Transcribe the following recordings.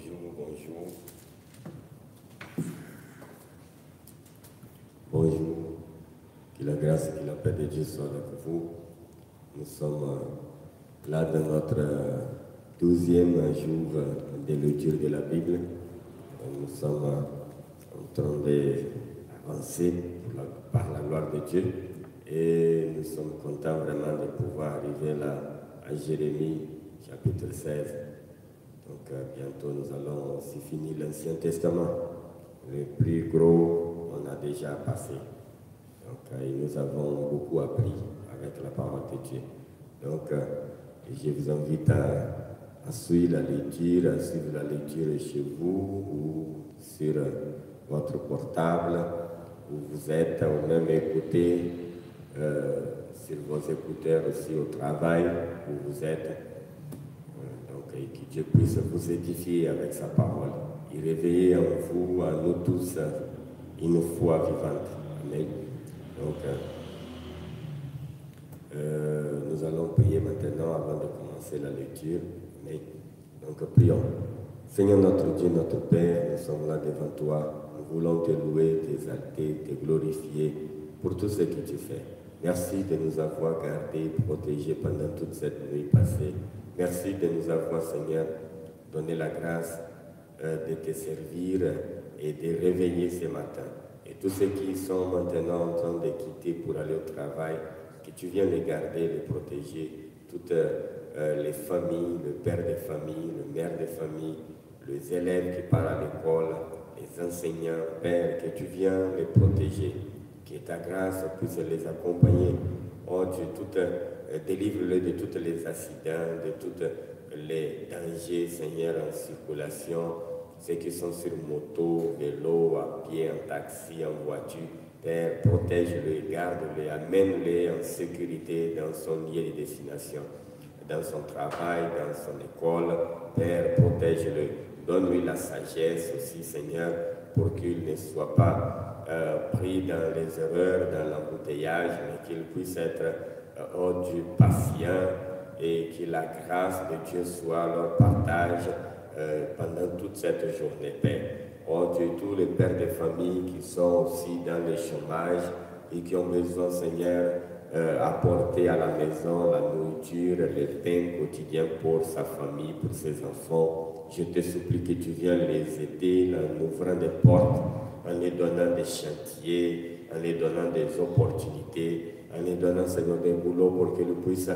bonjour, bonjour. Bonjour. Que la grâce et la paix de Dieu soient avec vous. Nous sommes euh, là dans notre euh, douzième jour euh, de lecture de la Bible. Nous sommes en train d'avancer par la gloire de Dieu. Et nous sommes contents vraiment de pouvoir arriver là à Jérémie chapitre 16. Donc euh, bientôt nous allons, aussi finir l'Ancien Testament. Le plus gros, on a déjà passé. Donc euh, et nous avons beaucoup appris avec la parole de Dieu. Donc euh, je vous invite à, suivre la lecture, à suivre la lecture chez vous ou sur votre portable, où vous êtes, ou même écouter sur vos écouteurs aussi au travail où vous êtes que Dieu puisse vous édifier avec sa parole et réveiller en vous, à nous tous, une foi vivante. Amen. Donc, euh, euh, nous allons prier maintenant avant de commencer la lecture. Donc, prions. Seigneur notre Dieu, notre Père, nous sommes là devant toi. Nous voulons te louer, t'exalter, te glorifier pour tout ce que tu fais. Merci de nous avoir gardés, protégés pendant toute cette nuit passée. Merci de nous avoir, Seigneur, donné la grâce euh, de te servir et de réveiller ce matin. Et tous ceux qui sont maintenant en train de quitter pour aller au travail, que tu viens les garder, les protéger, toutes euh, euh, les familles, le père des familles, le maire des familles, les élèves qui parlent à l'école, les enseignants, Père, que tu viens les protéger, que ta grâce puisse les accompagner. Oh Dieu, toutes euh, délivre-le de tous les accidents, de tous les dangers, Seigneur, en circulation. Ceux qui sont sur moto, vélo, à pied, en taxi, en voiture, Père, protège-le, garde-le, amène-le en sécurité dans son lieu de destination, dans son travail, dans son école. Père, protège-le. Donne-lui la sagesse aussi, Seigneur, pour qu'il ne soit pas euh, pris dans les erreurs, dans l'embouteillage, mais qu'il puisse être Oh Dieu patient et que la grâce de Dieu soit leur partage euh, pendant toute cette journée. Père, oh Dieu, tous les pères de famille qui sont aussi dans le chômage et qui ont besoin, Seigneur, euh, apporter à la maison la nourriture, le pain quotidien pour sa famille, pour ses enfants. Je te supplie que tu viennes les aider en ouvrant des portes, en les donnant des chantiers, en les donnant des opportunités en lui donnant Seigneur des boulots pour qu'il puisse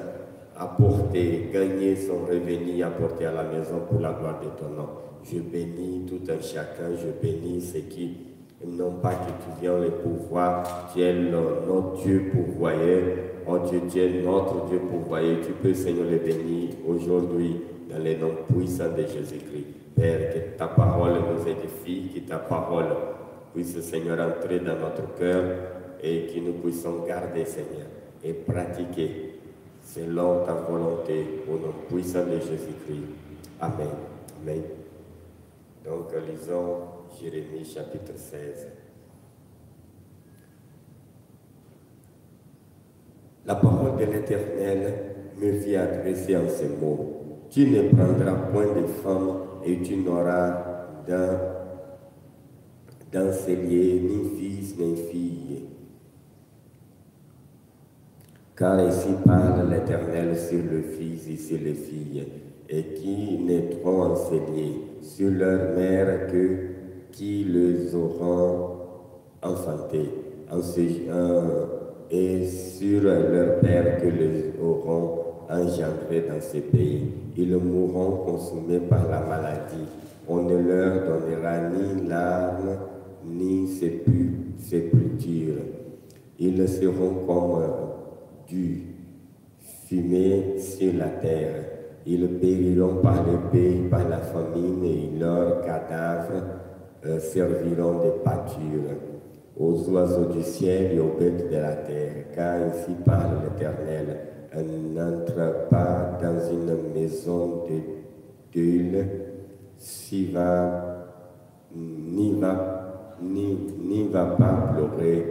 apporter, gagner son revenu, apporter à la maison pour la gloire de ton nom. Je bénis tout un chacun, je bénis ceux qui n'ont pas que tu viens le pouvoir. Tu es notre Dieu pourvoyeur. Oh Dieu, tu es notre Dieu pourvoyeur. Tu peux, Seigneur, les bénir aujourd'hui dans les noms puissants de Jésus-Christ. Père, que ta parole nous édifie, que ta parole puisse, Seigneur, entrer dans notre cœur et que nous puissions garder, Seigneur, et pratiquer selon ta volonté, au nom puissant de Jésus-Christ. Amen. Amen. Donc, lisons Jérémie chapitre 16. La parole de l'Éternel me vient adresser en ces mots. Tu ne prendras point de femme et tu n'auras d'un ni fils ni fille car ici parle l'Éternel sur le fils et sur les filles, et qui naîtront enseignés sur leur mère que qui les auront enfantés, et sur leur père que les auront engendrés dans ces pays. Ils mourront consumés par la maladie. On ne leur donnera ni larmes, ni sépultures Ils seront comme du fumer sur la terre. Ils périront par le pays par la famine, et leurs cadavres euh, serviront de pâture aux oiseaux du ciel et aux bêtes de la terre, car ainsi parle l'Éternel. n'entre pas dans une maison de d'huile, si va, n'y va, ni, va pas pleurer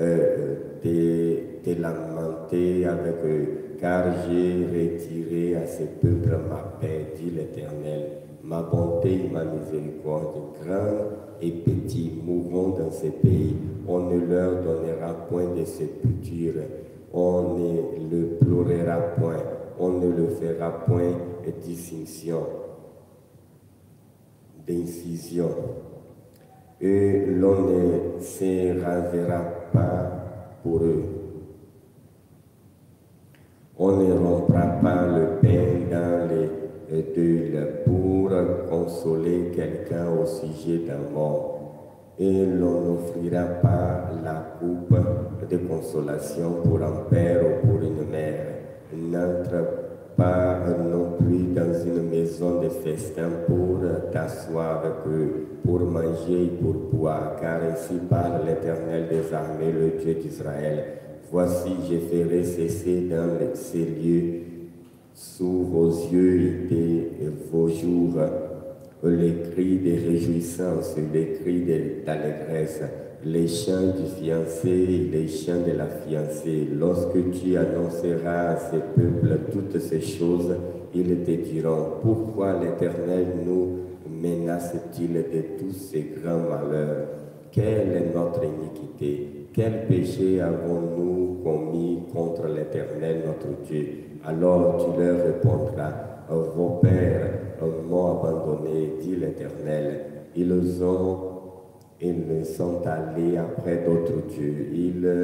euh, des lamenté avec eux, car j'ai retiré à ces peuples ma paix, dit l'Éternel, ma bonté et ma miséricorde, grand et petit, mouvant dans ces pays. On ne leur donnera point de sépulture, on ne le pleurera point, on ne le fera point de distinction, d'incision. Et l'on ne se pas pour eux. On ne rompra pas le pain dans les euh, deuils pour consoler quelqu'un au sujet d'un mort. Et l'on n'offrira pas la coupe de consolation pour un père ou pour une mère. N'entre pas non plus dans une maison de festin pour t'asseoir avec eux, pour manger et pour boire, car ainsi parle l'Éternel des armées, le Dieu d'Israël. Voici, je ferai cesser dans ces lieux, sous vos yeux et, vos jours, les cris de réjouissance, les cris d'allégresse, les chants du fiancé et les chants de la fiancée. Lorsque tu annonceras à ces peuples toutes ces choses, ils te diront, pourquoi l'Éternel nous menace-t-il de tous ces grands malheurs Quelle est notre iniquité quel péché avons-nous commis contre l'Éternel notre Dieu Alors tu leur répondras, vos pères m'ont abandonné, dit l'Éternel. Ils ont, ils sont allés après d'autres dieux. Ils,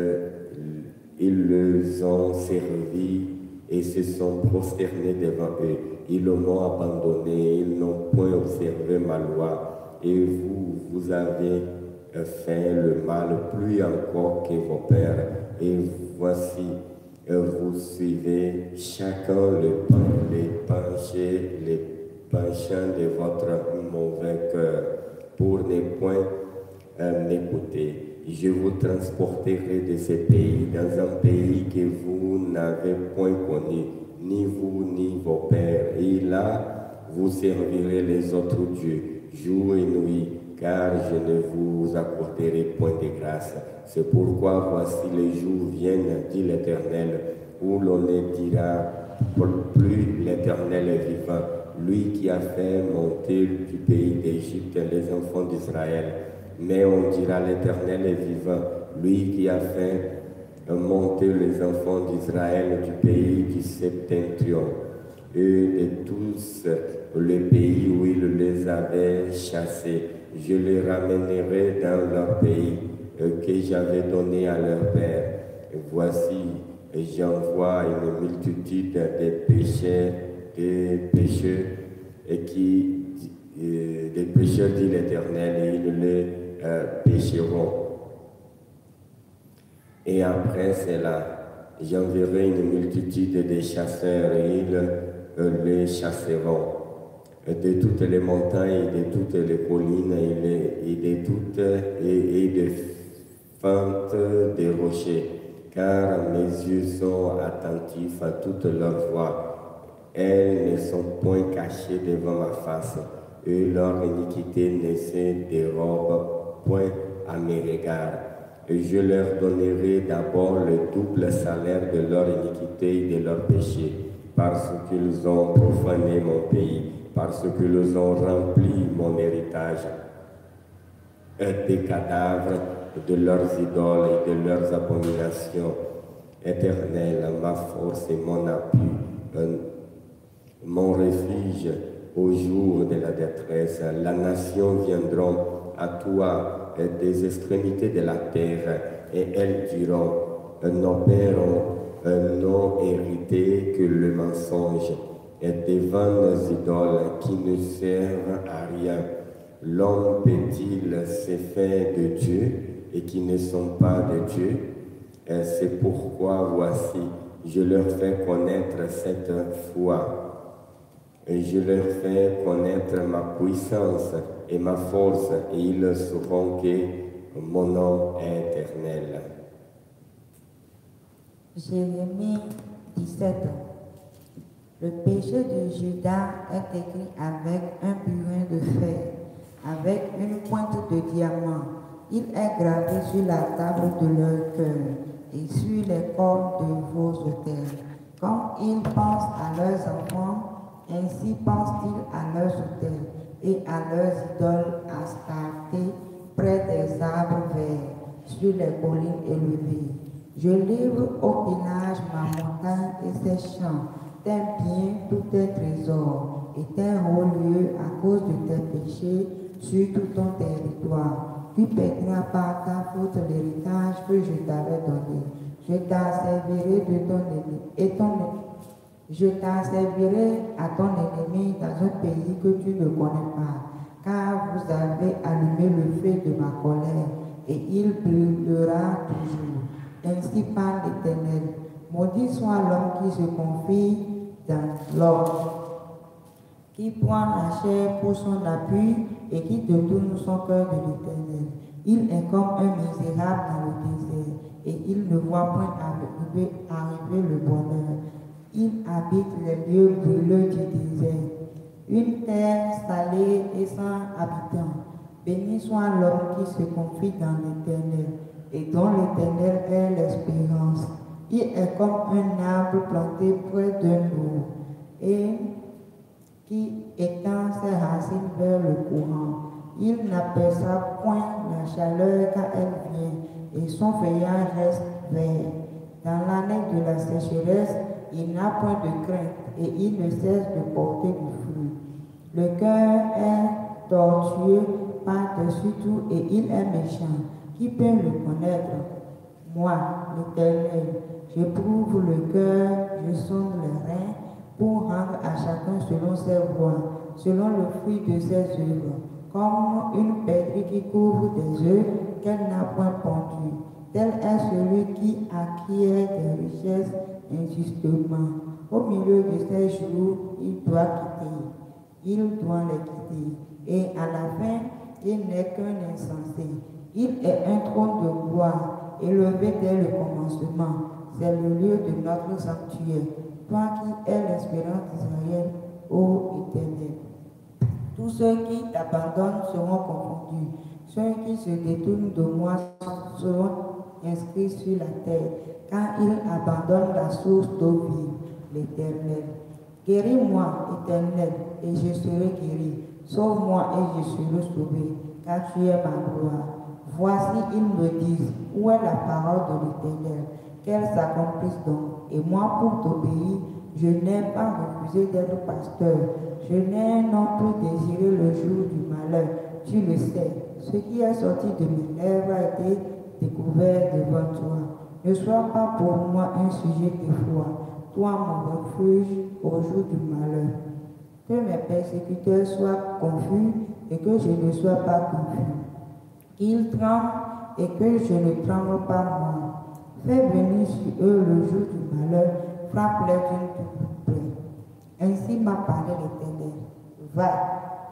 ils les ont servis et se sont prosternés devant eux. Ils m'ont abandonné, ils n'ont point observé ma loi. Et vous, vous avez fait le mal plus encore que vos pères. Et voici, vous suivez chacun le les penchés, les penchants de votre mauvais cœur, pour ne point euh, m'écouter. Je vous transporterai de ce pays, dans un pays que vous n'avez point connu, ni vous ni vos pères. Et là, vous servirez les autres dieux, jour et nuit car je ne vous accorderai point de grâce. C'est pourquoi voici les jours viennent, dit l'Éternel, où l'on ne dira plus l'Éternel est vivant, lui qui a fait monter du pays d'Égypte les enfants d'Israël. Mais on dira l'Éternel est vivant, lui qui a fait monter les enfants d'Israël du pays du septentrion et de tous les pays où il les avait chassés je les ramènerai dans leur pays euh, que j'avais donné à leur père. voici, j'envoie une multitude de pécheurs, des pécheurs, et qui, euh, des pécheurs dit l'Éternel, et ils les euh, pécheront. Et après cela, j'enverrai une multitude de chasseurs, et ils les chasseront de toutes les montagnes, de toutes les collines et de, toutes et, de fentes des rochers, car mes yeux sont attentifs à toutes leurs voies. Elles ne sont point cachées devant ma face, et leur iniquité ne se dérobe point à mes regards. Et je leur donnerai d'abord le double salaire de leur iniquité et de leur péché, parce qu'ils ont profané mon pays parce que qu'ils ont rempli mon héritage des cadavres de leurs idoles et de leurs abominations. Éternel, ma force et mon appui, mon refuge au jour de la détresse. La nation viendront à toi des extrémités de la terre et elles diront, n'opérons non hérité que le mensonge et devant nos idoles qui ne servent à rien. L'homme peut-il se de Dieu et qui ne sont pas de Dieu C'est pourquoi, voici, je leur fais connaître cette foi. Et je leur fais connaître ma puissance et ma force, et ils sauront que mon nom est éternel. Jérémie 17. Le péché de Judas est écrit avec un burin de fer, avec une pointe de diamant. Il est gravé sur la table de leur cœur et sur les corps de vos hôtels. Quand ils pensent à leurs enfants, ainsi pensent-ils à leurs hôtels et à leurs idoles astartées près des arbres verts, sur les collines élevées. Je livre au pillage ma montagne et ses champs tes biens, tous tes trésors, et tes hauts à cause de tes péchés sur tout ton territoire. Tu perdras par ta faute l'héritage que je t'avais donné. Je t'asservirai de ton ennemi et ton Je t'asservirai à ton ennemi dans un pays que tu ne connais pas, car vous avez allumé le feu de ma colère, et il brûlera toujours. Ainsi parle l'Éternel. Maudit soit l'homme qui se confie dans l'homme qui prend la chair pour son appui et qui détourne son cœur de l'éternel. Il est comme un misérable dans le désert et il ne voit point arriver, arriver le bonheur. Il habite les lieux brûleux du désert, une terre salée et sans habitants. Béni soit l'homme qui se confie dans l'éternel et dont l'éternel est l'espérance. Il est comme un arbre planté près de nous et qui étend ses racines vers le courant. Il n'aperçoit point la chaleur car elle vient et son feuillage reste vert. Dans l'année de la sécheresse, il n'a point de crainte et il ne cesse de porter du fruit. Le cœur est tortueux par-dessus tout et il est méchant. Qui peut le connaître moi, l'Éternel, prouve le cœur, je sonde le rein, pour rendre à chacun selon ses voies, selon le fruit de ses œuvres, comme une pétrie qui couvre des œufs qu'elle n'a point pondu, Tel est celui qui acquiert des richesses injustement. Au milieu de ses jours, il doit quitter. Il doit les quitter. Et à la fin, il n'est qu'un insensé. Il est un trône de gloire élevé dès le commencement. C'est le lieu de notre sanctuaire. Toi qui es l'espérance d'Israël, ô Éternel. Tous ceux qui t'abandonnent seront confondus. Ceux qui se détournent de moi seront inscrits sur la terre, quand ils abandonnent la source d'eau vive, l'Éternel. Guéris-moi, Éternel, et je serai guéri. Sauve-moi et je serai sauvé, car tu es ma gloire. Voici, ils me disent, où est la parole de l'Éternel Qu'elle s'accomplisse donc. Et moi, pour t'obéir, je n'ai pas refusé d'être pasteur. Je n'ai non plus désiré le jour du malheur. Tu le sais. Ce qui est sorti de mes lèvres a été découvert devant toi. Ne sois pas pour moi un sujet de foi. Toi, mon refuge au jour du malheur. Que mes persécuteurs soient confus et que je ne sois pas confus. « Qu'ils tremblent et que je ne tremble pas moi. Fais venir sur eux le jour du malheur, frappe-les d'une toute plaie. Ainsi m'a parlé l'Éternel. Va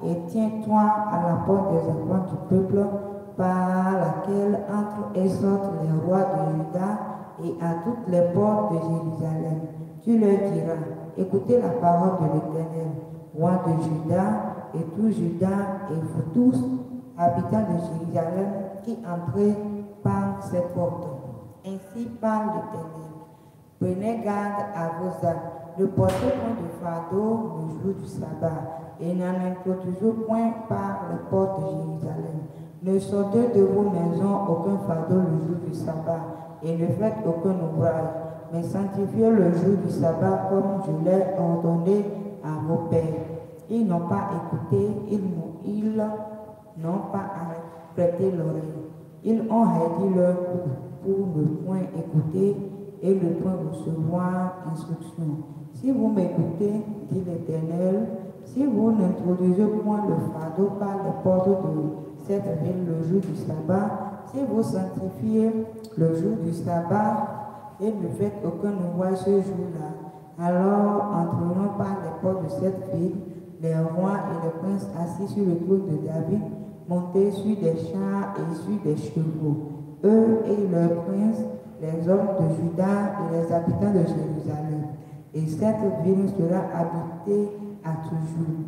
et tiens-toi à la porte des enfants du peuple par laquelle entrent et sortent les rois de Juda et à toutes les portes de Jérusalem. Tu leur diras, écoutez la parole de l'Éternel, roi de Juda et tout Juda et vous tous Habitants de Jérusalem, qui entrez par ces portes. Ainsi parle l'Éternel. Prenez garde à vos âmes, ne portez point de fardeau le jour du sabbat, et n'en introduisez point par les portes de Jérusalem. Ne sortez de vos maisons aucun fardeau le jour du sabbat, et ne faites aucun ouvrage, mais sanctifiez le jour du sabbat comme je l'ai ordonné à vos pères. Ils n'ont pas écouté, ils, m'ont n'ont pas arrêté l'oreille. Ils ont réduit leur cou pour ne point écouter et ne point recevoir instruction. Si vous m'écoutez, dit l'Éternel, si vous n'introduisez point le fardeau par les portes de cette ville le jour du sabbat, si vous sanctifiez le jour du sabbat et ne faites aucun ouvrage ce jour-là, alors entrerons par les portes de cette ville les rois et les princes assis sur le trône de David montés sur des chars et sur des chevaux, eux et leurs princes, les hommes de Juda et les habitants de Jérusalem. Et cette ville sera habitée à toujours.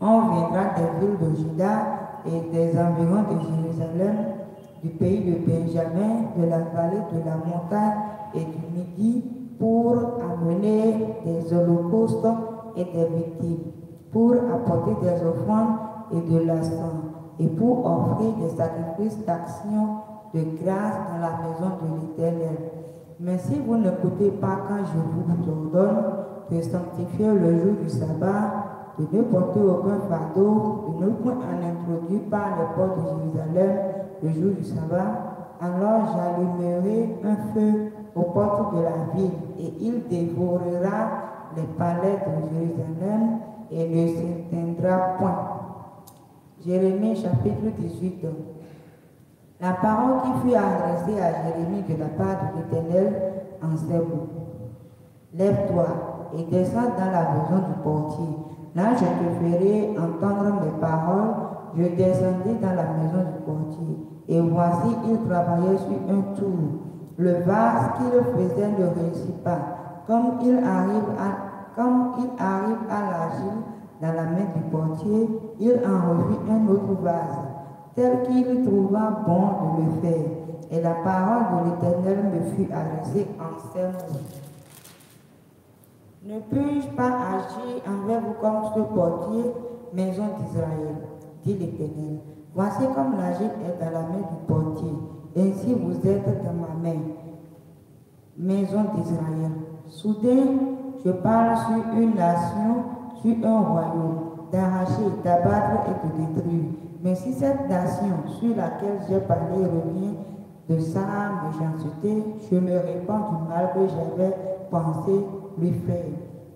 On viendra des villes de Juda et des environs de Jérusalem, du pays de Benjamin, de la vallée de la montagne et du Midi, pour amener des holocaustes et des victimes, pour apporter des offrandes et de la et pour offrir des sacrifices d'action de grâce dans la maison de l'Éternel. Mais si vous ne n'écoutez pas quand je vous ordonne de sanctifier le jour du sabbat, de ne porter aucun fardeau, de ne point en introduire par les portes de Jérusalem le jour du sabbat, alors j'allumerai un feu aux portes de la ville, et il dévorera les palais de Jérusalem et ne s'éteindra point. Jérémie chapitre 18. La parole qui fut adressée à Jérémie de la part de l'Éternel en ces mots. Lève-toi et descends dans la maison du portier. Là, je te ferai entendre mes paroles. Je descendais dans la maison du portier. Et voici, il travaillait sur un tour. Le vase qu'il faisait ne réussit pas. Comme il arrive à, comme il arrive à l'argile, dans la main du portier, il en revit un autre vase, tel qu'il trouva bon de le faire. Et la parole de l'Éternel me fut adressée en ces Ne puis-je pas agir envers vous comme ce portier, maison d'Israël, dit l'Éternel. Voici comme l'agile est dans la main du portier, ainsi vous êtes dans ma main, maison d'Israël. Soudain, je parle sur une nation sur un royaume, d'arracher, d'abattre et de détruire. Mais si cette nation sur laquelle j'ai parlé revient de sa méchanceté, je me réponds du mal que j'avais pensé lui faire.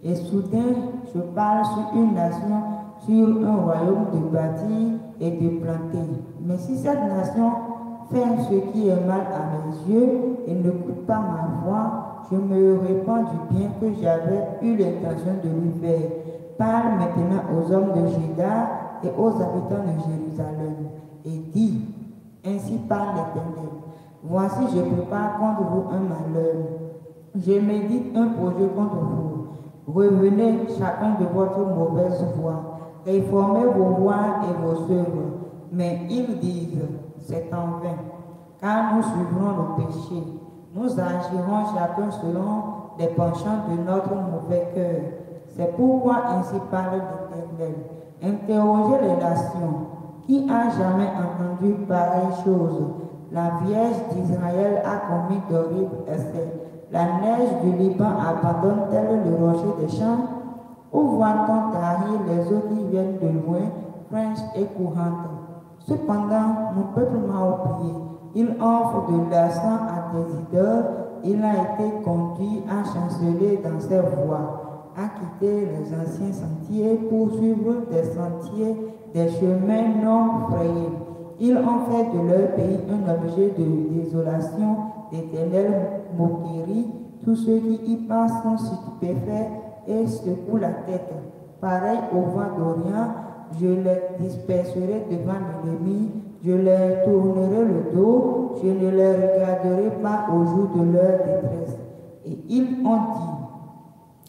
Et soudain, je parle sur une nation, sur un royaume de bâtir et de planter. Mais si cette nation fait ce qui est mal à mes yeux et ne coûte pas ma voix, je me réponds du bien que j'avais eu l'intention de lui faire. Parle maintenant aux hommes de Juda et aux habitants de Jérusalem et dis, ainsi parle l'Éternel, voici je prépare contre vous un malheur. Je médite un projet contre vous. Revenez chacun de votre mauvaise voie, réformez vos lois et vos œuvres. Mais ils disent, c'est en vain, car nous suivrons le péché. Nous agirons chacun selon les penchants de notre mauvais cœur c'est pourquoi ainsi parle l'Éternel. Interrogez les nations. Qui a jamais entendu pareille chose La Vierge d'Israël a commis d'horribles essais. La neige du Liban abandonne-t-elle le rocher des champs Où voit-on tarir les eaux qui viennent de loin, fraîches et courantes Cependant, mon peuple m'a oublié. Il offre de l'argent à des idoles. Il a été conduit à chanceler dans ses voies à quitter les anciens sentiers pour suivre des sentiers, des chemins non frayés. Ils ont fait de leur pays un objet de désolation, d'éternel moquerie. Tous ceux qui y passent sont stupéfaits et secouent la tête. Pareil au vent d'Orient, je les disperserai devant l'ennemi, je les tournerai le dos, je ne les regarderai pas au jour de leur détresse. Et ils ont dit,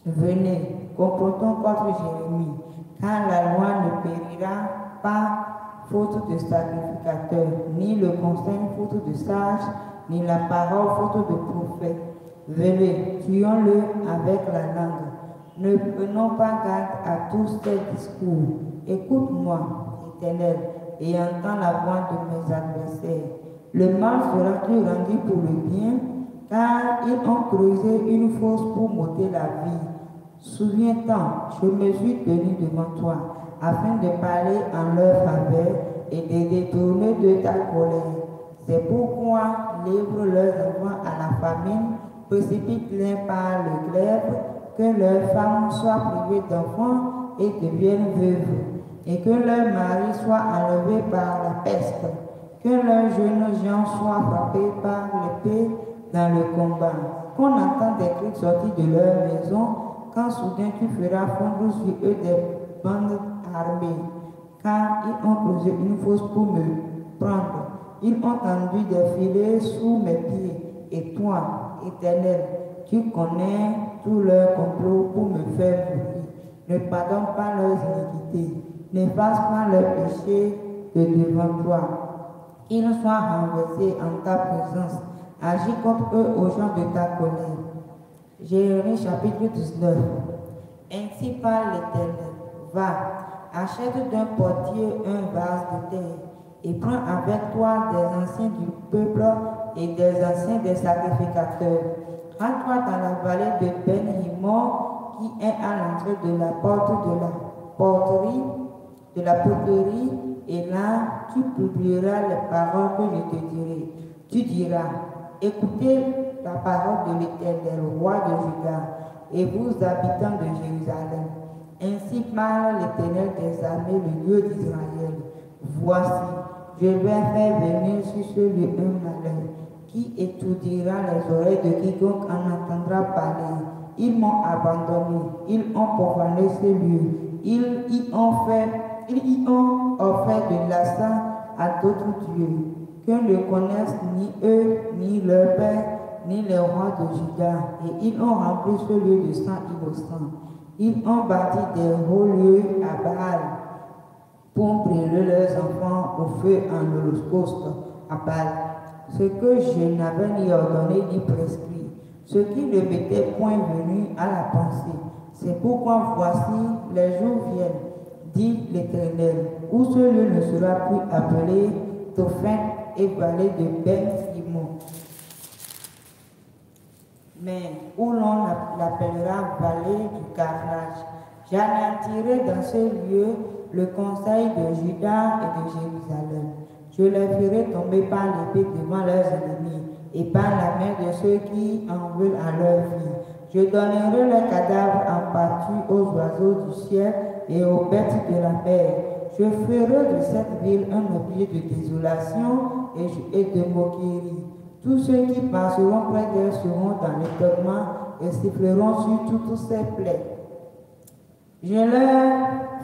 Venez, complotons contre Jérémie, car la loi ne périra pas faute de sacrificateur, ni le conseil faute de sage, ni la parole faute de prophète. Venez, tuons-le avec la langue. Ne prenons pas garde à tous ces discours. Écoute-moi, éternel, et entends la voix de mes adversaires. Le mal sera-tu rendu pour le bien, car ils ont creusé une fosse pour monter la vie souviens Souviens-toi, je me suis tenu devant toi, afin de parler en leur faveur et de détourner de ta colère. C'est pourquoi livre leurs enfants à la famine, précipite-les par le glaive, que leurs femmes soient privées d'enfants et deviennent veuves, et que leurs maris soient enlevés par la peste, que leurs jeunes gens soient frappés par l'épée dans le combat, qu'on entend des cris sortis de leur maison quand soudain tu feras fondre sur eux des bandes armées, car ils ont posé une fosse pour me prendre. Ils ont tendu des filets sous mes pieds, et toi, éternel, tu connais tout leur complot pour me faire mourir. Ne pardonne pas leurs iniquités, n'efface pas leurs péchés de devant toi. Qu'ils soient renversés en ta présence. Agis contre eux aux gens de ta colère Jérémie chapitre 19. Ainsi parle l'Éternel. Va, achète d'un portier un vase de terre et prends avec toi des anciens du peuple et des anciens des sacrificateurs. Rends-toi dans la vallée de ben qui est à l'entrée de la porte de la porterie, de la poterie, et là tu publieras les paroles que je te dirai. Tu diras, écoutez la parole de l'Éternel, roi de Juda, et vous, habitants de Jérusalem. Ainsi parle l'Éternel des armées, le Dieu d'Israël. Voici, je vais faire venir sur ce lieu un malheur qui étudiera les oreilles de quiconque en entendra parler. Ils m'ont abandonné, ils ont profané ce lieu, ils y ont fait, ils y ont offert de l'assain à d'autres dieux, qu'ils ne connaissent ni eux ni leur père ni les rois de Juda, et ils ont rempli ce lieu de sang innocent. Ils ont bâti des hauts lieux à Baal pour brûler leurs enfants au feu en holocauste à Baal, ce que je n'avais ni ordonné ni prescrit, ce qui ne m'était point venu à la pensée. C'est pourquoi voici les jours viennent, dit l'Éternel, où ce ne sera plus appelé dauphin et vallée de Beth mais où l'on l'appellera vallée du carnage. J'anéantirai dans ce lieu le conseil de Judas et de Jérusalem. Je les ferai tomber par l'épée devant leurs ennemis et par la main de ceux qui en veulent à leur vie. Je donnerai le cadavres en partie aux oiseaux du ciel et aux bêtes de la mer. Je ferai de cette ville un objet de désolation et de moquerie. Tous ceux qui passeront près d'eux seront dans les l'étonnement et siffleront sur toutes ces plaies. Je leur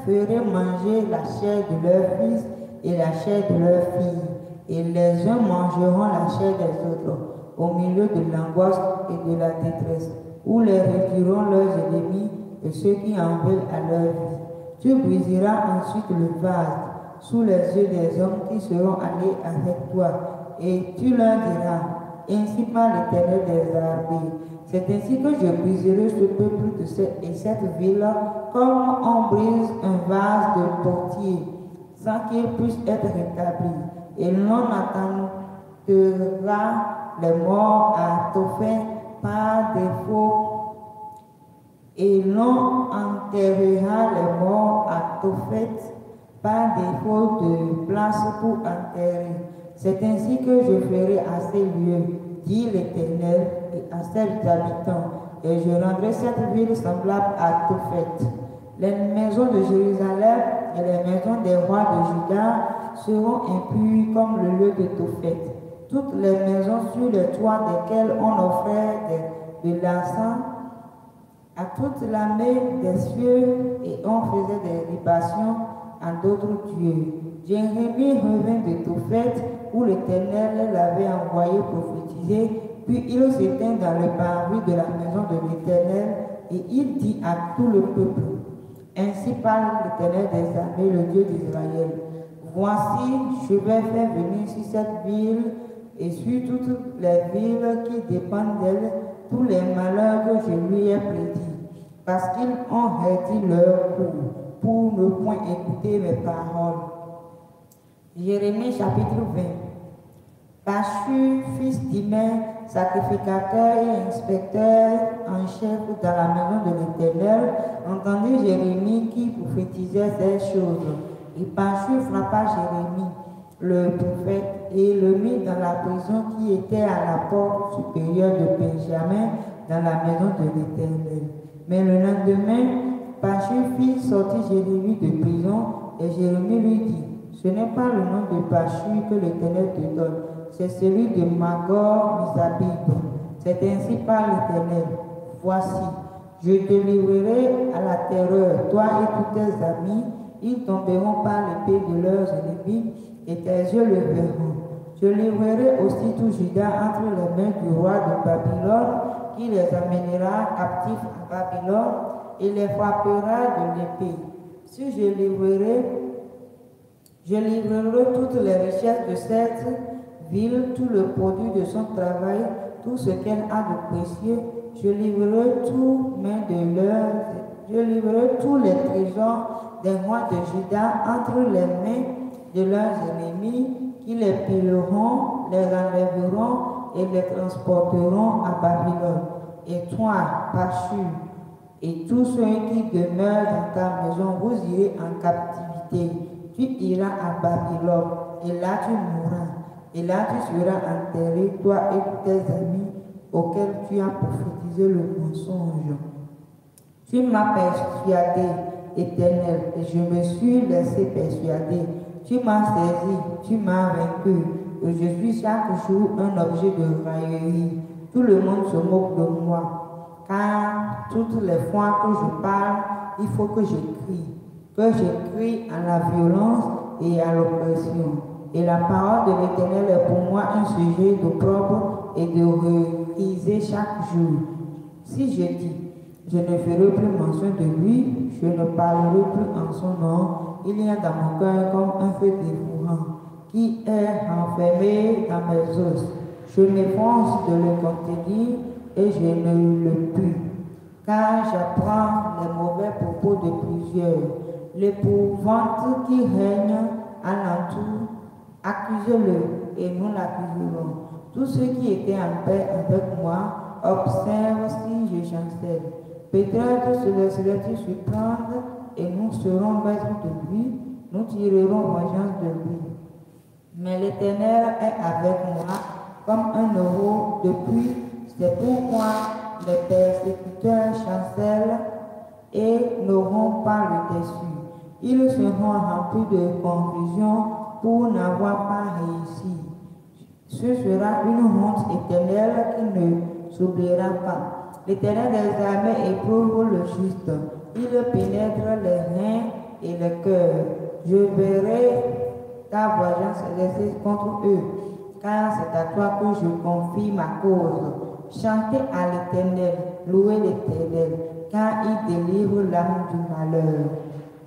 ferai manger la chair de leurs fils et la chair de leurs filles, et les uns mangeront la chair des autres, au milieu de l'angoisse et de la détresse, où les réduiront leurs ennemis et ceux qui en veulent à leur vie. Tu briseras ensuite le vase sous les yeux des hommes qui seront allés avec toi, et tu leur diras, ainsi par l'éternel des armées. C'est ainsi que je briserai ce peuple de cette, et cette ville comme on brise un vase de portier, sans qu'il puisse être rétabli. Et l'on attendra les morts à par défaut. Et l'on enterrera les morts à Tophet par défaut de place pour enterrer. C'est ainsi que je ferai à ces lieux, dit l'Éternel, et à ses habitants, et je rendrai cette ville semblable à fait. Les maisons de Jérusalem et les maisons des rois de Judas seront impures comme le lieu de fait. Toutes les maisons sur les toits desquelles on offrait de, de à toute la main des cieux et on faisait des libations à d'autres dieux. Jérémie revint de fait où l'Éternel l'avait envoyé prophétiser, puis il s'éteint dans le parvis de la maison de l'Éternel, et il dit à tout le peuple, Ainsi parle l'Éternel des armées, le Dieu d'Israël. Voici, je vais faire venir sur cette ville et sur toutes les villes qui dépendent d'elle tous les malheurs que je lui ai prédits, parce qu'ils ont hérité leur coup pour ne point écouter mes paroles. Jérémie chapitre 20. Pachur, fils d'Imer, sacrificateur et inspecteur en chef dans la maison de l'Éternel, entendit Jérémie qui prophétisait ces choses. Et Pashu frappa Jérémie, le prophète, et le mit dans la prison qui était à la porte supérieure de Benjamin, dans la maison de l'Éternel. Mais le lendemain, Pachur fit sortir Jérémie de prison, et Jérémie lui dit, ce n'est pas le nom de Bachu que l'Éternel te donne, c'est celui de Magor habitants C'est ainsi par l'Éternel. Voici, je te livrerai à la terreur, toi et tous tes amis. Ils tomberont par l'épée de leurs ennemis et tes yeux le verront. Je livrerai aussi tout Judas entre les mains du roi de Babylone, qui les amènera captifs à Babylone et les frappera de l'épée. Si je livrerai je livrerai toutes les richesses de cette ville, tout le produit de son travail, tout ce qu'elle a de précieux. Je livrerai tout, de Je livrerai tous les trésors des mois de Judas entre les mains de leurs ennemis qui les pilleront, les enlèveront et les transporteront à Babylone. Et toi, Pachu, et tous ceux qui demeurent dans ta maison, vous irez en captivité tu iras à Babylone, et là tu mourras, et là tu seras enterré, toi et tes amis auxquels tu as prophétisé le mensonge. Tu m'as persuadé, éternel, et je me suis laissé persuader. Tu m'as saisi, tu m'as vaincu, et je suis chaque jour un objet de raillerie. Tout le monde se moque de moi, car toutes les fois que je parle, il faut que je que j'écris à la violence et à l'oppression. Et la parole de l'Éternel est pour moi un sujet de propre et de réaliser chaque jour. Si je dis, je ne ferai plus mention de lui, je ne parlerai plus en son nom, il y a dans mon cœur comme un feu dévouant qui est enfermé dans mes os. Je m'efforce de le contenir et je ne le puis, car j'apprends les mauvais propos de plusieurs l'épouvante qui règne alentour, accusez-le et nous l'accuserons. Tous ceux qui étaient en paix avec moi observent si je chancelle. Peut-être se laisserait-il surprendre et nous serons maîtres de lui, nous tirerons vengeance de lui. Mais l'Éternel est avec moi comme un euro depuis, c'est pourquoi les persécuteurs chancellent et n'auront pas le dessus ils seront remplis de confusion pour n'avoir pas réussi. Ce sera une honte éternelle qui ne s'oubliera pas. L'éternel des armées éprouve le juste. Il pénètre les reins et le cœur. Je verrai ta vengeance exercée contre eux, car c'est à toi que je confie ma cause. Chantez à l'éternel, louez l'éternel, car il délivre l'âme du malheur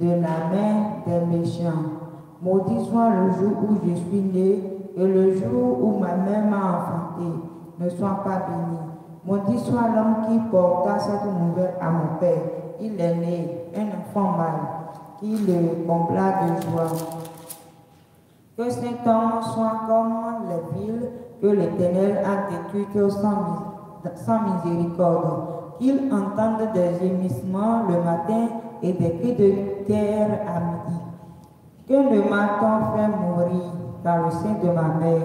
de la main des méchants. Maudit soit le jour où je suis né et le jour où ma mère m'a enfanté. Ne sois pas béni. Maudit soit l'homme qui porta cette nouvelle à mon père. Il est né, un enfant mal, qui le combla de joie. Que cet homme soit comme les villes que l'Éternel a détruites sans, sans miséricorde. Qu'il entende des gémissements le matin et des cris de terre à midi. Que ne m'a-t-on fait mourir par le sein de ma mère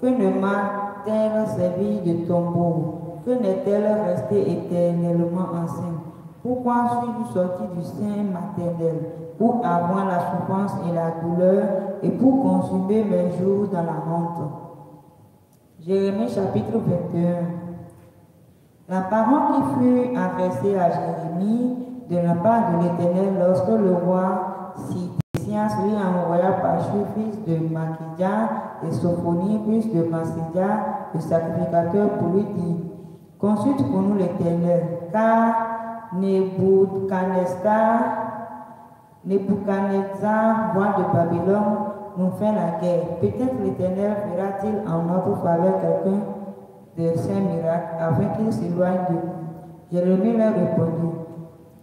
Que ne m'a-t-elle servi de tombeau Que n'est-elle restée éternellement enceinte Pourquoi suis-je sortie du sein maternel pour avoir la souffrance et la douleur et pour consumer mes jours dans la honte Jérémie chapitre 21 La parole qui fut adressée à Jérémie de la part de l'Éternel lorsque le roi Sidécias lui envoya Pachu, fils de Makidja, et Sophonie, fils de Massédia, le sacrificateur, pour lui dit Consulte pour nous l'Éternel, car Nebuchadnezzar, roi de Babylone, nous fait la guerre. Peut-être l'Éternel fera-t-il en notre faveur quelqu'un de saint miracles afin qu'il s'éloigne de nous. Jérémie leur répondit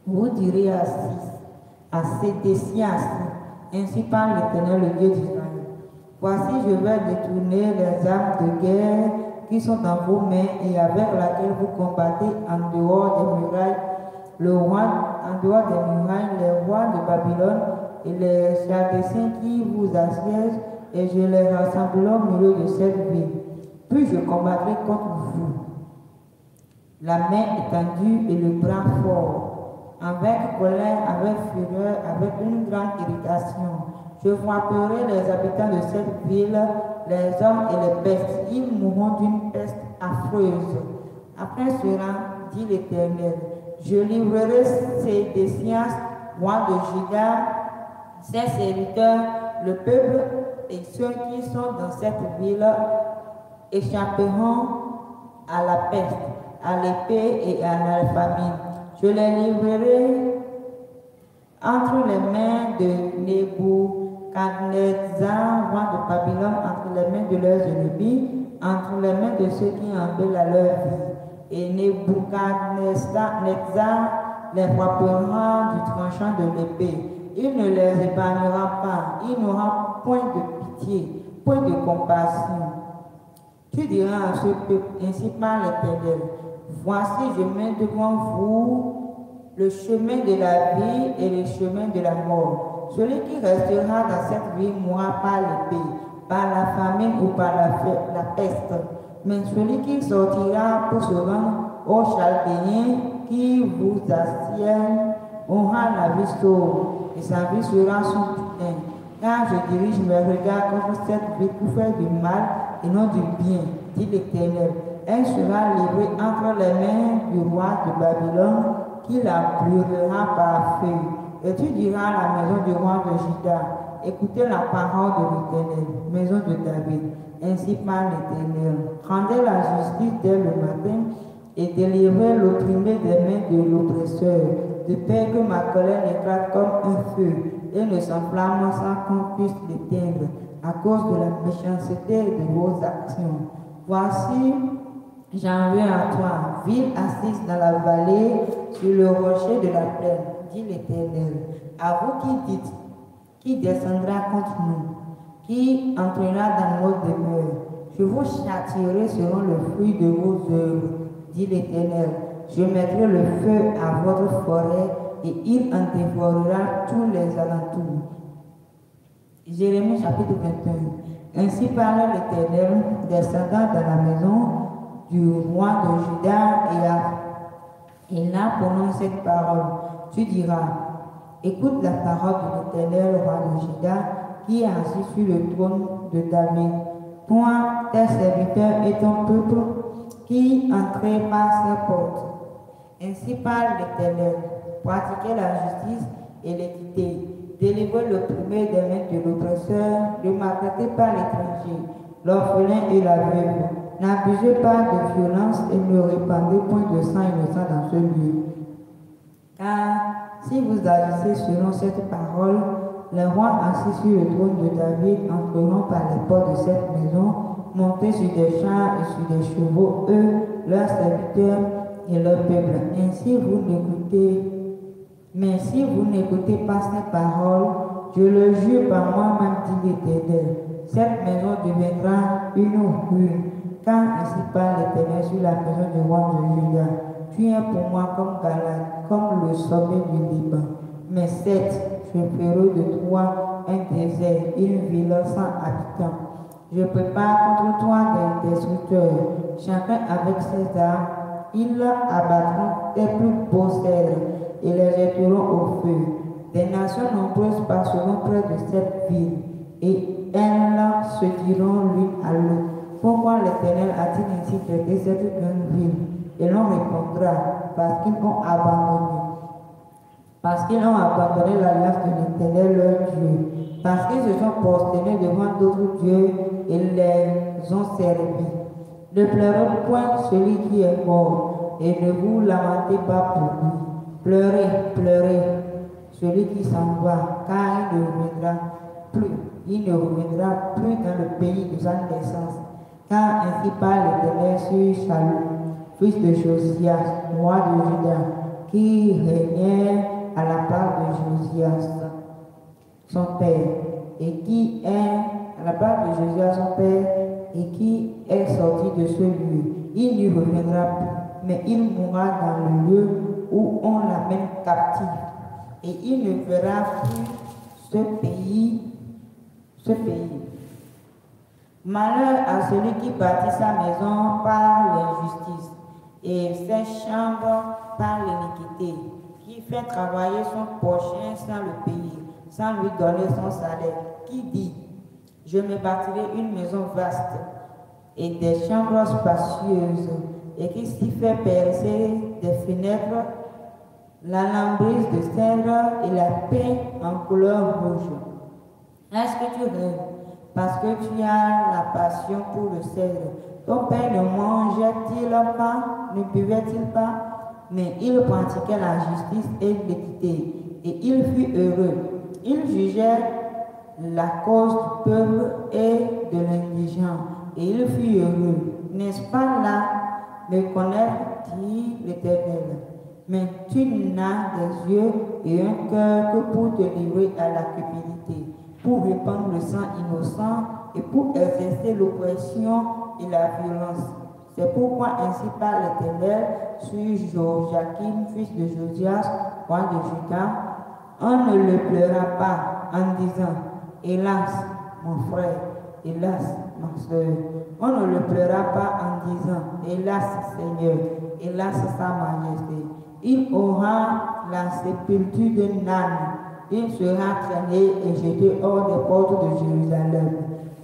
« Vous direz à, à déciences, ainsi par l'Éternel, le Dieu d'Israël. Voici, je vais détourner les armes de guerre qui sont dans vos mains et avec laquelle vous combattez en dehors des murailles, le roi, en dehors des murailles, les rois de Babylone et les Chaldéciens qui vous assiègent, et je les rassemblerai au milieu de cette ville. Puis je combattrai contre vous, la main étendue et le bras fort avec colère, avec fureur, avec une grande irritation. Je frapperai les habitants de cette ville, les hommes et les bêtes. Ils mourront d'une peste affreuse. Après cela, dit l'Éternel, je livrerai ces déciences, moi de Juda, ses serviteurs, le peuple et ceux qui sont dans cette ville échapperont à la peste, à l'épée et à la famine je les livrerai entre les mains de Nebuchadnezzar, roi de Babylone, entre les mains de leurs ennemis, entre les mains de ceux qui en à leur vie. Et Nebuchadnezzar les frappera du tranchant de l'épée. Il ne les épargnera pas. Il n'aura point de pitié, point de compassion. Tu diras à ce peuple, ainsi par Voici, je mets devant vous le chemin de la vie et le chemin de la mort. Celui qui restera dans cette vie mourra par l'épée, par la famine ou par la, peste. Mais celui qui sortira pour se rendre aux Chaldéens qui vous on aura la vie sauve et sa vie sera soutenue. Quand Car je dirige mes regards contre cette vie pour faire du mal et non du bien, dit l'Éternel elle sera livrée entre les mains du roi de Babylone qui la brûlera par feu. Et tu diras à la maison du roi de Juda, écoutez la parole de l'Éternel, maison de David, ainsi par l'Éternel. Rendez la justice dès le matin et délivrez l'opprimé des mains de l'oppresseur, de peur que ma colère n'éclate comme un feu et ne s'enflamme sans qu'on puisse l'éteindre à cause de la méchanceté de vos actions. Voici J'en veux à toi, ville assise dans la vallée, sur le rocher de la plaine, dit l'Éternel. À vous qui dites, qui descendra contre nous, qui entrera dans nos demeures. Je vous châtirai selon le fruit de vos œuvres, dit l'Éternel. Je mettrai le feu à votre forêt et il en dévorera tous les alentours. Jérémie chapitre 21. Ainsi parla l'Éternel, descendant dans la maison du roi de Juda et là, il a prononcé cette parole. Tu diras, écoute la parole de l'Éternel, roi de Juda, qui est assis sur le trône de David. Toi, tes serviteurs et ton peuple, qui entrez par sa porte. Ainsi parle l'Éternel. Pratiquez la justice et l'équité. Délivrez le premier des mains de l'oppresseur. Ne maltraitez pas l'étranger, l'orphelin et la veuve N'abusez pas de violence et ne répandez point de sang innocent dans ce lieu. Car si vous agissez selon cette parole, le roi assis sur le trône de David, entreront par les portes de cette maison, montés sur des chars et sur des chevaux, eux, leurs serviteurs et leur peuple. Ainsi vous n'écoutez, mais si vous n'écoutez pas ces paroles, je le jure par moi-même, dit l'Éternel, cette maison deviendra une ruine ainsi par sur la maison du roi de Juda. Tu es pour moi comme Galate, comme le sommet du Liban. Mais cette, je ferai de toi un désert, une ville sans habitants. Je prépare contre toi des destructeurs, chacun avec ses armes. Ils abattront tes plus beaux cèdres et les jetteront au feu. Des nations nombreuses passeront près de cette ville et elles se diront l'une à l'autre. Pourquoi l'Éternel a-t-il ainsi traité cette grande ville Et l'on répondra, parce qu'ils ont abandonné. Parce qu'ils ont abandonné la l'alliance de l'Éternel, leur Dieu. Parce qu'ils se sont posténés devant d'autres dieux et les ont servis. Ne pleurez point celui qui est mort, et ne vous lamentez pas pour lui. Pleurez, pleurez celui qui s'en va, car il ne reviendra plus. Il ne reviendra plus dans le pays de sa naissance. Car ainsi parle l'Éternel sur Shalom, fils de Josias, roi de Judas, qui régnait à la part de Josias, son père, et qui est à la part de Josias, son père, et qui est sorti de ce lieu. Il ne reviendra plus, mais il mourra dans le lieu où on l'amène captif. Et il ne verra plus ce pays, ce pays. Malheur à celui qui bâtit sa maison par l'injustice et ses chambres par l'iniquité, qui fait travailler son prochain sans le payer, sans lui donner son salaire, qui dit, je me bâtirai une maison vaste et des chambres spacieuses, et qui s'y fait percer des fenêtres, la lambrise de serre et la paix en couleur rouge. Est-ce que tu rêves parce que tu as la passion pour le cèdre. Ton père ne mangeait-il pas, ne buvait-il pas, mais il pratiquait la justice et l'équité, et il fut heureux. Il jugeait la cause du peuple et de l'indigent, et il fut heureux. N'est-ce pas là de connaître, dit l'Éternel Mais tu n'as des yeux et un cœur que pour te livrer à la cupidité pour répandre le sang innocent et pour exercer l'oppression et la violence. C'est pourquoi ainsi par l'Éternel sur Joachim, fils de Josias, roi de Juda, on ne le pleura pas en disant Hélas, mon frère, hélas, ma soeur. On ne le pleura pas en disant Hélas, Seigneur, hélas, Sa Majesté. Il aura la sépulture d'un âne il sera traîné et jeté hors des portes de Jérusalem.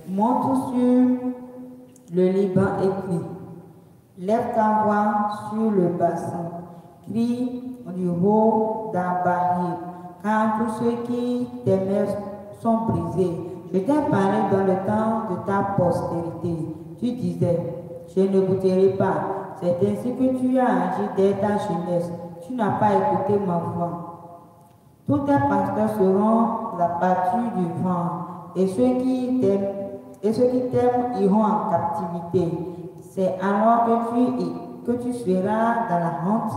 Montre sur le Liban et crie. Lève ta voix sur le bassin. Crie au niveau haut baril. car tous ceux qui t'aiment sont brisés. Je t'ai parlé dans le temps de ta postérité. Tu disais, je ne goûterai pas. C'est ainsi que tu as agi dès ta jeunesse. Tu n'as pas écouté ma voix. Tous tes pasteurs seront la battue du vent, et ceux qui t'aiment, et ceux qui iront en captivité. C'est alors que tu, que tu seras dans la honte,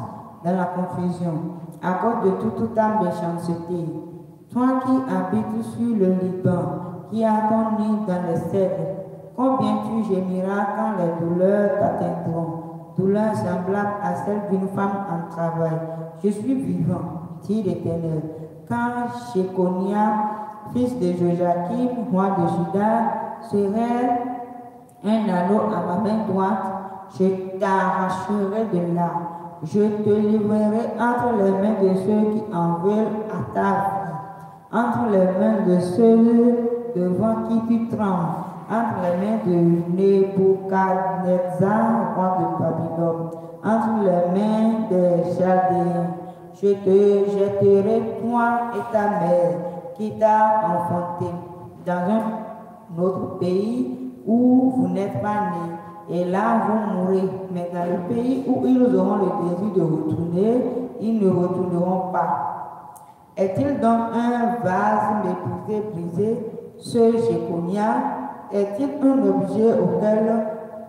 dans la confusion, à cause de toute ta méchanceté. Toi qui habites sur le Liban, qui as ton nid dans les cèdres, combien tu gémiras quand les douleurs t'atteindront, douleurs semblables à celles d'une femme en travail. Je suis vivant, dit l'Éternel quand Shekonia, fils de Joachim, roi de Juda, serait un anneau à ma main droite, je t'arracherai de là. Je te livrerai entre les mains de ceux qui en veulent à ta vie, entre les mains de ceux devant qui tu trembles, entre les mains de Nebuchadnezzar, roi de Babylone, entre les mains des Chaldéens je te jetterai toi et ta mère qui t'a enfanté dans un autre pays où vous n'êtes pas nés. Et là, vous mourrez. Mais dans le pays où ils auront le désir de retourner, ils ne retourneront pas. Est-il donc un vase méprisé, brisé, ce Jéconia Est-il un objet auquel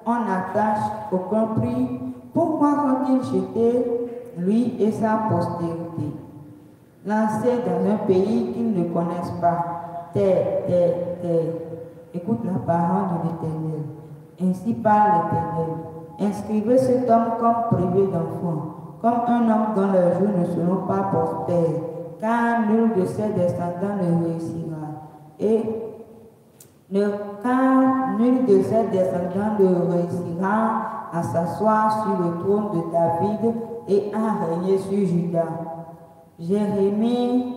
on n'attache aucun prix Pourquoi sont-ils jetés lui et sa postérité. lancé dans un pays qu'ils ne connaissent pas, terre, terre, terre, écoute la parole de l'Éternel. Ainsi parle l'Éternel. Inscrivez cet homme comme privé d'enfant, comme un homme dont les jours ne seront pas postés, car nul de ses descendants ne réussira. Et ne, car nul de ses descendants ne réussira à s'asseoir sur le trône de David et a régné sur Judas. Jérémie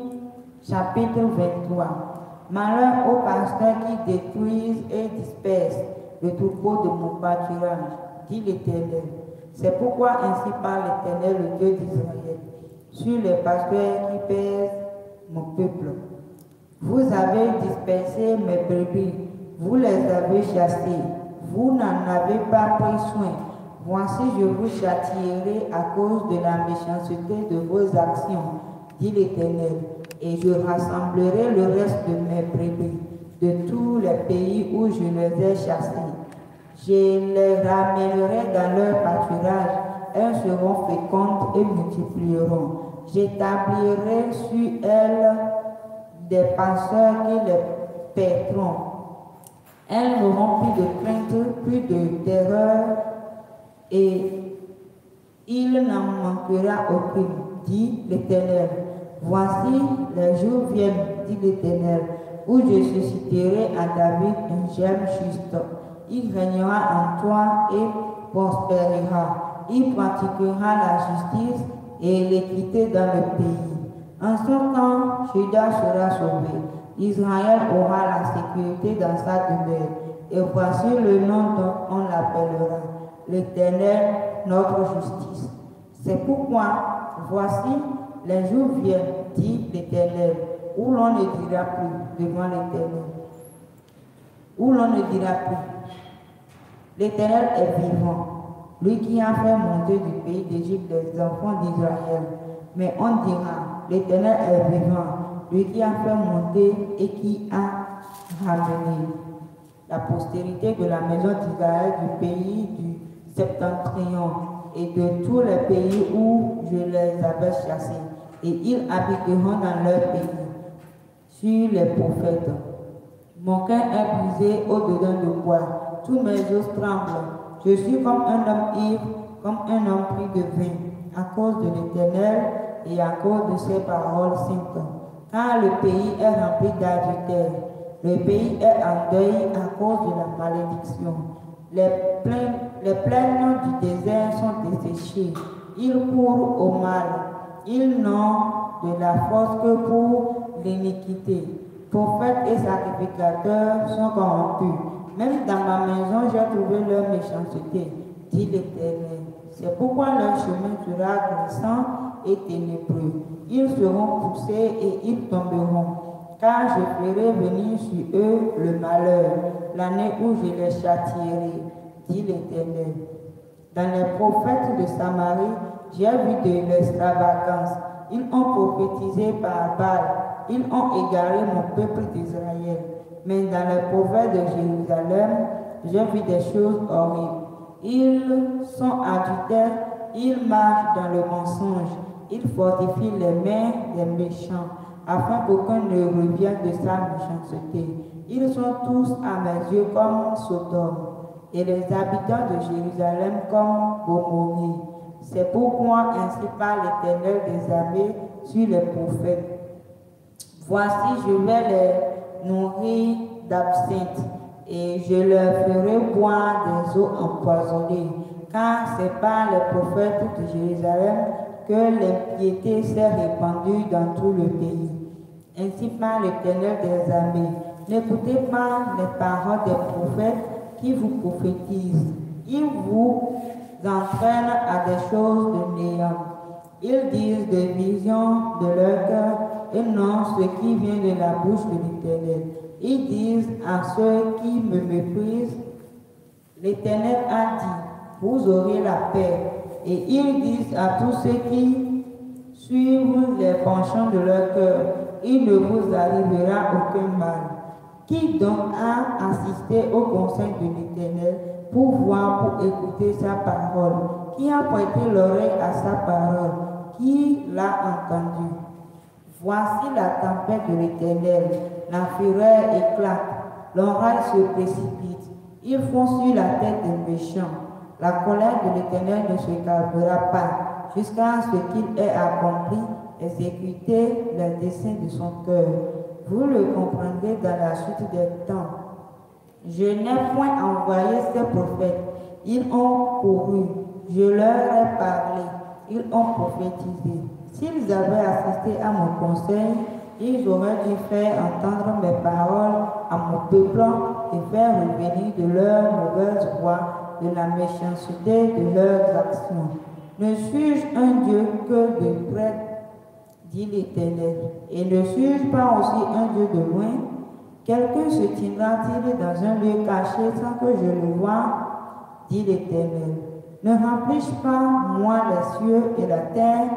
chapitre 23. Malheur aux pasteurs qui détruisent et dispersent le troupeau de mon pâturage, dit l'Éternel. C'est pourquoi ainsi parle l'Éternel, le Dieu d'Israël, sur les pasteurs qui pèsent mon peuple. Vous avez dispersé mes brebis, vous les avez chassés, vous n'en avez pas pris soin Voici, je vous châtierai à cause de la méchanceté de vos actions, dit l'Éternel, et je rassemblerai le reste de mes brebis de tous les pays où je les ai chassés. Je les ramènerai dans leur pâturage, elles seront fécondes et multiplieront. J'établirai sur elles des penseurs qui les perdront. Elles n'auront plus de crainte, plus de terreur, et il n'en manquera aucune, dit l'Éternel. Voici, le jour, vient, dit l'Éternel, où je susciterai à David un germe juste. Il régnera en toi et prospérera. Il pratiquera la justice et l'équité dans le pays. En ce temps, Judas sera sauvé. Israël aura la sécurité dans sa demeure. Et voici le nom dont on l'appellera l'Éternel, notre justice. C'est pourquoi, voici, les jours viennent, dit l'Éternel, où l'on ne dira plus devant l'Éternel. Où l'on ne dira plus. L'Éternel est vivant, lui qui a fait monter du pays d'Égypte les enfants d'Israël. Mais on dira, l'Éternel est vivant, lui qui a fait monter et qui a ramené la postérité de la maison d'Israël du pays du septentrion et de tous les pays où je les avais chassés, et ils habiteront dans leur pays, sur les prophètes. Mon cœur est brisé au-dedans de moi, tous mes os tremblent. Je suis comme un homme ivre, comme un homme pris de vin, à cause de l'Éternel et à cause de ses paroles simples. Car le pays est rempli d'adultère, le pays est en deuil à cause de la malédiction. Les plaines, les du désert sont desséchées. Ils courent au mal. Ils n'ont de la force que pour l'iniquité. Prophètes et sacrificateurs sont corrompus. Même dans ma maison, j'ai trouvé leur méchanceté, dit l'Éternel. C'est pourquoi leur chemin sera glissant et ténébreux. Ils seront poussés et ils tomberont car je ferai venir sur eux le malheur, l'année où je les châtierai, dit l'Éternel. Dans les prophètes de Samarie, j'ai vu de l'extravagance. Ils ont prophétisé par Baal, ils ont égaré mon peuple d'Israël. Mais dans les prophètes de Jérusalem, j'ai vu des choses horribles. Ils sont adultères, ils marchent dans le mensonge, ils fortifient les mains des méchants afin qu'aucun ne revienne de sa méchanceté. Ils sont tous à mes yeux comme Sodome, et les habitants de Jérusalem comme Gomorrhe. C'est pourquoi ainsi par l'Éternel des armées sur les prophètes. Voici, je vais les nourrir d'absinthe, et je leur ferai boire des eaux empoisonnées, car c'est par les prophètes de Jérusalem que l'impiété s'est répandue dans tout le pays. Ainsi parle l'Éternel des amis, N'écoutez pas les paroles des prophètes qui vous prophétisent. Ils vous entraînent à des choses de néant. Ils disent des visions de leur cœur et non ce qui vient de la bouche de l'Éternel. Ils disent à ceux qui me méprisent, l'Éternel a dit, vous aurez la paix. Et ils disent à tous ceux qui suivent les penchants de leur cœur, il ne vous arrivera aucun mal. Qui donc a assisté au conseil de l'Éternel pour voir, pour écouter sa parole Qui a pointé l'oreille à sa parole Qui l'a entendu Voici la tempête de l'Éternel. La fureur éclate. L'orage se précipite. Ils font sur la tête des méchants. La colère de l'Éternel ne se calmera pas jusqu'à ce qu'il ait accompli exécuter le dessein de son cœur. Vous le comprendrez dans la suite des temps. Je n'ai point envoyé ces prophètes. Ils ont couru. Je leur ai parlé. Ils ont prophétisé. S'ils avaient assisté à mon conseil, ils auraient dû faire entendre mes paroles à mon peuple et faire revenir de leur mauvaise voies, de la méchanceté de leurs actions. Ne suis-je un Dieu que de prêtres dit l'Éternel. Et ne suis-je pas aussi un Dieu de loin Quelqu'un se tiendra-t-il dans un lieu caché sans que je le voie dit l'Éternel. Ne remplis-je pas, moi, les cieux et la terre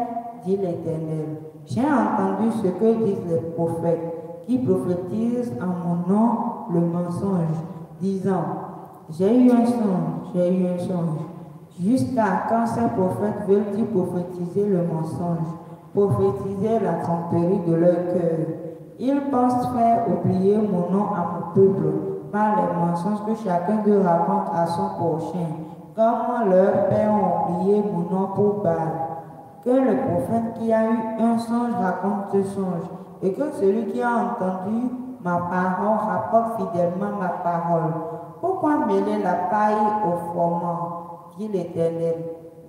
dit l'Éternel. J'ai entendu ce que disent les prophètes qui prophétisent en mon nom le mensonge, disant, j'ai eu un songe, j'ai eu un songe. Jusqu'à quand ces prophètes veulent-ils prophétiser le mensonge prophétiser la tromperie de leur cœur. Ils pensent faire oublier mon nom à mon peuple par les mensonges que chacun de raconte à son prochain, comme leurs pères ont oublié mon nom pour Baal. Que le prophète qui a eu un songe raconte ce songe, et que celui qui a entendu ma parole rapporte fidèlement ma parole. Pourquoi mêler la paille au froment dit l'Éternel.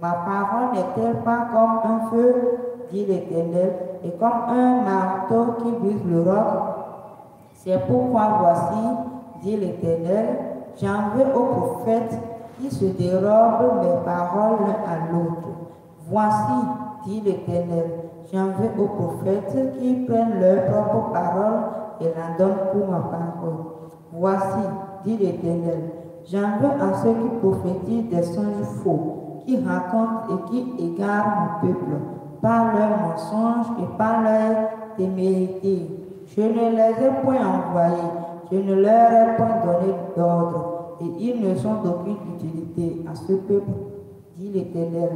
Ma parole n'est-elle pas comme un feu dit l'Éternel, et comme un marteau qui brise le roc. C'est pourquoi voici, dit l'Éternel, j'en veux aux prophètes qui se dérobent mes paroles l'un à l'autre. Voici, dit l'Éternel, j'en veux aux prophètes qui prennent leurs propres paroles et la donnent pour ma parole. Voici, dit l'Éternel, j'en veux à ceux qui prophétisent des songes faux, qui racontent et qui égarent mon peuple par leurs mensonges et par leur témérité. Je ne les ai point envoyés, je ne leur ai point donné d'ordre, et ils ne sont d'aucune utilité à ce peuple, dit l'Éternel.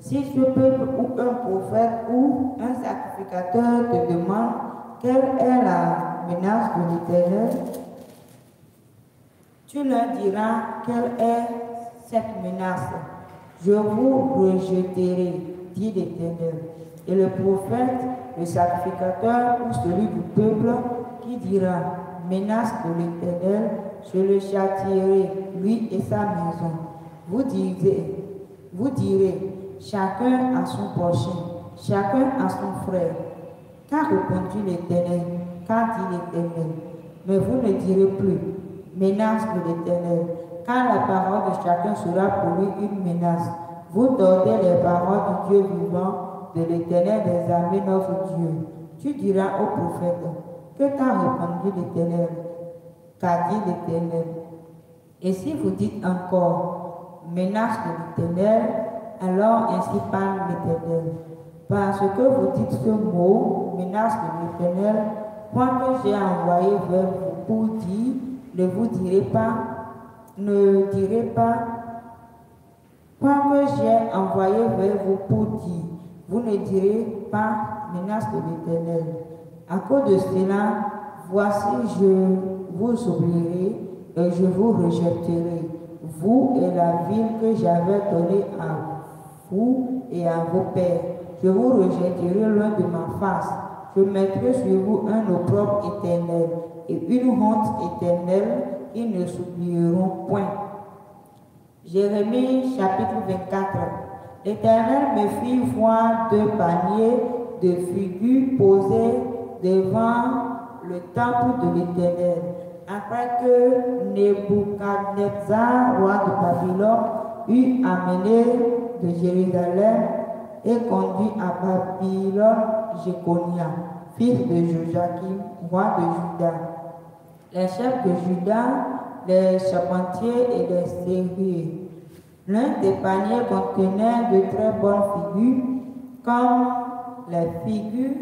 Si ce peuple ou un prophète ou un sacrificateur te demande quelle est la menace de l'Éternel, tu leur diras quelle est cette menace. Je vous rejeterai dit l'Éternel. Et le prophète, le sacrificateur ou celui du peuple qui dira, menace de l'Éternel, je le châtierai, lui et sa maison. Vous direz, vous direz, chacun à son prochain, chacun à son frère. Car répondit l'Éternel, Quand dit l'Éternel. Mais vous ne direz plus, menace de l'Éternel, Quand la parole de chacun sera pour lui une menace. Vous donnez les paroles du Dieu vivant, de l'éternel des armées, notre Dieu. Tu diras au prophète, que t'a répondu l'éternel Qu'a dit l'éternel Et si vous dites encore, menace de l'éternel, alors ainsi parle l'éternel. Parce que vous dites ce mot, menace de l'éternel, moi que j'ai envoyé vers vous pour dire, ne vous direz pas, ne direz pas quand que j'ai envoyé vers vous pour dire, vous ne direz pas menace de l'Éternel. À cause de cela, voici, je vous oublierai et je vous rejetterai, vous et la ville que j'avais donnée à vous et à vos pères. Je vous rejetterai loin de ma face. Je mettrai sur vous un opprobre éternel et une honte éternelle. Ils ne s'oublieront point. Jérémie chapitre 24. L'Éternel me fit voir deux paniers de figues posés devant le temple de l'Éternel. Après que Nebuchadnezzar, roi de Babylone, eut amené de Jérusalem et conduit à Babylone Jéconia, fils de Joachim, roi de Juda. Les chefs de Judas des charpentiers et des serruriers. L'un des paniers contenait de très bonnes figures, comme les figures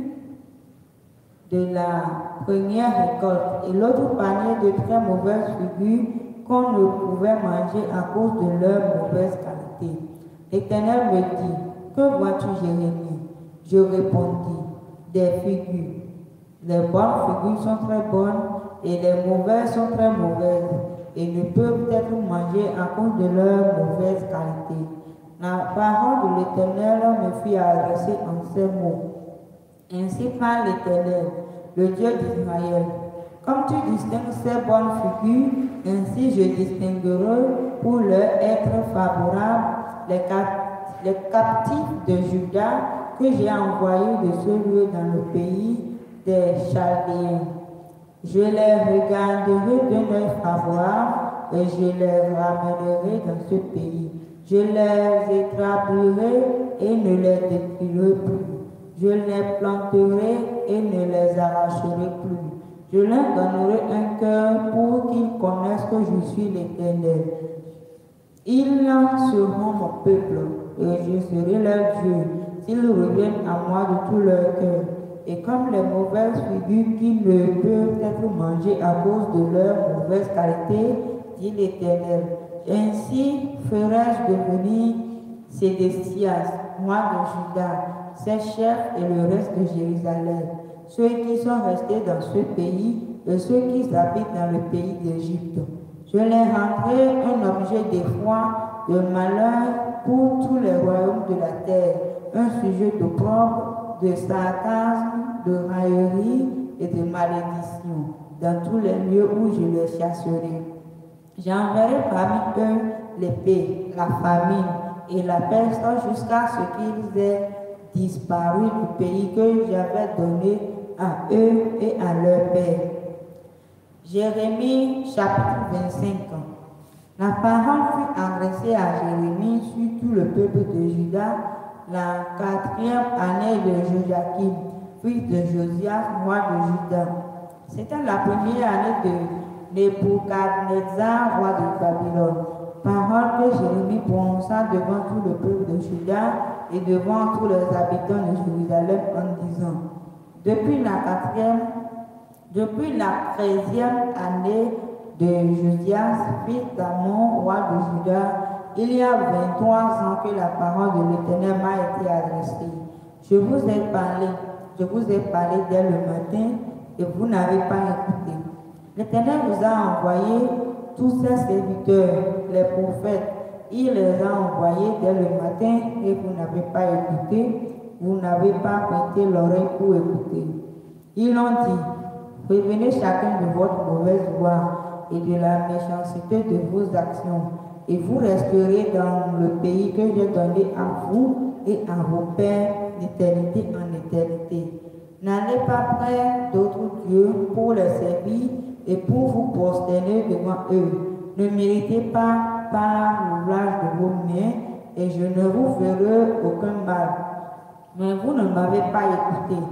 de la première récolte, et l'autre panier de très mauvaises figures qu'on ne pouvait manger à cause de leur mauvaise qualité. L'Éternel me dit, Que vois-tu, Jérémie Je répondis, Des figures. Les bonnes figures sont très bonnes, et les mauvais sont très mauvaises et ne peuvent être mangés à cause de leur mauvaise qualité. La parole de l'Éternel me fut adressée en ces mots. Ainsi parle l'Éternel, le Dieu d'Israël. Comme tu distingues ces bonnes figures, ainsi je distinguerai pour leur être favorable les, les captifs de Judas que j'ai envoyés de ce lieu dans le pays des Chaldéens. Je les regarderai de leur avoir, et je les ramènerai dans ce pays. Je les établirai et ne les détruirai plus. Je les planterai et ne les arracherai plus. Je leur donnerai un cœur pour qu'ils connaissent que je suis l'Éternel. Ils seront mon peuple et je serai leur Dieu Ils reviennent à moi de tout leur cœur. Et comme les mauvaises figures qui ne peuvent être mangées à cause de leur mauvaise qualité, dit l'Éternel, ainsi ferai-je devenir Sédécias, moi de Judas, ses chefs et le reste de Jérusalem, ceux qui sont restés dans ce pays et ceux qui habitent dans le pays d'Égypte. Je les rendrai un objet d'effroi, de malheur pour tous les royaumes de la terre, un sujet de propre, de sarcasme de raillerie et de malédiction dans tous les lieux où je les chasserai. J'enverrai parmi eux l'épée, la famine et la peste jusqu'à ce qu'ils aient disparu du pays que j'avais donné à eux et à leur père. Jérémie chapitre 25. La parole fut adressée à Jérémie sur tout le peuple de Judas la quatrième année de Joachim fils de Josias, roi de Juda. C'était la première année de Nebuchadnezzar, roi de Babylone. Parole que Jérémie prononça devant tout le peuple de Juda et devant tous les habitants de Jérusalem en disant Depuis la quatrième, depuis la treizième année de Josias, fils d'Amon, roi de Juda, il y a 23 ans que la parole de l'Éternel m'a été adressée. Je vous ai parlé je vous ai parlé dès le matin et vous n'avez pas écouté. L'Éternel vous a envoyé tous ses serviteurs, les prophètes. Il les a envoyés dès le matin et vous n'avez pas écouté. Vous n'avez pas prêté l'oreille pour écouter. Ils ont dit, revenez chacun de votre mauvaise voie et de la méchanceté de vos actions, et vous resterez dans le pays que j'ai donné à vous et à vos pères d'éternité en éternité. N'allez pas près d'autres dieux pour les servir et pour vous prosterner devant eux. Ne méritez pas par l'ouvrage de vos mains et je ne vous ferai aucun mal. Mais vous ne m'avez pas écouté,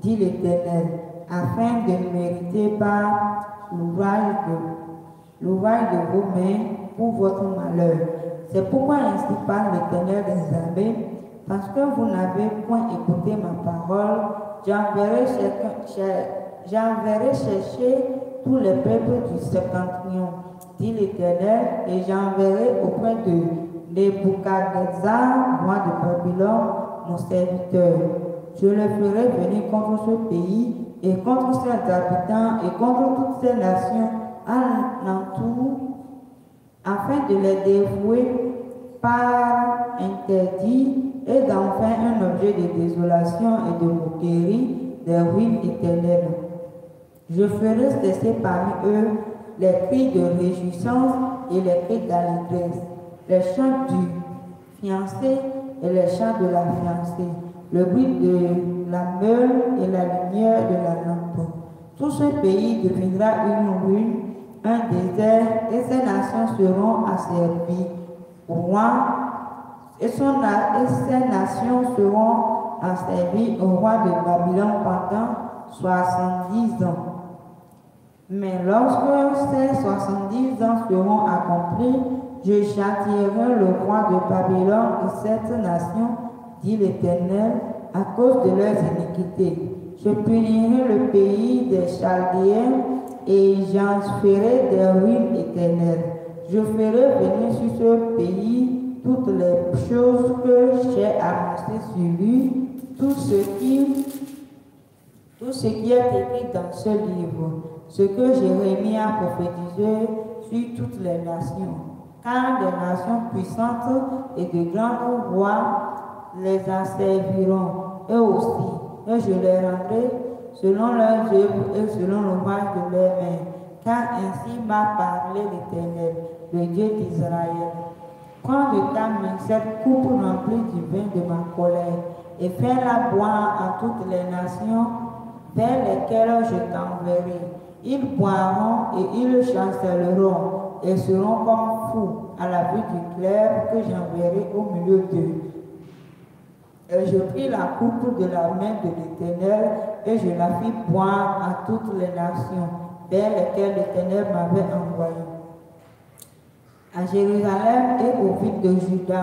dit l'Éternel, afin de mériter par l'ouvrage de, de vos mains pour votre malheur. C'est pourquoi ainsi parle l'Éternel des armées parce que vous n'avez point écouté ma parole, j'enverrai chercher tous les peuples du septentrion, dit l'Éternel, et j'enverrai auprès de Nebuchadnezzar, roi de Babylone, mon serviteur. Je le ferai venir contre ce pays et contre ses habitants et contre toutes ces nations entour, afin de les dévouer par interdit et d'en un objet de désolation et de moquerie des ruines éternelles. Je ferai cesser parmi eux les cris de réjouissance et les cris d'allégresse, les chants du fiancé et les chants de la fiancée, le bruit de la meule et la lumière de la lampe. Tout ce pays deviendra une ruine, un désert, et ses nations seront asservies. Roi et, ses nations seront asservies au roi de Babylone pendant 70 ans. Mais lorsque ces 70 ans seront accomplis, je châtierai le roi de Babylone et cette nation, dit l'Éternel, à cause de leurs iniquités. Je punirai le pays des Chaldéens et j'en ferai des ruines éternelles. Je ferai venir sur ce pays toutes les choses que j'ai annoncées sur lui, tout ce qui, tout ce qui est écrit dans ce livre, ce que Jérémie à prophétiser sur toutes les nations. Car des nations puissantes et de grandes voix les asserviront, eux aussi, et je les rendrai selon leurs œuvres et selon l'ouvrage de leurs mains. Car ainsi m'a parlé l'Éternel le Dieu d'Israël. Quand ta main cette coupe plus du vin de ma colère et fais-la boire à toutes les nations vers lesquelles je t'enverrai. Ils boiront et ils chancelleront et seront comme fous à la vue du clair que j'enverrai au milieu d'eux. Et je pris la coupe de la main de l'Éternel et je la fis boire à toutes les nations vers lesquelles l'Éternel m'avait envoyé à Jérusalem et aux villes de Juda,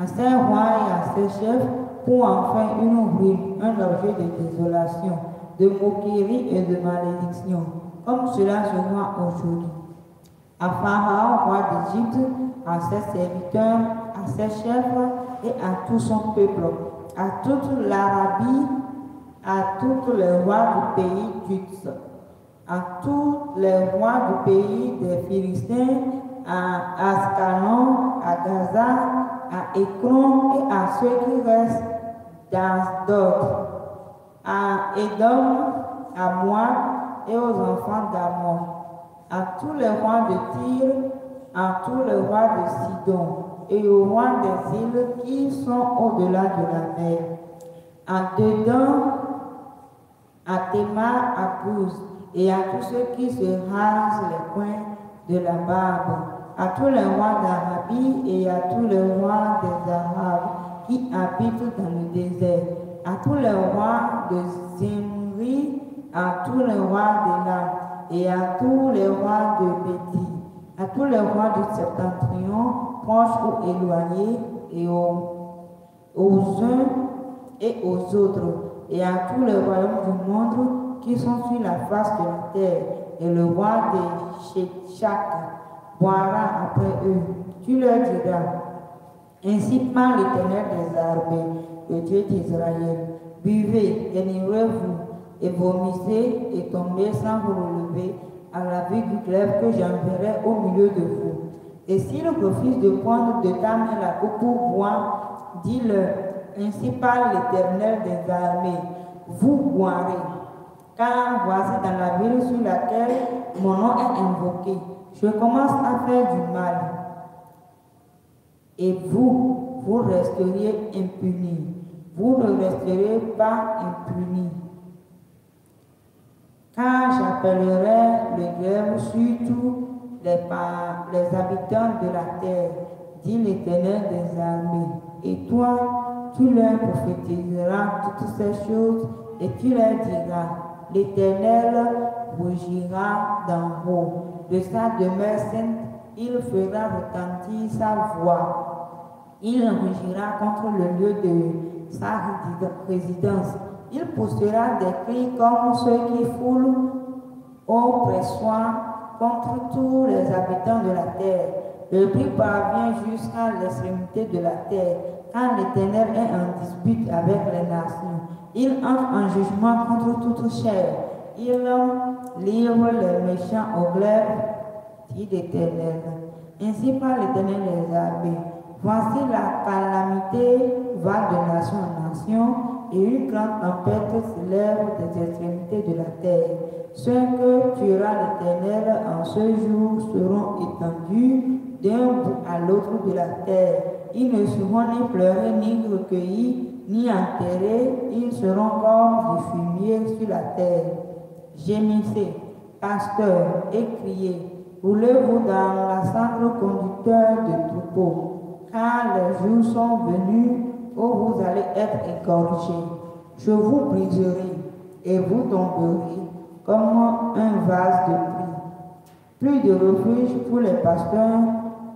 à ses rois et à ses chefs, pour enfin une ruine, un objet de désolation, de moquerie et de malédiction, comme cela se voit aujourd'hui. À Pharaon, roi d'Égypte, à ses serviteurs, à ses chefs et à tout son peuple, à toute l'Arabie, à tous les rois du pays d'Utz, à tous les rois du pays des Philistins à Ascalon, à Gaza, à Écron et à ceux qui restent dans d'autres, à Edom, à moi et aux enfants d'Amon, à tous les rois de Tyr, à tous les rois de Sidon et aux rois des îles qui sont au-delà de la mer, à Dedans, à Théma, à Pouze et à tous ceux qui se rasent les coins de la barbe à tous les rois d'Arabie et à tous les rois des Arabes qui habitent dans le désert, à tous les rois de Zimri, à tous les rois de Nab et à tous les rois de Béti, à tous les rois du septentrion, proches ou éloignés, et aux, aux uns et aux autres, et à tous les royaumes du monde qui sont sur la face de la terre, et le roi de Shechak boira après eux. Tu leur diras, ainsi parle l'Éternel des armées, le Dieu d'Israël. Buvez, énivrez-vous, et vomissez, et tombez sans vous relever, à la vue du clair que j'enverrai au milieu de vous. Et si le refusent de prendre de ta main la coupe pour boire, dis-leur, ainsi parle l'Éternel des armées, vous boirez. Car voici dans la ville sur laquelle mon nom est invoqué, je commence à faire du mal. Et vous, vous resteriez impunis. Vous ne resterez pas impunis. Car j'appellerai le glaive sur tous les, les habitants de la terre, dit l'Éternel des armées. Et toi, tu leur prophétiseras toutes ces choses et tu leur diras, l'Éternel rougira dans haut de sa demeure sainte, il fera retentir sa voix. Il rugira contre le lieu de sa résidence. Il poussera des cris comme ceux qui foulent au pressoir contre tous les habitants de la terre. Le prix parvient jusqu'à l'extrémité de la terre. Quand l'Éternel est en dispute avec les nations, il entre en jugement contre toute chair. Il livre les méchants au glaive, dit l'Éternel. Ainsi parle l'Éternel des armées. Voici la calamité va de nation en nation, et une grande tempête s'élève des extrémités de la terre. Ceux que tuera l'Éternel en ce jour seront étendus d'un bout à l'autre de la terre. Ils ne seront ni pleurés, ni recueillis, ni enterrés. Ils seront comme des fumiers sur la terre gémissez, pasteurs, et criez, roulez-vous dans la cendre conducteur de troupeau, car les jours sont venus où vous allez être égorgés. Je vous briserai et vous tomberai comme un vase de pluie. Plus de refuge pour les pasteurs,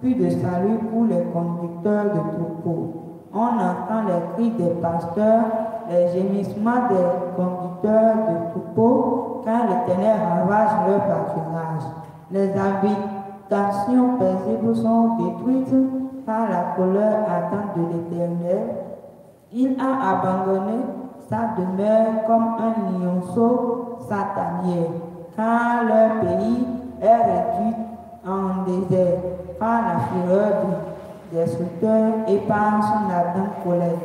plus de salut pour les conducteurs de troupeau. On entend les cris des pasteurs, les gémissements des conducteurs de troupeaux, car l'Éternel ravage leur patronage. Les habitations paisibles sont détruites par la colère ardente de l'Éternel. Il a abandonné sa demeure comme un lionceau satanier, car leur pays est réduit en désert par la fureur du destructeur et par son ardente colère.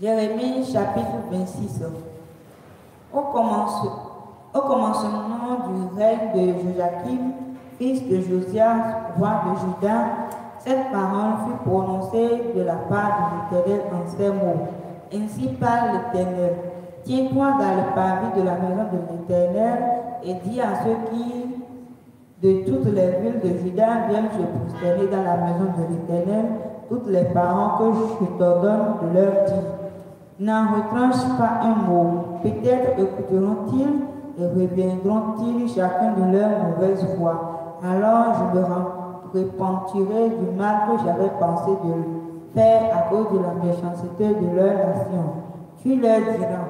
Jérémie chapitre 26. Au, commence, au commencement du règne de Joachim, fils de Josias, roi de Juda, cette parole fut prononcée de la part de l'Éternel en ces mots. Ainsi parle l'Éternel. Tiens-toi dans le parvis de la maison de l'Éternel et dis à ceux qui de toutes les villes de Juda viennent se prosterner dans la maison de l'Éternel toutes les paroles que je t'ordonne de leur dire n'en retranche pas un mot. Peut-être écouteront-ils et reviendront-ils chacun de leur mauvaise voix. Alors je me repentirai du mal que j'avais pensé de faire à cause de la méchanceté de leur nation. Tu leur diras,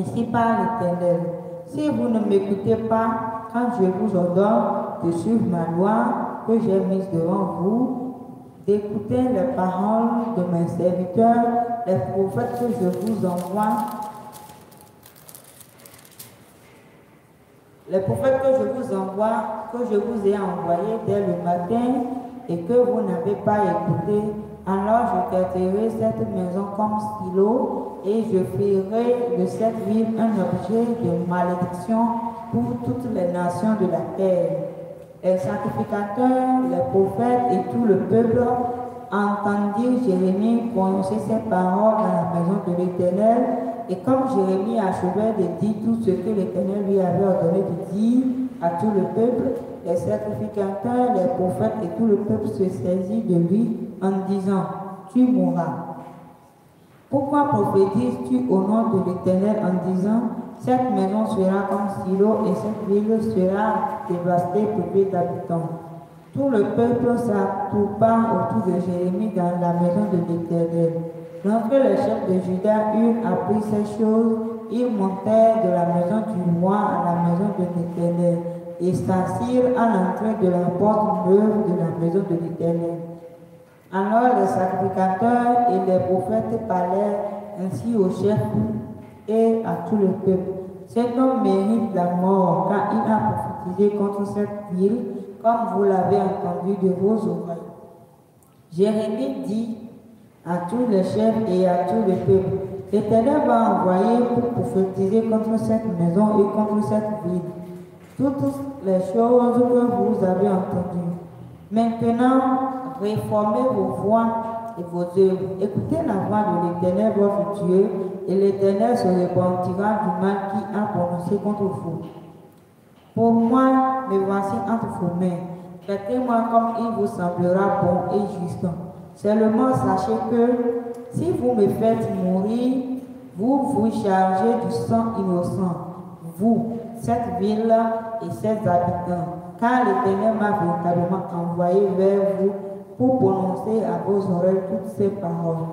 ainsi par l'Éternel, si vous ne m'écoutez pas quand je vous ordonne de suivre ma loi que j'ai mise devant vous, d'écouter les paroles de mes serviteurs, les prophètes que je vous envoie. Les prophètes que je vous envoie, que je vous ai envoyés dès le matin et que vous n'avez pas écouté, alors je garderai cette maison comme stylo et je ferai de cette ville un objet de malédiction pour toutes les nations de la terre les sacrificateurs, les prophètes et tout le peuple entendirent Jérémie prononcer ses paroles dans la maison de l'Éternel. Et comme Jérémie achevait de dire tout ce que l'Éternel lui avait ordonné de dire à tout le peuple, les sacrificateurs, les prophètes et tout le peuple se saisirent de lui en disant, Tu mourras. Pourquoi prophétises-tu au nom de l'Éternel en disant, cette maison sera comme Silo et cette ville sera dévastée peuplée d'habitants. Tout le peuple s'attroupa autour de Jérémie dans la maison de l'Éternel. Lorsque les chefs de judas eurent appris ces choses, ils montèrent de la maison du roi à la maison de l'Éternel et s'assirent à l'entrée de la porte neuve de la maison de l'Éternel. Alors les sacrificateurs et les prophètes parlèrent ainsi au chef et à tout le peuple. Cet homme mérite la mort, car il a prophétisé contre cette ville, comme vous l'avez entendu de vos oreilles. Jérémie dit à tous les chefs et à tout le peuple, l'Éternel va envoyer pour prophétiser contre cette maison et contre cette ville. Toutes les choses que vous avez entendues. Maintenant, réformez vos voix et vos œuvres. Écoutez la voix de l'Éternel, votre Dieu, et l'Éternel se répandira du mal qui a prononcé contre vous. Pour moi, me voici entre vos mains. Faites-moi comme il vous semblera bon et juste. Seulement sachez que si vous me faites mourir, vous vous chargez du sang innocent, vous, cette ville et ses habitants, car l'Éternel m'a véritablement envoyé vers vous pour prononcer à vos oreilles toutes ces paroles.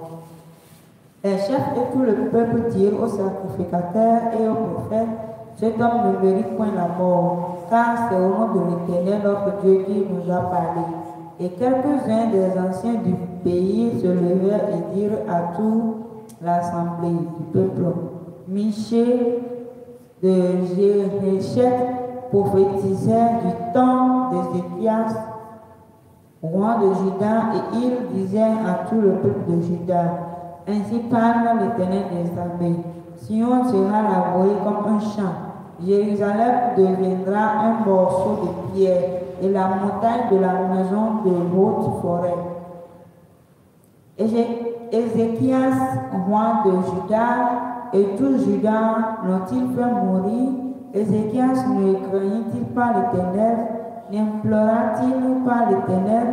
Les chefs et tout le peuple dirent aux sacrificateurs et aux prophètes, cet homme ne mérite point la mort, car c'est au nom de l'Éternel notre Dieu qui nous a parlé. Et quelques-uns des anciens du pays se levèrent et dirent à tout l'assemblée du peuple, Michel de Jéréchette prophétisait du temps d'Ézéchias, roi de Judas, et il disait à tout le peuple de Judas, ainsi parle l'Éternel des armées. on sera lavoué comme un champ. Jérusalem deviendra un morceau de pierre et la montagne de la maison de haute forêt. Ézéchias, roi de Judas, et tout Juda nont ils pas mourir Ézéchias ne craignit-il pas l'Éternel N'implora-t-il pas l'Éternel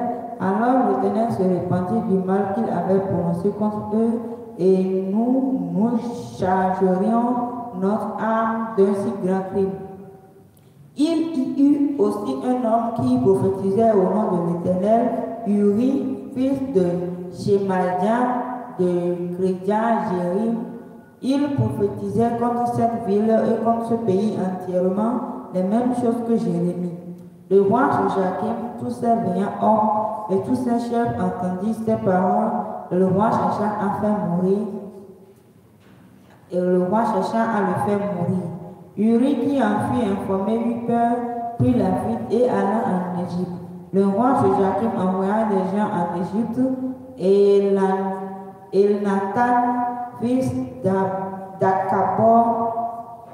alors l'Éternel se répandit du mal qu'il avait prononcé contre eux, et nous nous chargerions notre âme d'un si grand crime. Il y eut aussi un homme qui prophétisait au nom de l'Éternel, Uri, fils de Shemadia, de Chrétien, Jérim. Il prophétisait contre cette ville et contre ce pays entièrement les mêmes choses que Jérémie. Le roi Joachim, tous ces veillants et tous ses chefs entendirent ces paroles, le roi chercha à mourir, et le roi à le faire mourir. Uri, qui en fut informé, eut peur, prit la fuite et alla en Égypte. Le roi Joachim envoya des gens en Égypte, et, Nathan, fils d'Akabor,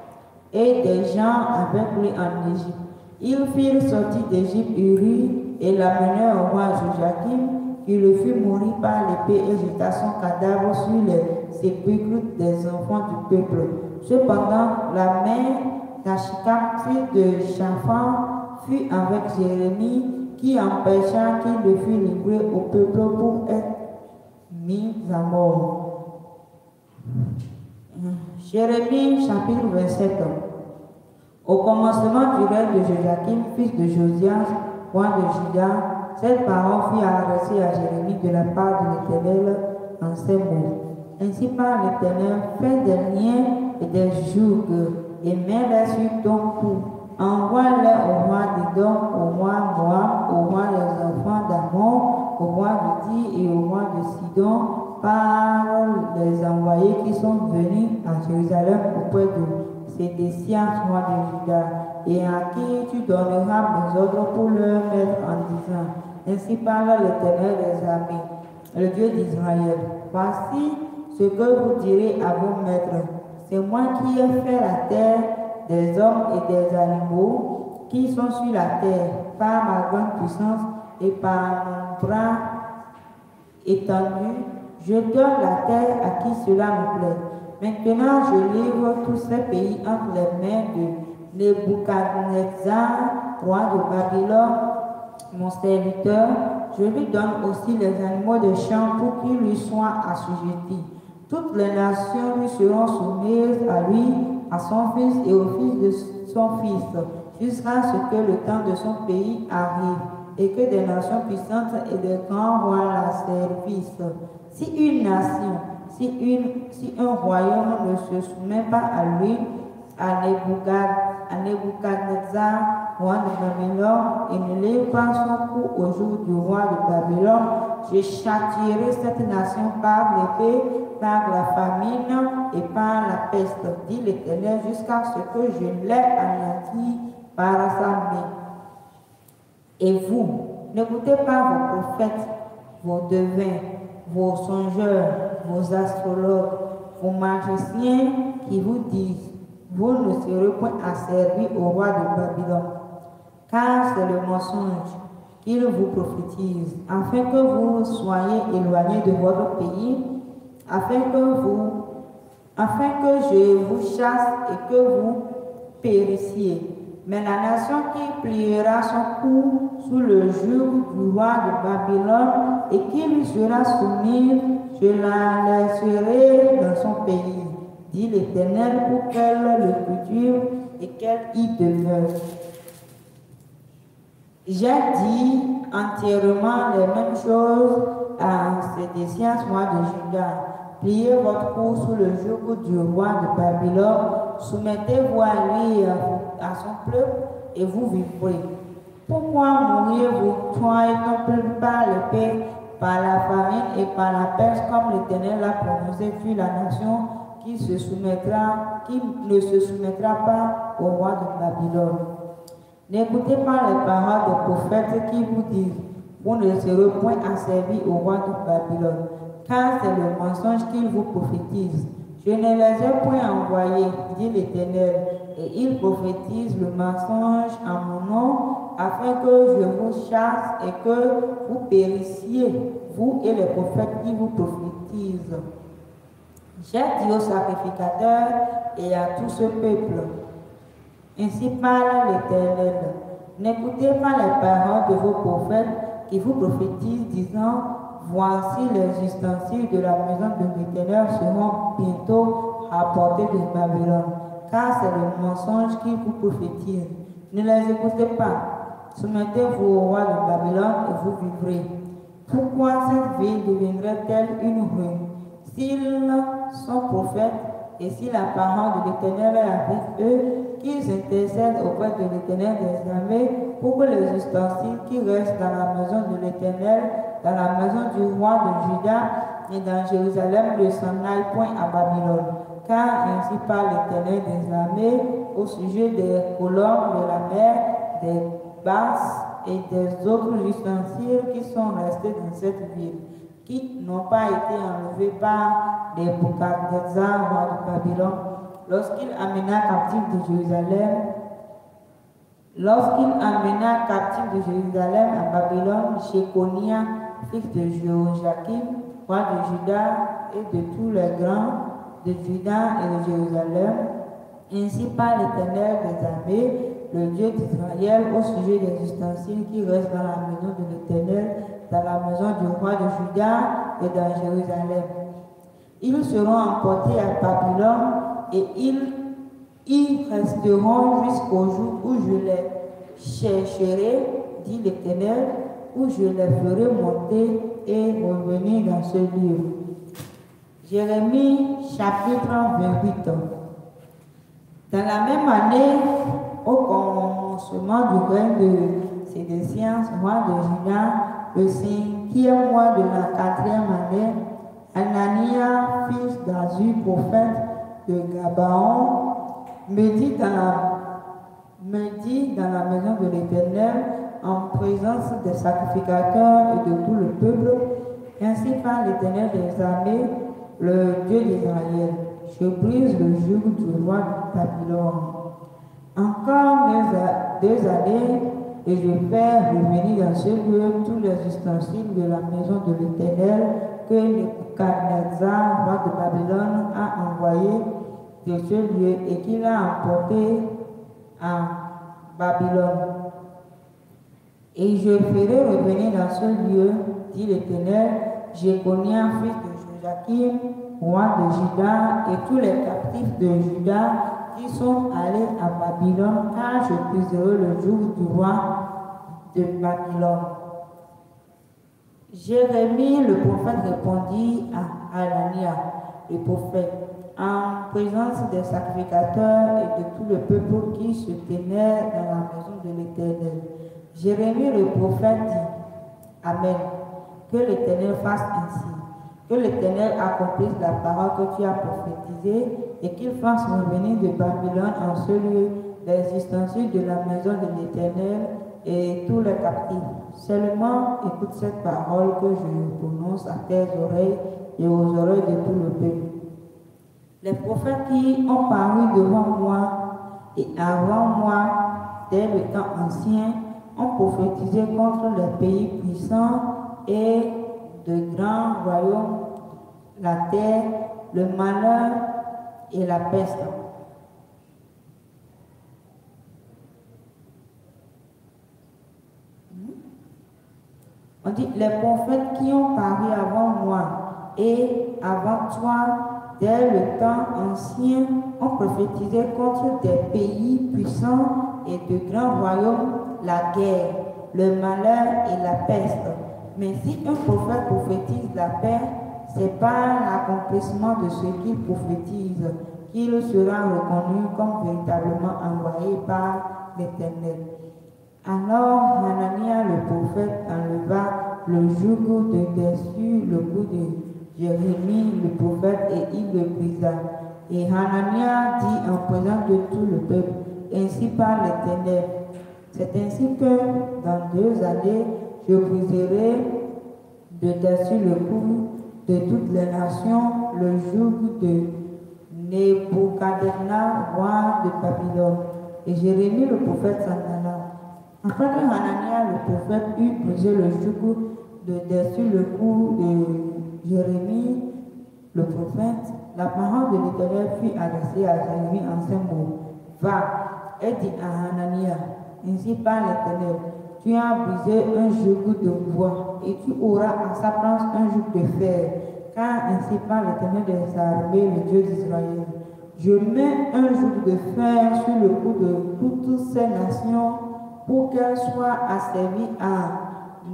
et des gens avec lui en Égypte. Ils firent sortir d'Égypte Uri, et l'amenèrent au roi Joachim, qui le fut mourir par l'épée et jeta son cadavre sur les sépulcres des enfants du peuple. Cependant, la mère d'Achikam, fille de Shaphan, fut avec Jérémie, qui empêcha qu'il le fût livré au peuple pour être mis à mort. Jérémie chapitre 27. Au commencement du règne de Joachim, fils de Josias, « Roi de Judas, cette parole fut adressée à Jérémie de la part de l'Éternel en ces mots. Ainsi par l'Éternel, fais des liens et des jours et mets la sur ton cou. envoie le au roi dons, au roi Moi, au roi des enfants d'Amon, au roi de Dieu et au roi de Sidon, par les envoyés qui sont venus à Jérusalem auprès de siens roi de Judas et à qui tu donneras mes ordres pour leur mettre en disant, ainsi parle l'Éternel des Amis, le Dieu d'Israël. Voici ce que vous direz à vos maîtres. C'est moi qui ai fait la terre des hommes et des animaux qui sont sur la terre par ma grande puissance et par mon bras étendu. Je donne la terre à qui cela me plaît. Maintenant, je livre tous ces pays entre les mains de Nebuchadnezzar, roi de Babylone, mon serviteur, je lui donne aussi les animaux de champ pour qu'ils lui soient assujettis. Toutes les nations lui seront soumises à lui, à son fils et au fils de son fils, jusqu'à ce que le temps de son pays arrive et que des nations puissantes et des grands voient la service. Si une nation, si, une, si un royaume ne se soumet pas à lui, à Nebuchadnezzar, à Nebuchadnezzar, roi de Babylone, et ne pas son coup au jour du roi de Babylone. Je châtierai cette nation par l'épée, par la famine et par la peste, dit l'Éternel, jusqu'à ce que je l'ai anéanti par sa Et vous, n'écoutez pas vos prophètes, vos devins, vos songeurs, vos astrologues, vos magiciens qui vous disent vous ne serez point asservis au roi de Babylone, car c'est le mensonge qu'il vous prophétise, afin que vous soyez éloignés de votre pays, afin que vous, afin que je vous chasse et que vous périssiez. Mais la nation qui pliera son cou sous le jour du roi de Babylone et qui lui sera soumise, je la laisserai dans son pays dit l'Éternel, pour qu'elle le cultive et qu'elle y demeure. J'ai dit entièrement les mêmes choses à ces déciens, moi de Judas. Pliez votre cou sous le joug du roi de Babylone, soumettez-vous à lui, à son peuple, et vous vivrez. Pourquoi mourriez-vous, toi et ton peuple, par l'épée, par la famine et par la pêche, comme l'Éternel l'a prononcé sur la nation qui, se soumettra, qui ne se soumettra pas au roi de Babylone. N'écoutez pas les paroles des prophètes qui vous disent, vous ne serez point asservis au roi de Babylone, car c'est le mensonge qu'ils vous prophétisent. Je ne les ai point envoyés, dit l'Éternel, et ils prophétisent le mensonge en mon nom, afin que je vous chasse et que vous périssiez, vous et les prophètes qui vous prophétisent. J'ai dit aux sacrificateurs et à tout ce peuple, ainsi parle l'Éternel, n'écoutez pas les paroles de vos prophètes qui vous prophétisent disant, voici les ustensiles de la maison de l'Éternel seront bientôt apportés de Babylone, car c'est le mensonge qu'ils vous prophétisent. Ne les écoutez pas, soumettez-vous au roi de Babylone et vous vivrez. Pourquoi cette ville deviendrait-elle une ruine S'ils sont prophètes et si la parole de l'Éternel est avec eux, qu'ils intercèdent auprès de l'Éternel des armées pour que les ustensiles qui restent dans la maison de l'Éternel, dans la maison du roi de Juda et dans Jérusalem ne s'en aillent point à Babylone. Car ainsi parle l'Éternel des armées au sujet des colonnes de la mer, des basses et des autres ustensiles qui sont restés dans cette ville qui n'ont pas été enlevés par des Boukhadnezar, de Babylone, lorsqu'il amena captif de Jérusalem, lorsqu'il amena captifs de Jérusalem à Babylone, Sheconia fils de Joachim, roi de Juda, et de tous les grands de Juda et de Jérusalem, ainsi par l'Éternel des armées, le Dieu d'Israël, au sujet des ustensiles qui restent dans la maison de l'Éternel, dans la maison du roi de Juda et dans Jérusalem. Ils seront emportés à Babylone et ils y resteront jusqu'au jour où je les chercherai, dit l'Éternel, où je les ferai monter et revenir dans ce lieu. Jérémie chapitre 28. Dans la même année, au commencement du règne de Sédéciens, roi de Judas, le cinquième moi de la quatrième année, Anania, fils d'Azu, prophète de Gabaon, me dit dans la, dans la maison de l'Éternel, en présence des sacrificateurs et de tout le peuple, ainsi par l'Éternel des armées, le Dieu d'Israël. Je brise le jour du roi de Babylone. Encore deux années, et je ferai revenir dans ce lieu tous les ustensiles de la maison de l'Éternel que Nebuchadnezzar, roi de Babylone, a envoyé de ce lieu et qu'il a emporté à Babylone. Et je ferai revenir dans ce lieu, dit l'Éternel, Jéconia, fils de Joachim, roi de Juda, et tous les captifs de Juda qui sont allés à Babylone, car je puiserai le jour du roi Jérémie, le prophète, répondit à Alania, le prophète, en présence des sacrificateurs et de tout le peuple qui se tenait dans la maison de l'Éternel. Jérémie, le prophète, dit Amen. Que l'Éternel fasse ainsi. Que l'Éternel accomplisse la parole que tu as prophétisée et qu'il fasse revenir de Babylone en ce lieu les de la maison de l'Éternel et tous les captifs. Seulement écoute cette parole que je prononce à tes oreilles et aux oreilles de tout le pays. Les prophètes qui ont paru devant moi et avant moi, dès le temps ancien, ont prophétisé contre les pays puissants et de grands royaumes, la terre, le malheur et la peste. On dit les prophètes qui ont paru avant moi et avant toi, dès le temps ancien, ont prophétisé contre des pays puissants et de grands royaumes la guerre, le malheur et la peste. Mais si un prophète prophétise la paix, c'est par l'accomplissement de ce qu'il prophétise qu'il sera reconnu comme véritablement envoyé par l'Éternel. Alors Hanania le prophète enleva le joug de dessus le cou de Jérémie le prophète et il le brisa. Et Hanania dit en présence de tout le peuple, ainsi par l'Éternel, c'est ainsi que dans deux années, je briserai de dessus le cou de toutes les nations le joug de Nebuchadnezzar, roi de Babylone. Et Jérémie le prophète s'en après que Hanania, le prophète, eut brisé le joug de dessus le cou de Jérémie, le prophète, la parole de l'Éternel fut adressée à Jérémie en ce mots. Va et dis à Hanania, ainsi par l'Éternel, tu as brisé un joug de bois et tu auras à sa place un joug de fer, car ainsi parle l'Éternel des armées, le Dieu d'Israël. Je mets un joug de fer sur le cou de toutes ces nations pour qu'elle soit asservie à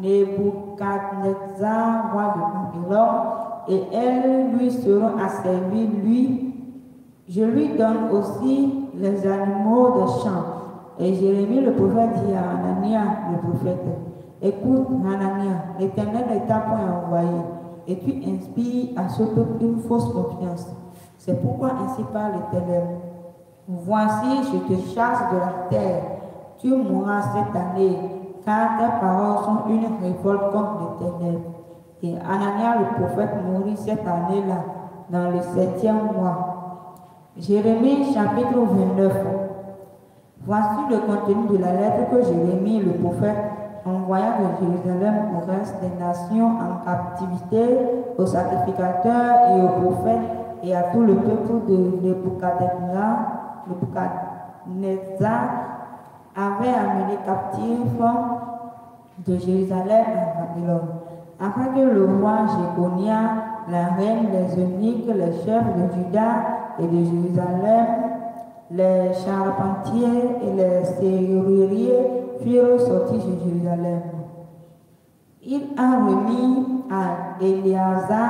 Nebuchadnezzar, roi de Babylon, et elle lui seront asservies, lui. Je lui donne aussi les animaux de champs. Et Jérémie le prophète dit à Anania le prophète, écoute Anania, l'Éternel ne t'a point envoyé, et tu inspires à ce peuple une fausse confiance. C'est pourquoi ainsi parle l'Éternel. Voici, je te chasse de la terre tu mourras cette année, car tes paroles sont une révolte contre l'Éternel. Et Anania le prophète mourut cette année-là, dans le septième mois. Jérémie chapitre 29. Voici le contenu de la lettre que Jérémie le prophète envoya de Jérusalem au reste des nations en captivité, aux sacrificateurs et aux prophètes et à tout le peuple de Nebuchadnezzar, avait amené captif de Jérusalem à Babylone, afin que le roi Gégonia, la reine, des eunuques, les chefs de Juda et de Jérusalem, les charpentiers et les serruriers furent sortis de Jérusalem. Il a remis à Éliasa,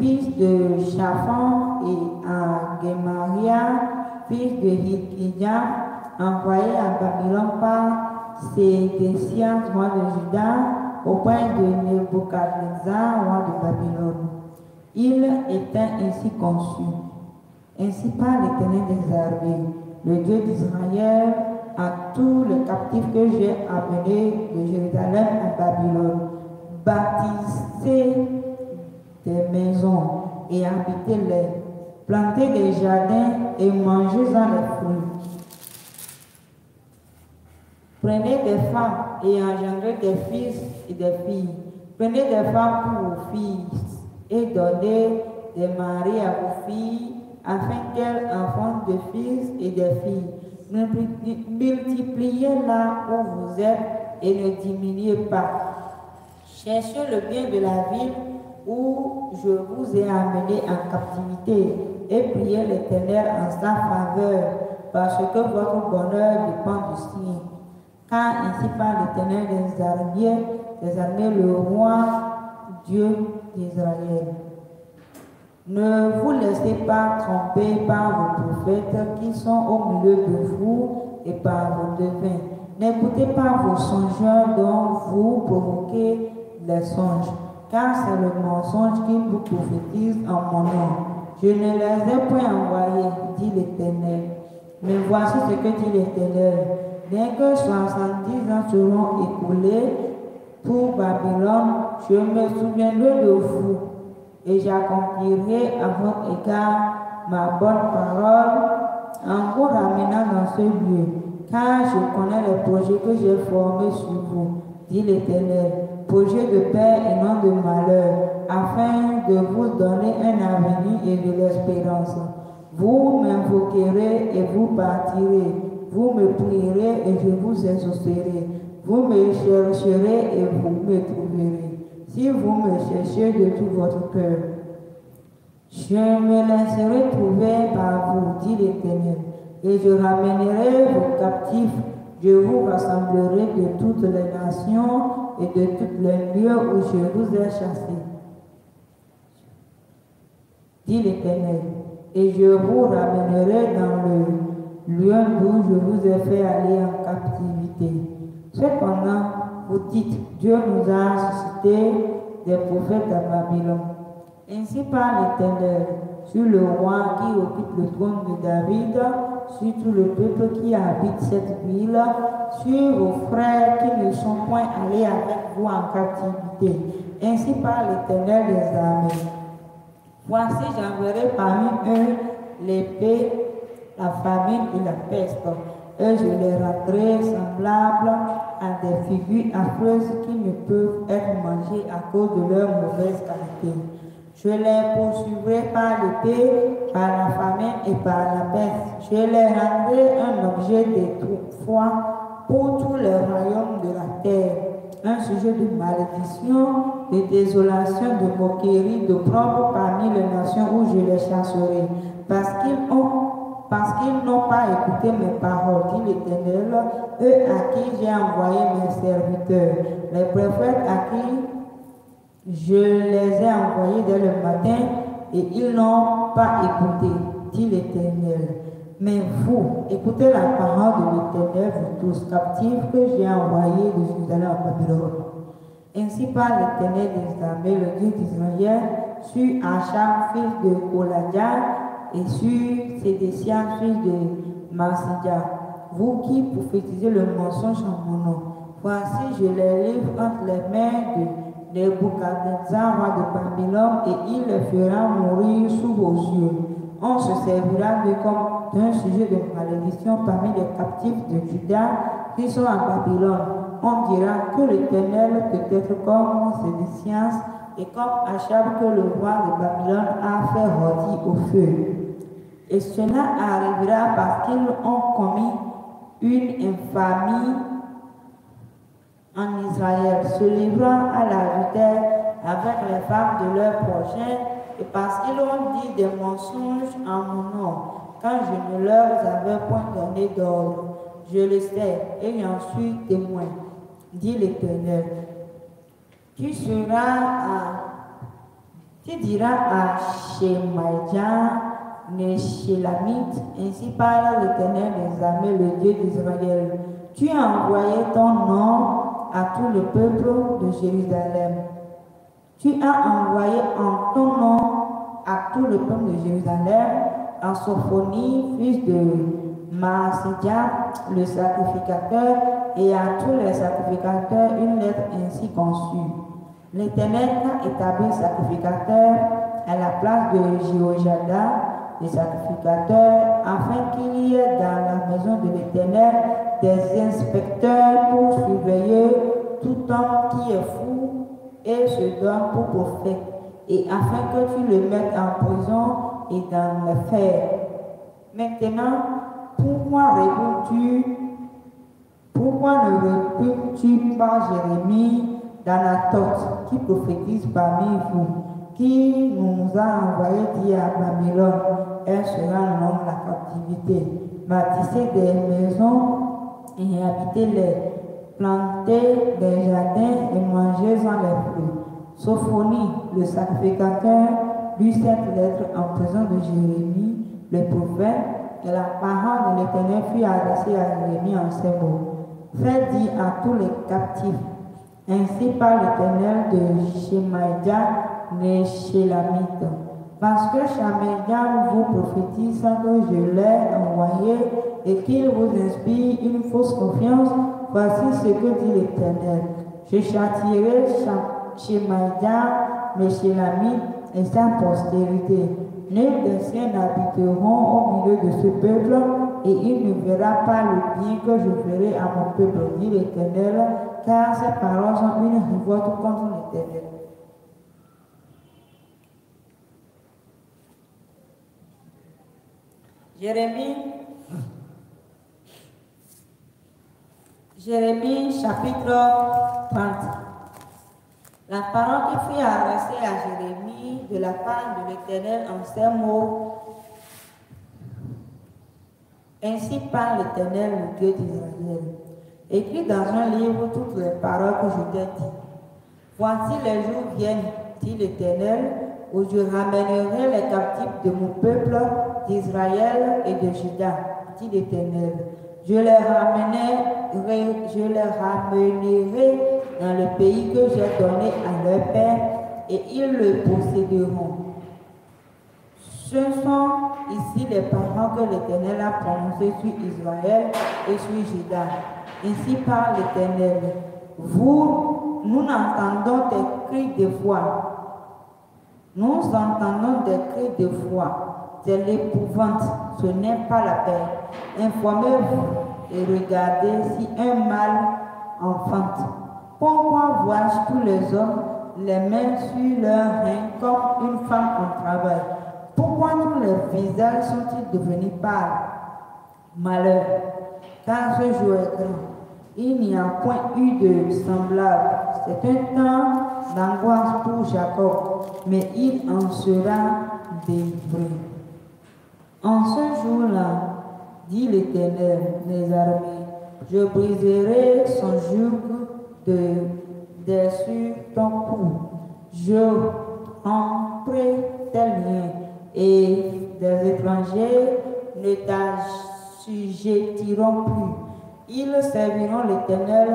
fils de Chafan, et à Gemaria, fils de Virginia envoyé à Babylone par ses Sédécias, roi de au point de Nebuchadnezzar, roi de Babylone. Il était ainsi conçu. Ainsi par l'Éternel des armées, le Dieu d'Israël, à tous les captifs que j'ai amenés de Jérusalem à Babylone. Bâtissez des maisons et habitez-les, plantez des jardins et mangez-en les fruits Prenez des femmes et engendrez des fils et des filles. Prenez des femmes pour vos fils et donnez des maris à vos filles, afin qu'elles enfantent des fils et des filles. Multipliez là où vous êtes et ne diminuez pas. Cherchez le bien de la ville où je vous ai amené en captivité et priez l'Éternel en sa faveur, parce que votre bonheur dépend du signe. Car ainsi par l'Éternel des armées, des armées, le roi Dieu d'Israël. Ne vous laissez pas tromper par vos prophètes qui sont au milieu de vous et par vos devins. N'écoutez pas vos songeurs dont vous provoquez les songes, car c'est le mensonge qui vous prophétise en mon nom. Je ne les ai point envoyés, dit l'Éternel. Mais voici ce que dit l'Éternel. Dès que 70 ans seront écoulés pour Babylone, je me souviendrai de vous et j'accomplirai à votre égard ma bonne parole en vous ramenant dans ce lieu, car je connais les projets que j'ai formés sur vous, dit l'Éternel, projet de paix et non de malheur, afin de vous donner un avenir et de l'espérance. Vous m'invoquerez et vous partirez. Vous me prierez et je vous exaucerai. Vous me chercherez et vous me trouverez. Si vous me cherchez de tout votre cœur, je me laisserai trouver par vous, dit l'Éternel, et je ramènerai vos captifs. Je vous rassemblerai de toutes les nations et de tous les lieux où je vous ai chassés, dit l'Éternel, et je vous ramènerai dans le lieu d'où je vous ai fait aller en captivité. Cependant, vous dites, Dieu nous a suscité des prophètes à Babylone. Ainsi parle l'Éternel, sur le roi qui occupe le trône de David, sur tout le peuple qui habite cette ville, sur vos frères qui ne sont point allés avec vous en captivité. Ainsi parle l'Éternel des armées. Voici, j'enverrai parmi eux l'épée la famine et la peste. Et je les rendrai semblables à des figures affreuses qui ne peuvent être mangées à cause de leur mauvaise qualité. Je les poursuivrai par l'épée, par la famine et par la peste. Je les rendrai un objet de foi pour tous les royaumes de la terre, un sujet de malédiction, de désolation, de moquerie, de propre parmi les nations où je les chasserai, parce qu'ils ont parce qu'ils n'ont pas écouté mes paroles, dit l'Éternel, eux à qui j'ai envoyé mes serviteurs, les prophètes à qui je les ai envoyés dès le matin, et ils n'ont pas écouté, dit l'Éternel. Mais vous, écoutez la parole de l'Éternel, vous tous captifs que j'ai envoyés de Jérusalem à Babylone. Ainsi parle l'Éternel des armées, le Dieu d'Israël, sur Acham, fils de Koladia, et sur des fils de Marsidia, vous qui prophétisez le mensonge en mon nom. Voici, je les livre entre les mains de Nebuchadnezzar, roi de Babylone, et il les fera mourir sous vos yeux. On se servira de comme d'un sujet de malédiction parmi les captifs de Juda qui sont à Babylone. On dira que l'Éternel peut être comme sciences et comme Achab que le roi de Babylone a fait rôtir au feu. Et cela arrivera parce qu'ils ont commis une infamie en Israël, se livrant à la lutte avec les femmes de leur prochain, et parce qu'ils ont dit des mensonges en mon nom, quand je ne leur avais point donné d'ordre. Je le sais, et j'en suis témoin, dit l'Éternel. Tu seras à, tu diras à Shemaïdjan, les Ainsi parle l'Éternel des armées, le Dieu d'Israël. Tu as envoyé ton nom à tout le peuple de Jérusalem. Tu as envoyé en ton nom à tout le peuple de Jérusalem, en Sophonie, fils de Maasidia, le sacrificateur, et à tous les sacrificateurs une lettre ainsi conçue. L'Éternel a établi sacrificateur à la place de Jéhojada, des sacrificateurs, afin qu'il y ait dans la maison de l'Éternel des inspecteurs pour surveiller tout homme qui est fou et se donne pour prophète, et afin que tu le mettes en prison et dans le fer. Maintenant, pourquoi réponds-tu pourquoi ne réponds-tu pas Jérémie dans la torte qui prophétise parmi vous, qui nous a envoyé dire à Babylone elle sera l'homme de la captivité. Bâtissez des maisons et habitez-les. Plantez des jardins et mangez-en les fruits. Sophonie, le sacrificateur, lui cette lettre en présence de Jérémie, le prophète, et la parole de l'Éternel fut adressée à Jérémie en ces mots. faites dire à tous les captifs, ainsi parle l'Éternel de Shemaïda, les Chélamite. Parce que Chamédian vous prophétise que je l'ai envoyé et qu'il vous inspire une fausse confiance. Voici ce que dit l'Éternel. Je châtierai mes amis et sa postérité. Nul des siens n'habiteront au milieu de ce peuple et il ne verra pas le bien que je ferai à mon peuple, dit l'Éternel, car ses paroles sont une révolte contre l'Éternel. Jérémie, Jérémie chapitre 30. La parole qui fut adressée à Jérémie de la part de l'Éternel en ces mots. Ainsi parle l'Éternel, le Dieu d'Israël. Écris dans un livre toutes les paroles que je t'ai dites. Voici les jours viennent, dit l'Éternel, où je ramènerai les captifs de mon peuple d'Israël et de Juda, dit l'Éternel. Je les ramènerai, je les ramènerai dans le pays que j'ai donné à leur père, et ils le posséderont. Ce sont ici les paroles que l'Éternel a prononcées sur Israël et sur Juda. Ainsi parle l'Éternel. Vous, nous entendons des cris de foi. Nous entendons des cris de foi c'est l'épouvante, ce n'est pas la paix. Informez-vous et regardez si un mâle enfante. Pourquoi vois-je tous les hommes les mains sur leurs reins comme une femme en travail Pourquoi tous les visages sont-ils devenus pâles Malheur, car ce jour est grand. Il n'y a point eu de semblable. C'est un temps d'angoisse pour Jacob, mais il en sera délivré. En ce jour-là, dit l'Éternel des armées, je briserai son joug de dessus ton cou. Je en tes et des étrangers ne t'assujettiront plus. Ils serviront l'Éternel,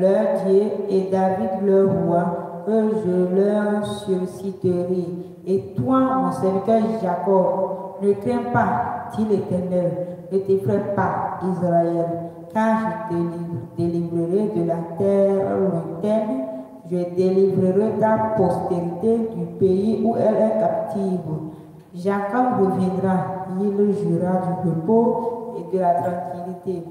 leur Dieu, et David, leur roi, que je leur susciterai. Et toi, mon serviteur Jacob, ne crains pas, dit l'Éternel, ne t'effraie pas, Israël, car je te délivrerai de la terre lointaine, je délivrerai ta postérité du pays où elle est captive. Jacob reviendra, il jura du repos et de la tranquillité,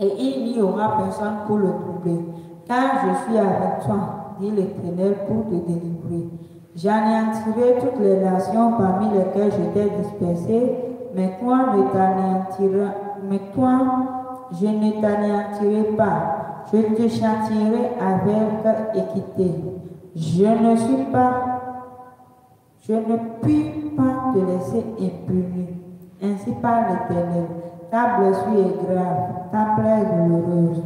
et il n'y aura personne pour le troubler, car je suis avec toi, dit l'Éternel, pour te délivrer. J'anéantirai toutes les nations parmi lesquelles j'étais dispersé, mais toi, mais toi, je ne t'anéantirai pas. Je te châtirai avec équité. Je ne suis pas, je ne puis pas te laisser impuni. Ainsi par l'Éternel. Ta blessure est grave, ta plaie est douloureuse.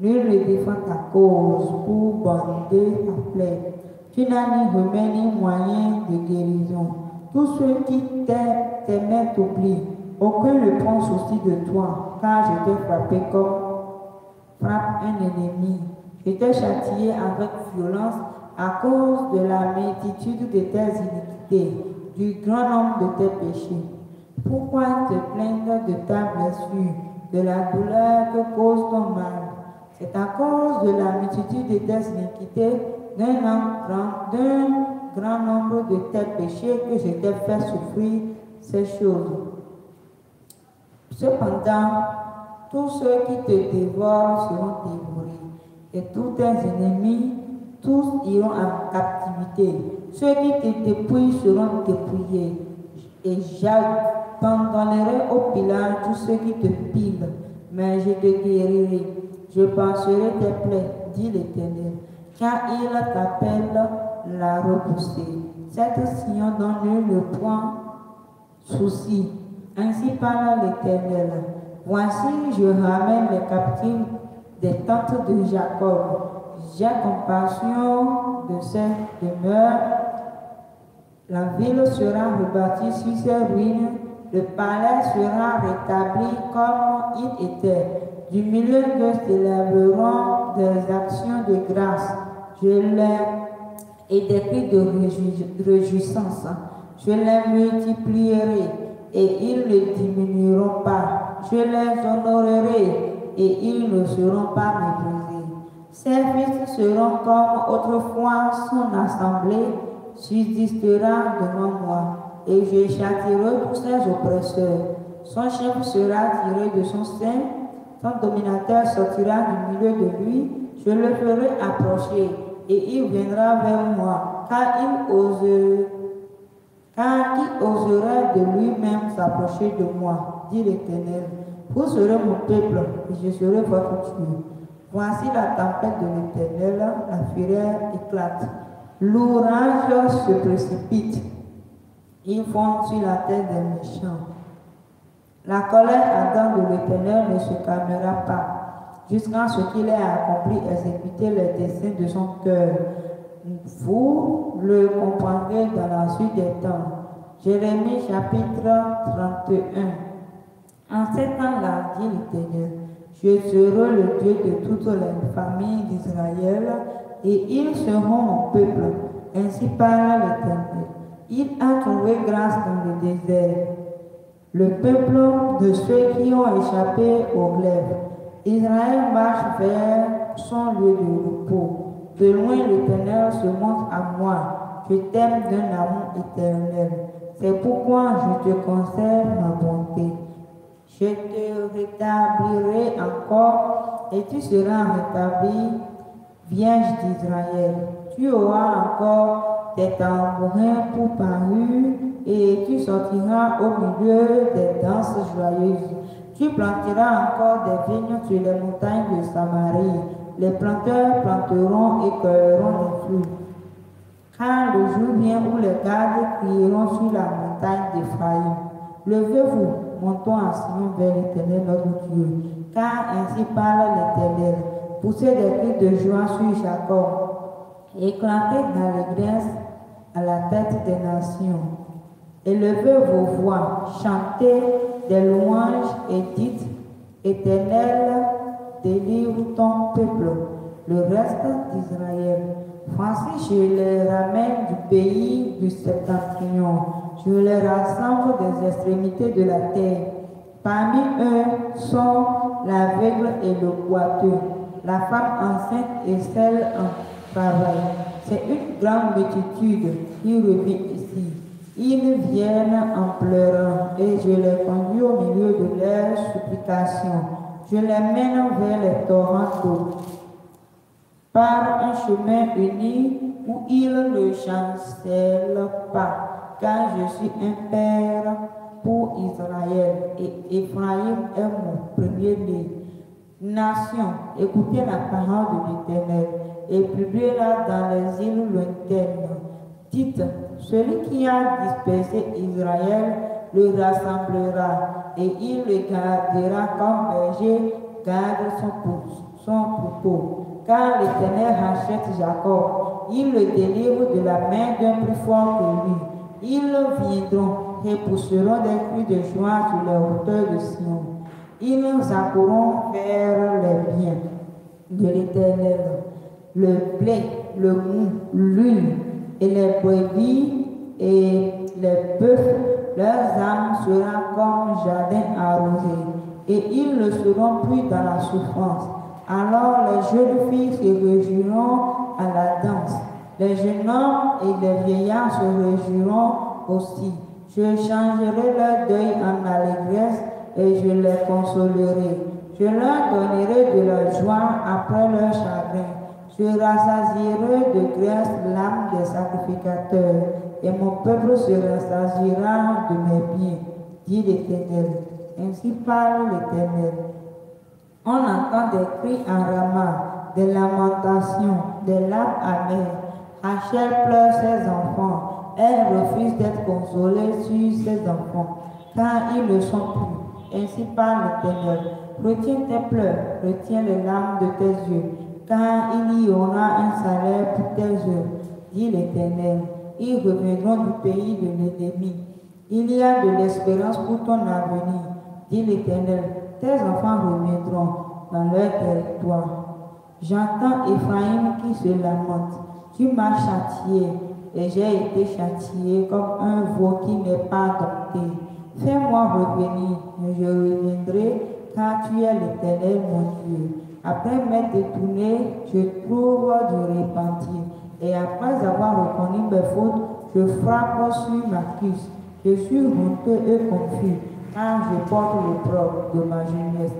Nul ne défend ta cause pour bander ta plaie. Tu n'as ni remède ni moyen de guérison. Tous ceux qui t'aimaient t'oublient. Aucun ne prend souci de toi, car je t'ai frappé comme frappe un ennemi. Je t'ai châtié avec violence à cause de la multitude de tes iniquités, du grand nombre de tes péchés. Pourquoi te plaindre de ta blessure, de la douleur que cause ton mal C'est à cause de la multitude de tes iniquités d'un grand nombre de tels péchés que je t'ai fait souffrir ces choses. Cependant, tous ceux qui te dévorent seront dévorés, et tous tes ennemis, tous iront en captivité. Ceux qui te dépouillent seront dépouillés, et j'abandonnerai au pilage tous ceux qui te pillent, mais je te guérirai, je penserai tes plaies, dit l'Éternel car il t'appelle la repousser. Cette Sion donne le point souci. Ainsi parle l'Éternel. Voici, je ramène les captifs des tentes de Jacob. J'ai compassion de ces demeures. La ville sera rebâtie sur ses ruines. Le palais sera rétabli comme il était du milieu que s'élèveront des actions de grâce. Je les et des de réjouissance. Je les multiplierai et ils ne diminueront pas. Je les honorerai et ils ne seront pas méprisés. Ses fils seront comme autrefois son assemblée subsistera devant moi et je châtirai tous ses oppresseurs. Son chef sera tiré de son sein son dominateur sortira du milieu de lui, je le ferai approcher, et il viendra vers moi, car il oserait. qui osera de lui-même s'approcher de moi, dit l'Éternel. Vous serez mon peuple, et je serai votre Dieu. Voici la tempête de l'Éternel, la fureur éclate. L'orage se précipite. Il fond sur la tête des méchants. La colère ardente de l'Éternel ne se calmera pas jusqu'à ce qu'il ait accompli, exécuté le dessein de son cœur. Vous le comprendrez dans la suite des temps. Jérémie chapitre 31. En ces temps-là, dit l'Éternel, je serai le Dieu de toutes les familles d'Israël et ils seront mon peuple. Ainsi parle l'Éternel. Il a trouvé grâce dans le désert le peuple de ceux qui ont échappé au glaive. Israël marche vers son lieu de repos. De loin, le ténèbre se montre à moi. Je t'aime d'un amour éternel. C'est pourquoi je te conserve ma bonté. Je te rétablirai encore et tu seras rétabli, Vierge d'Israël. Tu auras encore tes tambourins pour parure et tu sortiras au milieu des danses joyeuses. Tu planteras encore des vignes sur les montagnes de Samarie. Les planteurs planteront et cueilleront les fruits. Car le jour vient où les gardes crieront sur la montagne d'Ephraïm. Levez-vous, montons ensemble vers l'Éternel notre Dieu. Car ainsi parle l'Éternel. Poussez des cris de joie sur Jacob. Éclatez dans l'église à la tête des nations. Élevez vos voix, chantez des louanges et dites, Éternel, délivre ton peuple, le reste d'Israël. Francis, je les ramène du pays du septentrion. Je les rassemble des extrémités de la terre. Parmi eux sont l'aveugle et le boiteux, la femme enceinte et celle en travail. C'est une grande multitude qui revit ils viennent en pleurant et je les conduis au milieu de leurs supplications. Je les mène vers les torrents d'eau par un chemin uni où ils ne chancèlent pas, car je suis un père pour Israël et Ephraïm est mon premier-né. Nation, écoutez la parole de l'Éternel et publiez-la dans les îles lointaines. Dites, celui qui a dispersé Israël le rassemblera et il le gardera comme berger garde son, couteau. troupeau. Car l'Éternel rachète Jacob, il le délivre de la main d'un plus fort que lui. Ils viendront et pousseront des cris de joie sur les hauteurs de Sion. Ils accourront vers les biens de l'Éternel, le blé, le mou, l'huile et les brebis et les bœufs, leurs âmes seront comme jardin arrosé, et ils ne seront plus dans la souffrance. Alors les jeunes filles se réjouiront à la danse, les jeunes hommes et les vieillards se réjouiront aussi. Je changerai leur deuil en allégresse et je les consolerai. Je leur donnerai de la joie après leur chagrin je rassasierai de grâce l'âme des sacrificateurs, et mon peuple se rassasiera de mes biens, dit l'Éternel. Ainsi parle l'Éternel. On entend des cris en Rama, des lamentations, des larmes amères. Rachel pleure ses enfants. Elle refuse d'être consolée sur ses enfants, car ils ne sont plus. Ainsi parle l'Éternel. Retiens tes pleurs, retiens les larmes de tes yeux car il y aura un salaire pour tes œuvres, dit l'Éternel. Ils reviendront du pays de l'ennemi. Il y a de l'espérance pour ton avenir, dit l'Éternel. Tes enfants reviendront dans leur territoire. J'entends Ephraïm qui se lamente. Tu m'as châtié et j'ai été châtié comme un veau qui n'est pas adopté. Fais-moi revenir, et je reviendrai, car tu es l'Éternel, mon Dieu. Après m'être détourné, je trouve du repentir. Et après avoir reconnu mes fautes, je frappe sur ma cuisse. Je suis honteux et confus, car je porte le propre de ma jeunesse.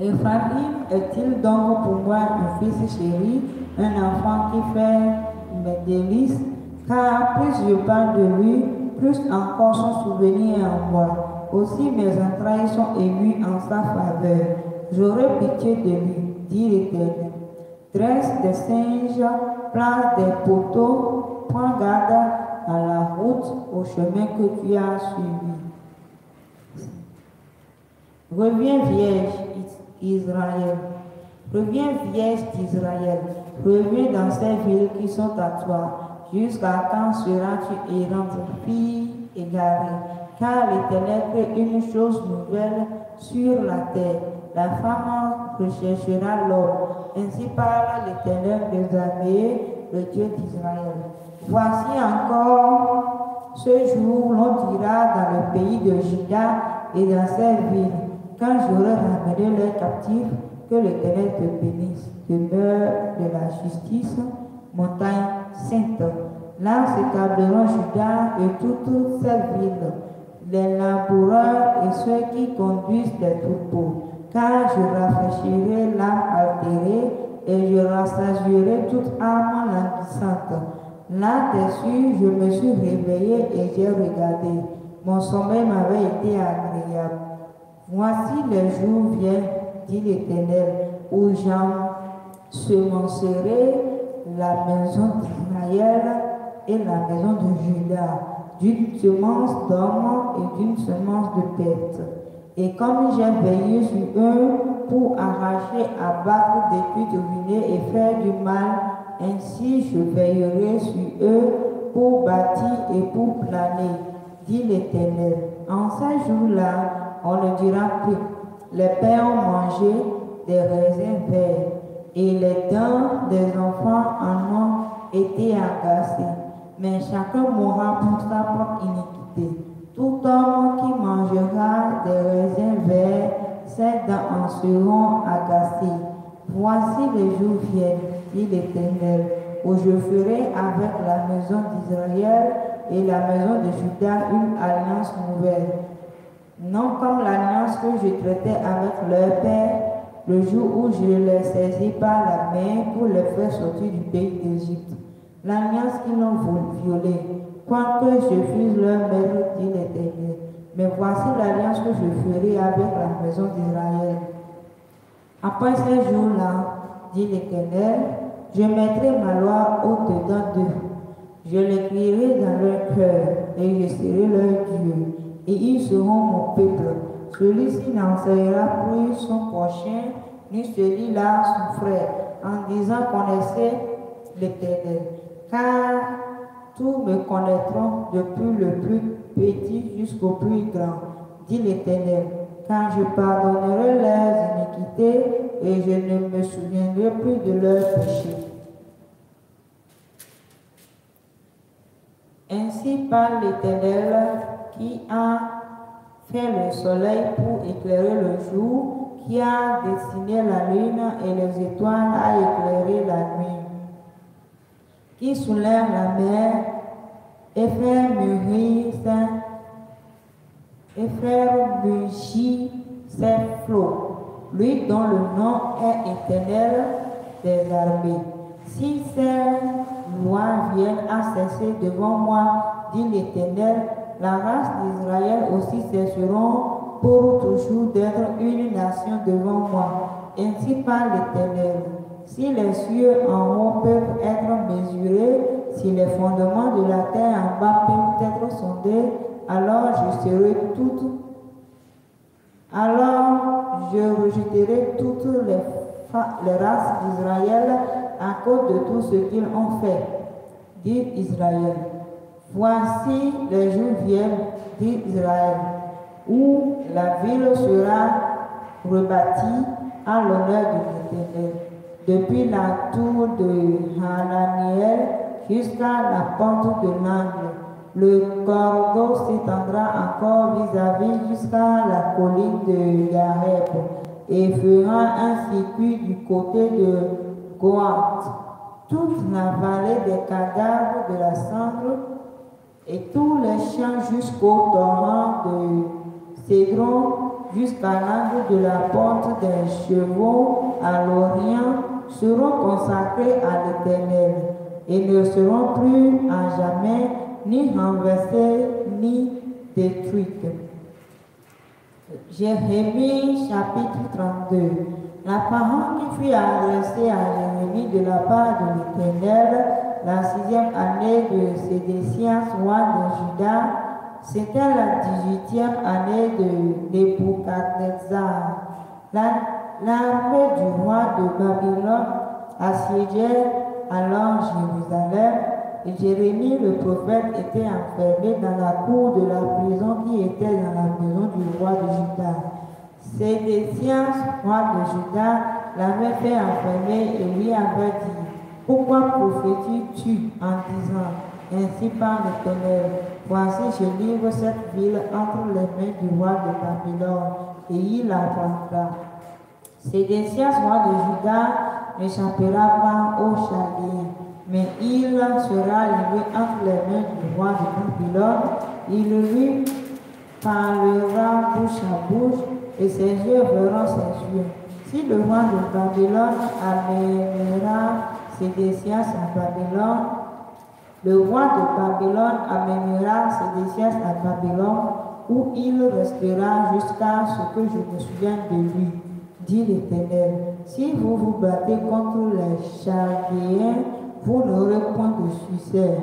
Et Ephraim est-il donc pour moi un fils chéri, un enfant qui fait mes délices Car plus je parle de lui, plus encore son souvenir est en moi. Aussi mes entrailles sont émues en sa faveur. J'aurai pitié de lui, dit l'Éternel. Dresse des singes, place des poteaux, prends garde à la route, au chemin que tu as suivi. Reviens vierge, Israël. Reviens vierge d'Israël. Reviens dans ces villes qui sont à toi. Jusqu'à quand seras-tu errante, fille égarée? Car l'Éternel fait une chose nouvelle sur la terre la femme recherchera l'homme. Ainsi parle l'Éternel des armées, le Dieu d'Israël. Voici encore ce jour, l'on dira dans le pays de Juda et dans ses villes, quand j'aurai ramené les captifs, que l'Éternel te bénisse, demeure de la justice, montagne sainte. Là s'établiront Juda et toutes ses villes, les laboureurs et ceux qui conduisent les troupeaux car je rafraîchirai l'âme altérée et je rassagirai toute âme languissante. Là-dessus, je me suis réveillé et j'ai regardé. Mon sommeil m'avait été agréable. Voici le jour vient, dit l'Éternel, où semencerai la maison d'Israël et la maison de Judas, d'une semence d'homme et d'une semence de bête. Et comme j'ai veillé sur eux pour arracher, abattre, de dominer et faire du mal, ainsi je veillerai sur eux pour bâtir et pour planer, dit l'Éternel. En ces jours-là, on ne dira plus. Les pères ont mangé des raisins verts, et les dents des enfants en ont été agacées. Mais chacun mourra pour sa propre iniquité. Tout homme qui mangera des raisins verts, c'est dents en seront agacé. Voici les jours viennent, dit l'Éternel, où je ferai avec la maison d'Israël et la maison de Juda une alliance nouvelle. Non comme l'alliance que je traitais avec leur père, le jour où je les saisis par la main pour les faire sortir du pays d'Égypte. L'alliance qu'ils ont violée que je fusse leur maître, dit l'Éternel. Mais voici l'alliance que je ferai avec la maison d'Israël. Après ces jours-là, dit l'Éternel, je mettrai ma loi au-dedans d'eux. Je l'écrirai dans leur cœur et je serai leur Dieu. Et ils seront mon peuple. Celui-ci n'enseignera plus son prochain, ni celui-là son frère, en disant qu'on essaie l'Éternel. Car tous me connaîtront depuis le plus petit jusqu'au plus grand, dit l'Éternel, car je pardonnerai leurs iniquités et je ne me souviendrai plus de leurs péchés. Ainsi parle l'Éternel qui a fait le soleil pour éclairer le jour, qui a dessiné la lune et les étoiles à éclairer la nuit il soulève la mer et fait mûrir et ferme ses flots, lui dont le nom est éternel des armées. Si ces lois viennent à cesser devant moi, dit l'Éternel, la race d'Israël aussi cesseront pour toujours d'être une nation devant moi. Ainsi parle l'Éternel. Si les cieux en haut peuvent être mesurés, si les fondements de la terre en bas peuvent être sondés, alors je serai toute. Alors je rejeterai toutes les, les races d'Israël à cause de tout ce qu'ils ont fait, dit Israël. Voici les jours viennent, dit Israël, où la ville sera rebâtie à l'honneur de l'Éternel depuis la tour de Hananiel jusqu'à la pente de l'angle. Le cordeau s'étendra encore vis-à-vis jusqu'à la colline de Yareb et fera un circuit du côté de Goat. Toute la vallée des cadavres de la cendre et tous les champs jusqu'au torrent de Cédron, jusqu'à l'angle de la porte des chevaux à l'Orient seront consacrés à l'Éternel et ne seront plus à jamais ni renversés ni détruites. Jérémie chapitre 32. La parole qui fut adressée à l'ennemi de la part de l'Éternel la sixième année de Sédécien, roi de Juda, c'était la dix-huitième année de Nebuchadnezzar l'armée du roi de Babylone assiégeait alors Jérusalem et Jérémie le prophète était enfermé dans la cour de la prison qui était dans la maison du roi de Juda. sciences roi de Juda, l'avait fait enfermer et lui avait dit Pourquoi prophétis tu en disant Ainsi par Tonnerre, voici je livre cette ville entre les mains du roi de Babylone, et il la prendra. Sédécias, roi de Juda, chantera pas au chagrin, mais il sera livré entre les mains du roi de Babylone. Il lui parlera bouche à bouche, et ses yeux verront ses yeux. Si le roi de Babylone amènera Sédécias à Babylone, le roi de Babylone amènera Sédécias à Babylone, où il restera jusqu'à ce que je me souvienne de lui dit l'Éternel. Si vous vous battez contre les Chaldéens, vous n'aurez point de succès.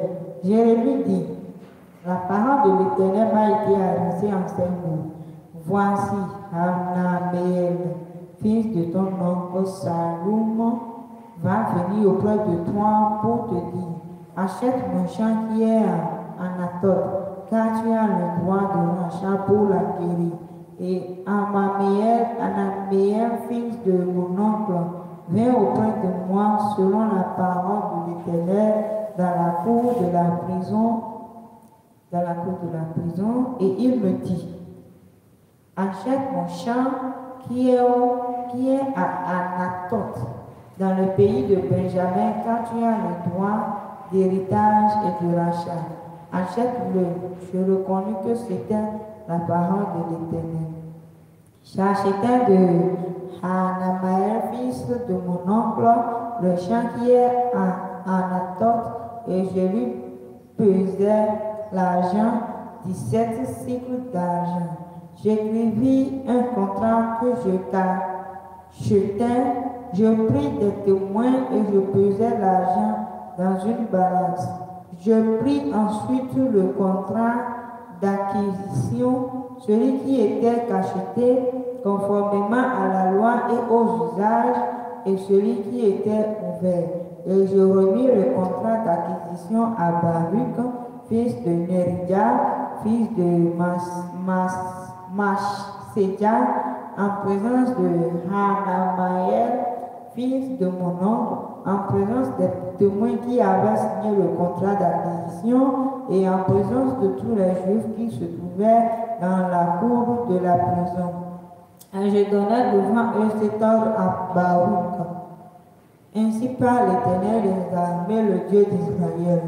Jérémie dit, la parole de l'Éternel m'a été annoncée en ces mots. Voici fils de ton oncle Saloum, va venir auprès de toi pour te dire, achète mon champ qui à Anatole, car tu as le droit de l'achat pour l'acquérir et un ma mère à la de mon oncle, vient auprès de moi selon la parole de l'Éternel dans la cour de la prison, dans la cour de la prison, et il me dit, achète mon champ qui est, qui est à Anatote, dans le pays de Benjamin, quand tu as le droit d'héritage et de rachat. Achète-le. Je reconnus que c'était la parole de l'Éternel. J'achetais de Hanamaël, fils de mon oncle, le chantier à et je lui pesais l'argent, 17 cycles d'argent. J'écrivis un contrat que je t'achetais, je pris des témoins et je pesais l'argent dans une balance. Je pris ensuite le contrat d'acquisition, celui qui était cacheté conformément à la loi et aux usages, et celui qui était ouvert. Et je remis le contrat d'acquisition à Baruch, fils de Neridia, fils de Mas en présence de Hanamael, fils de mon oncle, en présence des témoins qui avaient signé le contrat d'acquisition et en présence de tous les Juifs qui se trouvaient dans la cour de la prison. Et je donnais devant eux cet ordre à Baruch. Ainsi parle l'Éternel des armées, le Dieu d'Israël.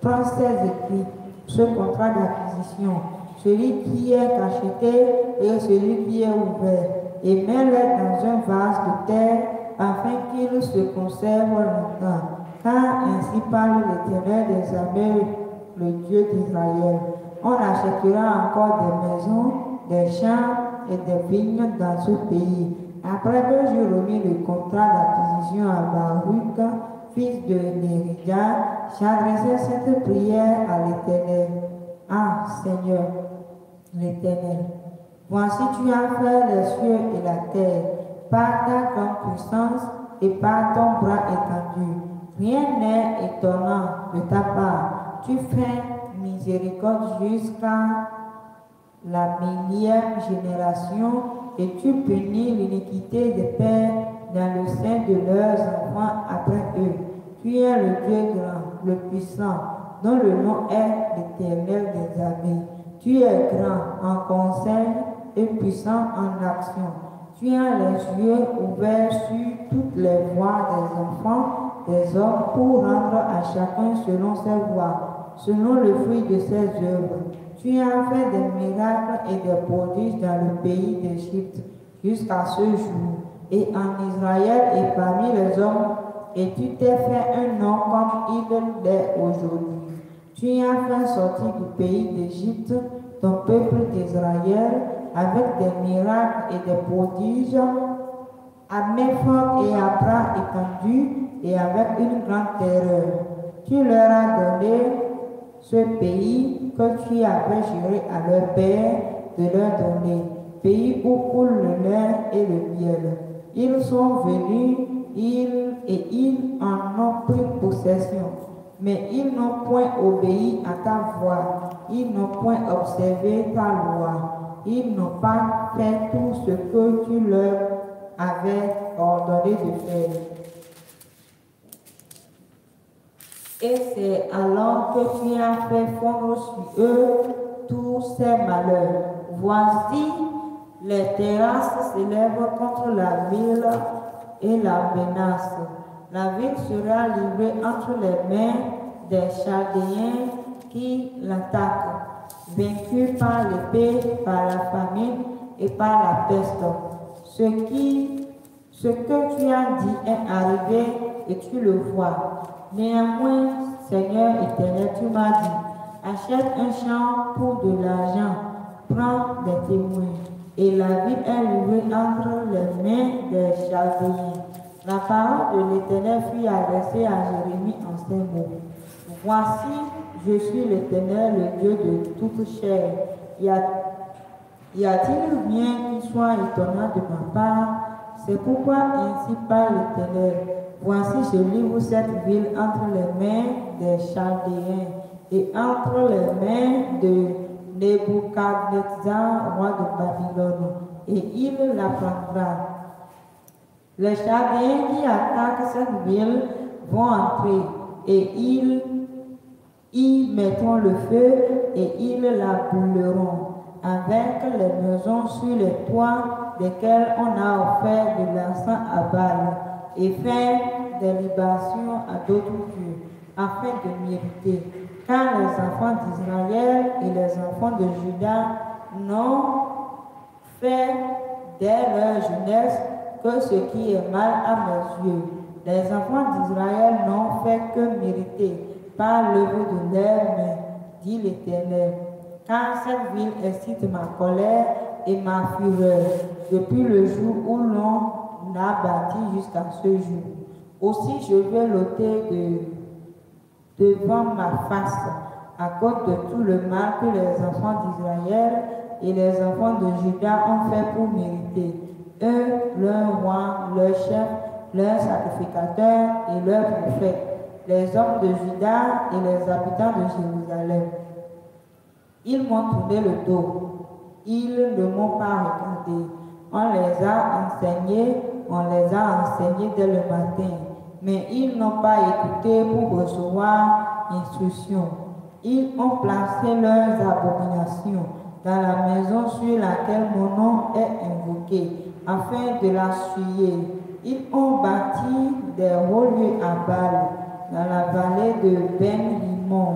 Prends ces écrits, ce contrat d'acquisition, celui qui est cacheté et celui qui est ouvert, et mets-les dans un vase de terre afin qu'ils se conservent longtemps. Car ainsi parle l'Éternel des armées, le Dieu d'Israël. On achètera encore des maisons, des champs et des vignes dans ce pays. Après que j'ai remis le contrat d'acquisition à Baruch, fils de Nérida, j'adressais cette prière à l'Éternel. Ah Seigneur, l'Éternel, voici tu as fait les cieux et la terre par ta compuissance et par ton bras étendu. Rien n'est étonnant de ta part tu fais miséricorde jusqu'à la millième génération et tu punis l'iniquité des pères dans le sein de leurs enfants après eux. Tu es le Dieu grand, le puissant, dont le nom est l'éternel des amis. Tu es grand en conseil et puissant en action. Tu as les yeux ouverts sur toutes les voies des enfants, des hommes, pour rendre à chacun selon ses voies selon le fruit de ses œuvres. Tu as fait des miracles et des prodiges dans le pays d'Égypte jusqu'à ce jour, et en Israël et parmi les hommes, et tu t'es fait un nom comme il dès aujourd'hui. Tu as fait sortir du pays d'Égypte ton peuple d'Israël avec des miracles et des prodiges, à main forte et à bras étendus, et avec une grande terreur. Tu leur as donné ce pays que tu avais juré à leur père de leur donner, pays où coule le nerf et le miel. Ils sont venus, ils et ils en ont pris possession, mais ils n'ont point obéi à ta voix, ils n'ont point observé ta loi, ils n'ont pas fait tout ce que tu leur avais ordonné de faire. et c'est alors que tu as fait fondre sur eux tous ces malheurs. Voici, les terrasses s'élèvent contre la ville et la menace. La ville sera livrée entre les mains des Chaldéens qui l'attaquent, vaincus par l'épée, par la famine et par la peste. Ce, qui, ce que tu as dit est arrivé et tu le vois. Néanmoins, Seigneur éternel, tu m'as dit, achète un champ pour de l'argent, prends des témoins. Et la vie est levée entre les mains des chasseurs. La parole de l'Éternel fut adressée à Jérémie en ces mots. Voici, je suis l'Éternel, le Dieu de toute chair. Y a-t-il bien qui soit étonnant de ma part C'est pourquoi ainsi parle l'Éternel Voici, je livre cette ville entre les mains des Chardéens et entre les mains de Nebuchadnezzar, roi de Babylone, et il la prendra. Les Chaldéens qui attaquent cette ville vont entrer et ils y mettront le feu et ils la brûleront avec les maisons sur les toits desquelles on a offert de l'encens à Baal et faire des libations à d'autres dieux, afin de mériter. Car les enfants d'Israël et les enfants de Juda n'ont fait dès leur jeunesse que ce qui est mal à mes yeux. Les enfants d'Israël n'ont fait que mériter par le vœu de leurs dit l'Éternel. Car cette ville excite ma colère et ma fureur depuis le jour où l'on n'a bâti jusqu'à ce jour. Aussi je vais l'ôter de, devant ma face à cause de tout le mal que les enfants d'Israël et les enfants de Juda ont fait pour mériter. Eux, leur roi, leur chef, leur sacrificateur et leur prophètes, les hommes de Juda et les habitants de Jérusalem. Ils m'ont tourné le dos. Ils ne m'ont pas regardé. On les a enseignés on les a enseignés dès le matin, mais ils n'ont pas écouté pour recevoir instruction. Ils ont placé leurs abominations dans la maison sur laquelle mon nom est invoqué, afin de la suyer. Ils ont bâti des hauts à Bâle, dans la vallée de ben Limon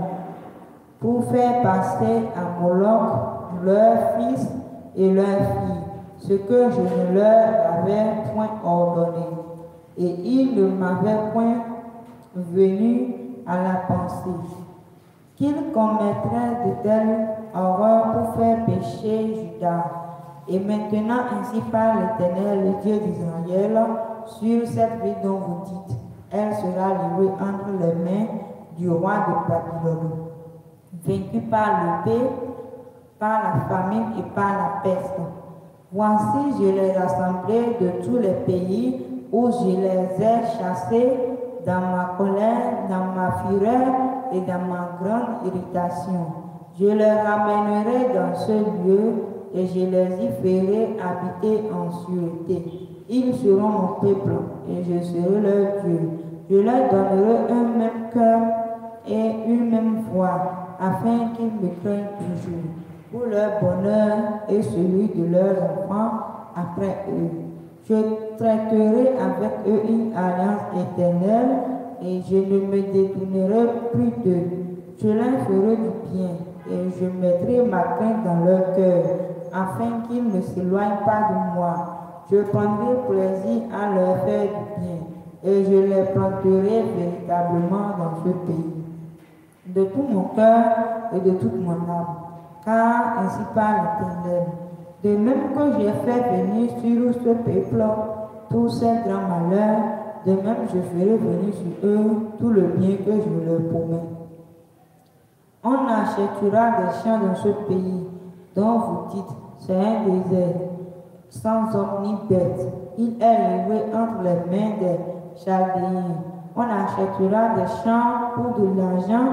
pour faire passer à Moloch leurs fils et leurs filles ce que je ne leur avais point ordonné, et ils ne m'avaient point venu à la pensée qu'ils commettraient de telles horreurs pour faire pécher Judas. Et maintenant, ainsi par l'Éternel, le Dieu d'Israël, sur cette vie dont vous dites, elle sera livrée entre les mains du roi de Babylone, vaincue par paix, par la famine et par la peste. Voici, je les rassemblerai de tous les pays où je les ai chassés dans ma colère, dans ma fureur et dans ma grande irritation. Je les ramènerai dans ce lieu et je les y ferai habiter en sûreté. Ils seront mon peuple et je serai leur Dieu. Je leur donnerai un même cœur et une même voix afin qu'ils me craignent toujours pour leur bonheur et celui de leurs enfants après eux. Je traiterai avec eux une alliance éternelle et je ne me détournerai plus d'eux. Je leur ferai du bien et je mettrai ma crainte dans leur cœur afin qu'ils ne s'éloignent pas de moi. Je prendrai plaisir à leur faire du bien et je les planterai véritablement dans ce pays. De tout mon cœur et de toute mon âme car ainsi parle l'Éternel. De même que j'ai fait venir sur ce peuple tous ces grands malheurs, de même je ferai venir sur eux tout le bien que je leur promets. On achètera des champs dans ce pays, dont vous dites, c'est un désert, sans homme ni bête. Il est levé entre les mains des Chaldéens. On achètera des champs pour de l'argent,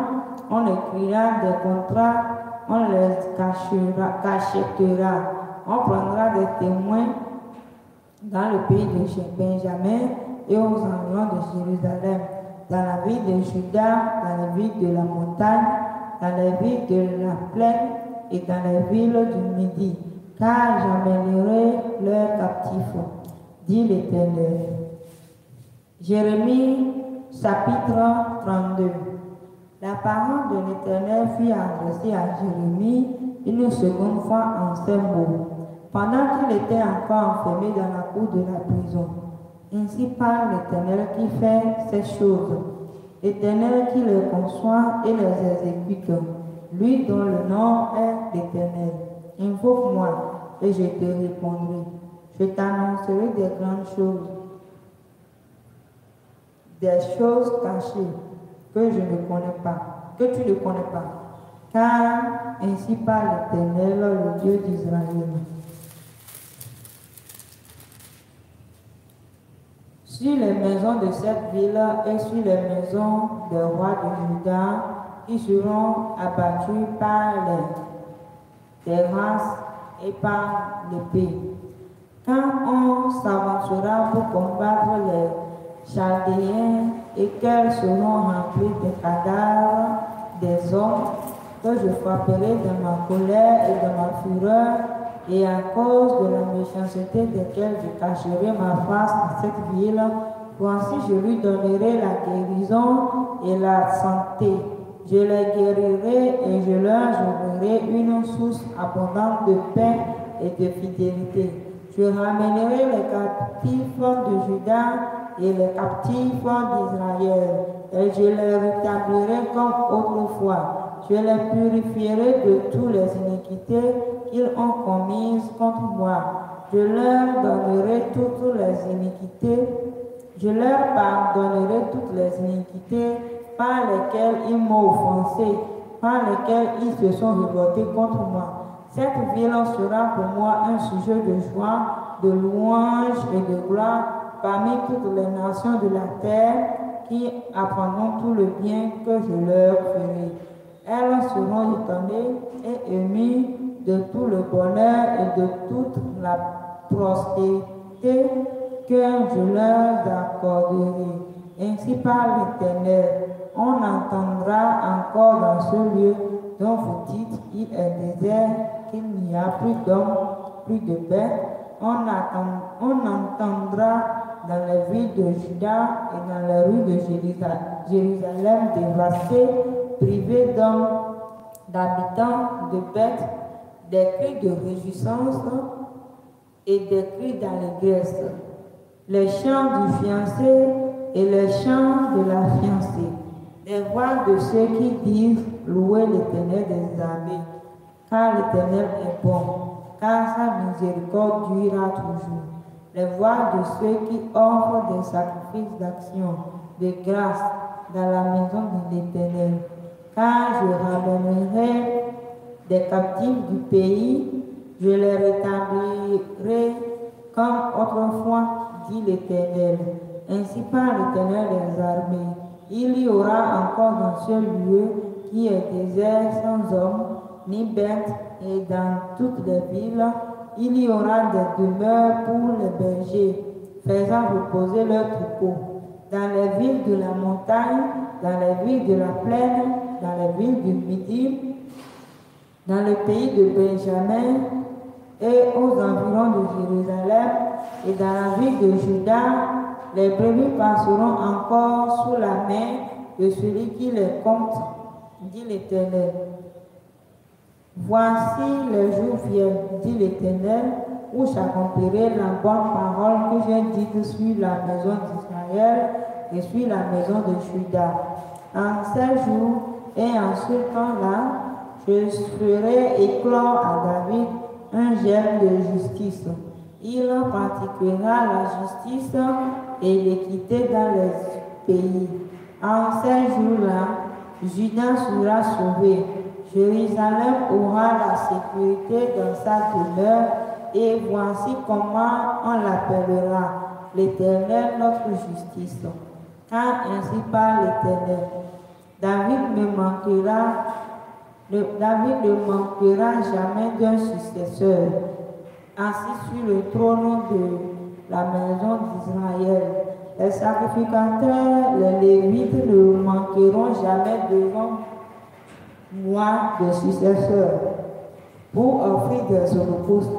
on écrira des contrats on les cachera, cachetera. On prendra des témoins dans le pays de Benjamin et aux environs de Jérusalem, dans la ville de Judas, dans la ville de la montagne, dans la ville de la plaine et dans les villes du Midi, car j'amènerai leurs captifs, dit l'Éternel. Jérémie chapitre 32 la parole de l'Éternel fut adressée à Jérémie une seconde fois en ces pendant qu'il était encore enfermé dans la cour de la prison. Ainsi parle l'Éternel qui fait ces choses, l'Éternel qui les conçoit et les exécute, lui dont le nom est l'Éternel. Invoque-moi et je te répondrai. Je t'annoncerai des grandes choses, des choses cachées que je ne connais pas, que tu ne connais pas. Car ainsi parle l'Éternel, le Dieu d'Israël. Sur les maisons de cette ville et sur les maisons des rois de Juda, qui seront abattus par les terrasses et par l'épée. Quand on s'avancera pour combattre les Chaldéens et qu'elles seront remplies des cadavres des hommes que je frapperai de ma colère et de ma fureur, et à cause de la méchanceté desquelles je cacherai ma face à cette ville, voici je lui donnerai la guérison et la santé. Je les guérirai et je leur donnerai une source abondante de paix et de fidélité. Je ramènerai les captifs de Judas et les captifs d'Israël, et je les rétablirai comme autrefois. Je les purifierai de toutes les iniquités qu'ils ont commises contre moi. Je leur donnerai toutes les iniquités. Je leur pardonnerai toutes les iniquités par lesquelles ils m'ont offensé, par lesquelles ils se sont révoltés contre moi. Cette violence sera pour moi un sujet de joie, de louange et de gloire parmi toutes les nations de la terre qui apprendront tout le bien que je leur ferai. Elles seront étonnées et émues de tout le bonheur et de toute la prospérité que je leur accorderai. Ainsi par l'Éternel, on entendra encore dans ce lieu dont vous dites, qu'il est désert, qu'il n'y a plus d'hommes, plus de paix. on entendra dans les villes de Judas et dans les rues de Jérusalem dévastées, privées d'hommes, d'habitants, de bêtes, des cris de réjouissance et des cris d'allégresse, les chants du fiancé et les chants de la fiancée, les voix de ceux qui disent louer l'éternel des armées, car l'éternel est bon, car sa miséricorde durera toujours les voix de ceux qui offrent des sacrifices d'action, de grâce dans la maison de l'Éternel. Car je ramènerai des captifs du pays, je les rétablirai comme autrefois, dit l'Éternel. Ainsi par l'Éternel des armées. Il y aura encore dans ce lieu qui est désert sans homme, ni bête, et dans toutes les villes il y aura des demeures pour les bergers, faisant reposer leurs troupeaux, dans les villes de la montagne, dans les villes de la plaine, dans les villes du Midi, dans le pays de Benjamin et aux environs de Jérusalem et dans la ville de Judas, les brebis passeront encore sous la main de celui qui les compte, dit l'Éternel. Voici le jour vient, dit l'Éternel, où j'accomplirai la bonne parole que j'ai dite sur la maison d'Israël et sur la maison de Judas. En ces jours et en ce temps-là, je ferai éclore à David un germe de justice. Il pratiquera la justice et l'équité dans les pays. En ces jours-là, Judas sera sauvé Jérusalem aura la sécurité dans sa demeure et voici comment on l'appellera l'Éternel notre justice. Car ainsi parle l'Éternel. David ne manquera, David ne manquera jamais d'un successeur Ainsi, sur le trône de la maison d'Israël. Les sacrificateurs, les lévites ne manqueront jamais devant moi je suis vous pour offrir des holocaustes,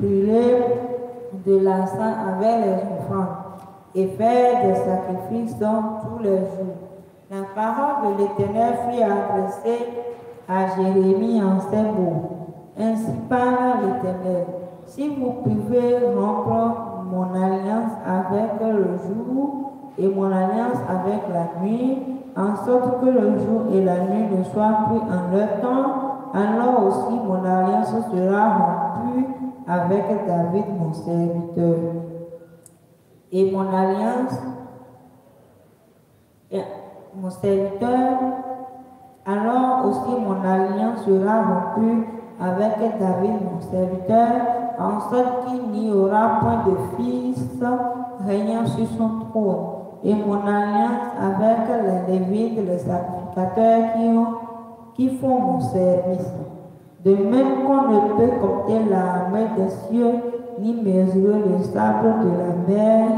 brûler de l'encens avec les enfants et faire des sacrifices dans tous les jours. La parole de l'Éternel fut adressée à Jérémie en ces mots. Ainsi parle l'Éternel. Si vous pouvez rompre mon alliance avec le jour et mon alliance avec la nuit, en sorte que le jour et la nuit ne soient plus en leur temps, alors aussi mon alliance sera rompue avec David, mon serviteur. Et mon alliance, mon serviteur, alors aussi mon alliance sera rompue avec David, mon serviteur, en sorte qu'il n'y aura point de fils régnant sur son trône et mon alliance avec les Lévites, les sacrificateurs qui, font mon service. De même qu'on ne peut compter la main des cieux, ni mesurer le sable de la mer,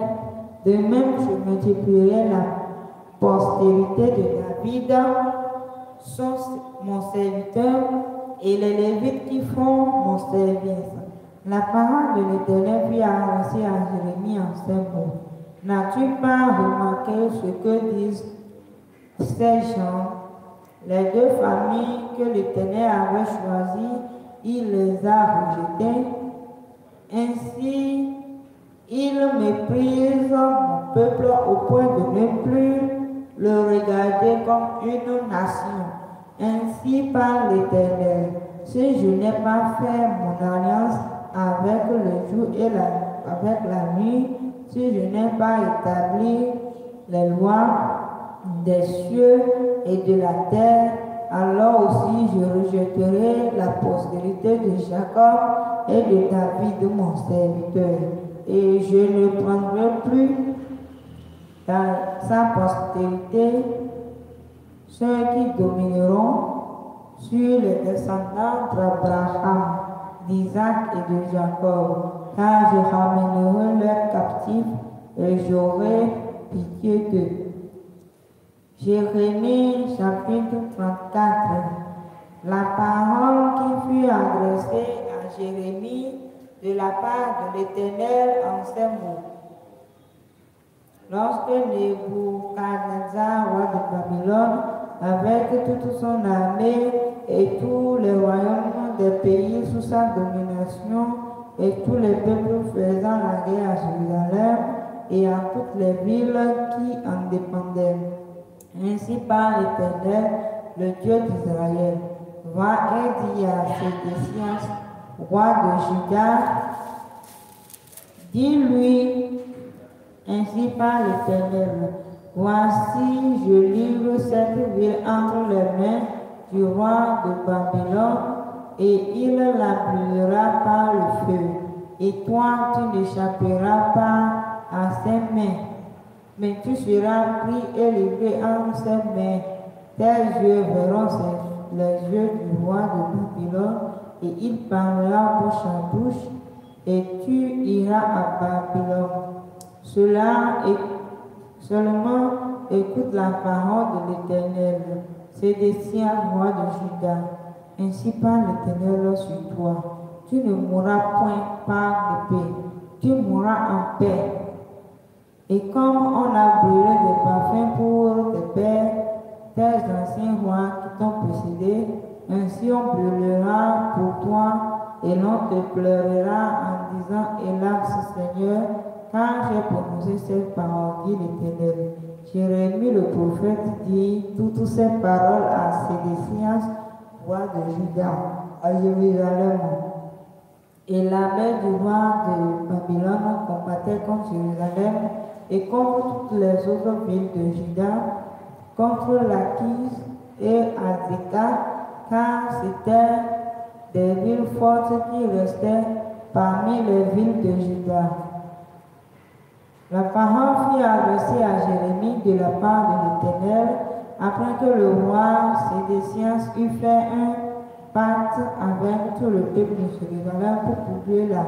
de même je multiplierai la postérité de David, son, mon serviteur, et les Lévites qui font mon service. La parole de l'Éternel fut annoncée à Jérémie en ce mots. N'as-tu pas remarqué ce que disent ces gens Les deux familles que l'Éternel avait choisies, il les a rejetées. Ainsi, il méprise mon peuple au point de ne plus le regarder comme une nation. Ainsi par l'Éternel, si je n'ai pas fait mon alliance avec le jour et la, avec la nuit, si je n'ai pas établi les lois des cieux et de la terre, alors aussi je rejetterai la postérité de Jacob et de David, mon serviteur, et je ne prendrai plus dans sa postérité ceux qui domineront sur les descendants d'Abraham, d'Isaac et de Jacob car je ramènerai leurs captifs et j'aurai pitié d'eux. Jérémie chapitre 34. La parole qui fut adressée à Jérémie de la part de l'Éternel en ces mots. Lorsque Nebuchadnezzar, roi de Babylone, avec toute son armée et tous les royaumes des pays sous sa domination, et tous les peuples faisant la guerre à Jérusalem et à toutes les villes qui en dépendaient. Ainsi par l'Éternel, le Dieu d'Israël. Va et dis à Sédécias, roi de Juda, dis-lui, ainsi par l'Éternel, voici je livre cette ville entre les mains du roi de Babylone et il brûlera par le feu, et toi tu n'échapperas pas à ses mains, mais tu seras pris et levé en ses mains. Tes yeux verront les yeux du roi de Babylone, et il parlera bouche en bouche, et tu iras à Babylone. Cela est seulement écoute la parole de l'Éternel, c'est des siens, roi de Judas. Ainsi parle l'Éternel sur toi. Tu ne mourras point par paix, tu mourras en paix. Et comme on a brûlé des parfums pour tes pères, tes anciens rois qui t'ont précédé, ainsi on brûlera pour toi et l'on te pleurera en disant Hélas Seigneur, car j'ai prononcé cette parole, dit l'Éternel. Jérémie le prophète dit toutes ces paroles à ses Sédécias, de Juda à Jérusalem. Et la main du roi de Babylone combattait contre Jérusalem et contre toutes les autres villes de Juda, contre Lachis et Azeka, car c'était des villes fortes qui restaient parmi les villes de Juda. La parole fut adressée à Jérémie de la part de l'Éternel afin que le roi Sédécias eût fait un pacte avec tout le peuple de Jérusalem pour trouver la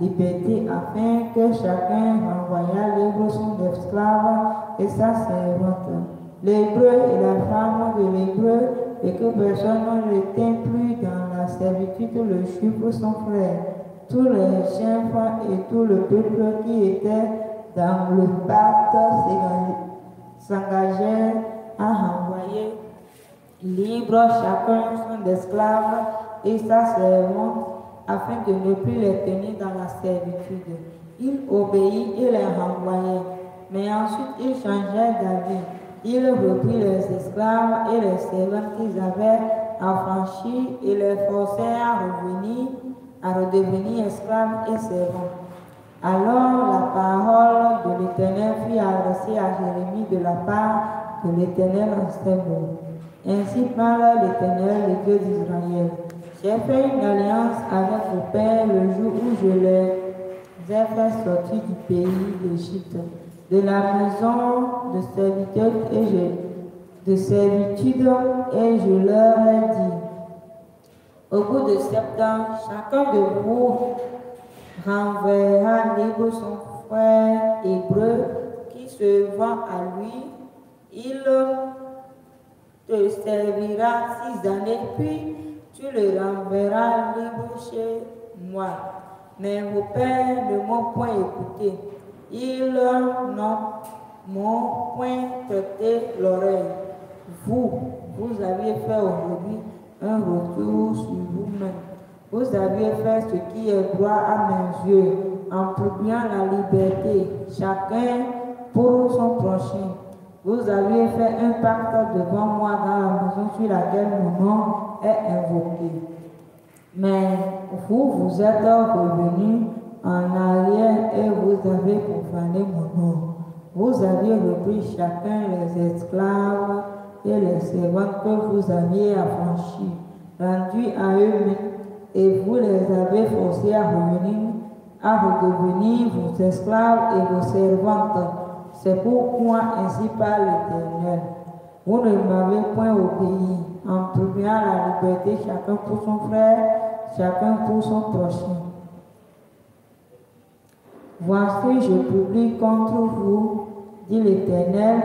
liberté, afin que chacun renvoyât l'Hébreu son esclave et sa servante, l'hébreu et la femme de l'hébreu, et que personne ne tient plus dans la servitude le pour son frère. Tous les chefs et tout le peuple qui était dans le pacte s'engageaient a renvoyé libre chacun son esclave et sa servante afin de ne plus les tenir dans la servitude. Il obéit et les renvoyait. Mais ensuite ils changèrent d'avis. Il reprit les esclaves et les servantes qu'ils avaient affranchis et les forçait à revenir, à redevenir esclaves et servants. Alors la parole de l'Éternel fut adressée à Jérémie de la part l'Éternel en serait bon. Ainsi parle l'Éternel, le Dieu d'Israël. J'ai fait une alliance avec vos pères le jour où je les ai fait sortir du pays d'Égypte, de la maison de servitude et je, de servitude, et je leur ai dit, au bout de sept ans, chacun de vous renverra libre son frère hébreu qui se vend à lui il te servira six années, puis tu le renverras libre chez moi. Mais vos pères ne m'ont point écouté. Ils n'ont m'ont point traité l'oreille. Vous, vous avez fait aujourd'hui un retour sur vous-même. Vous avez fait ce qui est droit à mes yeux, en publiant la liberté, chacun pour son prochain vous aviez fait un pacte devant moi dans la maison sur laquelle mon nom est invoqué. Mais vous, vous êtes revenus en arrière et vous avez profané mon nom. Vous avez repris chacun les esclaves et les servantes que vous aviez affranchis, rendus à eux-mêmes, et vous les avez forcés à revenir, à redevenir vos esclaves et vos servantes c'est pourquoi ainsi par l'Éternel. Vous ne m'avez point obéi en privant la liberté chacun pour son frère, chacun pour son prochain. Voici, je publie contre vous, dit l'Éternel,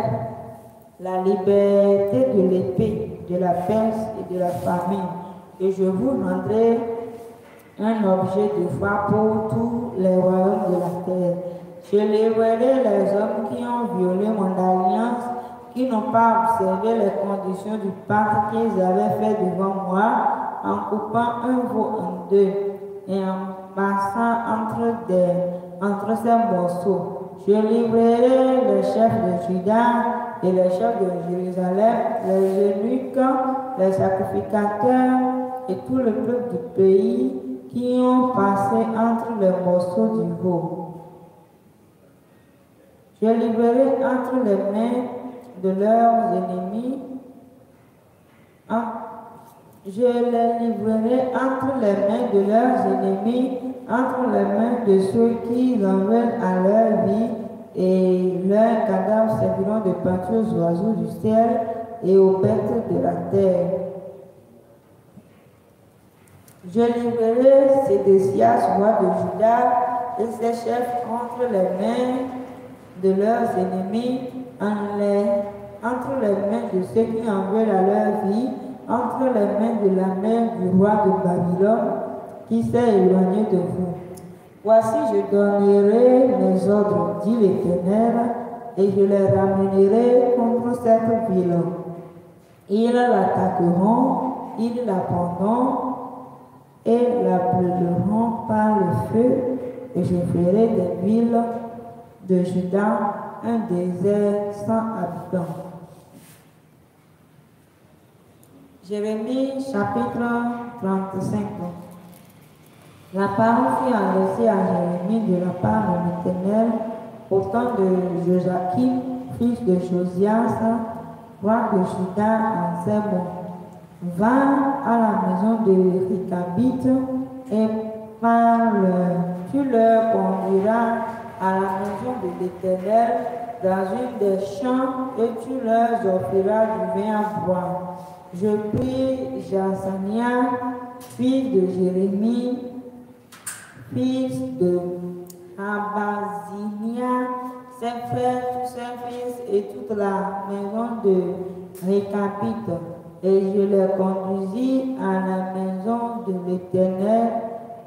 la liberté de l'épée, de la peste et de la famille, et je vous rendrai un objet de foi pour tous les royaumes de la terre. Je livrerai les hommes qui ont violé mon alliance, qui n'ont pas observé les conditions du pacte qu'ils avaient fait devant moi, en coupant un veau en deux et en passant entre, entre ces morceaux. Je livrerai les chefs de Judas et les chefs de Jérusalem, les eunuques, les sacrificateurs et tout le peuple du pays qui ont passé entre les morceaux du veau. Je entre les mains de leurs ennemis. Ah, je les livrerai entre les mains de leurs ennemis, entre les mains de ceux qui l'emmènent à leur vie, et leurs cadavres serviront de peinture aux oiseaux du ciel et aux bêtes de la terre. Je livrerai désirs, voix de Judas, et ses chefs contre les mains de leurs ennemis en entre les mains de ceux qui en veulent à leur vie, entre les mains de la main du roi de Babylone qui s'est éloigné de vous. Voici, je donnerai mes ordres, dit l'Éternel, et je les ramènerai contre cette ville. Ils l'attaqueront, ils la et la brûleront par le feu, et je ferai des villes de Juda, un désert sans habitants. Jérémie chapitre 35. La parole fut annoncée à Jérémie de la part de l'Éternel au temps de Joachim, fils de Josias, roi de Judas, en Zébon. Va à la maison de Ricabite et parle, tu leur conduiras à la maison de l'Éternel dans une des chambres, et tu leur offriras du vin à Je prie Jasania, fils de Jérémie, fils de Abazinia, ses frères, tous ses fils et toute la maison de Récapite. Et je les conduisis à la maison de l'Éternel,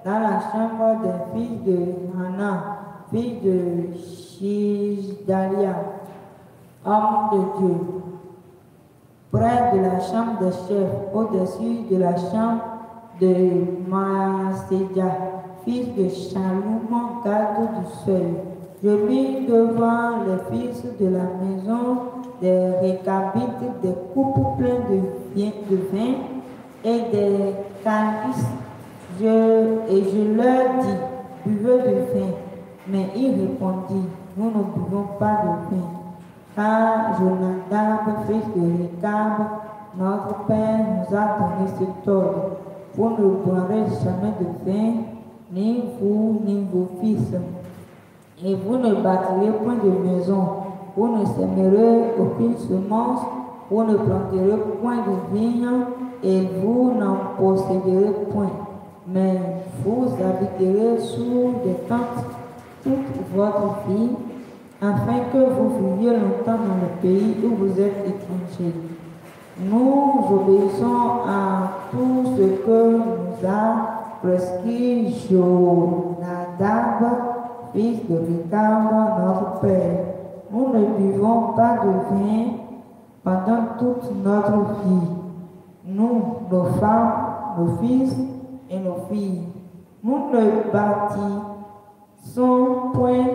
dans la chambre des fils de Hannah Fils de Shidalia, homme de Dieu, près de la chambre des chefs, au-dessus de la chambre de Masedia. fils de Shaloum, garde du seuil. Je mis devant les fils de la maison des récabites, des coupes pleins de vin, de vin et des canis. je, et je leur dis, buvez de vin mais il répondit, nous ne pouvons pas de pain, car Jonathan, fils de Récab, notre Père nous a donné ce ordre. Vous ne boirez jamais de vin, ni vous, ni vos fils. Et vous ne bâtirez point de maison, vous ne sèmerez aucune semence, vous ne planterez point de vigne, et vous n'en posséderez point. Mais vous habiterez sous des tentes toute votre vie, afin que vous viviez longtemps dans le pays où vous êtes étrangers. Nous obéissons à tout ce que nous a prescrit Jonadab, fils de Ricam, notre père. Nous ne buvons pas de vin pendant toute notre vie. Nous, nos femmes, nos fils et nos filles. Nous ne bâtissons sans point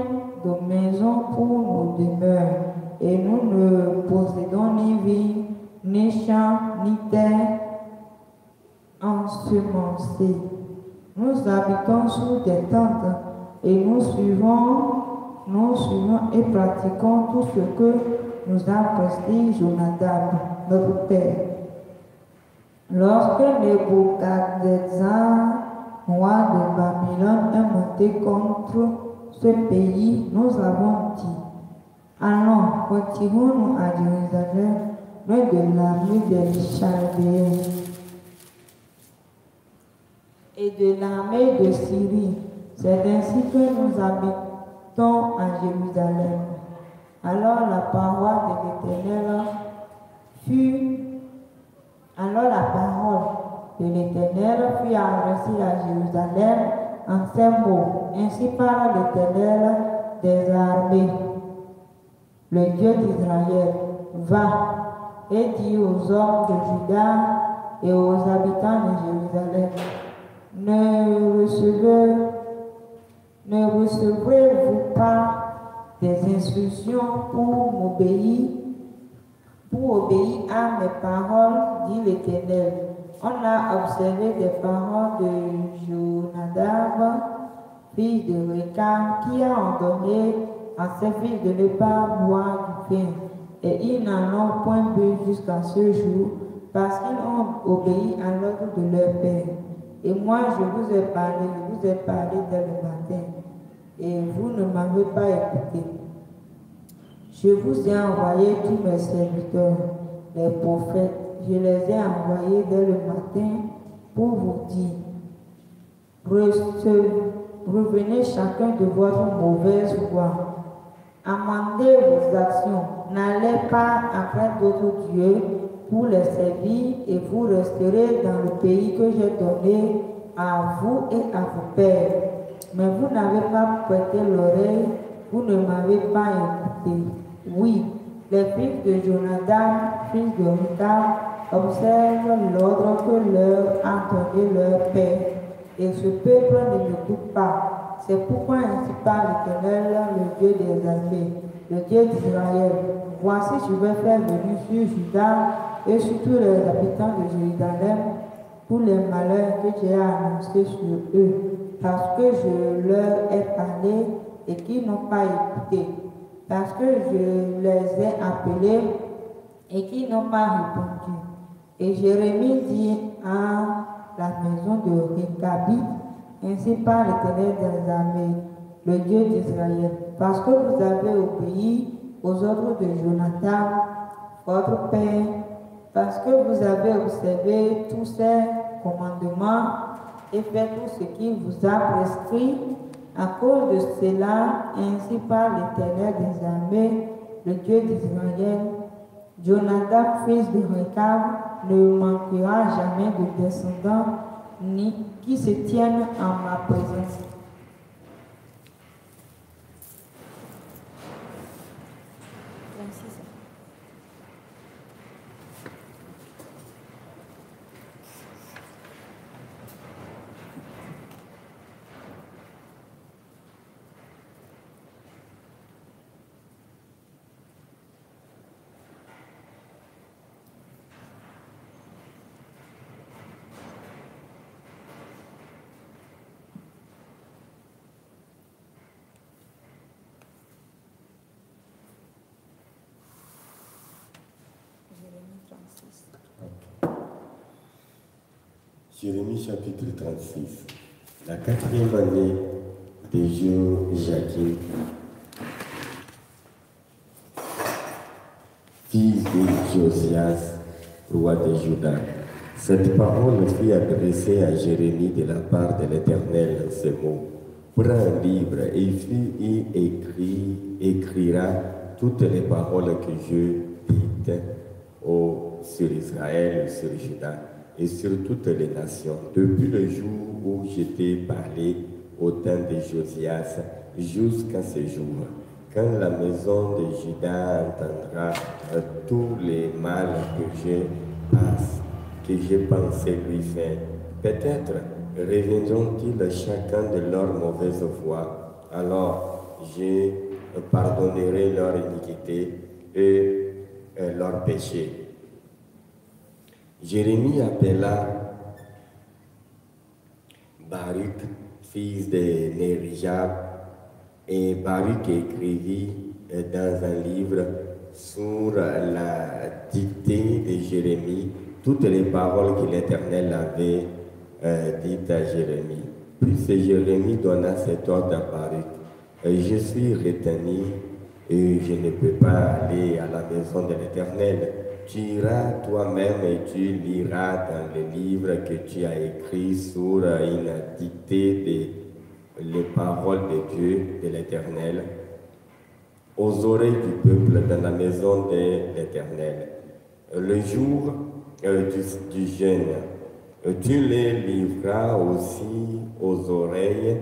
de maison pour nos demeures, et nous ne possédons ni vie, ni champs, ni terre ensemencée. Nous habitons sous des tentes et nous suivons, nous suivons et pratiquons tout ce que nous a prescrit Madame notre père. Lorsque Nebuchadnezzar roi de Babylone, est monté contre ce pays, nous avons dit. Allons, continuons nous à Jérusalem, mais de l'armée des Chaldéens et de l'armée de Syrie. C'est ainsi que nous habitons à Jérusalem. Alors la parole de l'Éternel fut... Alors la parole et l'Éternel fut adressé à Jérusalem en ces mots. Ainsi parle l'Éternel des armées, le Dieu d'Israël. Va et dit aux hommes de Juda et aux habitants de Jérusalem, ne recevez, ne recevrez-vous pas des instructions pour m'obéir, pour obéir à mes paroles, dit l'Éternel on a observé des parents de Jonadab, fille de Récam, qui a donné à ses filles de ne pas boire du pain. Et ils n'en ont point bu jusqu'à ce jour, parce qu'ils ont obéi à l'ordre de leur père. Et moi, je vous ai parlé, je vous ai parlé dès le matin, et vous ne m'avez pas écouté. Je vous ai envoyé tous mes serviteurs, les prophètes, je les ai envoyés dès le matin pour vous dire, revenez chacun de votre mauvaise voie, amendez vos actions, n'allez pas après d'autres dieux pour les servir et vous resterez dans le pays que j'ai donné à vous et à vos pères. Mais vous n'avez pas prêté l'oreille, vous ne m'avez pas écouté. Oui, les fils de Jonathan, fils de Rita, observe l'ordre que leur a donné leur Père, et ce peuple ne doute pas. C'est pourquoi ainsi parle l'Éternel, le Dieu des armées, le Dieu d'Israël. Voici, je vais faire venir sur Judas et sur tous les habitants de Jérusalem pour les malheurs que j'ai annoncés sur eux, parce que je leur ai parlé et qu'ils n'ont pas écouté, parce que je les ai appelés et qu'ils n'ont pas répondu. Et Jérémie dit à la maison de Rékabi, ainsi par l'Éternel des armées, le Dieu d'Israël, parce que vous avez obéi aux ordres de Jonathan, votre père, parce que vous avez observé tous ses commandements et fait tout ce qu'il vous a prescrit, à cause de cela, ainsi par l'Éternel des armées, le Dieu d'Israël, Jonathan, fils de Récab, ne manquera jamais de descendants ni qui se tiennent en ma présence. Jérémie chapitre 36, la quatrième année des jours jacques fils de Josias, roi de Juda. Cette parole fut adressée à Jérémie de la part de l'Éternel en ces mots. Prends un livre et il y écrit, écrira toutes les paroles que Dieu dit au sur Israël, sur Juda et sur toutes les nations. Depuis le jour où j'étais parlé au temps de Josias jusqu'à ce jour, quand la maison de Judas entendra tous les mal que j'ai que j'ai pensé lui faire, peut-être reviendront-ils chacun de leur mauvaise voie. Alors je pardonnerai leur iniquité et leur péché Jérémie appela Baruch, fils de Nerijab, et Baruch écrivit dans un livre sur la dictée de Jérémie toutes les paroles que l'Éternel avait euh, dites à Jérémie. Puis Jérémie donna cet ordre à Baruch. Je suis retenu et je ne peux pas aller à la maison de l'Éternel tu iras toi-même et tu liras dans le livre que tu as écrit sur une dictée des les paroles de Dieu, de l'Éternel, aux oreilles du peuple dans la maison de l'Éternel. Le jour euh, du, jeûne, tu les livras aussi aux oreilles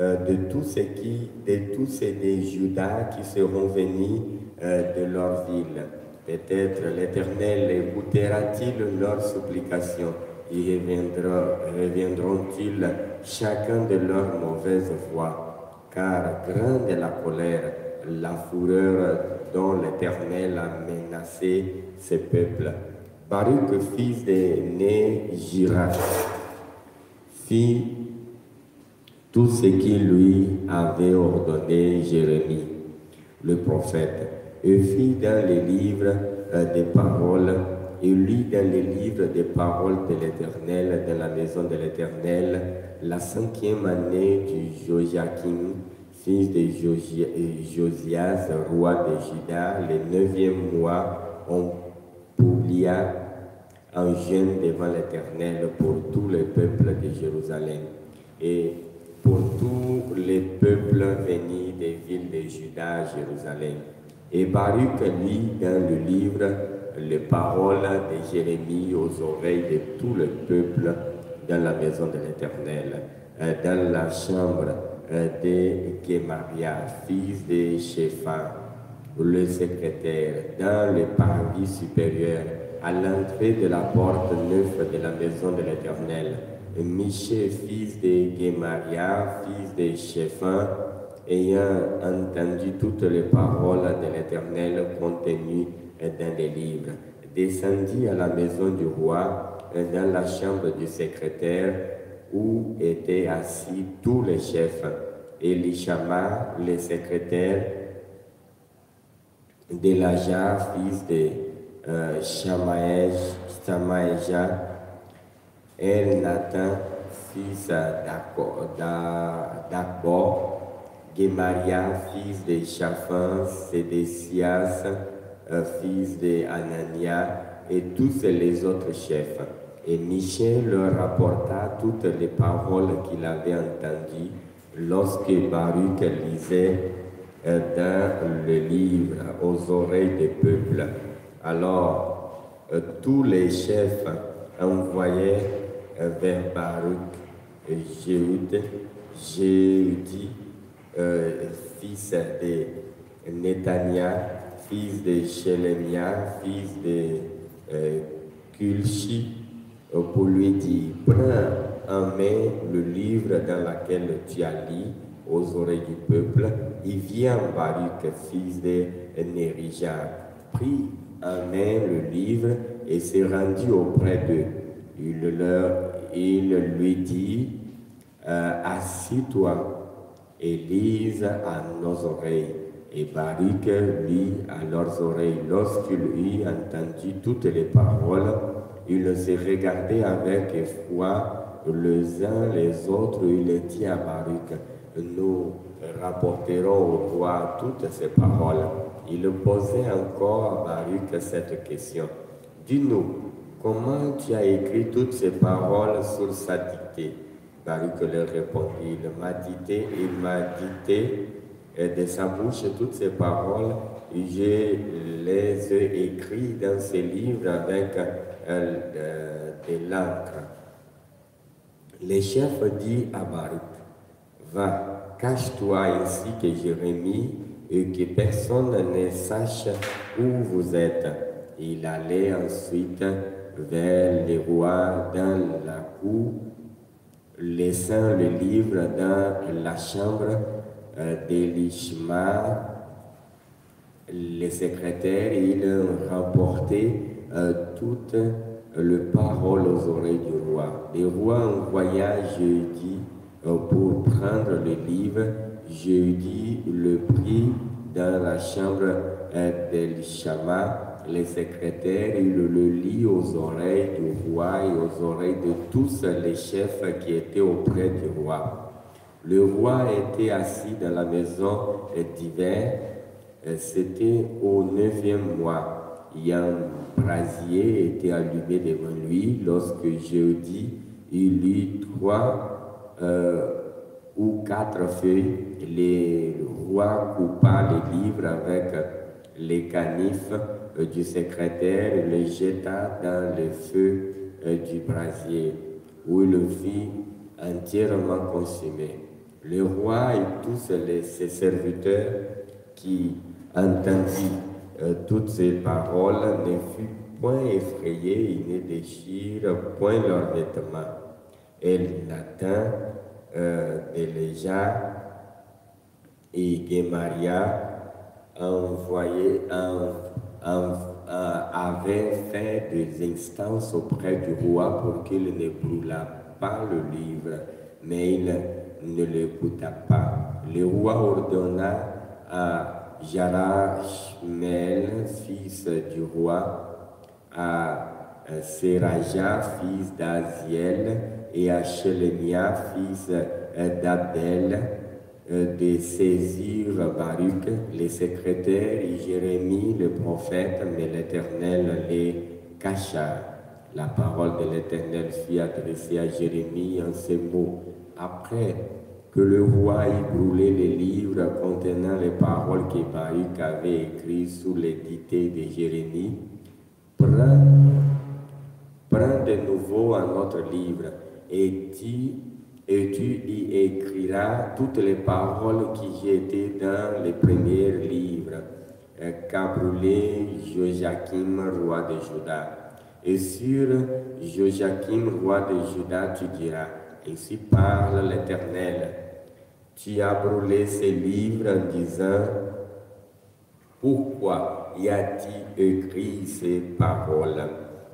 euh, de tous ceux qui, tous des Judas qui seront venus euh, de leur ville Peut-être l'Éternel écoutera-t-il leurs supplications et reviendront-ils chacun de leurs mauvaises voies, car grande est la colère, la fureur dont l'Éternel a menacé ce peuples. Baruch, fils de Négira, fit tout ce qu'il lui avait ordonné Jérémie, le prophète et fit dans les livres euh, des paroles, et lit dans les livres des paroles de l'Éternel, dans la maison de l'Éternel, la cinquième année du Joachim, fils de euh, Josias, roi de Juda, le neuvième mois, on publia un jeûne devant l'Éternel pour tous les peuples de Jérusalem et pour tous les peuples venus des villes de Juda à Jérusalem. Et Baruch lit dans le livre les paroles de Jérémie aux oreilles de tout le peuple dans la maison de l'Éternel, euh, dans la chambre euh, de Guémaria, fils des chefins le secrétaire, dans le parvis supérieur, à l'entrée de la porte neuve de la maison de l'Éternel. Miché, fils de Guémaria, fils de chefins ayant entendu toutes les paroles de l'Éternel contenues dans les livres, descendit à la maison du roi, dans la chambre du secrétaire, où étaient assis tous les chefs. et Elishama, le secrétaire de l'Aja, fils de euh, Shamaeja, El Nathan, fils d'Akbor, Gemaria, fils de Chaphan, Sédécias, euh, fils de Anania, et tous les autres chefs. Et Michel leur rapporta toutes les paroles qu'il avait entendues lorsque Baruch lisait euh, dans le livre aux oreilles des peuples. Alors, euh, tous les chefs envoyaient vers Baruch, Jéhud, Jéhudi, euh, fils de Netania, fils de Shelemia, fils de Kulchi euh, pour lui dire, prends en main le livre dans lequel tu as lu aux oreilles du peuple, et viens Baruch, fils de Nérija, prit en main le livre et s'est rendu auprès d'eux. Il, il lui dit, euh, assis-toi et à nos oreilles. Et Baruch lit à leurs oreilles. Lorsqu'il eut entendu toutes les paroles, il se regardait avec effroi les uns les autres. Il dit à Baruch, nous rapporterons au roi toutes ces paroles. Il posait encore à Baruch cette question. Dis-nous, comment tu as écrit toutes ces paroles sur sa dictée Baruch que leur répondit, il m'a dit, il m'a et de sa bouche toutes ces paroles, J'ai je les ai écrites dans ces livres avec euh, des de l'encre. Le chef dit à Baruch, va, cache-toi ainsi que Jérémie, et que personne ne sache où vous êtes. Il allait ensuite vers les rois dans la cour laissant le livre dans la chambre euh, d'Elishma. Les secrétaires, ils rapporté euh, toutes les paroles aux oreilles du roi. Le roi envoya jeudi euh, pour prendre le livre. Jeudi le prit dans la chambre d'Elishama les secrétaires, il le lit aux oreilles du roi et aux oreilles de tous les chefs qui étaient auprès du roi. Le roi était assis dans la maison d'hiver, euh, c'était au neuvième mois. Il un brasier était allumé devant lui lorsque jeudi, il eut trois euh, ou quatre feuilles. Le roi coupa les livres avec les canifs euh, du secrétaire le jeta dans le feu euh, du brasier, où il le vit entièrement consumé. Le roi et tous ses serviteurs qui entendirent euh, toutes ces paroles ne furent point effrayés, et ne déchirent point leurs vêtements. Et Nathan, euh, Béléja et Gemaria envoyaient, en, euh, avait fait des instances auprès du roi pour qu'il ne brûlât pas le livre, mais il ne l'écouta pas. Le roi ordonna à Jarachmel, fils du roi, à Seraja, fils d'Aziel, et à Shelemia, fils d'Abel, euh, de saisir Baruch, les secrétaires, et Jérémie, le prophète, mais l'Éternel les cacha. La parole de l'Éternel fut adressée à Jérémie en ces mots. Après que le roi ait brûlé les livres contenant les paroles que Baruch avait écrites sous l'édité de Jérémie, prends, de nouveau un autre livre et dis et tu y écriras toutes les paroles qui étaient dans les premiers livres qu'a brûlé Joachim, roi de Juda. Et sur Joachim, roi de Juda, tu diras, ainsi parle l'Éternel. Tu as brûlé ces livres en disant, pourquoi y a-t-il écrit ces paroles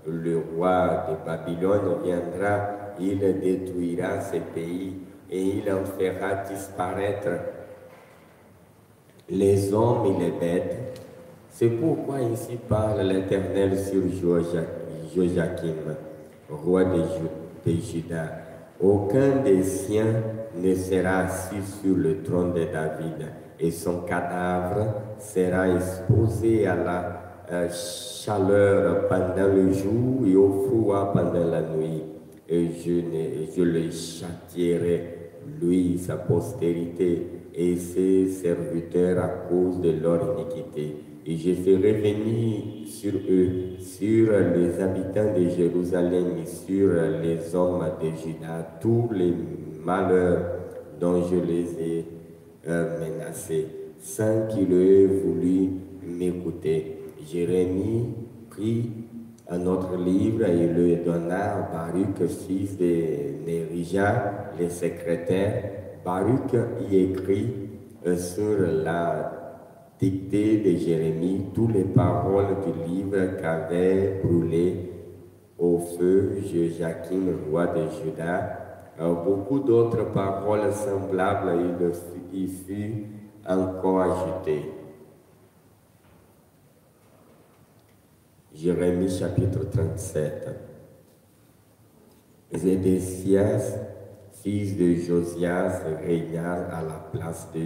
Le roi de Babylone viendra il détruira ce pays et il en fera disparaître les hommes et les bêtes. C'est pourquoi ici parle l'Éternel sur Joachim, roi de, Juda. Aucun des siens ne sera assis sur le trône de David, et son cadavre sera exposé à la euh, chaleur pendant le jour et au froid pendant la nuit et je, les je châtierai, lui, sa postérité, et ses serviteurs à cause de leur iniquité. Et je ferai venir sur eux, sur les habitants de Jérusalem et sur les hommes de Juda, tous les malheurs dont je les ai euh, menacés, sans qu'ils aient voulu m'écouter. Jérémie prie un autre livre, il lui donna Baruch, fils de Nerija, le secrétaire. Baruch y écrit euh, sur la dictée de Jérémie toutes les paroles du livre qu'avait brûlé au feu Joachim, roi de Juda. Euh, beaucoup d'autres paroles semblables y furent encore ajoutées. Jérémie chapitre 37. fils de Josias, régna à la place de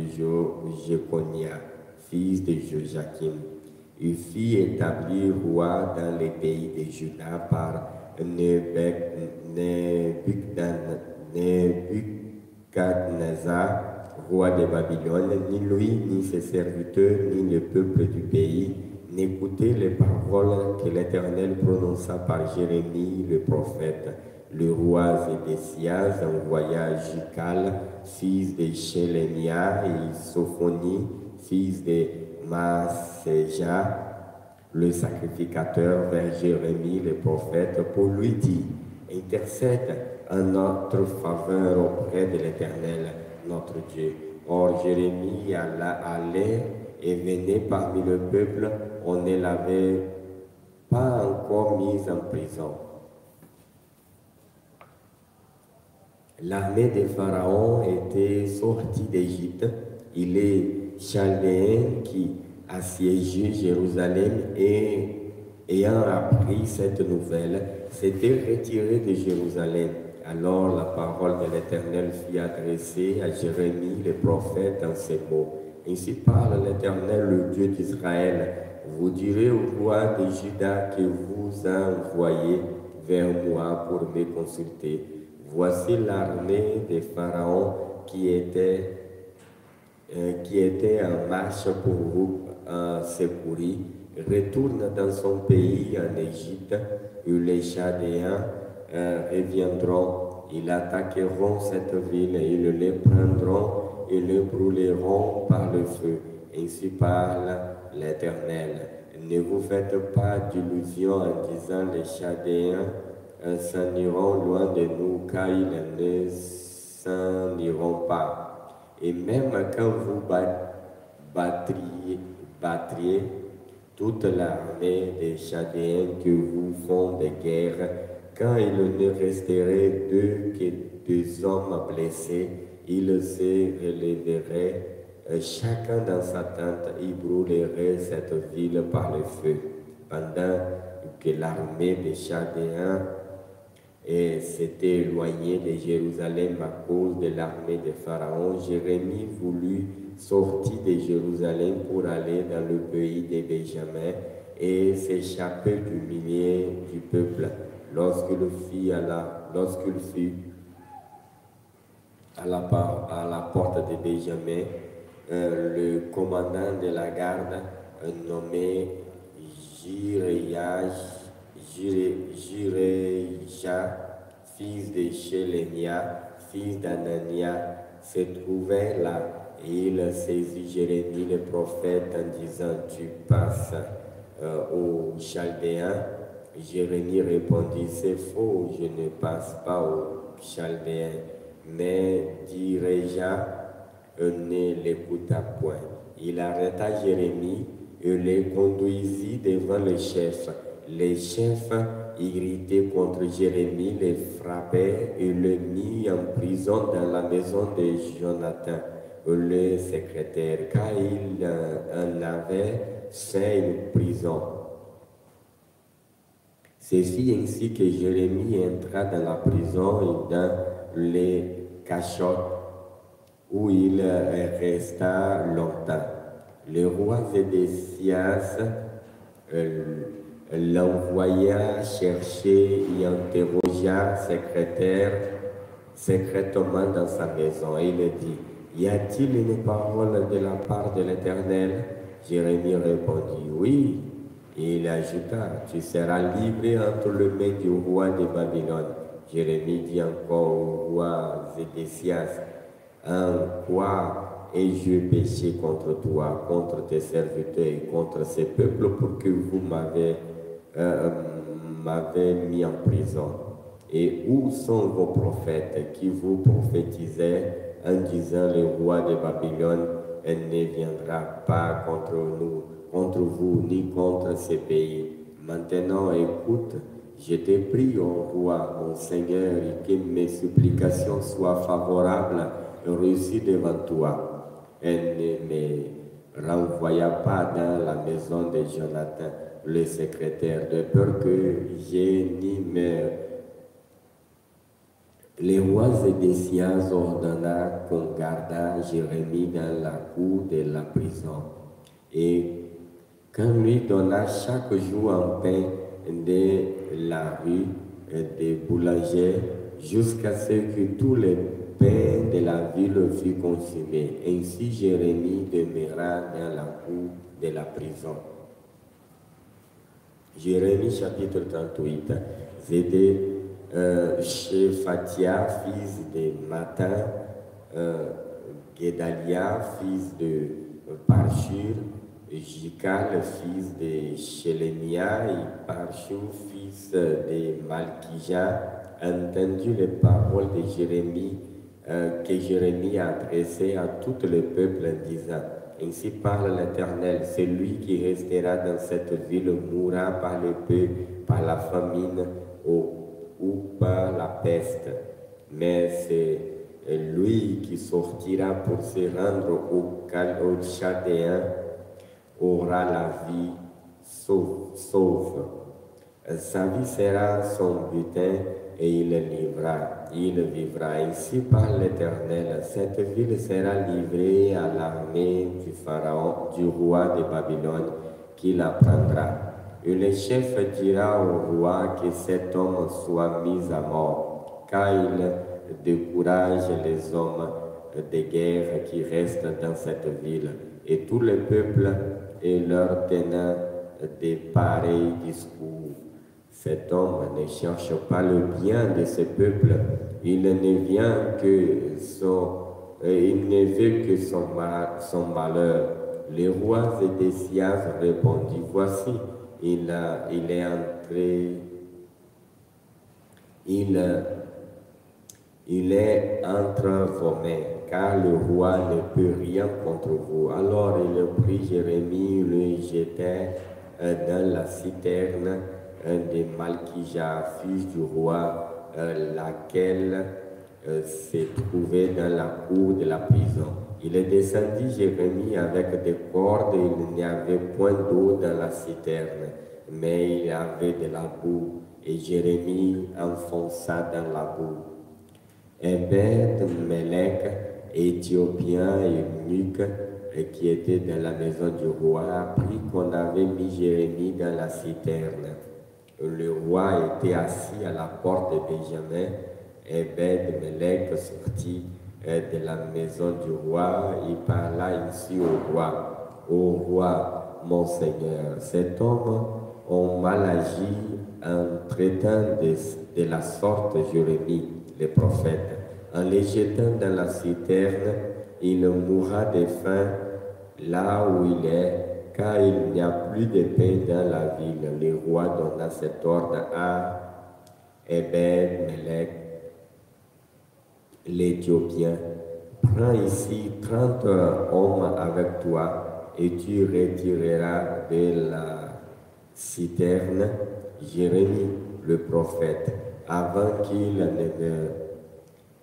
jeponia fils de Joachim. Il fit établir roi dans les pays de Juda par Nebuchadnezzar, roi de Babylone, ni lui, ni ses serviteurs, ni le peuple du pays N'écoutez les paroles que l'Éternel prononça par Jérémie le prophète, le roi Zédécias envoya Jical, fils de Chélénia, et Sophonie, fils de Maséja, le sacrificateur vers Jérémie le prophète pour lui dire, intercède en notre faveur auprès de l'Éternel, notre Dieu. Or Jérémie alla aller et venait parmi le peuple, on ne l'avait pas encore mis en prison. L'armée des pharaons était sortie d'Égypte. Il est Chaléen qui a Jérusalem et ayant appris cette nouvelle, s'était retiré de Jérusalem. Alors la parole de l'Éternel fut adressée à Jérémie le prophète en ces mots. Ainsi parle l'Éternel, le Dieu d'Israël. Vous direz au roi de judas que vous envoyez vers moi pour me consulter. Voici l'armée des pharaons qui était, euh, qui était en marche pour vous euh, secourir. Retourne dans son pays, en Égypte, où les Chadéens euh, reviendront. Ils attaqueront cette ville et ils les prendront et le brûleront par le feu. Ainsi parle l'Éternel. Ne vous faites pas d'illusion en disant les chadéens euh, s'en iront loin de nous, car ils ne s'en iront pas. Et même quand vous battriez, toute l'armée des chadéens que vous font des guerres, quand il ne resterait deux que deux hommes blessés, il se relèverait chacun dans sa tente, il brûlerait cette ville par le feu, pendant que l'armée des Chaldéens s'était éloignée de Jérusalem à cause de l'armée de Pharaon. Jérémie voulut sortir de Jérusalem pour aller dans le pays de Benjamin et s'échapper du milieu du peuple. Lorsqu'il fut, à lorsqu'il fut à la, porte de Benjamin, euh, le commandant de la garde, euh, nommé Jiréja, fils de Chélénia, fils d'Anania, se trouvait là. Et il saisit Jérémie le prophète en disant Tu passes euh, aux Chaldéens Jérémie répondit C'est faux, je ne passe pas aux Chaldéens mais dirigeant euh, ne l'écouta point. Il arrêta Jérémie et le conduisit devant les chefs. Les chefs, irrités contre Jérémie, les frappèrent et le mit en prison dans la maison de Jonathan, le secrétaire, car il en avait fait une prison. C'est ainsi que Jérémie entra dans la prison et dans les Cachot, où il resta longtemps. Le roi Zédécias euh, l'envoya chercher et interrogea secrétaire, secrètement dans sa maison. Il dit, y a-t-il une parole de la part de l'Éternel Jérémie répondit, oui. Et il ajouta, tu seras livré entre le mains du roi de Babylone Jérémie dit encore au roi Zédécias, en quoi ai-je péché contre toi, contre tes serviteurs et contre ces peuples pour que vous euh, m'avez mis en prison Et où sont vos prophètes qui vous prophétisaient en disant le roi de Babylone elle ne viendra pas contre nous, contre vous, ni contre ces pays. Maintenant, écoute je te prie, ô roi, mon Seigneur, et que mes supplications soient favorables et réussies devant toi. Elle ne me renvoya pas dans la maison de Jonathan, le secrétaire, de peur que j'ai ni mère. et des siens ordonna qu'on gardât Jérémie dans la cour de la prison et qu'on lui donna chaque jour en pain des la rue des boulangers jusqu'à ce que tous les pains de la ville furent consumés. Ainsi Jérémie demeura dans la cour de la prison. Jérémie chapitre 38. C'était euh, chez fils de Matan, euh, Gedalia, fils de Parchur, Jikal, fils de Shelemia, et fils des Malkija, entendu les paroles de Jérémie euh, que Jérémie a adressées à tout le peuple en disant Ainsi parle l'Éternel, celui qui restera dans cette ville mourra par le peu, par la famine ou, par la peste. Mais c'est lui qui sortira pour se rendre au, au aura la vie sauve. sauve. Sa vie sera son butin et il vivra. Il vivra ici par l'Éternel. Cette ville sera livrée à l'armée du pharaon, du roi de Babylone, qui la prendra. Et le chef dira au roi que cet homme soit mis à mort, car il décourage les hommes de guerre qui restent dans cette ville, et tout le peuple et leur tenant des pareils discours. Cet homme ne cherche pas le bien de ce peuple. Il ne vient que son, euh, il veut que son, son malheur. Le roi siens répondit, voici, il, est entré, il, il est entre vos mains, car le roi ne peut rien contre vous. Alors il prit Jérémie, le jetait euh, dans la citerne un des Malkija, fils du roi, euh, laquelle euh, s'est trouvée dans la cour de la prison. Il est descendu Jérémie avec des cordes, il n'y avait point d'eau dans la citerne, mais il y avait de la boue, et Jérémie enfonça dans la boue. Ebed Melech, Éthiopien et euh, qui était dans la maison du roi, apprit qu'on avait mis Jérémie dans la citerne le roi était assis à la porte de Benjamin, et Ben sortit euh, de la maison du roi et parla ainsi au roi. Au roi, mon Seigneur, cet homme a mal agi en traitant de, de la sorte Jérémie, le prophète. En les jetant dans la citerne, il mourra de faim là où il est car il n'y a plus de paix dans la ville. Le roi donna cet ordre à Eben Melech, l'Éthiopien. Prends ici trente hommes avec toi et tu retireras de la citerne Jérémie, le prophète, avant qu'il ne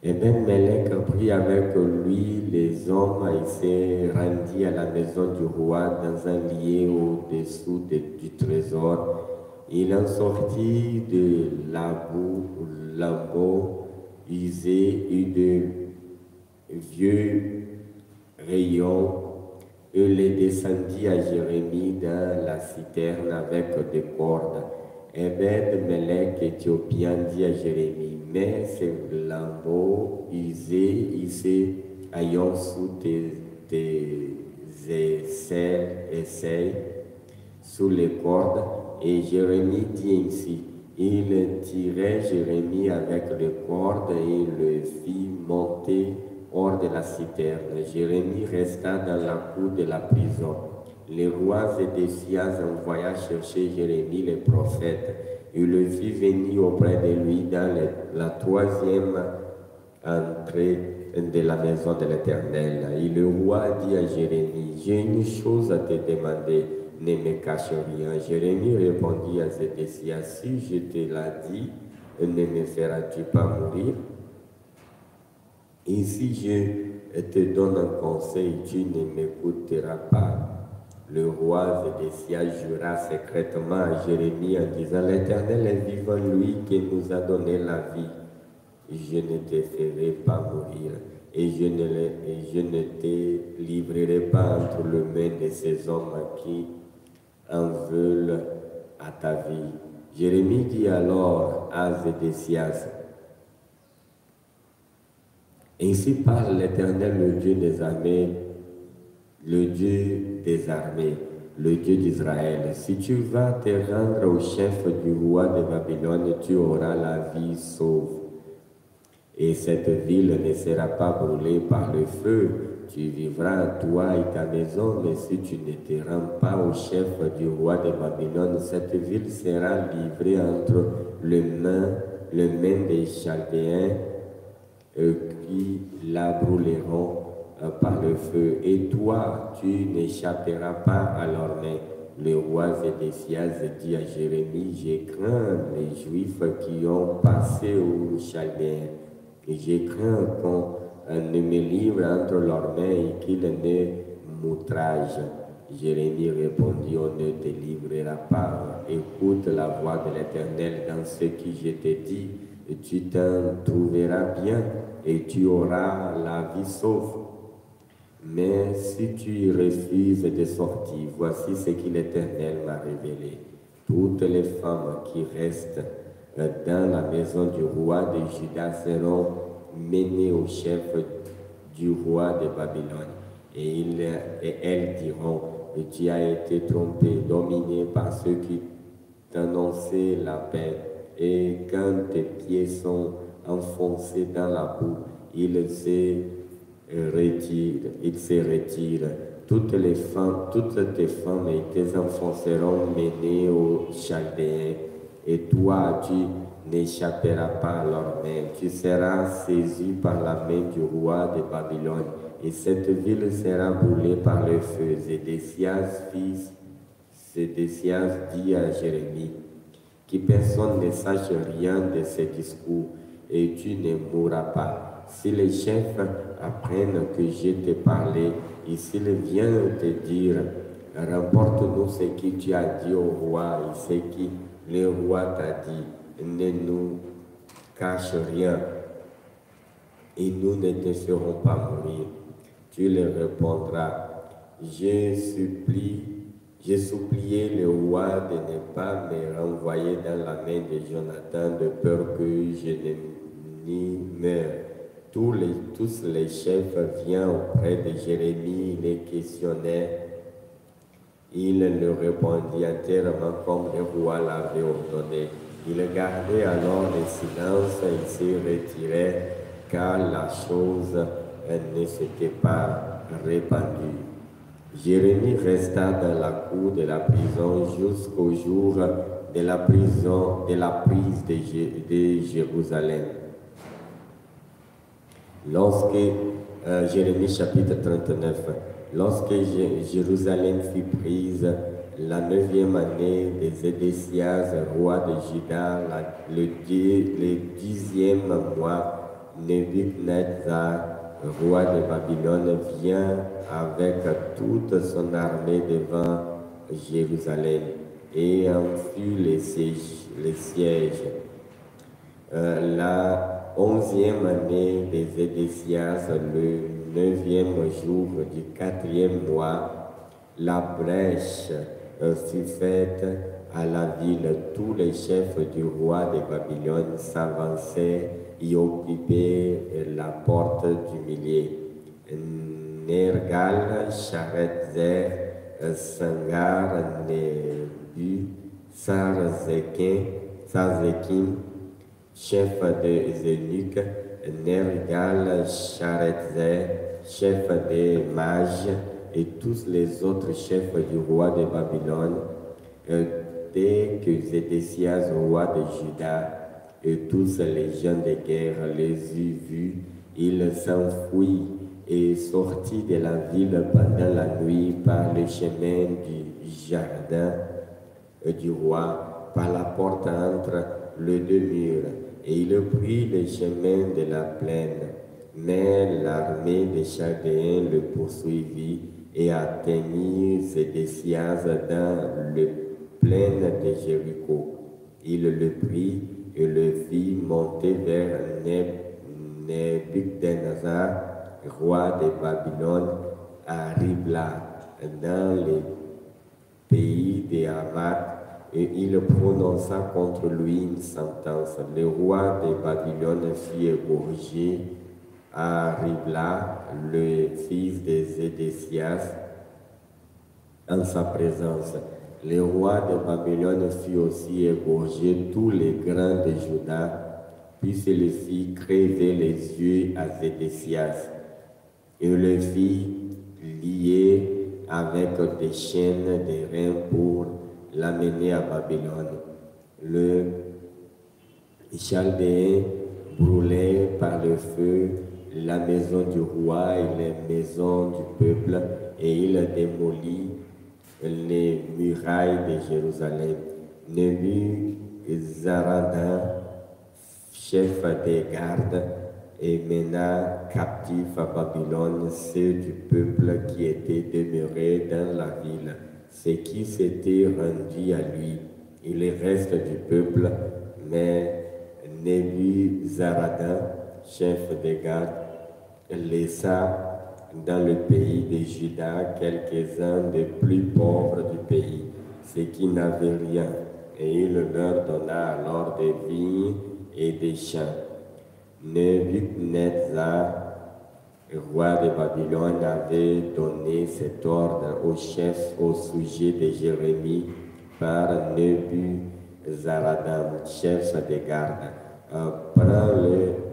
et Ben Melek prit avec lui les hommes et s'est rendu à la maison du roi dans un lieu au-dessous du trésor. Il en sortit de la boue, l'amour usé et de vieux rayons et les descendit à Jérémie dans la citerne avec des cordes. Et Ben Melek, Éthiopien, dit à Jérémie, mais ces lambeaux usés, ici, ayant sous des, des essais, essais, sous les cordes, et Jérémie dit ainsi, il tirait Jérémie avec les cordes et le fit monter hors de la citerne. Jérémie resta dans la cour de la prison. Les rois en voyage chercher Jérémie le prophète il le vit venir auprès de lui dans la troisième entrée de la maison de l'Éternel. Et le roi dit à Jérémie, j'ai une chose à te demander, ne me cache rien. Jérémie répondit à Zédécia, si je te l'ai dit, ne me feras-tu pas mourir Et si je te donne un conseil, tu ne m'écouteras pas. Le roi Zédécia jura secrètement à Jérémie en disant L'Éternel est vivant, lui qui nous a donné la vie. Je ne te ferai pas mourir et je ne, te livrerai pas entre les mains de ces hommes qui en veulent à ta vie. Jérémie dit alors à Zédécias Ainsi parle l'Éternel, le Dieu des armées, le Dieu des armées, le Dieu d'Israël, si tu vas te rendre au chef du roi de Babylone, tu auras la vie sauve. Et cette ville ne sera pas brûlée par le feu. Tu vivras, toi et ta maison, mais si tu ne te rends pas au chef du roi de Babylone, cette ville sera livrée entre les mains, les mains des Chaldéens euh, qui la brûleront euh, par le feu, et toi, tu n'échapperas pas à leur main. Le roi Zédéchias dit à Jérémie, j'ai craint les Juifs qui ont passé au Chalbert, et j'ai craint qu'on euh, ne me livre entre leurs mains et qu'ils ne m'outragent. Jérémie répondit, on ne te livrera pas. Écoute la voix de l'Éternel dans ce qui je t'ai dit, tu t'en trouveras bien, et tu auras la vie sauve. Mais si tu refuses de sortir, voici ce que l'Éternel m'a révélé. Toutes les femmes qui restent dans la maison du roi de Judas, seront menées au chef du roi de Babylone. Et, il et elles diront, tu as été trompé, dominé par ceux qui t'annonçaient la paix. Et quand tes pieds sont enfoncés dans la boue, ils se retire, il se retire. Toutes les femmes, toutes tes femmes et tes enfants seront menés au chaldéen, et toi, tu n'échapperas pas à leur main. Tu seras saisi par la main du roi de Babylone, et cette ville sera brûlée par le feu. siens, fils, siens, dit à Jérémie, que personne ne sache rien de ce discours, et tu ne mourras pas si les chefs apprennent que je t'ai parlé et s'ils viennent te dire, rapporte-nous ce que tu as dit au roi et ce que le roi t'a dit, ne nous cache rien et nous ne te ferons pas mourir. Tu leur répondras, je supplie, j'ai supplié le roi de ne pas me renvoyer dans la main de Jonathan de peur que je ne meure tous les, tous les chefs viennent auprès de Jérémie, les questionnaient. Il ne répondit entièrement comme le roi l'avait ordonné. Il gardait alors le silence et se retirait car la chose ne s'était pas répandue. Jérémie resta dans la cour de la prison jusqu'au jour de la prison de la prise de Jérusalem. Lorsque euh, Jérémie chapitre 39, lorsque Jérusalem fut prise, la neuvième année des Édésias, roi de Juda, le, dixième mois, Nebuchadnezzar, roi de Babylone, vient avec toute son armée devant Jérusalem et en fut les sièges. Euh, onzième année des Édésias, le neuvième jour du quatrième mois, la brèche fut faite à la ville. Tous les chefs du roi de Babylone s'avançaient et occupaient la porte du milieu. Nergal, Charetzer, Sangar, Nebu, Sarzekin, chef de eunuques, Nergal, Charetzé, chef des mages, et tous les autres chefs du roi de Babylone, euh, dès que au roi de Juda, et tous les gens de guerre les eut vus, ils s'enfuient et sortit de la ville pendant la nuit par le chemin du jardin euh, du roi, par la porte entre les deux murs et il prit le chemins de la plaine. Mais l'armée des Chaldéens le poursuivit et atteignit ses décisions dans le plaine de Jéricho. Il le prit et le fit monter vers Nebuchadnezzar, roi de Babylone, à Ribla, dans le pays de Hamat, et il prononça contre lui une sentence. Le roi de Babylone fit égorger à Ribla, le fils de Zédésias, en sa présence. Le roi de Babylone fit aussi égorger tous les grands de Judas, puis celui-ci créer les yeux à Zédésias et le fit lier avec des chaînes de reins pour l'amener à Babylone, le Chaldéen brûlait par le feu la maison du roi et les maisons du peuple, et il démolit les murailles de Jérusalem. Nebu Zarada, chef des gardes, et mena captifs à Babylone ceux du peuple qui étaient demeurés dans la ville ce qui s'était rendu à lui et les restes du peuple, mais Nebuzaradan, chef des gardes, laissa dans le pays de Judas quelques-uns des plus pauvres du pays, ceux qui n'avaient rien, et il leur donna alors des vignes et des champs. Nebuzaradan le roi de Babylone avait donné cet ordre au chef au sujet de Jérémie par Nebu-Zaradam, chef des gardes. Euh,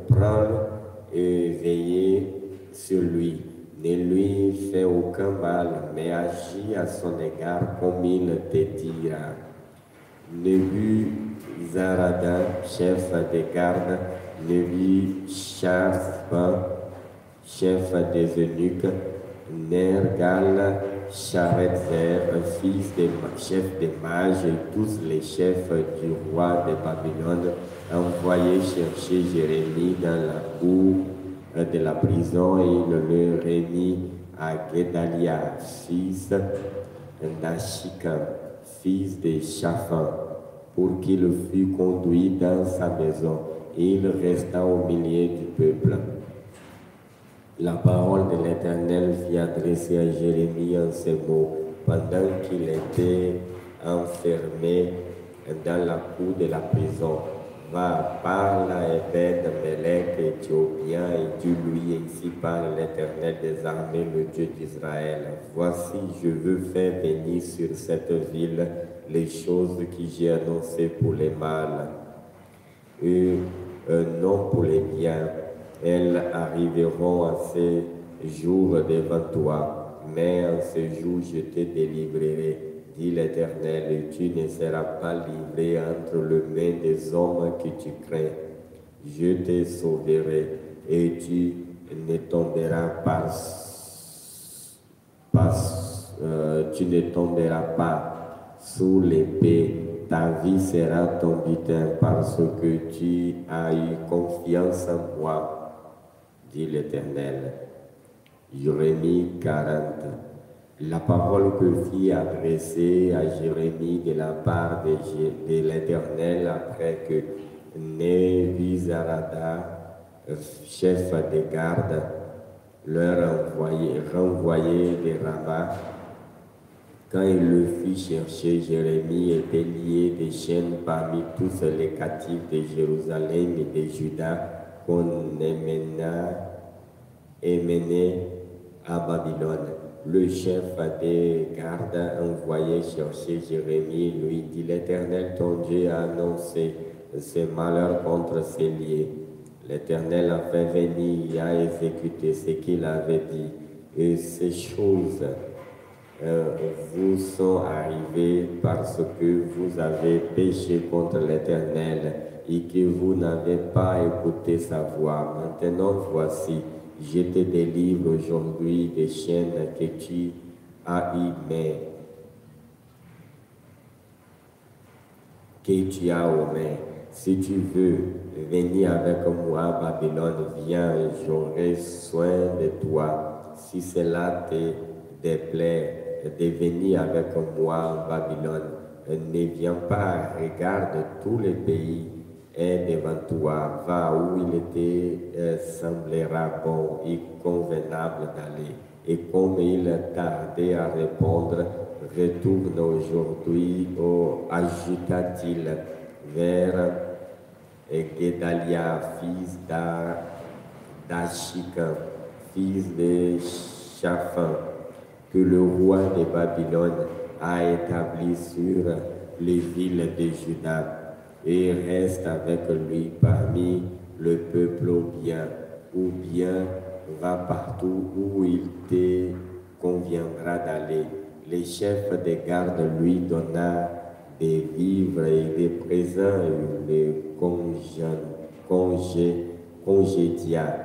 prends-le, et veillez sur lui. Ne lui fais aucun mal, mais agis à son égard comme il te dira. Nebu-Zaradam, chef des garde, ne lui chasse chef des eunuques, Nergal, Charetzer, fils des chefs des mages, et tous les chefs du roi de Babylone, envoyés chercher Jérémie dans la cour de la prison, et il le réunit à Gedalia, fils d'Achikam, fils de Shaphan, pour qu'il fût conduit dans sa maison. Il resta au milieu du peuple. La parole de l'Éternel fut adressée à Jérémie en ces mots, pendant qu'il était enfermé dans la cour de la prison. Va, parle à Ebed-Melech, Éthiopien, et tu lui ici par l'Éternel des armées, le Dieu d'Israël. Voici, je veux faire venir sur cette ville les choses que j'ai annoncées pour les mâles, et un nom pour les biens elles arriveront à ces jours devant toi. Mais en ce jour, je te délivrerai, dit l'Éternel, et tu ne seras pas livré entre les mains des hommes que tu crains. Je te sauverai, et tu ne tomberas pas, euh, tu ne tomberas pas sous l'épée ta vie sera ton butin parce que tu as eu confiance en moi dit l'Éternel. Jérémie 40. La parole que fit adresser à Jérémie de la part de, l'Éternel après que Névisarada, chef des gardes, leur envoyé, renvoyé des rabats. Quand il le fit chercher, Jérémie était lié des chaînes parmi tous les captifs de Jérusalem et de Juda qu'on émenait mené à Babylone. Le chef des gardes envoyé chercher Jérémie lui dit L'Éternel ton Dieu a annoncé ses malheurs contre ses liés. L'Éternel a fait venir et a exécuté ce qu'il avait dit. Et ces choses euh, vous sont arrivées parce que vous avez péché contre l'Éternel et que vous n'avez pas écouté sa voix. Maintenant, voici, je te délivre aujourd'hui des chaînes que tu as aimées, que tu as oh, Si tu veux venir avec moi à Babylone, viens, j'aurai soin de toi. Si cela te déplaît de venir avec moi à Babylone, ne viens pas, regarde tous les pays et devant toi, va où il était euh, semblera bon et convenable d'aller. Et comme il tardait à répondre, retourne aujourd'hui, au ajouta-t-il, vers Gedalia, fils d'Achika, fils de Shaphan, que le roi de Babylone a établi sur les villes de Juda et reste avec lui parmi le peuple bien, ou bien va partout où il te conviendra d'aller. Les chefs des gardes lui donna des vivres et des présents et le congé, congédia.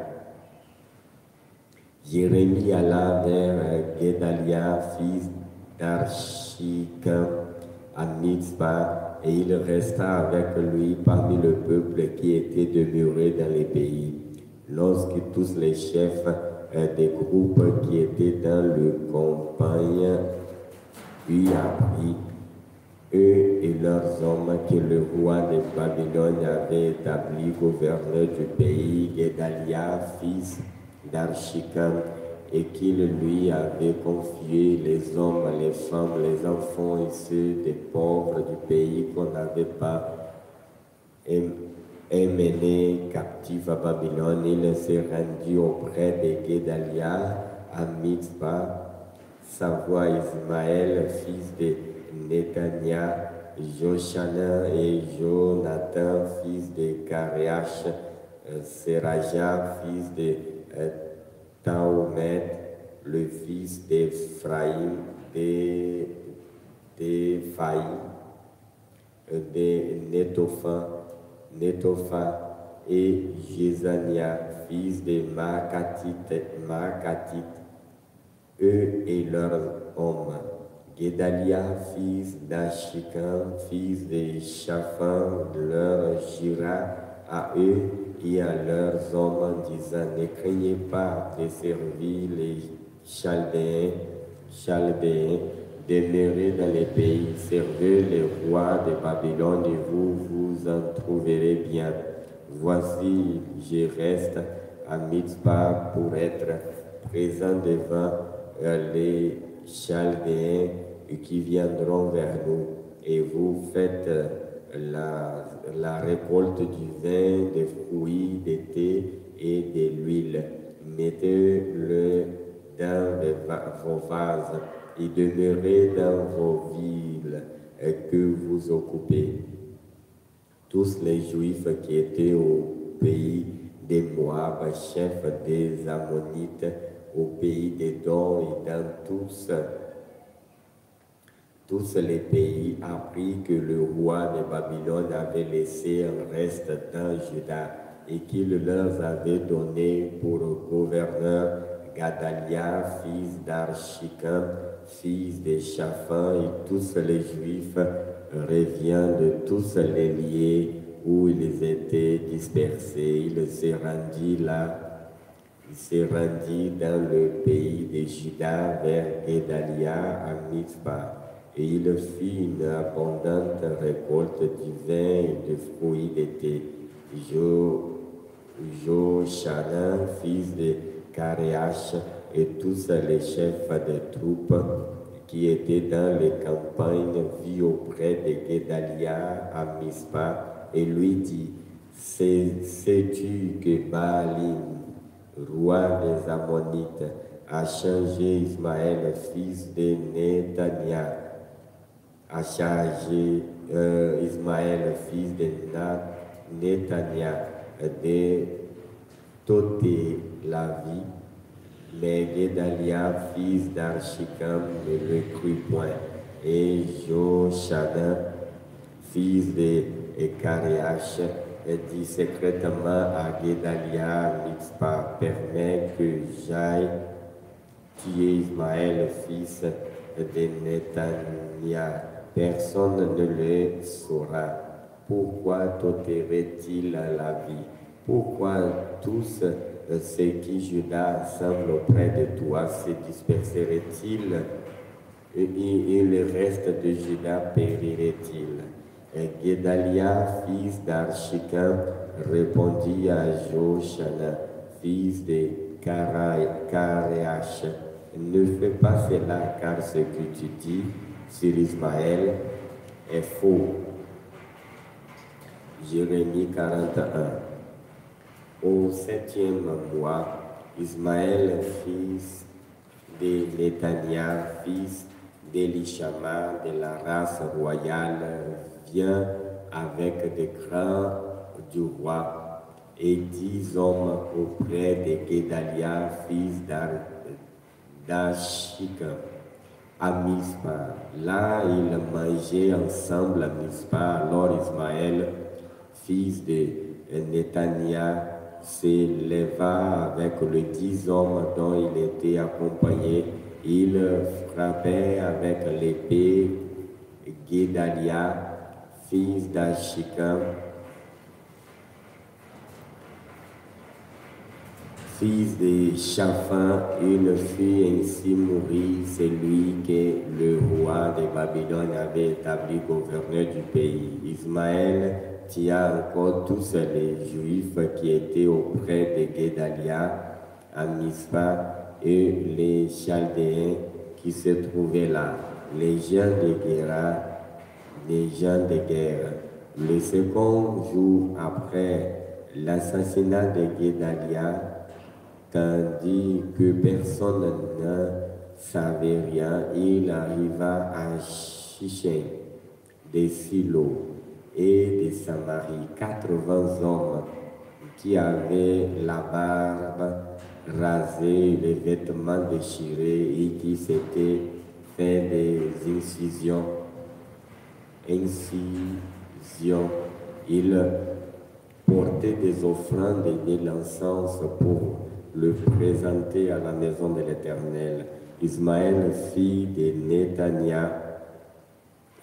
Jérémie alla vers Gedalia fils à Mitzpah, et il resta avec lui parmi le peuple qui était demeuré dans les pays. Lorsque tous les chefs euh, des groupes qui étaient dans le campagne lui appris, eux et leurs hommes, que le roi de Babylone avait établi gouverneur du pays, Gedalia, fils d'Archicam, et qu'il lui avait confié les hommes, les femmes, les enfants et ceux des pauvres du pays qu'on n'avait pas emmenés captifs à Babylone. Il s'est rendu auprès de Guédalia à Savoie, Ismaël, fils de Netania, Joshana et Jonathan, fils de Kariach, euh, Seraja, fils de euh, Tahomet, le fils d'Ephraïm, de, de euh, de Netopha, et Jezania, fils de Makatit, eux et leurs hommes. Gedalia, fils d'Ashikan, fils de Shaphan, leur gira à eux à leurs hommes en disant Ne craignez pas de servir les Chaldéens, Chaldéens, demeurez dans les pays, servez les rois de Babylone et vous vous en trouverez bien. Voici, je reste à Mitzpah pour être présent devant les Chaldéens qui viendront vers nous. Et vous faites la la récolte du vin, des fruits, des thés et de l'huile. Mettez-le dans vos vases et demeurez dans vos villes que vous occupez. Tous les Juifs qui étaient au pays des Moab, chefs des Ammonites, au pays des Dons et dans tous tous les pays apprirent que le roi de Babylone avait laissé un reste d'un judas et qu'il leur avait donné pour gouverneur Gadalia, fils d'Archican, fils de Chafan, et tous les Juifs reviennent de tous les lieux où ils étaient dispersés. Il se rendu là, il se rendit dans le pays de Juda vers Gedalia à Mitzpah. Et il fit une abondante récolte du vin et de fruits d'été. jo fils de Kareach, et tous les chefs des troupes qui étaient dans les campagnes vit auprès de Gedalia à Mispa et lui dit Sais-tu que Baalim, roi des Ammonites, a changé Ismaël, fils de Netanyah a chargé euh, Ismaël, fils de Netania, de t'ôter la vie, mais Gedalia, fils d'Archicam, ne le crut point, et Joshadin, fils de Ekariach, dit secrètement à Gedalia, Mitzpah, permet que j'aille tuer Ismaël, fils de Netanyah. Personne ne le saura. Pourquoi t'ôterait-il la vie Pourquoi tous euh, ceux qui Judas semblent auprès de toi se disperseraient-ils et, le reste de Judas périrait-il Gedaliah, fils d'Archicain, répondit à Joshana, fils de Karéach, ne fais pas cela car ce que tu dis Sir Ismaël est faux. Jérémie 41. Au septième mois, Ismaël, fils de Letania, fils d'Elishama de la race royale, vient avec des crins du roi et dix hommes auprès de Gedaliah, fils d'Achikam à Là, ils mangeaient ensemble à Mispa. Alors Ismaël, fils de Netania, s'éleva avec les dix hommes dont il était accompagné. Il frappait avec l'épée Guédalia, fils d'Achikam, fils de Chaffin, une fille ainsi mourit, celui que le roi de Babylone avait établi gouverneur du pays. Ismaël tient encore tous les Juifs qui étaient auprès de Guédalia à et les Chaldéens qui se trouvaient là, les gens de guerre, les gens de guerre. Le second jour après l'assassinat de Guédalia, tandis que personne ne savait rien, il arriva à Chichen, des silos et de Samarie, 80 hommes qui avaient la barbe rasée, les vêtements déchirés et qui s'étaient fait des incisions. incisions. Ils portaient des offrandes et des l'encens pour le présenter à la maison de l'Éternel. Ismaël, fils de Netania,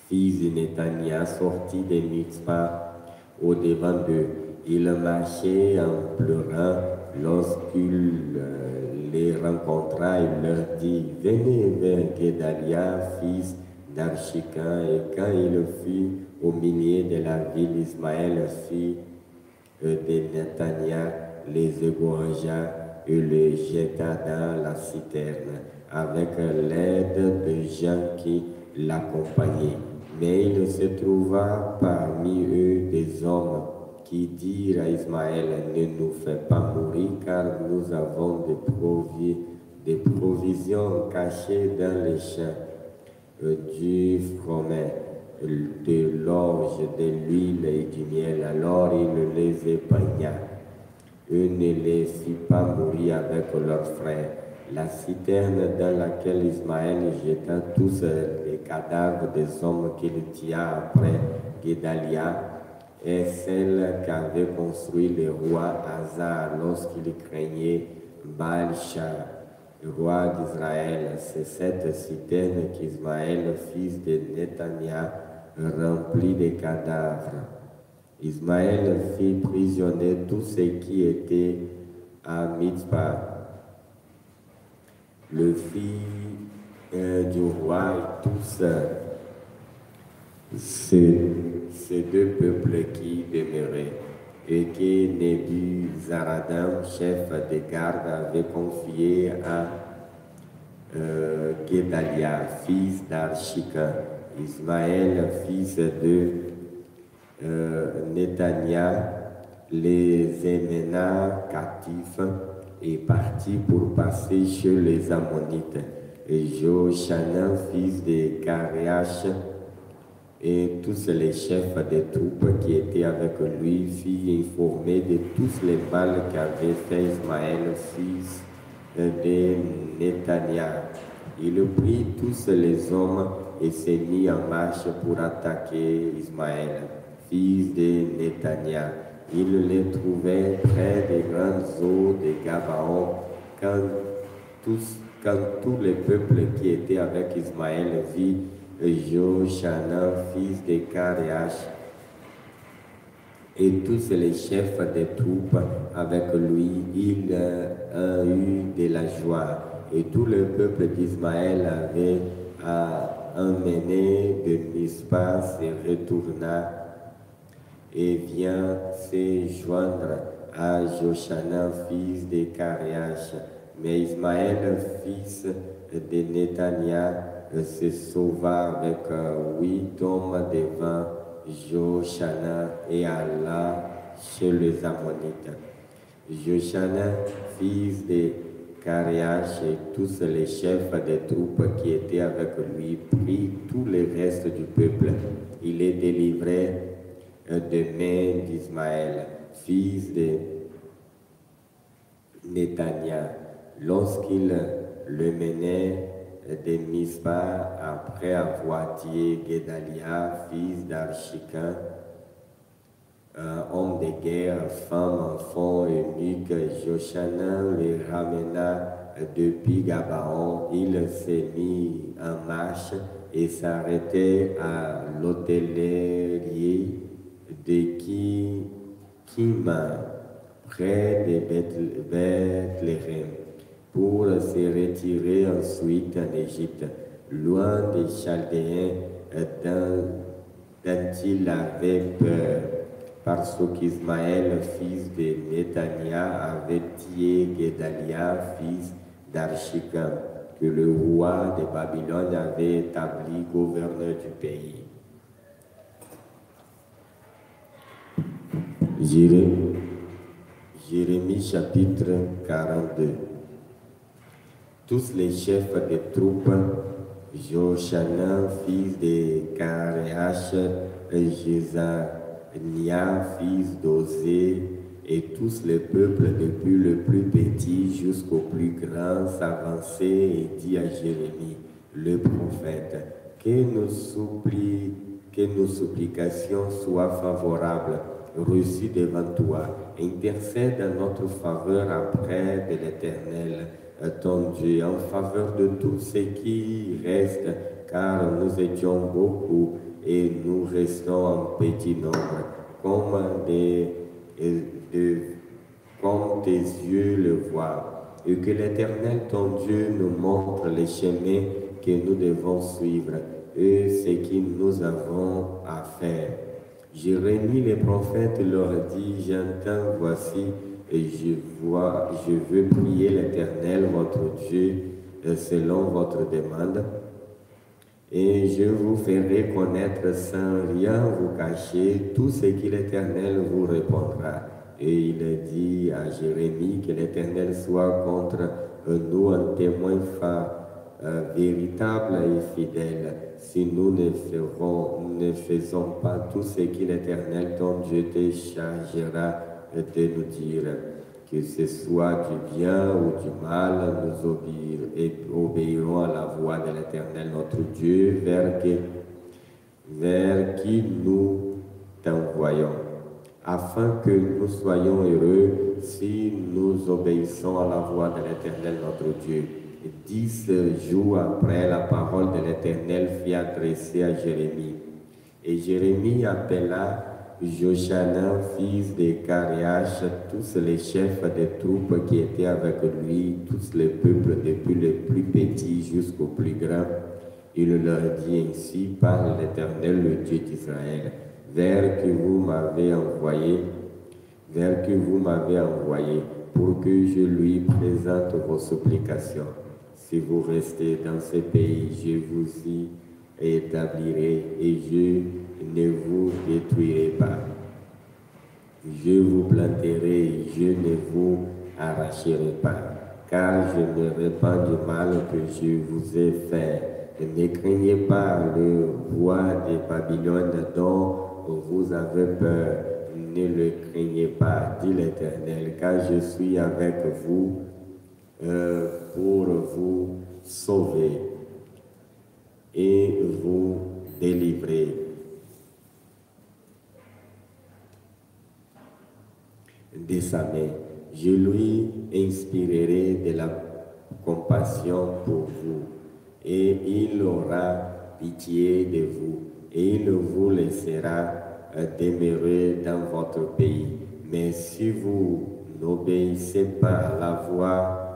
fils de Netania, sortit des Mitzpah au-devant d'eux. Il marchait en pleurant lorsqu'il euh, les rencontra et leur dit, venez vers Dalia, fils d'Archican. Et quand il fut au milieu de la ville, Ismaël, fils euh, de Netania, les égorgea il le jeta dans la citerne avec l'aide de gens qui l'accompagnaient. Mais il se trouva parmi eux des hommes qui dirent à Ismaël, ne nous fais pas mourir car nous avons des, des provisions cachées dans les champs, Dieu du promet de l'orge, de l'huile et du miel. Alors il les épargna eux ne les pas mourir avec leurs frères. La citerne dans laquelle Ismaël jeta tous les cadavres des hommes qu'il tira après Guédalia est celle qu'avait construit le roi Hazar lorsqu'il craignait baal roi d'Israël. C'est cette citerne qu'Ismaël, fils de Netania, remplit de cadavres. Ismaël fit prisonner tous ceux qui étaient à Mitzpah. Le fils euh, du roi tous ces, ces deux peuples qui demeuraient et que Zaradam, chef des gardes, avait confié à euh, fils d'Archika, Ismaël, fils de euh, Netanya, les Éménas, captifs, est parti pour passer chez les Ammonites. Et Jochanan, fils de Kareach, et tous les chefs des troupes qui étaient avec lui furent informés de tous les mal qu'avait fait Ismaël, fils de Netanya. Il prit tous les hommes et se mit en marche pour attaquer Ismaël fils de Netania. Il les trouvait près des grandes eaux de Gabaon, quand tous, quand tout le peuple qui étaient avec Ismaël vit Jochanan, fils de Kareach, et tous les chefs des troupes avec lui, il a eu de la joie. Et tout le peuple d'Ismaël avait emmené de l'espace et retourna et vient se joindre à Joshanan, fils de Kareach. Mais Ismaël, fils de Netania, se sauva avec huit hommes devant Joshana et Allah chez les Ammonites. Joshana, fils de Kareach et tous les chefs des troupes qui étaient avec lui, prit tous les restes du peuple. Il les délivrait de main d'Ismaël, fils de Netania, lorsqu'il le menait de Mispa après avoir tué Gedaliah, fils d'Archican, homme de guerre, femme, enfant, et nuque, Joshana le ramena depuis Gabaon. Il s'est mis en marche et s'arrêtait à l'hôtellerie de qui, près de Bethléem, pour se retirer ensuite en Égypte, loin des Chaldéens dont, il avait peur, parce qu'Ismaël, fils de Netania, avait tué Gedalia, fils d'Archicam, que le roi de Babylone avait établi gouverneur du pays. Jérémie, chapitre 42. Tous les chefs des troupes, Joshana, fils de Kareach, Nia, fils d'Osée, et tous les peuples, depuis le plus petit jusqu'au plus grand, s'avançaient et dit à Jérémie, le prophète, que nos, que nos supplications soient favorables reçu devant toi. Intercède en notre faveur après de l'Éternel, euh, ton Dieu, en faveur de tout ce qui reste, car nous étions beaucoup et nous restons en petit nombre, comme, des, euh, comme tes yeux le voient. Et que l'Éternel, ton Dieu, nous montre les chemins que nous devons suivre et ce que nous avons à faire Jérémie, les prophètes, leur dit, j'entends, voici, et je vois, je veux prier l'Éternel, votre Dieu, euh, selon votre demande. Et je vous ferai connaître sans rien vous cacher tout ce que l'Éternel vous répondra. Et il dit à Jérémie que l'Éternel soit contre nous un témoin phare véritable et fidèle si nous ne, ferons, faisons pas tout ce que l'Éternel ton Dieu te chargera de nous dire. Que ce soit du bien ou du mal, nous et obéirons à la voix de l'Éternel notre Dieu vers qui, vers qui nous t'envoyons, afin que nous soyons heureux si nous obéissons à la voix de l'Éternel notre Dieu. Dix jours après, la parole de l'Éternel fut adressée à Jérémie. Et Jérémie appela Jochanan, fils de Kariach, tous les chefs des troupes qui étaient avec lui, tous les peuples, depuis les plus petits jusqu'au plus grand. Il leur dit ainsi par l'Éternel, le Dieu d'Israël, vers que vous m'avez envoyé, vers que vous m'avez envoyé, pour que je lui présente vos supplications. Si vous restez dans ce pays, je vous y établirai et je ne vous détruirai pas. Je vous planterai, je ne vous arracherai pas, car je ne pas du mal que je vous ai fait. Ne craignez pas le roi de Babylone dont vous avez peur. Ne le craignez pas, dit l'Éternel, car je suis avec vous euh, pour vous sauver et vous délivrer. De sa main, je lui inspirerai de la compassion pour vous, et il aura pitié de vous, et il vous laissera demeurer dans votre pays. Mais si vous n'obéissez pas à la voix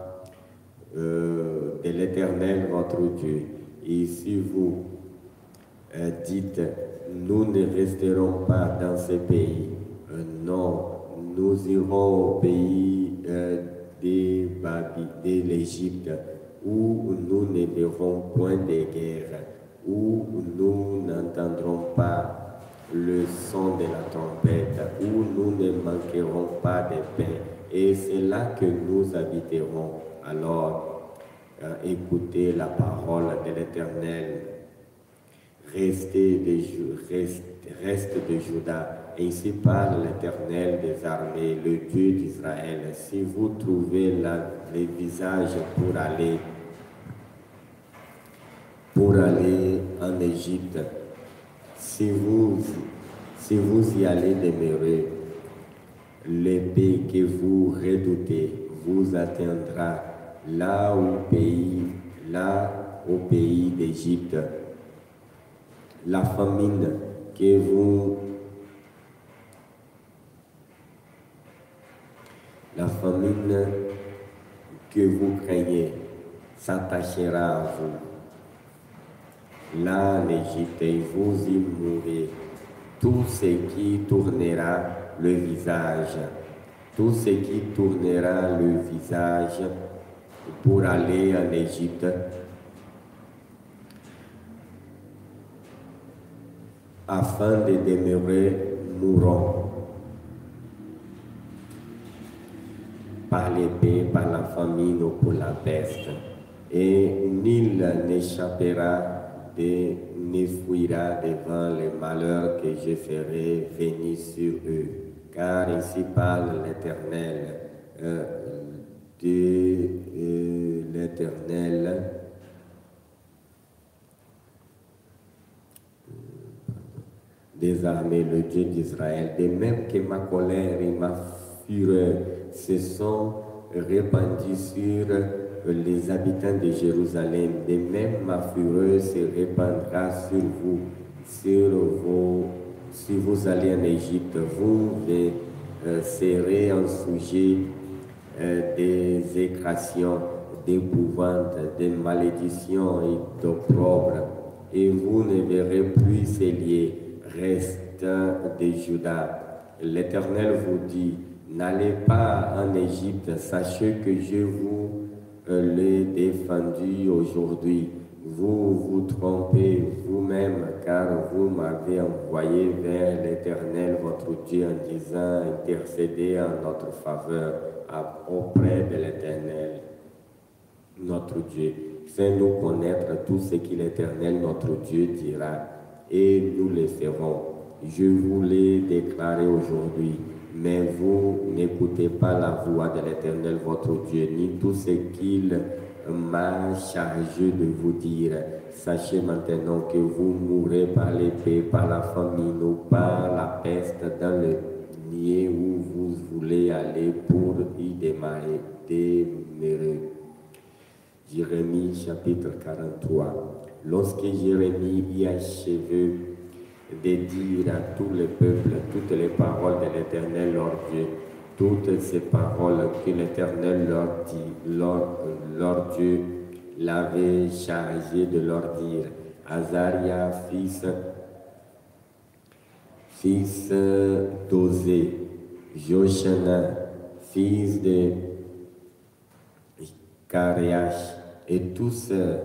de euh, l'Éternel votre Dieu. Et si vous euh, dites, nous ne resterons pas dans ce pays, euh, non, nous irons au pays de, de l'Égypte, où nous ne verrons point de guerre, où nous n'entendrons pas le son de la trompette, où nous ne manquerons pas de pain. Et c'est là que nous habiterons alors, euh, écoutez la parole de l'Éternel. Restez de, reste, de Judas. Ainsi parle l'Éternel des armées, le Dieu d'Israël. Si vous trouvez la, les visages pour aller, pour aller en Égypte, si vous, si vous y allez demeurer, pays que vous redoutez vous atteindra là au pays, là au pays d'Égypte. La famine que vous la famine que vous craignez s'attachera à vous. Là l'Égypte et vous y mourrez. Tout ce qui tournera le visage, tout ce qui tournera le visage pour aller en Égypte. afin de demeurer mourant par l'épée, par la famine ou pour la peste. Et nul n'échappera, ni ne fuira devant les malheurs que je ferai venir sur eux. Car ici parle l'Éternel, euh, de l'Éternel. des le Dieu d'Israël, de même que ma colère et ma fureur se sont répandues sur les habitants de Jérusalem, de même ma fureur se répandra sur vous, sur vos, si vous allez en Égypte, vous euh, serez un sujet euh, des écrations, d'épouvante, des malédictions et d'opprobre. Et vous ne verrez plus ces liens, restants des Judas. L'Éternel vous dit, n'allez pas en Égypte, sachez que je vous euh, l'ai défendu aujourd'hui. Vous vous trompez vous-même, car vous m'avez envoyé vers l'Éternel, votre Dieu, en disant, intercédez en notre faveur auprès de l'Éternel, notre Dieu. Fais-nous connaître tout ce que l'Éternel, notre Dieu, dira, et nous le ferons. Je vous l'ai déclaré aujourd'hui, mais vous n'écoutez pas la voix de l'Éternel, votre Dieu, ni tout ce qu'il m'a chargé de vous dire. Sachez maintenant que vous mourrez par l'épée, par la famine ou par la peste dans le où vous voulez aller pour y démarrer. Jérémie chapitre 43. Lorsque Jérémie y achevé de dire à tous les peuples toutes les paroles de l'Éternel leur Dieu, toutes ces paroles que l'Éternel leur, dit, leur, leur Dieu l'avait chargé de leur dire, Azaria, fils fils d'Osée, Joshena, fils de Kariach, et tous euh,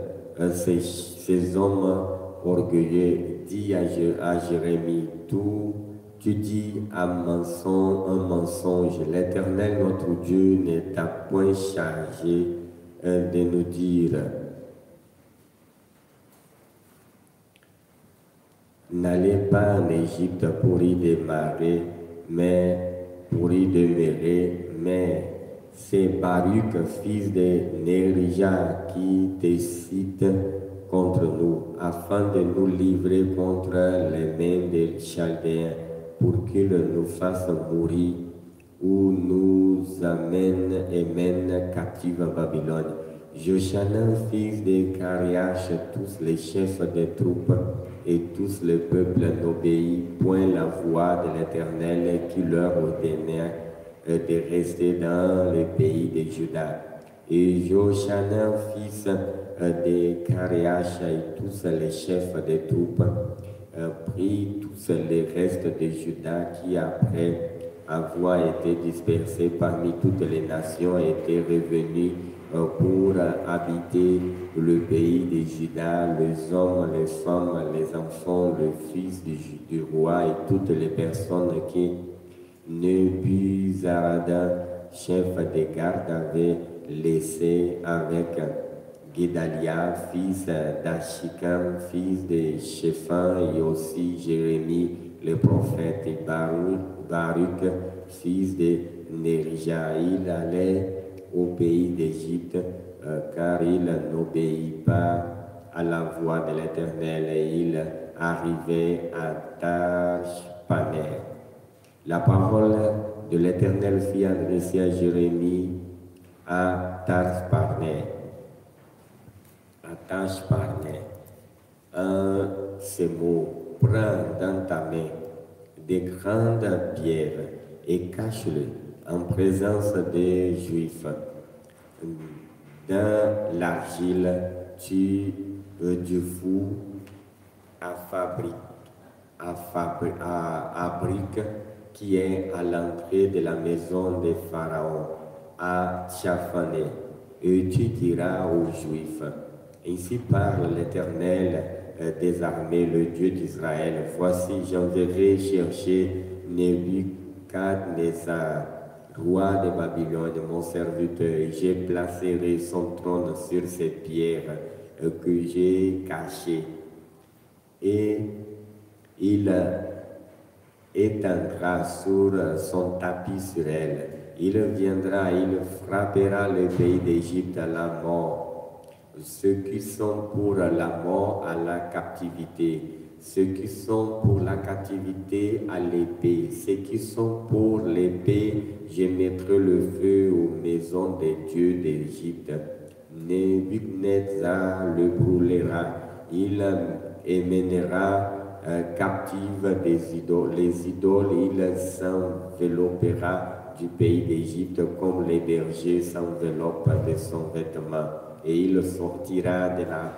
ces, hommes orgueilleux, dit à, Jérémie, tout tu dis à mensonge, un mensonge, l'Éternel notre Dieu n'est à point chargé de nous dire N'allez pas en Égypte pour y démarrer, mais pour y demeurer. mais c'est Baruch, fils de Nerijah qui décide contre nous, afin de nous livrer contre les mains des Chaldéens, pour qu'ils nous fassent mourir ou nous amènent et mènent captifs en Babylone. Joshanan, fils de Kariach, tous les chefs des troupes, et tous les peuples n'obéissent point la voix de l'Éternel qui leur ordonnait de rester dans le pays de Juda. Et Jochanan, fils de Kareach, et tous les chefs des troupes, euh, prit tous les restes de Juda qui, après avoir été dispersés parmi toutes les nations, étaient revenus pour habiter le pays de judas les hommes, les femmes, les enfants, le fils du, roi et toutes les personnes qui Nebuzaradan, chef des gardes, avait laissé avec Gedalia, fils d'Achikam, fils de Shephan, et aussi Jérémie, le prophète, et Baruch, fils de Nerija. Il allait au pays d'Égypte, euh, car il n'obéit pas à la voix de l'Éternel et il arrivait à Tachpaner La parole de l'Éternel fit adresser à Jérémie à Tachpaner À Tachpaner Un, ces mots, prends dans ta main des grandes pierres et cache les en présence des Juifs. Dans l'argile, tu du fou à fabrique, à, qui est à l'entrée de la maison des pharaons à Tchafané. Et tu diras aux Juifs, ainsi parle l'Éternel euh, des armées, le Dieu d'Israël, voici j'enverrai chercher Nebuchadnezzar roi de Babylone, mon serviteur, j'ai placé son trône sur ces pierres que j'ai cachées. Et il éteindra sur son tapis sur elle. Il viendra, il frappera le pays d'Égypte à la mort. Ceux qui sont pour la mort à la captivité, ceux qui sont pour la captivité à l'épée, ceux qui sont pour l'épée je le feu aux maisons des dieux d'Égypte. Nebuchadnezzar le brûlera. Il émènera euh, captive des idoles, les idoles, il s'enveloppera du pays d'Égypte comme les bergers s'enveloppent de son vêtement, et il sortira de là,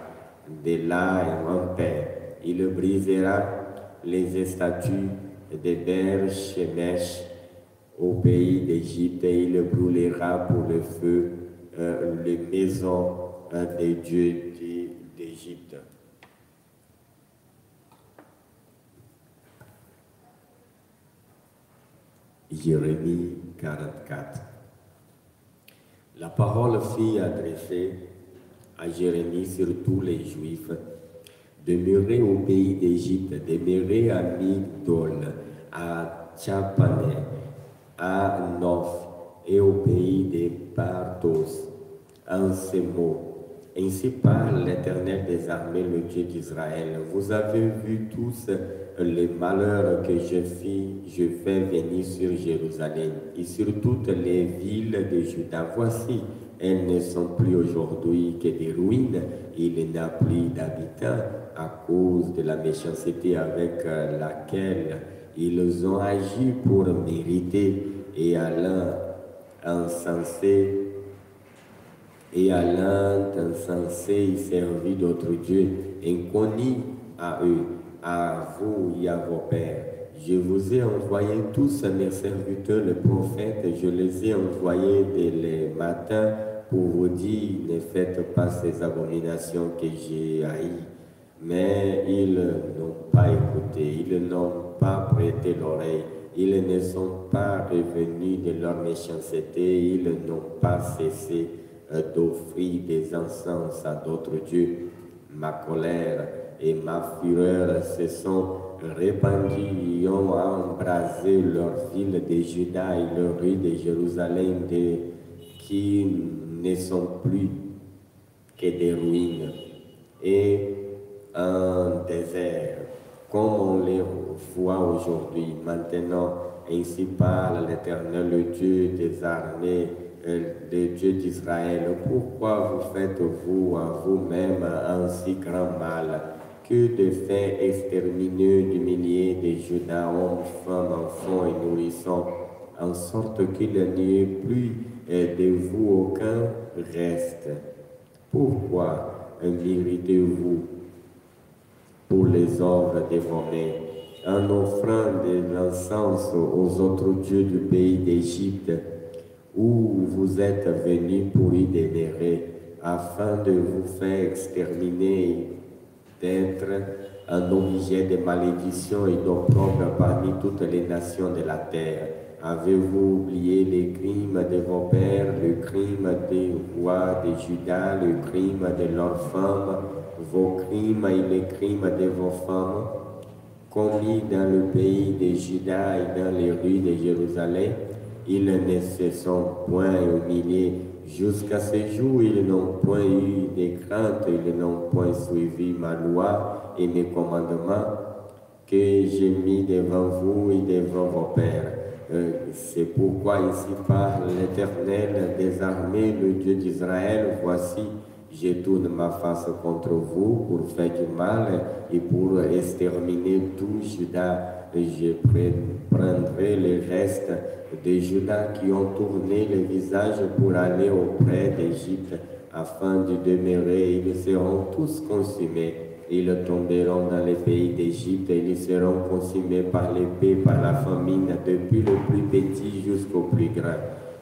de là en paix. Il brisera les statues des berges et mèches. » au pays d'Égypte et il brûlera pour le feu euh, les maisons euh, des dieux d'Égypte. Jérémie 44. La parole fut adressée à Jérémie sur tous les Juifs. Demeurez au pays d'Égypte, demeurez à Migdol, à Tchapané, à nós et au pays des Partos. En ces mots, ainsi parle l'Éternel des armées, le Dieu d'Israël. Vous avez vu tous les malheurs que je fis, je fais venir sur Jérusalem et sur toutes les villes de Juda. Voici, elles ne sont plus aujourd'hui que des ruines. Il n'y a plus d'habitants à cause de la méchanceté avec laquelle ils ont agi pour mériter et Alain insensé et Alain insensé servi d'autres dieux inconnus à eux, à vous et à vos pères. Je vous ai envoyé tous mes serviteurs, les prophètes, je les ai envoyés dès le matin pour vous dire, ne faites pas ces abominations que j'ai haïes mais ils n'ont pas écouté, ils n'ont pas prêté l'oreille, ils ne sont pas revenus de leur méchanceté, ils n'ont pas cessé euh, d'offrir des encens à d'autres dieux. Ma colère et ma fureur se sont répandues et ont embrasé leur ville de Juda et leur rue de Jérusalem qui ne sont plus que des ruines. Et un désert, comme on les voit aujourd'hui. Maintenant, ainsi par l'Éternel, le Dieu des armées, euh, le Dieu d'Israël. Pourquoi vous faites-vous à vous-même un si grand mal que de faire exterminer du millier de Judas, hommes, femmes, enfants et nourrissons, en sorte qu'il n'y ait plus euh, de vous aucun reste Pourquoi méritez-vous euh, pour les œuvres des un en offrant de aux autres dieux du pays d'Égypte, où vous êtes venus pour y délérer, afin de vous faire exterminer, d'être un objet de malédiction et d'opprobre parmi toutes les nations de la terre. Avez-vous oublié les crimes de vos pères, le crime des rois de Judas, le crime de leurs femmes, vos crimes et les crimes de vos femmes, commis dans le pays de Juda et dans les rues de Jérusalem, ils ne se sont point humiliés Jusqu'à ce jour, ils n'ont point eu de crainte, ils n'ont point suivi ma loi et mes commandements que j'ai mis devant vous et devant vos pères. Euh, c'est pourquoi ici parle l'Éternel des armées, le Dieu d'Israël, voici, je tourne ma face contre vous pour faire du mal et pour exterminer tout Judas. Je prendrai les restes des Judas qui ont tourné le visage pour aller auprès d'Égypte afin de demeurer. Ils seront tous consumés. Ils tomberont dans les pays d'Égypte. et Ils seront consumés par l'épée, par la famine, depuis le plus petit jusqu'au plus grand.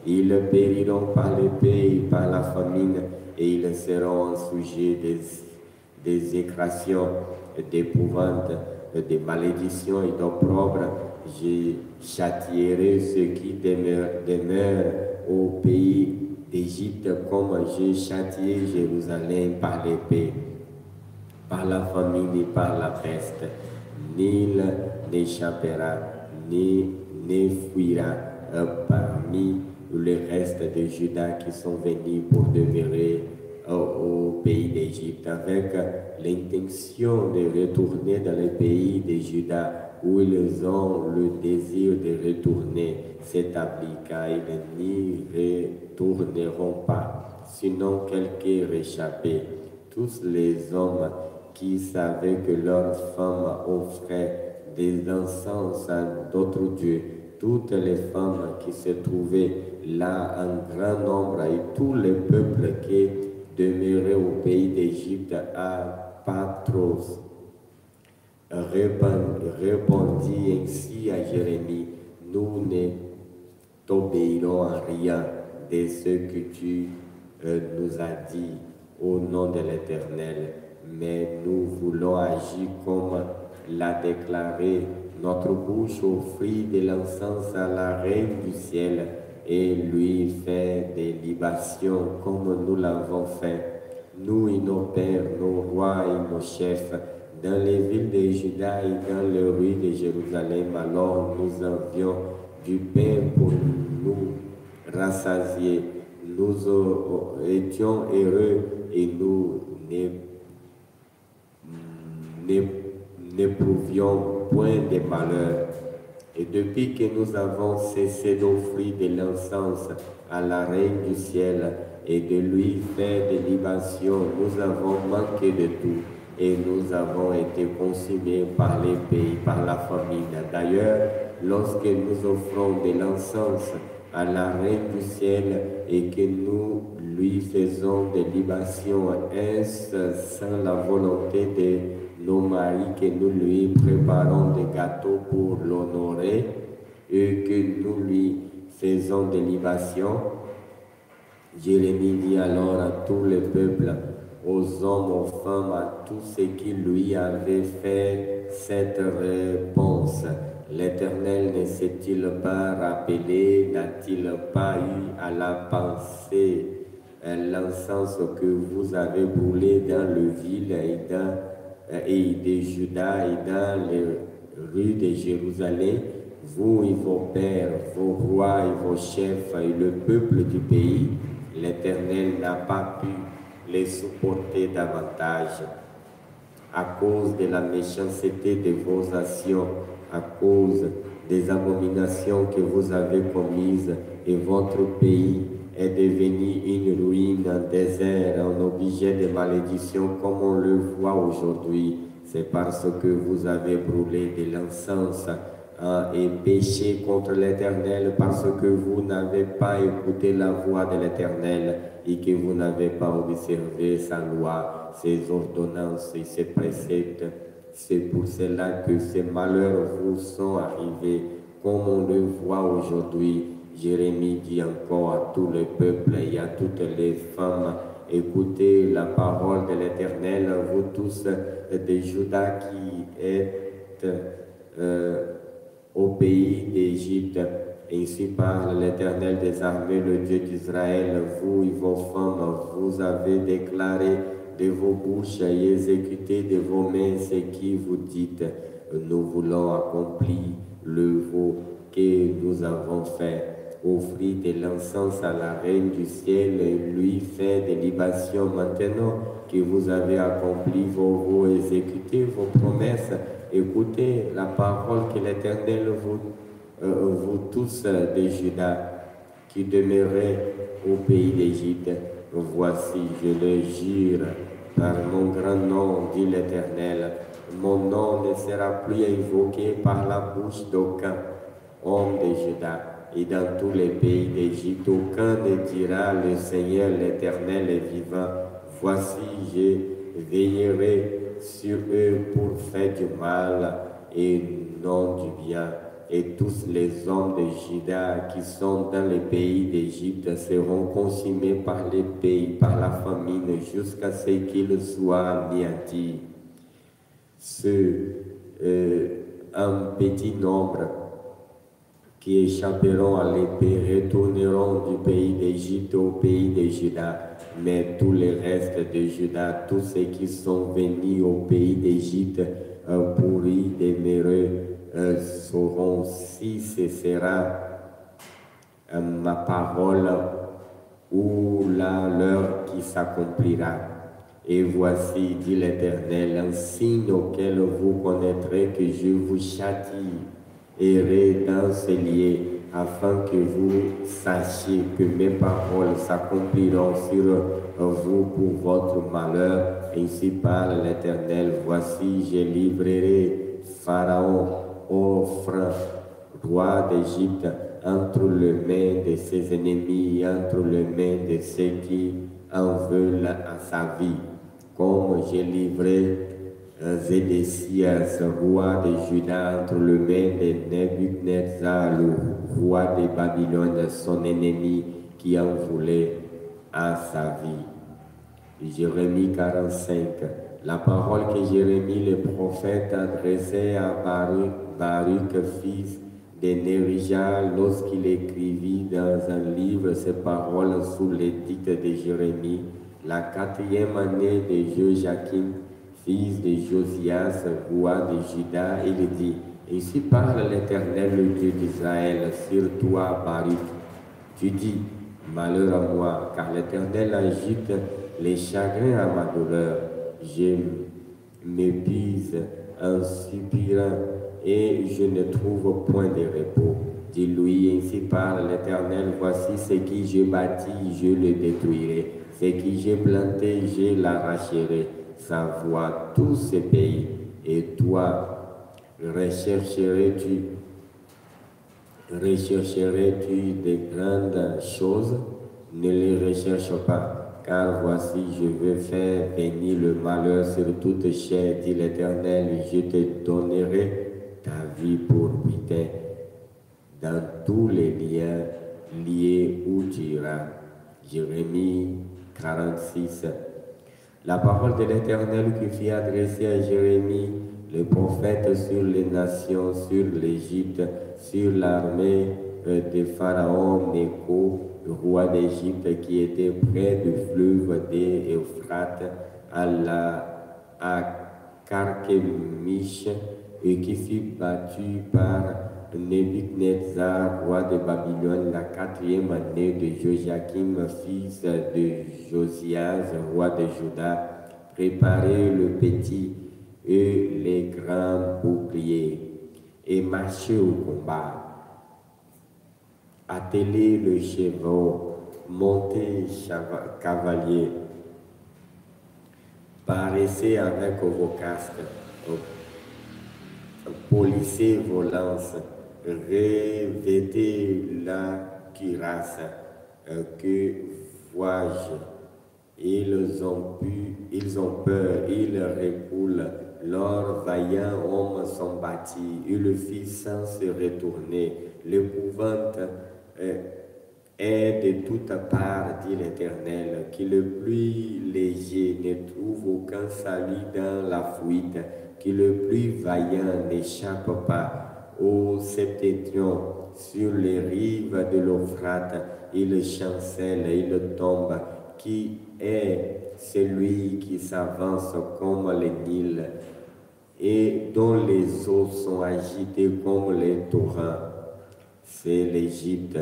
Ils périront par l'épée et par la famine et ils seront sujets des, des d'épouvante, des malédictions et d'opprobre. Je châtierai ceux qui demeurent, demeurent au pays d'Égypte comme j'ai châtié Jérusalem par l'épée, par la famine et par la peste. Nil n'échappera, ni ne fuira parmi les restes de Judas qui sont venus pour demeurer euh, au, pays d'Égypte avec l'intention de retourner dans le pays de Judas où ils ont le désir de retourner et car ils n'y retourneront pas, sinon quelques réchappés. Tous les hommes qui savaient que leurs femmes offraient des encens à d'autres dieux, toutes les femmes qui se trouvaient là un grand nombre et tous les peuples qui demeuraient au pays d'Égypte à Patros. Répondit ainsi à Jérémie, nous ne t'obéirons à rien de ce que tu euh, nous as dit au nom de l'Éternel, mais nous voulons agir comme l'a déclaré notre bouche au fruit de l'encens à la reine du ciel et lui fait des libations comme nous l'avons fait, nous et nos pères, nos rois et nos chefs, dans les villes de Juda et dans les rues de Jérusalem. Alors nous avions du pain pour nous rassasier. Nous étions heureux et nous n'éprouvions point de malheur. Et depuis que nous avons cessé d'offrir de l'encens à la Reine du ciel et de lui faire des libations, nous avons manqué de tout et nous avons été consumés par les pays, par la famine. D'ailleurs, lorsque nous offrons de l'encens à la Reine du ciel et que nous lui faisons des libations, est-ce sans la volonté de nos maris, que nous lui préparons des gâteaux pour l'honorer et que nous lui faisons des libations. Jérémie dit alors à tous les peuples, aux hommes, aux femmes, à tous ceux qui lui avaient fait cette réponse. L'Éternel ne s'est-il pas rappelé, n'a-t-il pas eu à la pensée euh, l'encens que vous avez brûlé dans le vide, et dans et des judas et dans les rues de Jérusalem, vous et vos pères, vos rois et vos chefs et le peuple du pays, l'Éternel n'a pas pu les supporter davantage à cause de la méchanceté de vos actions, à cause des abominations que vous avez commises et votre pays est devenu une ruine, un désert, un objet de malédiction comme on le voit aujourd'hui. C'est parce que vous avez brûlé de l'encens hein, et péché contre l'Éternel parce que vous n'avez pas écouté la voix de l'Éternel et que vous n'avez pas observé sa loi, ses ordonnances et ses préceptes. C'est pour cela que ces malheurs vous sont arrivés comme on le voit aujourd'hui Jérémie dit encore à tout le peuple et à toutes les femmes, écoutez la parole de l'Éternel, vous tous des judas qui êtes euh, au pays d'Égypte. Ainsi parle l'Éternel des armées, le Dieu d'Israël, vous et vos femmes, vous avez déclaré de vos bouches et exécuté de vos mains ce qui vous dites. Nous voulons accomplir le vœu que nous avons fait offrit de l'encens à la reine du ciel et lui fait des libations maintenant que vous avez accompli vos vœux, vos promesses. Écoutez la parole que l'Éternel vous, euh, vous tous euh, des Juda qui demeurez au pays d'Égypte. Voici, je le jure, par mon grand nom, dit l'Éternel, mon nom ne sera plus évoqué par la bouche d'aucun homme de judas et dans tous les pays d'Égypte, aucun ne dira le Seigneur l'Éternel est vivant. Voici, je veillerai sur eux pour faire du mal et non du bien. Et tous les hommes de Juda qui sont dans les pays d'Égypte seront consumés par les pays, par la famine, jusqu'à ce qu'ils soient anéantis. Ce, euh, un petit nombre qui échapperont à l'épée retourneront du pays d'Égypte au pays de Juda. Mais tous les restes de Juda, tous ceux qui sont venus au pays d'Égypte pour y demeurer, sauront si ce sera euh, ma parole ou la leur qui s'accomplira. Et voici, dit l'Éternel, un signe auquel vous connaîtrez que je vous châtie et dans ces afin que vous sachiez que mes paroles s'accompliront sur vous pour votre malheur. Ainsi parle l'Éternel, voici, je livrerai Pharaon, offre roi d'Égypte, entre les mains de ses ennemis, entre les mains de ceux qui en veulent à sa vie. Comme j'ai livré ce roi de Judas, entre le mains de Nebuchadnezzar, le roi de Babylone, son ennemi qui en voulait à sa vie. Jérémie 45. La parole que Jérémie le prophète adressait à Baruch, fils de Nérija, lorsqu'il écrivit dans un livre ses paroles sous l'édite de Jérémie, la quatrième année de jacquin fils de Josias, roi de Juda, il dit, Ainsi parle l'Éternel, le Dieu d'Israël, sur toi, Baruch. Tu dis, Malheur à moi, car l'Éternel agite les chagrins à ma douleur. Je m'épuise en soupirant et je ne trouve point de repos. Dis-lui, ainsi parle l'Éternel, voici ce qui j'ai bâti, je le détruirai. Ce qui j'ai planté, je l'arracherai sa voix tous ces pays, et toi, rechercherais-tu rechercherais-tu des grandes choses Ne les recherche pas, car voici, je veux faire venir le malheur sur toute chair, dit l'Éternel, je te donnerai ta vie pour butin dans tous les liens liés où tu iras. Jérémie 46. La parole de l'Éternel qui fit adresser à Jérémie, le prophète, sur les nations, sur l'Égypte, sur l'armée de Pharaon le roi d'Égypte, qui était près du fleuve des Euphrates, à la Carchemish, et qui fut battu par Nebuchadnezzar, roi de Babylone, la quatrième année de Joachim, fils de Josias, roi de Juda, préparez le petit et les grands boucliers et marchez au combat. Atteler le cheval, montez cavalier, paraissez avec vos casques, polissez vos lances revêtez la cuirasse euh, que vois-je. Ils ont pu, ils ont peur, ils reculent. Leurs vaillants hommes sont bâtis. Ils le fit sans se retourner. L'épouvante euh, est de toute part, dit l'Éternel, qui le plus léger ne trouve aucun salut dans la fuite, qui le plus vaillant n'échappe pas ô étions sur les rives de l'Euphrate, il chancelle, il tombe. Qui est celui qui s'avance comme le Nil et dont les eaux sont agitées comme les torrents C'est l'Égypte.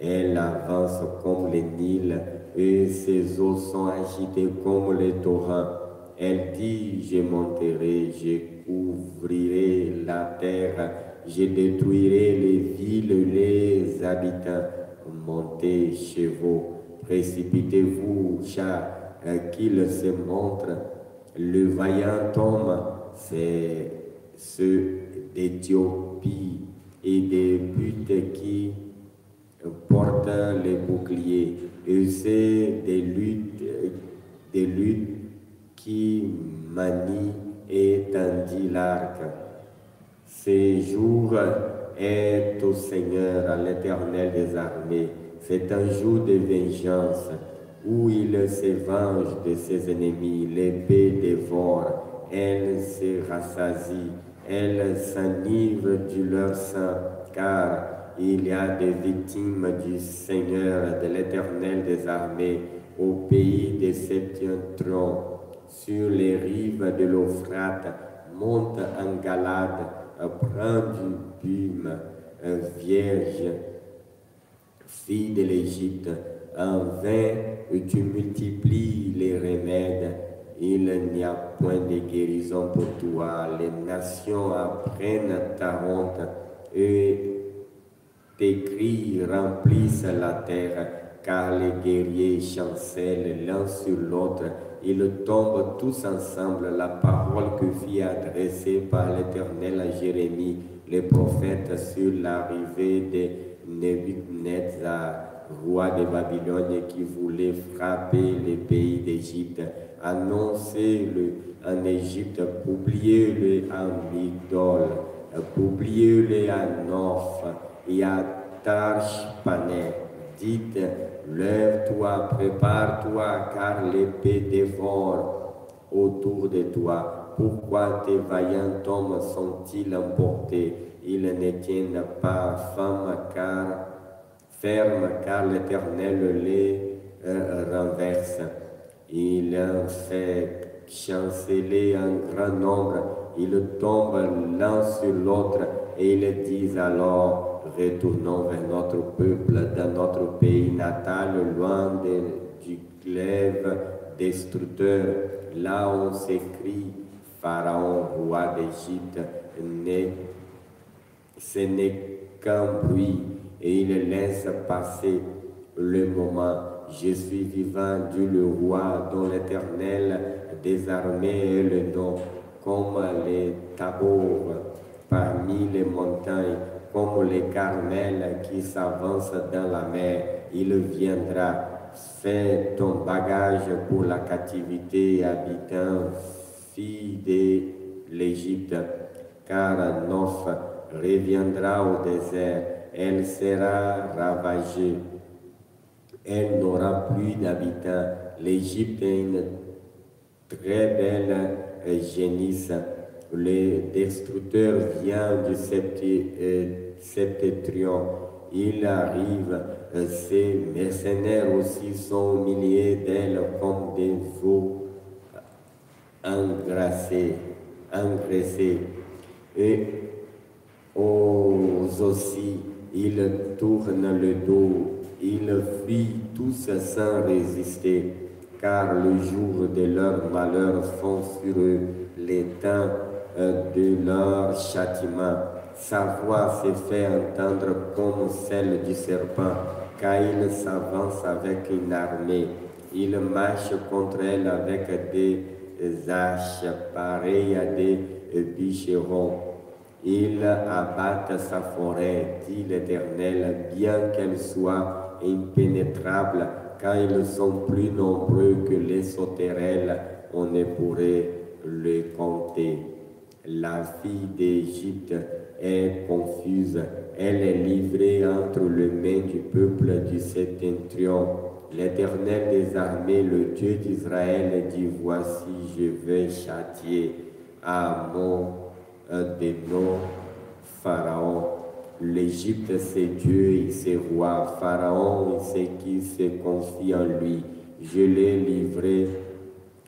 Elle avance comme les Nil et ses eaux sont agitées comme les torrents. Elle dit, je monterai, je couvrirai la terre je détruirai les villes, les habitants. Montez chevaux, précipitez-vous, chats, euh, qu'il se montre. Le vaillant homme, c'est ceux d'Éthiopie et des putes qui portent les boucliers. Et c'est des luttes, des luttes qui manient et tendit l'arc. Ces jours est au Seigneur, à l'Éternel des armées. C'est un jour de vengeance où il se venge de ses ennemis. L'épée dévore, elle se rassasie, elle s'enivre du leur sang, car il y a des victimes du Seigneur, de l'Éternel des armées, au pays des Septentrions, sur les rives de l'Euphrate, monte en Galade, prends du pume, un vierge, fille de l'Égypte, en vain tu multiplies les remèdes. Il n'y a point de guérison pour toi. Les nations apprennent ta honte et tes cris remplissent la terre, car les guerriers chancellent l'un sur l'autre ils tombent tous ensemble la parole que fit adresser par l'Éternel à Jérémie, le prophète, sur l'arrivée de Nebuchadnezzar, roi de Babylone, qui voulait frapper les pays d'Égypte. Annoncez-le en Égypte, publier le en Midol, publier le à Nof et à Tarshpanet dites, lève-toi, prépare-toi, car l'épée dévore autour de toi. Pourquoi tes vaillants hommes sont-ils emportés Ils ne tiennent pas femme, car ferme, car l'Éternel les euh, renverse. Il fait chanceler un grand nombre. Ils tombent l'un sur l'autre et ils disent alors, retournons vers notre peuple, dans notre pays natal, loin du glaive destructeur. Là, on s'écrit Pharaon, roi d'Égypte, ce n'est qu'un bruit et il laisse passer le moment. Je suis vivant, Dieu le roi, dont l'éternel désarmé le nom, comme les tabours parmi les montagnes comme les Carmel qui s'avancent dans la mer, il viendra. Fais ton bagage pour la captivité, habitant, fille de l'Égypte, car Nof reviendra au désert, elle sera ravagée, elle n'aura plus d'habitants. L'Égypte est une très belle génisse. Le destructeur vient du cette euh, étrion, Il arrive, ces euh, mercenaires aussi sont humiliés d'elles comme des veaux euh, engraissés, engraissés. Et aux aussi, ils tournent le dos, ils fuient tous sans résister, car le jour de leur malheur font sur eux les euh, de leur châtiment. Sa voix se fait entendre comme celle du serpent, car il s'avance avec une armée. Il marche contre elle avec des haches pareilles à des bûcherons. Il abatte sa forêt, dit l'Éternel, bien qu'elle soit impénétrable, car ils sont plus nombreux que les sauterelles, on ne pourrait le compter. La fille d'Égypte est confuse. Elle est livrée entre les mains du peuple du septentrion. L'Éternel des armées, le Dieu d'Israël, dit, voici, je vais châtier à mon euh, démon Pharaon. L'Égypte, c'est Dieu et ses rois. Pharaon, c'est qui se confie en lui. Je les livré,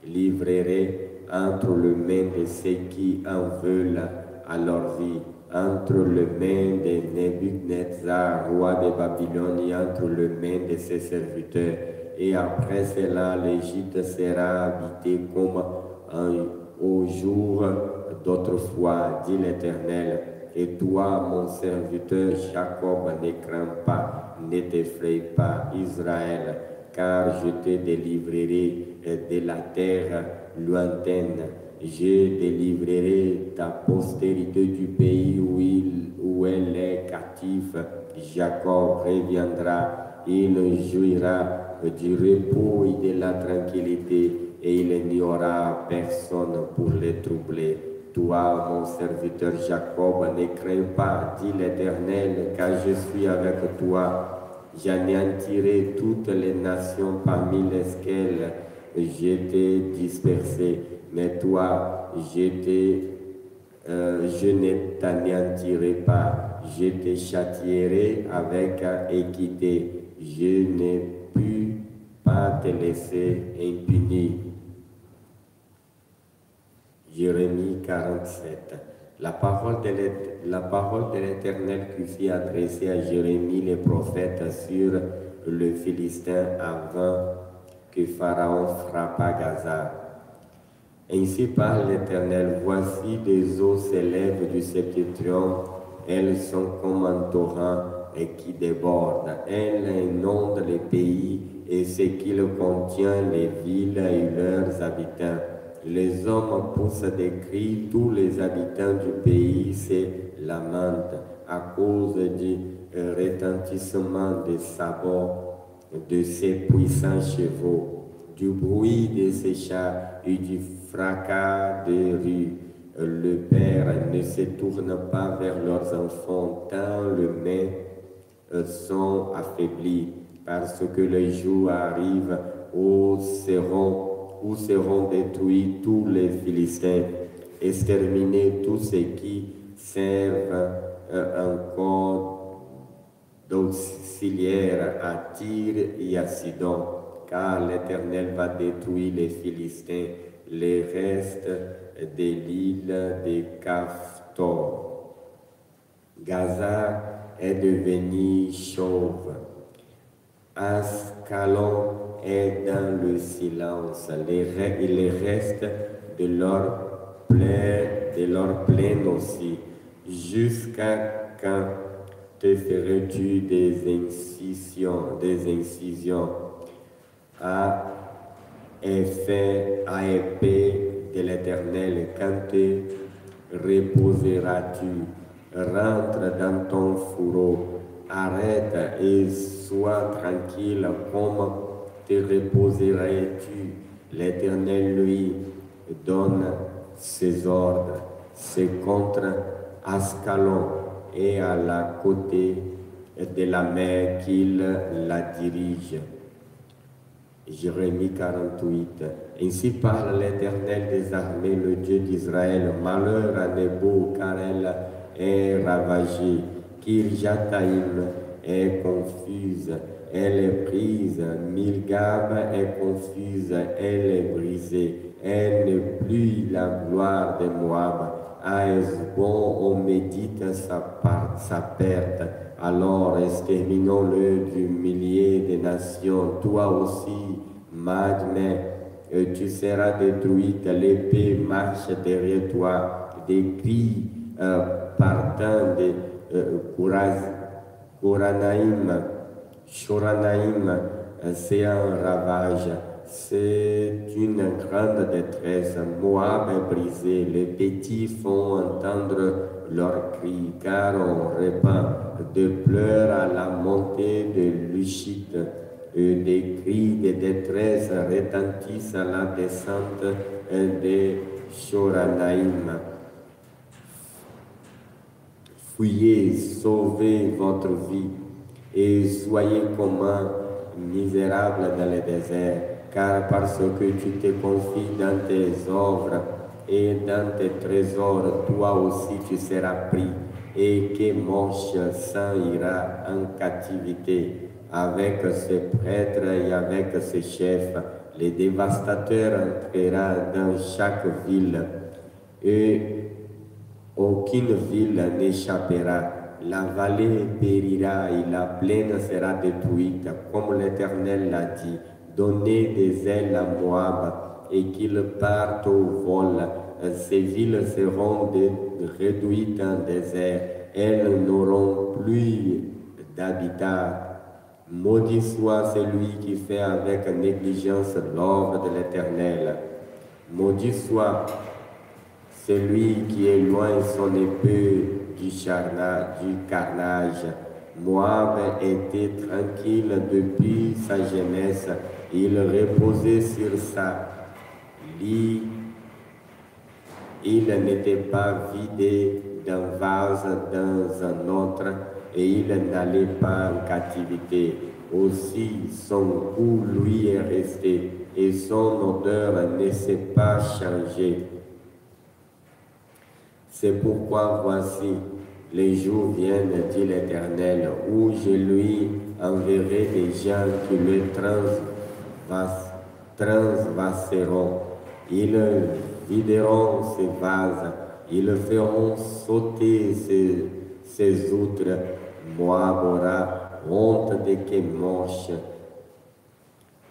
livrerai entre les mains de ceux qui en veulent à leur vie entre les mains de Nebuchadnezzar, roi de Babylone, et entre les mains de ses serviteurs. Et après cela, l'Égypte sera habitée comme un au jour d'autrefois, dit l'Éternel. Et toi, mon serviteur Jacob, ne crains pas, ne t'effraie pas, Israël, car je te délivrerai de la terre lointaine je délivrerai ta postérité du pays où, il, elle est captive. Jacob reviendra, il jouira du repos et de la tranquillité, et il n'y aura personne pour les troubler. Toi, mon serviteur Jacob, ne crains pas, dit l'Éternel, car je suis avec toi. J'anéantirai toutes les nations parmi lesquelles j'étais dispersé mais toi, j'étais, euh, je ne t'anéantirai pas, je te châtierai avec équité, je ne puis pas te laisser impuni. Jérémie 47. La parole de l'Éternel qui fit adresser à Jérémie le prophète sur le Philistin avant que Pharaon à Gaza. Ainsi parle l'Éternel, voici des eaux s'élèvent du septentrion, elles sont comme un torrent et qui déborde. Elles inondent les pays et ce qui contient, les villes et leurs habitants. Les hommes poussent des cris, tous les habitants du pays se lamentent à cause du retentissement des sabots de ces puissants chevaux, du bruit de ses chats et du fracas des rues. Le père ne se tourne pas vers leurs enfants tant le mains euh, sont affaiblis parce que les jours arrivent où seront, où seront détruits tous les Philistins, exterminés tous ceux qui servent euh, encore d'auxiliaire à Tyr et à Sidon, car l'Éternel va détruire les Philistins les restes de l'île de Caftor. Gaza est devenu chauve. Ascalon est dans le silence. Les, les restes de leur plaine, de aussi. Jusqu'à quand te ferais-tu des incisions, des incisions à et fait à épée de l'Éternel canté reposeras-tu, rentre dans ton fourreau, arrête et sois tranquille, comme te reposeras tu L'Éternel, lui, donne ses ordres, c'est contre Ascalon et à la côté de la mer qu'il la dirige. Jérémie 48. Ainsi parle l'Éternel des armées, le Dieu d'Israël. Malheur à Nebo, car elle est ravagée. Kirjataïm est confuse, elle est prise. Milgab est confuse, elle est brisée. Elle n'est plus la gloire de Moab bon, on médite sa, sa perte. Alors exterminons-le du millier des nations. Toi aussi, Magne, euh, tu seras détruite. L'épée marche derrière toi. Des cris euh, partant de euh, Koranaïm, c'est un ravage. C'est une grande détresse. Moab est brisé. Les petits font entendre leurs cris, car on répand de pleurs à la montée de Luchite. Des cris de détresse retentissent à la descente des Choranaïm. Fuyez, sauvez votre vie et soyez comme un misérable dans le désert car parce que tu te confies dans tes œuvres et dans tes trésors, toi aussi tu seras pris, et que mon s'en ira en captivité avec ses prêtres et avec ses chefs. Les dévastateurs entrera dans chaque ville, et aucune ville n'échappera. La vallée périra et la plaine sera détruite, comme l'Éternel l'a dit Donnez des ailes à Moab et qu'il parte au vol. Ces villes seront réduites en désert. Elles n'auront plus d'habitat. Maudit soit celui qui fait avec négligence l'ordre de l'Éternel. Maudit soit celui qui éloigne son épée du, du carnage. Moab était tranquille depuis sa jeunesse il reposait sur sa lit. Il n'était pas vidé d'un vase dans un autre et il n'allait pas en captivité. Aussi son goût lui est resté et son odeur ne s'est pas changée. C'est pourquoi voici, les jours viennent, dit l'Éternel, où je lui enverrai des gens qui me transmettent. Va transvasseront, ils videront ses vases, ils feront sauter ses, outres. Moab honte de moche?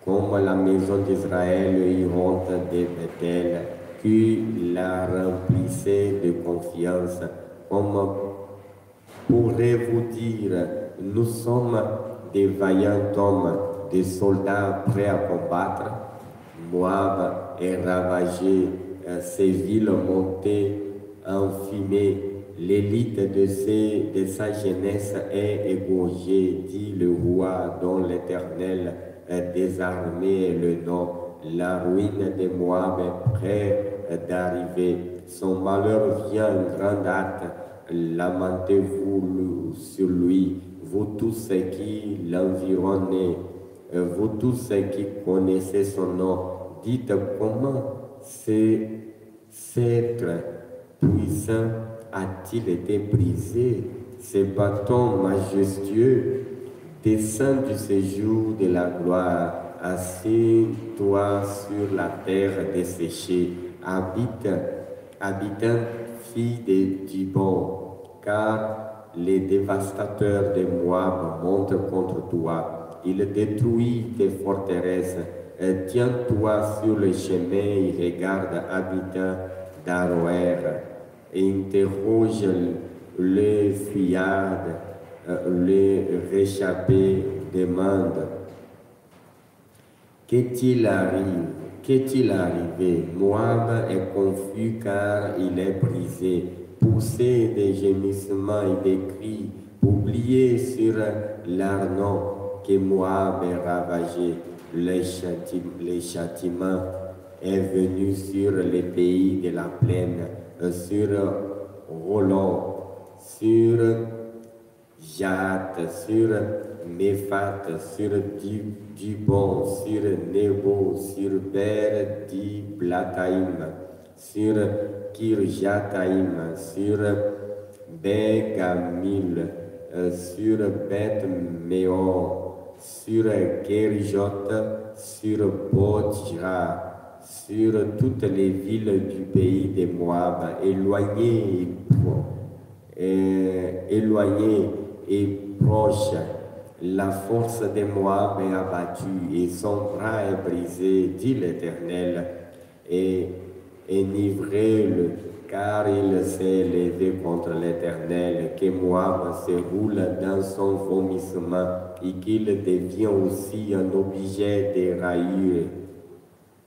comme la maison d'Israël et honte de Bethel, qui la remplissait de confiance. Comme pourrez vous dire, nous sommes des vaillants hommes des soldats prêts à combattre. Moab est ravagé, euh, ses villes montées en L'élite de, sa jeunesse est égorgée, dit le roi dont l'Éternel euh, désarmé le nom. La ruine de Moab est près euh, d'arriver. Son malheur vient en grande hâte. Lamentez-vous sur lui, vous tous qui l'environnez euh, vous tous qui connaissez son nom, dites comment ce sceptre puissant a-t-il été brisé, ce bâton majestueux descend du séjour de la gloire, assis, toi sur la terre desséchée, habite, habitant, fille de Dibon, car les dévastateurs de Moab montent contre toi il détruit tes forteresses. Tiens-toi sur le chemin et regarde, habitant d'Aroer, et interroge le fuyard, euh, le réchappé demande Qu'est-il arrivé Qu'est-il arrivé Moab est confus car il est brisé, poussé des gémissements et des cris, oublié sur l'Arnaud que Moab est ravagé, les, châtiments, les châtiments est venu sur les pays de la plaine, sur Roland, sur Jatte, sur Néphate, sur dubon sur Nebo, sur Ber Plataim, sur Kirjataim, sur Begamil, euh, sur Beth sur Kerijot, sur Bodja, sur toutes les villes du pays des Moab, éloignées et, et, euh, et proches. La force des Moab est abattue et son bras est brisé, dit l'Éternel, et enivré le car il s'est levé contre l'Éternel, que Moab se roule dans son vomissement et qu'il devient aussi un objet de raillure.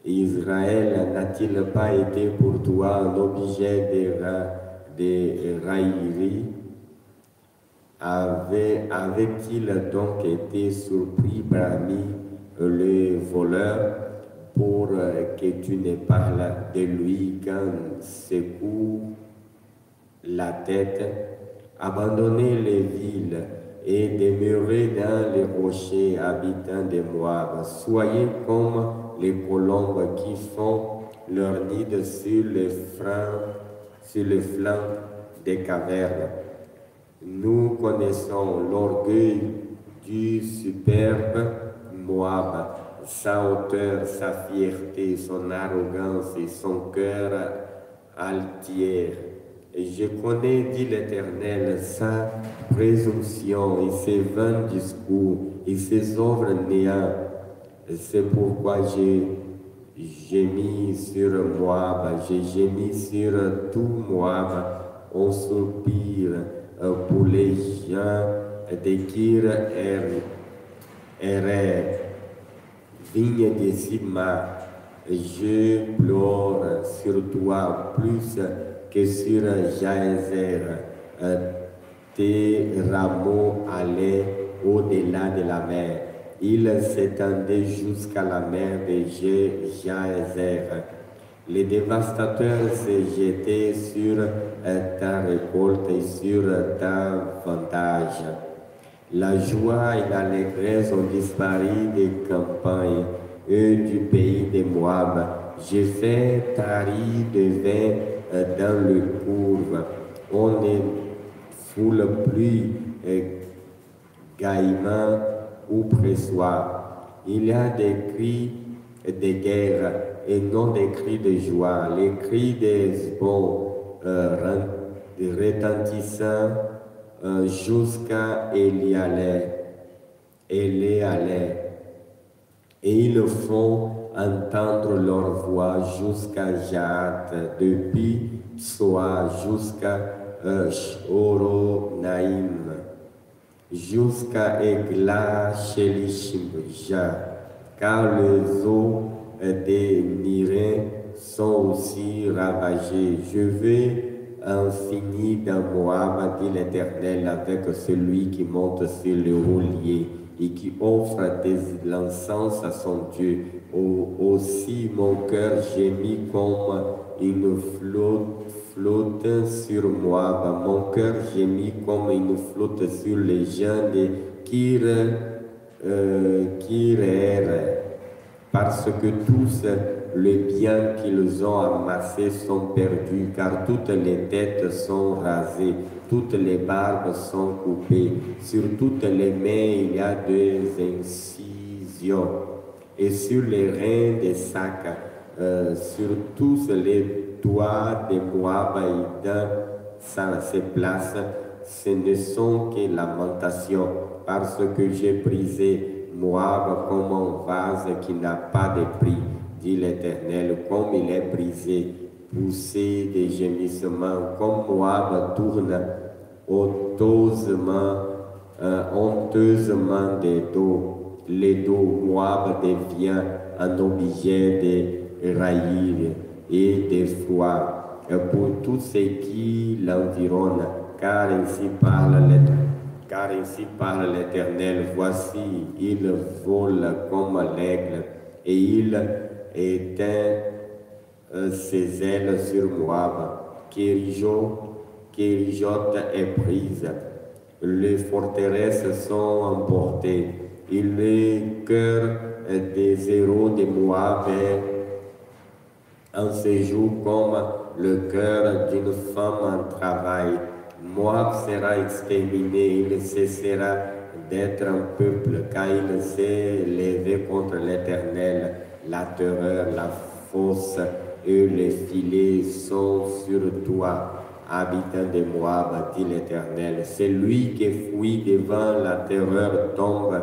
Israël n'a-t-il pas été pour toi un objet de, de raillerie Avait-il donc été surpris parmi les voleurs pour euh, que tu ne parles de lui qu'en secoue la tête, abandonner les villes et demeurez dans les rochers habitants des Moab. Soyez comme les colombes qui font leur nid sur les freins sur les flancs des cavernes. Nous connaissons l'orgueil du superbe Moab sa hauteur, sa fierté, son arrogance et son cœur altière. Et je connais, dit l'Éternel, sa présomption et ses vains discours et ses œuvres néant. C'est pourquoi j'ai gémi sur Moab, bah, j'ai gémi sur tout Moab bah, on soupir euh, pour les chiens de Kir vigne de Sima, je pleure sur toi plus que sur Jaézer. Tes rameaux allaient au-delà de la mer. Ils s'étendaient jusqu'à la mer de Jaézer. Les dévastateurs se jetaient sur ta récolte et sur ta vantage la joie et l'allégresse ont disparu des campagnes et du pays des Moab. J'ai fait tarir de vin euh, dans le courbe. On ne foule plus pluie euh, gaillement ou pressoir. Il y a des cris de guerre et non des cris de joie. Les cris des bons euh, retentissants euh, jusqu'à y Et ils font entendre leur voix jusqu'à Jat depuis Soa jusqu'à Shoronaim, jusqu'à Egla car les eaux des Mirins sont aussi ravagées. Je vais infini d'un Moab, dit l'Éternel, avec celui qui monte sur le roulier et qui offre des l'encens à son Dieu. aussi mon cœur gémit comme une flotte, flotte sur Moab, bah, mon cœur gémit comme une flotte sur les gens de Kir, Kirer, parce que tous les biens qu'ils ont amassés sont perdus, car toutes les têtes sont rasées, toutes les barbes sont coupées, sur toutes les mains il y a des incisions, et sur les reins des sacs, euh, sur tous les doigts des Moab et dans ses places, ce ne sont que lamentations, parce que j'ai brisé Moab comme un vase qui n'a pas de prix dit l'Éternel, comme il est brisé, poussé des gémissements, comme Moab tourne honteusement, euh, honteusement des dos. Les dos Moab devient un objet de rail et de froid. Euh, pour tout ce qui l'environne, car ainsi parle l'Éternel. Car ainsi parle l'Éternel, voici, il vole comme l'aigle, et il et euh, ses ailes sur Moab. Kérijon, est prise. Les forteresses sont emportées. Et le cœur des héros de Moab est en séjour comme le cœur d'une femme en travail. Moab sera exterminé, il cessera d'être un peuple car il s'est levé contre l'Éternel la terreur, la fosse et les filets sont sur toi, habitant de Moab, dit l'Éternel. C'est lui qui fuit devant la terreur tombe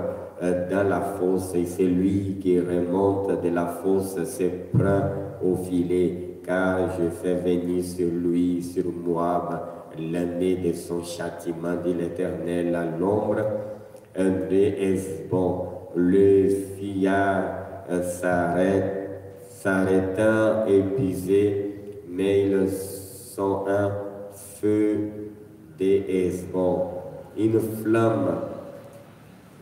euh, dans la fosse et c'est lui qui remonte de la fosse se prend au filet, car je fais venir sur lui, sur Moab, l'année de son châtiment, dit l'Éternel, à l'ombre de Esbon le fillard s'arrêta épuisé mais il sont un feu d'espoir une flamme,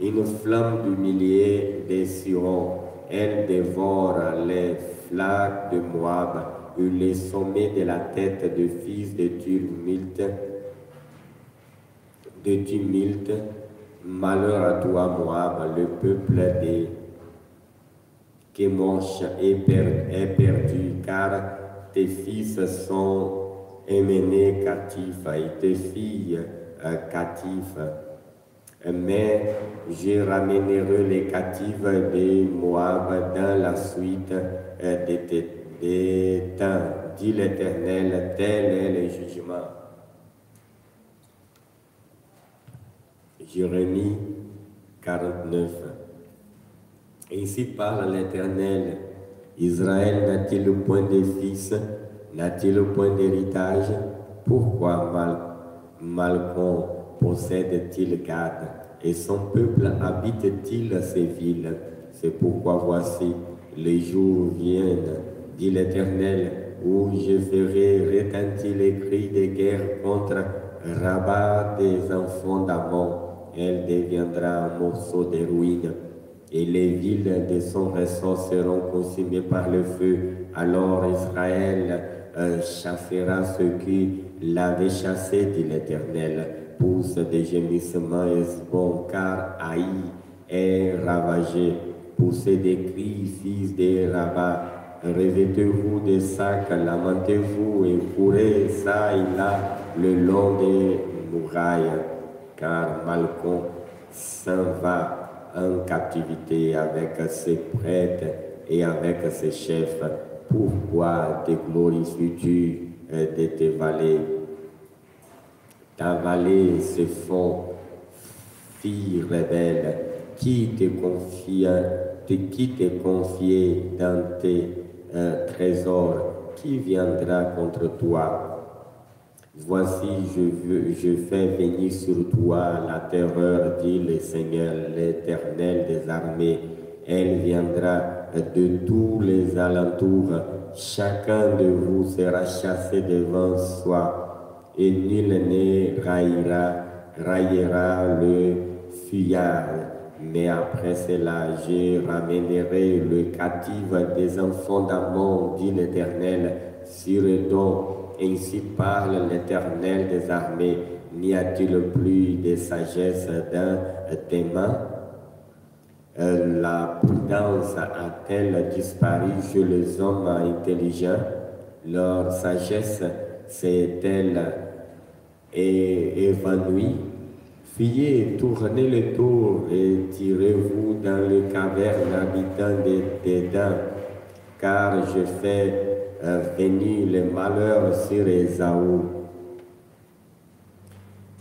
une flamme du millier des Sirons. Elle dévore les flaques de Moab, et les sommets de la tête de fils de tumulte, de tumulte. Malheur à toi, Moab, le peuple des que mon est, perdu, car tes fils sont emmenés captifs et tes filles euh, captives. Mais je ramènerai les captives des Moab dans la suite euh, des temps, dit l'Éternel, tel est le jugement. Jérémie 49. Ainsi parle l'Éternel. Israël n'a-t-il point de fils N'a-t-il point d'héritage Pourquoi Mal Malcom possède-t-il Gad Et son peuple habite-t-il ces villes C'est pourquoi voici, les jours viennent, dit l'Éternel, où je ferai retentir les cris de guerre contre Rabat des enfants d'Amon. Elle deviendra un morceau de ruine et les villes de son ressort seront consumées par le feu. Alors Israël euh, chassera ceux qui l'avaient chassé, dit l'Éternel. Pousse des gémissements car Haï est ravagé. Poussez des cris, fils des rabats. Revêtez-vous des sacs, lamentez-vous et courez ça et là le long des murailles, car Malcom s'en va en captivité avec ses prêtres et avec ses chefs. Pourquoi te glorifies-tu de tes vallées Ta vallée se font fille rebelle. Qui te confie, qui te confier dans tes euh, trésors Qui viendra contre toi Voici, je, veux, je fais venir sur toi la terreur, dit le Seigneur, l'Éternel des armées. Elle viendra de tous les alentours. Chacun de vous sera chassé devant soi, et nul ne raillera, le fuyard. Mais après cela, je ramènerai le captif des enfants d'amour, dit l'Éternel, sur don. Ainsi parle l'Éternel des armées. N'y a-t-il plus de sagesse dans tes mains euh, La prudence a-t-elle disparu chez les hommes intelligents Leur sagesse s'est-elle évanouie Fuyez, tournez le tour et tirez-vous dans les cavernes habitant des, des car je fais venu euh, le malheur sur les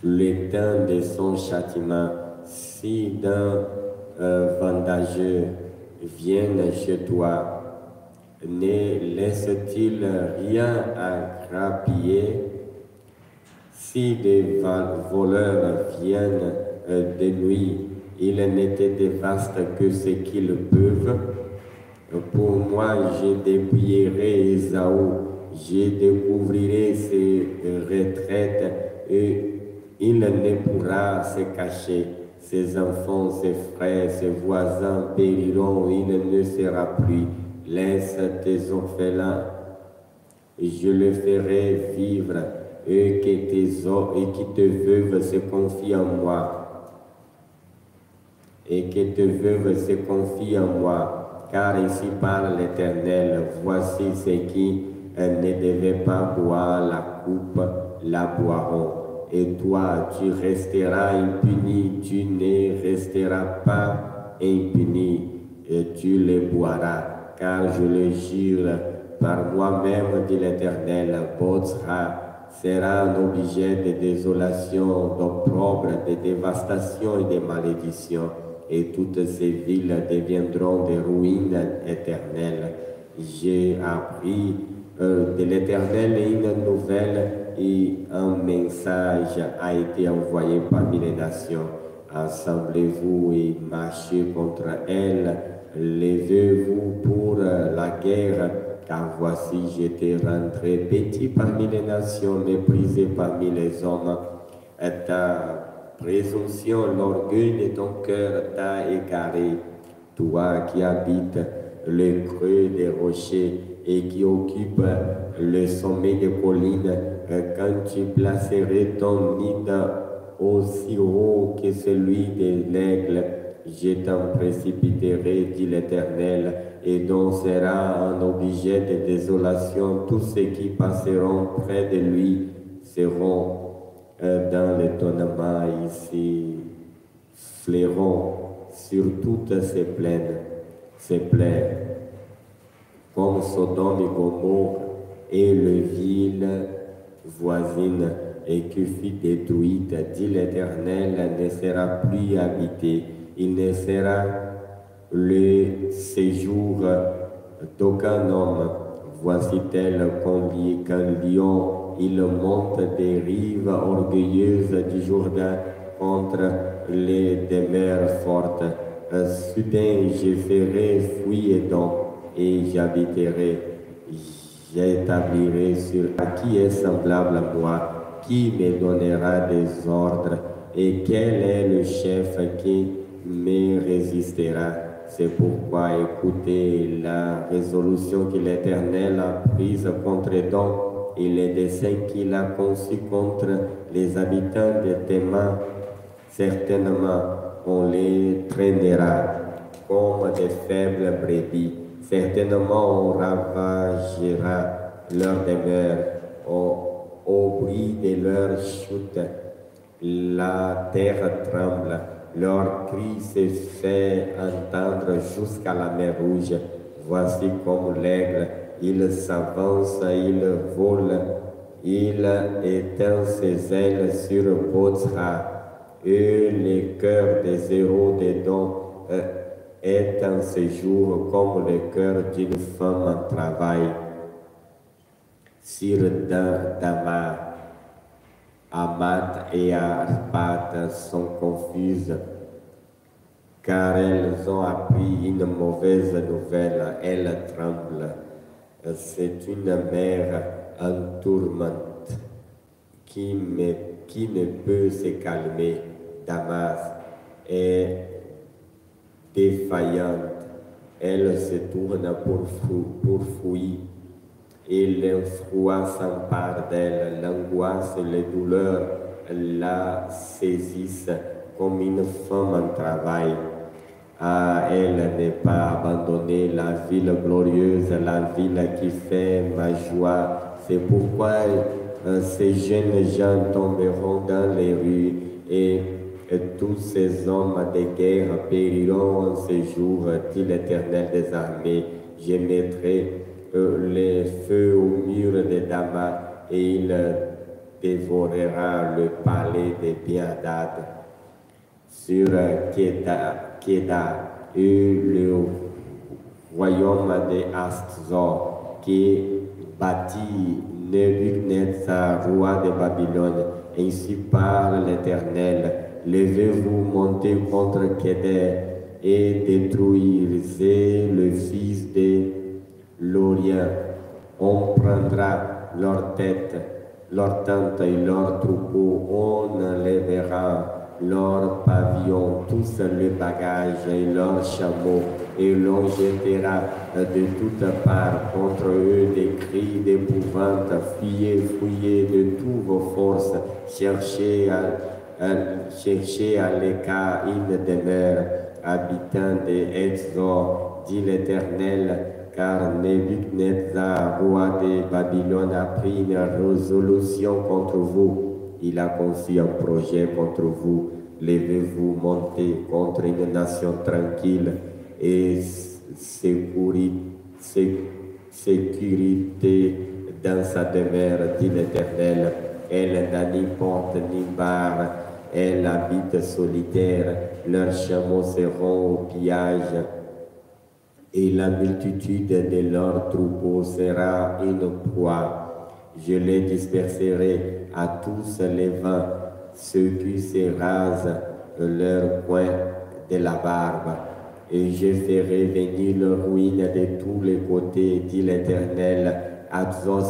Le temps de son châtiment, si d'un euh, vandageux viennent chez toi, ne laisse-t-il rien à grappiller? Si des voleurs viennent euh, de nuit, il n'était te dévaste que ce qu'ils peuvent pour moi, je dépouillerai Isaou, je découvrirai ses retraites et il ne pourra se cacher. Ses enfants, ses frères, ses voisins périront, il ne sera plus. Laisse tes orphelins, je le ferai vivre, et que tes hommes et qui te veuves se confient en moi. Et que te veuves se confient en moi car ici parle l'Éternel, voici ce qui ne devait pas boire la coupe, la boiront. Et toi, tu resteras impuni, tu ne resteras pas impuni, et tu les boiras, car je le jure, par moi-même, dit l'Éternel, Botsra sera un objet de désolation, d'opprobre, de dévastation et de malédiction et toutes ces villes deviendront des ruines éternelles. J'ai appris euh, de l'Éternel une nouvelle et un message a été envoyé parmi les nations. Assemblez-vous et marchez contre elle. Levez-vous pour la guerre, car voici j'étais rentré petit parmi les nations, méprisé parmi les hommes. Présomption, l'orgueil de ton cœur t'a égaré, toi qui habites le creux des rochers et qui occupe le sommet des collines, quand tu placerais ton nid aussi haut que celui des aigles je t'en précipiterai, dit l'Éternel, et dont sera un objet de désolation tous ceux qui passeront près de lui seront euh, dans l'étonnement ici, flairons sur toutes ces plaines, ces plaines, comme Sodome et Gomorre et les villes voisines, et qui fut détruite, dit l'Éternel, ne sera plus habité, il ne sera le séjour d'aucun homme. Voici tel qu'un lion il monte des rives orgueilleuses du Jourdain contre les des mers fortes. Soudain, je ferai fuir donc et j'habiterai. J'établirai sur qui est semblable à moi, qui me donnera des ordres et quel est le chef qui me résistera. C'est pourquoi écoutez la résolution que l'Éternel a prise contre donc et les desseins qu'il a conçus contre les habitants de Théma, certainement on les traînera comme des faibles brebis. Certainement on ravagera leur demeure au, au bruit de leur chute. La terre tremble, leur cri se fait entendre jusqu'à la mer rouge. Voici comme l'aigle il s'avance, il vole, il étend ses ailes sur votre et le cœur des héros des dons euh, est en séjour comme le cœur d'une femme en travail. Sur Damar, Amat et Arpat sont confuses car elles ont appris une mauvaise nouvelle, elles tremblent c'est une mère en tourmente qui, ne peut se calmer. Damas est défaillante. Elle se tourne pour, fouiller et le et s'empare d'elle. L'angoisse et les douleurs la saisissent comme une femme en travail elle n'est pas abandonnée, la ville glorieuse, la ville qui fait ma joie. C'est pourquoi euh, ces jeunes gens tomberont dans les rues et, tous ces hommes de guerre périront en ce jour, dit l'Éternel des armées. Je mettrai euh, les feux au mur de Damas et il dévorera le palais des Biadad. Sur euh, Kedah et le royaume des Astzor qui bâtit Nebuchadnezzar, roi de Babylone. Ainsi parle l'Éternel, levez-vous, montez contre Kedar et détruisez le fils de l'Orient. On prendra leur tête, leur tente et leur troupeau, on enlèvera leurs pavillons, tous les bagages et leurs chameaux, et l'on jetera euh, de toutes parts contre eux des cris d'épouvante. Fuyez, fuyez de toutes vos forces, cherchez à, à l'écart une demeure, habitant des Hetzor, dit l'Éternel, car Nebuchadnezzar, roi de Babylone, a pris une résolution contre vous. Il a conçu un projet contre vous Levez-vous, montez contre une nation tranquille et sécurité dans sa demeure, dit l'Éternel. Elle n'a ni porte ni barre, elle habite solitaire, leurs chameaux seront au pillage. Et la multitude de leurs troupeaux sera une proie. Je les disperserai à tous les vents ceux qui se rasent leur coin de la barbe. Et je ferai venir le ruine de tous les côtés, dit l'Éternel. Abzon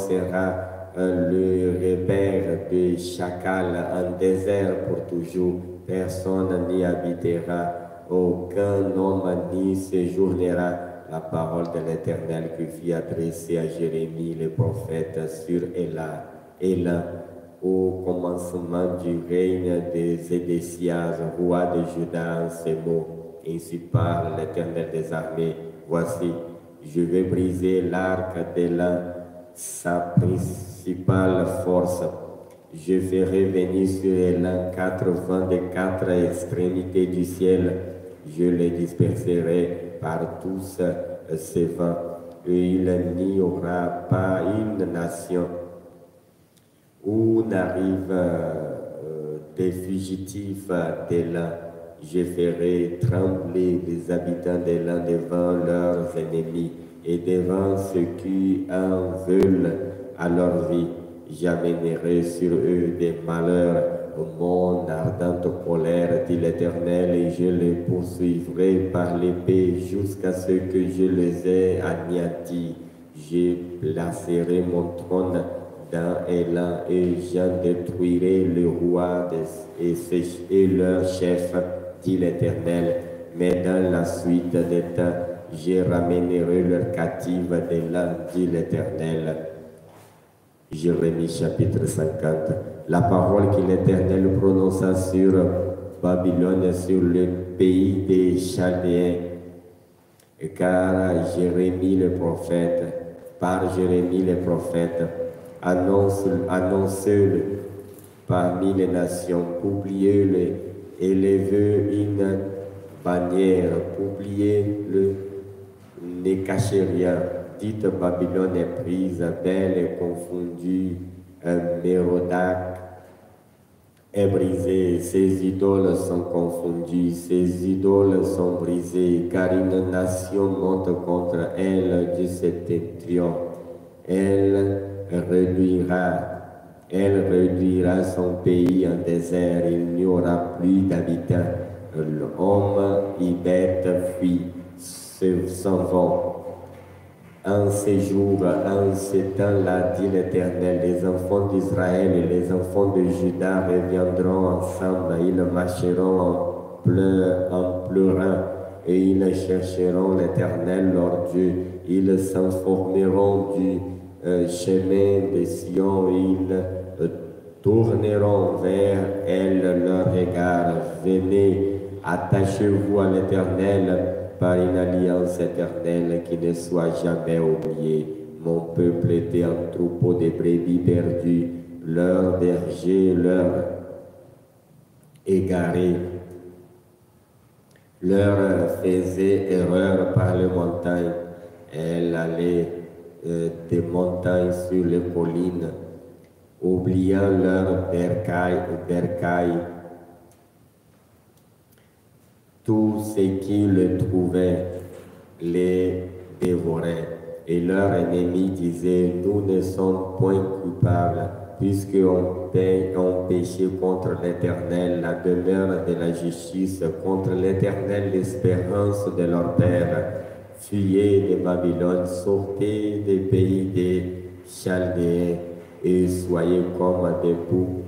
euh, le repère de chacal, un désert pour toujours. Personne n'y habitera, aucun homme n'y séjournera la parole de l'Éternel qui fit adresser à Jérémie le prophète sur et au commencement du règne des Édésias, roi de Juda, ces mots. Ainsi parle l'Éternel des armées. Voici, je vais briser l'arc de sa principale force. Je ferai venir sur elle quatre vents des quatre extrémités du ciel. Je les disperserai par tous ces vents. Et il n'y aura pas une nation où n'arrivent euh, euh, des fugitifs euh, là je ferai trembler les habitants des devant leurs ennemis et devant ceux qui en veulent à leur vie. J'amènerai sur eux des malheurs, mon ardente colère, dit l'Éternel, et je les poursuivrai par l'épée jusqu'à ce que je les ai anéantis. Je placerai mon trône dans et là, et je détruirai le roi et, ses, et leur chef, dit l'Éternel. Mais dans la suite des temps, je ramènerai leur captive de là, dit l'Éternel. Jérémie chapitre 50. La parole que l'Éternel prononça sur Babylone, sur le pays des Chaldéens. Car Jérémie le prophète, par Jérémie le prophète, annonce, annoncez-le parmi les nations, publiez-le, élevez une bannière, publiez-le, ne cachez rien. Dites Babylone est prise, belle est confondue, Mérodac est brisé, ses idoles sont confondues, ses idoles sont brisées, car une nation monte contre elle du septentrion. Elle elle réduira son pays en désert, il n'y aura plus d'habitants. L'homme et bête fuient, s'en vont. En ces jours, en ces temps-là, dit l'Éternel, les enfants d'Israël et les enfants de Juda reviendront ensemble, ils marcheront en, en pleurant et ils chercheront l'Éternel leur Dieu, ils s'informeront du euh, chemin des Sion, ils tourneront vers elle leur regard. Venez, attachez-vous à l'Éternel par une alliance éternelle qui ne soit jamais oubliée. Mon peuple était un troupeau de brebis perdus, leur berger leur égaré leur faisait erreur par les montagnes. Elle allait euh, des montagnes sur les collines, oubliant leur bercail, bercail. Tout ce qui le trouvaient les dévorait. Et leur ennemi disait, nous ne sommes point coupables, puisqu'on ont péché contre l'Éternel, la demeure de la justice, contre l'Éternel, l'espérance de leur Père. Fuyez de Babylone, sortez des pays des Chaldéens et soyez comme des boucs,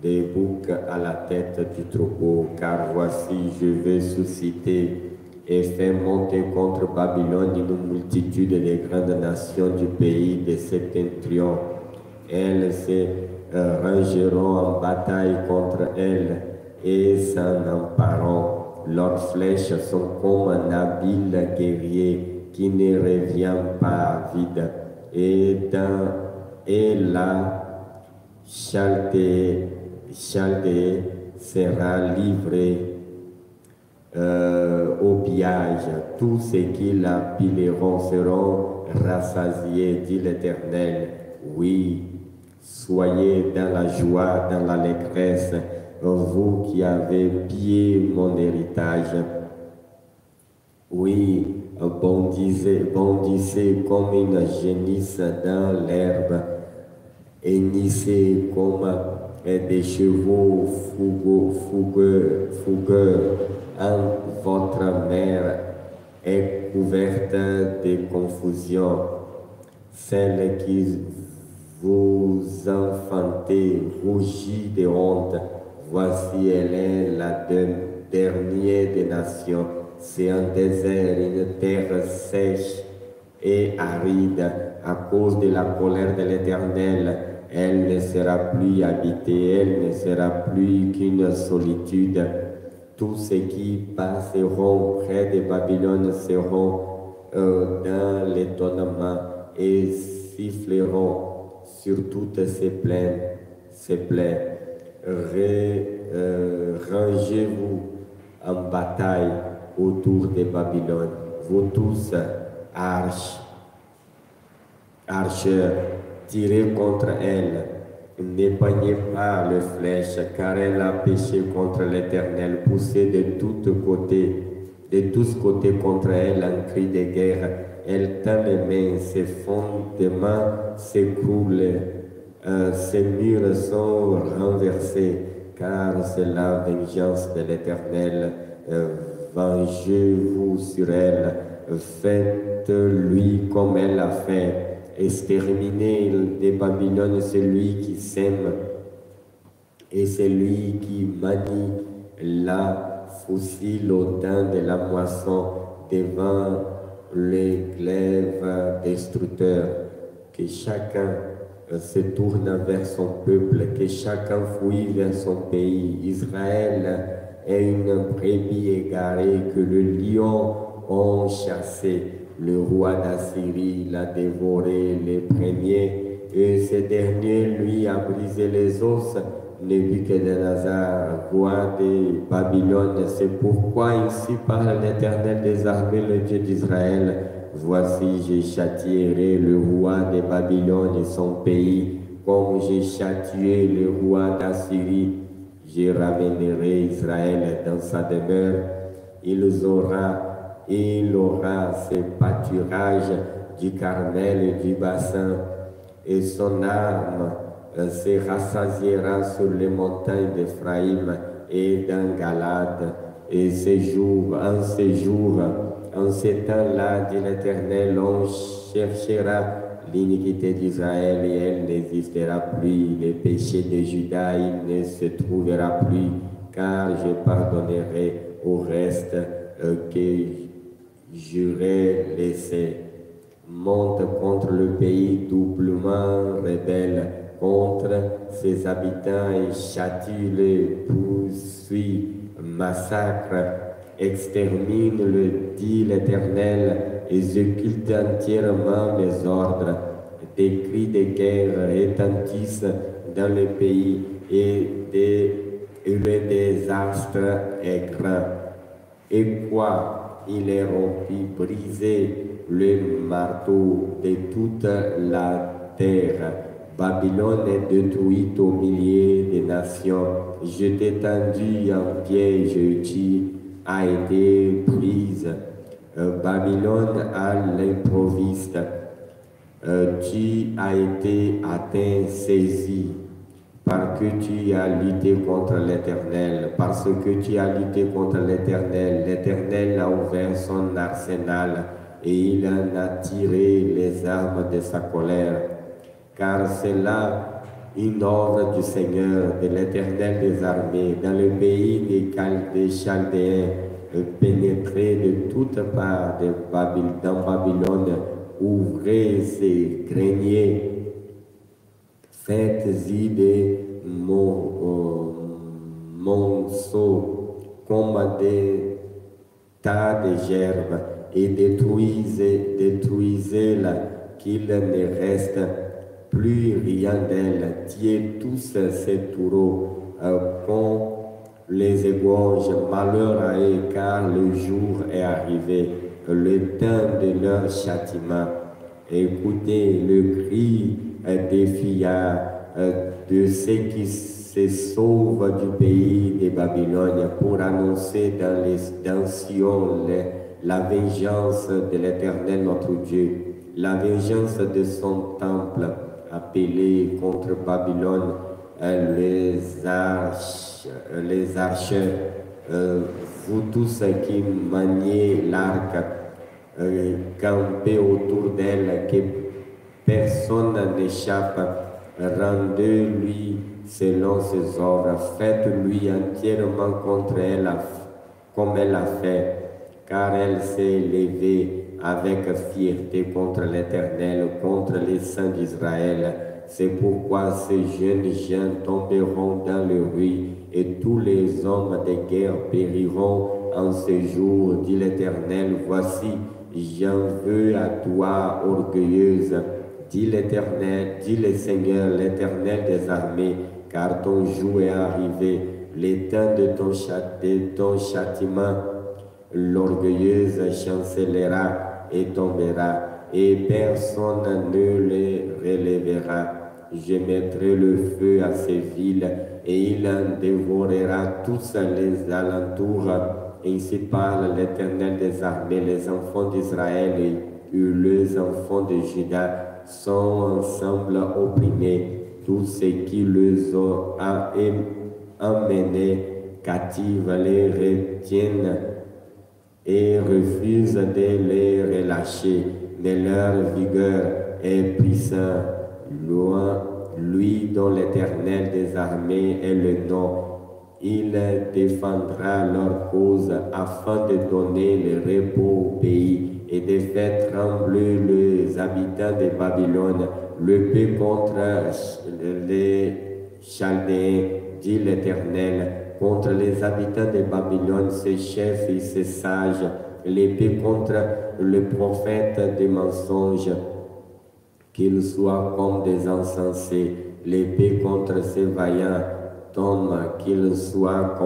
des boucs à la tête du troupeau, car voici, je vais susciter et faire monter contre Babylone une multitude des grandes nations du pays de Septentrions. Elles se euh, rangeront en bataille contre elle et s'en empareront leurs flèches sont comme un habile guerrier qui ne revient pas vide. Et, dans, et la sera livré euh, au pillage. Tous ceux qui la pilleront seront rassasiés, dit l'Éternel. Oui, soyez dans la joie, dans l'allégresse vous qui avez pillé mon héritage. Oui, bondissez, bondissez comme une génisse dans l'herbe, et hennissez comme des chevaux fougueux, fougueux, fougueux. En votre mère est couverte de confusion. Celle qui vous enfantez rougit de honte Voici, elle est la dernière des nations. C'est un désert, une terre sèche et aride. À cause de la colère de l'Éternel, elle ne sera plus habitée, elle ne sera plus qu'une solitude. Tous ceux qui passeront près de Babylone seront euh, dans l'étonnement et siffleront sur toutes ces plaines, ses plaies. Euh, rangez-vous en bataille autour de Babylone, vous tous arches, archeurs, tirez contre elle. N'épargnez pas les flèches, car elle a péché contre l'Éternel, Poussez de tous côtés, de tous côtés contre elle un cri de guerre. Elle tend les mains, ses fondements s'écroulent euh, ces murs sont renversés, car c'est la vengeance de l'Éternel. Euh, vengez-vous sur elle, faites-lui comme elle a fait. Exterminez des Babylone celui qui sème et celui qui manie la faucille au de la moisson devant les glaives destructeurs. Que chacun se tourne vers son peuple, que chacun fouille vers son pays. Israël est une prémie égarée que le lion a chassé. Le roi d'Assyrie l'a dévoré les premiers, et ce dernier lui a brisé les os. Nebuchadnezzar, roi de Babylone, c'est pourquoi ici parle l'Éternel des armées, le Dieu d'Israël. Voici, j'ai châtierai le roi de Babylone et son pays, comme j'ai châtié le roi d'Assyrie. J'ai ramènerai Israël dans sa demeure. Il aura, il aura ses pâturages du Carmel et du bassin, et son âme se rassasiera sur les montagnes d'Ephraïm et d'Angalade. Et séjour, en séjour, en ces temps-là, dit l'Éternel, on cherchera l'iniquité d'Israël et elle n'existera plus. Les péchés de Judas, ne se trouvera plus, car je pardonnerai au reste euh, que j'aurai laissé. Monte contre le pays doublement rebelle, contre ses habitants et châtie les poursuit, massacre Extermine le dit l'Éternel, et j'écoute entièrement mes ordres. Des cris de guerre étantissent dans le pays et des, le désastre est grand. Et quoi il est rompu, brisé le marteau de toute la terre. Babylone est détruite aux milliers des nations. Je t'ai tendu en piège, dis a été prise. Euh, Babylone à l'improviste. Euh, tu as été atteint, saisi, parce que tu as lutté contre l'Éternel, parce que tu as lutté contre l'Éternel. L'Éternel a ouvert son arsenal et il en a tiré les armes de sa colère. Car c'est là une œuvre du Seigneur, de l'Éternel des armées, dans le pays des, Chal Chaldéens, euh, de toutes parts de dans Babylone, ouvrez ces greniers, Faites-y des euh, monceaux comme des tas de gerbes et détruisez, détruisez-la, qu'il ne reste plus rien d'elle. Tiens tous ces taureaux qu'on euh, les égorge, malheur à eux, car le jour est arrivé, le temps de leur châtiment. Écoutez le cri des filles euh, de ceux qui se sauvent du pays de Babylone pour annoncer dans les dans Sion la vengeance de l'Éternel notre Dieu, la vengeance de son temple appelé contre Babylone euh, les, arches, euh, les archers, euh, vous tous qui maniez l'arc, campez autour d'elle, que personne n'échappe, rendez-lui selon ses ordres, faites-lui entièrement contre elle, comme elle a fait, car elle s'est levée avec fierté contre l'Éternel, contre les saints d'Israël. C'est pourquoi ces jeunes gens tomberont dans le ruine et tous les hommes de guerre périront en ce jour. dit l'Éternel. Voici, j'en veux à toi, orgueilleuse, dit l'Éternel, dit le Seigneur, l'Éternel des armées, car ton jour est arrivé, le de ton, ton châtiment. L'orgueilleuse chancelera et tombera, et personne ne les relèvera. Je mettrai le feu à ces villes, et il en dévorera tous les alentours. Ainsi parle l'Éternel des armées, les enfants d'Israël et les enfants de Juda sont ensemble opprimés. Tous ceux qui les ont amené captifs les retiennent et refuse de les relâcher mais leur vigueur est puissant, loin lui dont l'Éternel des armées est le nom. Il défendra leur cause afin de donner le repos au pays et de faire trembler les habitants de Babylone, le peuple contre les Chaldéens, dit l'Éternel contre les habitants de Babylone, ses chefs et ses sages, l'épée contre le prophète des mensonges, qu'ils soient comme des insensés, l'épée contre ses vaillants tombe, qu'ils soient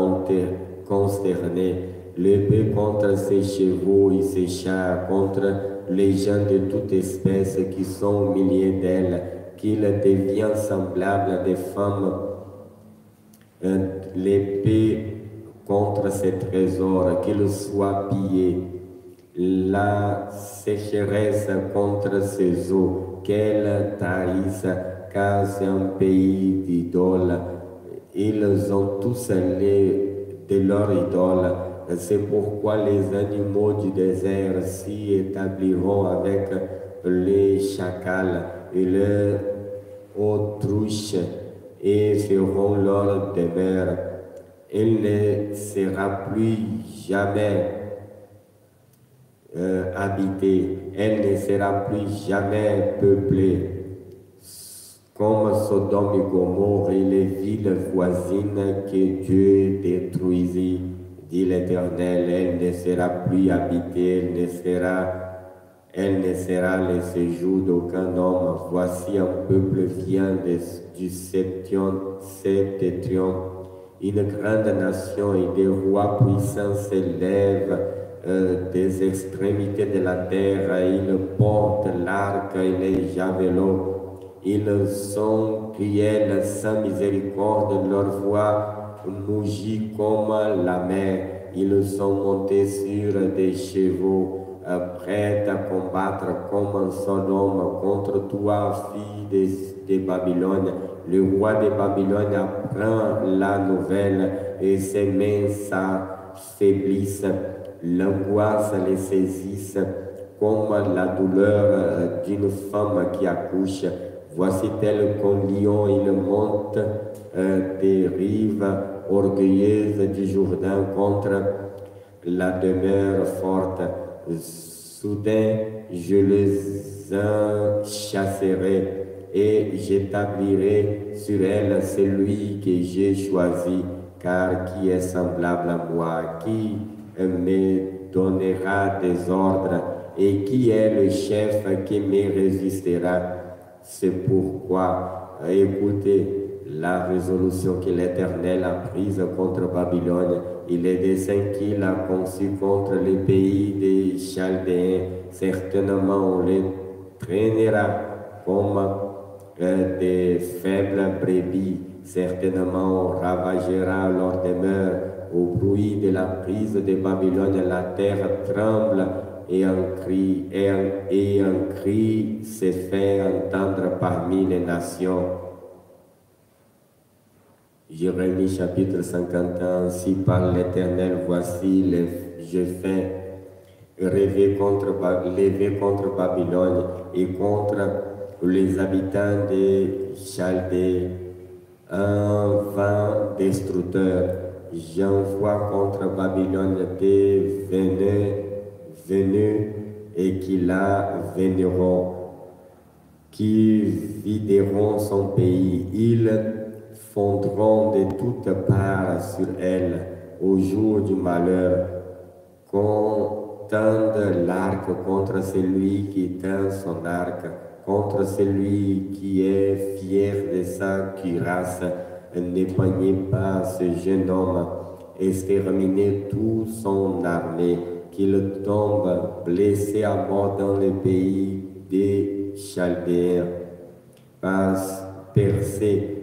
consternés, l'épée contre ses chevaux et ses chars, contre les gens de toute espèce qui sont au milieu d'elle, qu'ils deviennent semblables à des femmes l'épée contre ses trésors, qu'ils soient pillés, la sécheresse contre ses eaux, qu'elle tarisse, car un pays d'idoles. Ils ont tous les de leur idole. C'est pourquoi les animaux du désert s'y établiront avec les chacals et les autruches et seront lors des mers. Il ne sera plus jamais habitée. Euh, habité, elle ne sera plus jamais peuplée. Comme Sodome et Gomorre et les villes voisines que Dieu détruisit, dit l'Éternel, elle ne sera plus habitée, elle ne sera elle ne sera le séjour d'aucun homme. Voici un peuple vient de du septième, Une grande nation et des rois puissants s'élèvent euh, des extrémités de la terre. Ils portent l'arc et les javelots. Ils sont cruels sans miséricorde. Leur voix mugit comme la mer. Ils sont montés sur des chevaux euh, prêts à combattre comme un seul homme contre toi, fille des Babylone. Le roi de Babylone apprend la nouvelle et ses mains s'affaiblissent. L'angoisse les saisissent comme la douleur d'une femme qui accouche. Voici tel qu'un lion, il monte euh, des rives orgueilleuses du Jourdain contre la demeure forte. Soudain, je les chasserai et j'établirai sur elle celui que j'ai choisi, car qui est semblable à moi, qui me donnera des ordres et qui est le chef qui me résistera. C'est pourquoi, écoutez la résolution que l'Éternel a prise contre Babylone et les desseins qu'il a conçus contre les pays des Chaldéens. Certainement, on les traînera comme des faibles brebis certainement ravagera leur demeure. Au bruit de la prise de Babylone, la terre tremble et un cri, et un, cri se fait entendre parmi les nations. Jérémie chapitre 51, si par l'Éternel, voici les, je fais rêver contre Babylone et contre les habitants de Chaldé, un vain destructeur j'envoie contre Babylone des venus, venus et qui la vénéreront, qui videront son pays. Ils fondront de toutes parts sur elle au jour du malheur. Qu'on l'arc contre celui qui tente son arc contre celui qui est fier de sa cuirasse. N'épargnez pas ce jeune homme, exterminez toute son armée, qu'il tombe blessé à mort dans le pays des Chaldéens. Passe, percé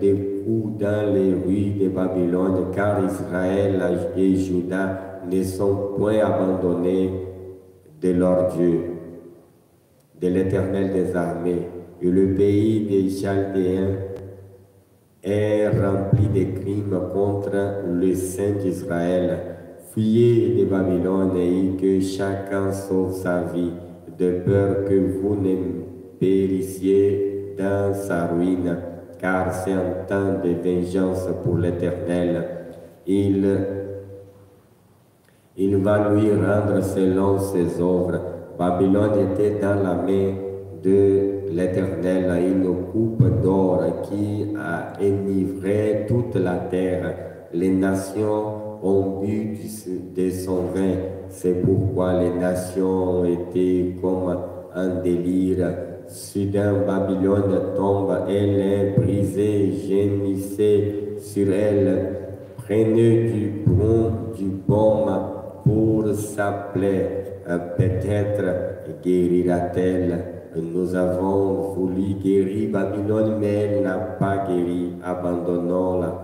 des coups dans les rues de Babylone, car Israël et Juda ne sont point abandonnés de leur Dieu de l'Éternel des armées, et le pays des Chaldéens est rempli de crimes contre le Saint d'Israël. Fuyez de Babylone et que chacun sauve sa vie, de peur que vous ne périssiez dans sa ruine, car c'est un temps de vengeance pour l'Éternel. Il, il va lui rendre selon ses œuvres Babylone était dans la main de l'Éternel, une coupe d'or qui a enivré toute la terre. Les nations ont bu de son vin. C'est pourquoi les nations étaient comme un délire. Soudain, Babylone tombe, elle est brisée, gémissez sur elle. Prenez du bon, du bon pour sa plaie euh, peut-être guérira-t-elle. Nous avons voulu guérir Babylone, mais elle n'a pas guéri. Abandonnons-la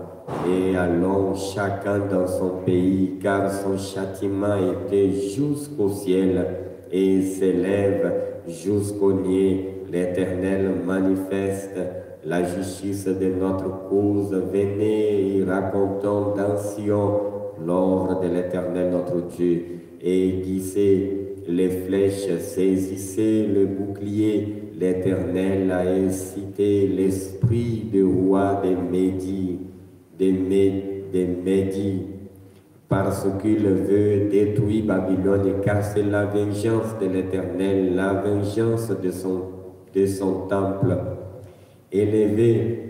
et allons chacun dans son pays, car son châtiment était jusqu'au ciel et s'élève jusqu'au nez. L'Éternel manifeste la justice de notre cause. Venez et racontons dans Sion l'ordre de l'Éternel notre Dieu aiguisez les flèches, saisissez le bouclier, l'Éternel a incité l'esprit du roi des Médis, des, Médis, parce qu'il veut détruire Babylone, car c'est la vengeance de l'Éternel, la vengeance de son, de son temple. élevé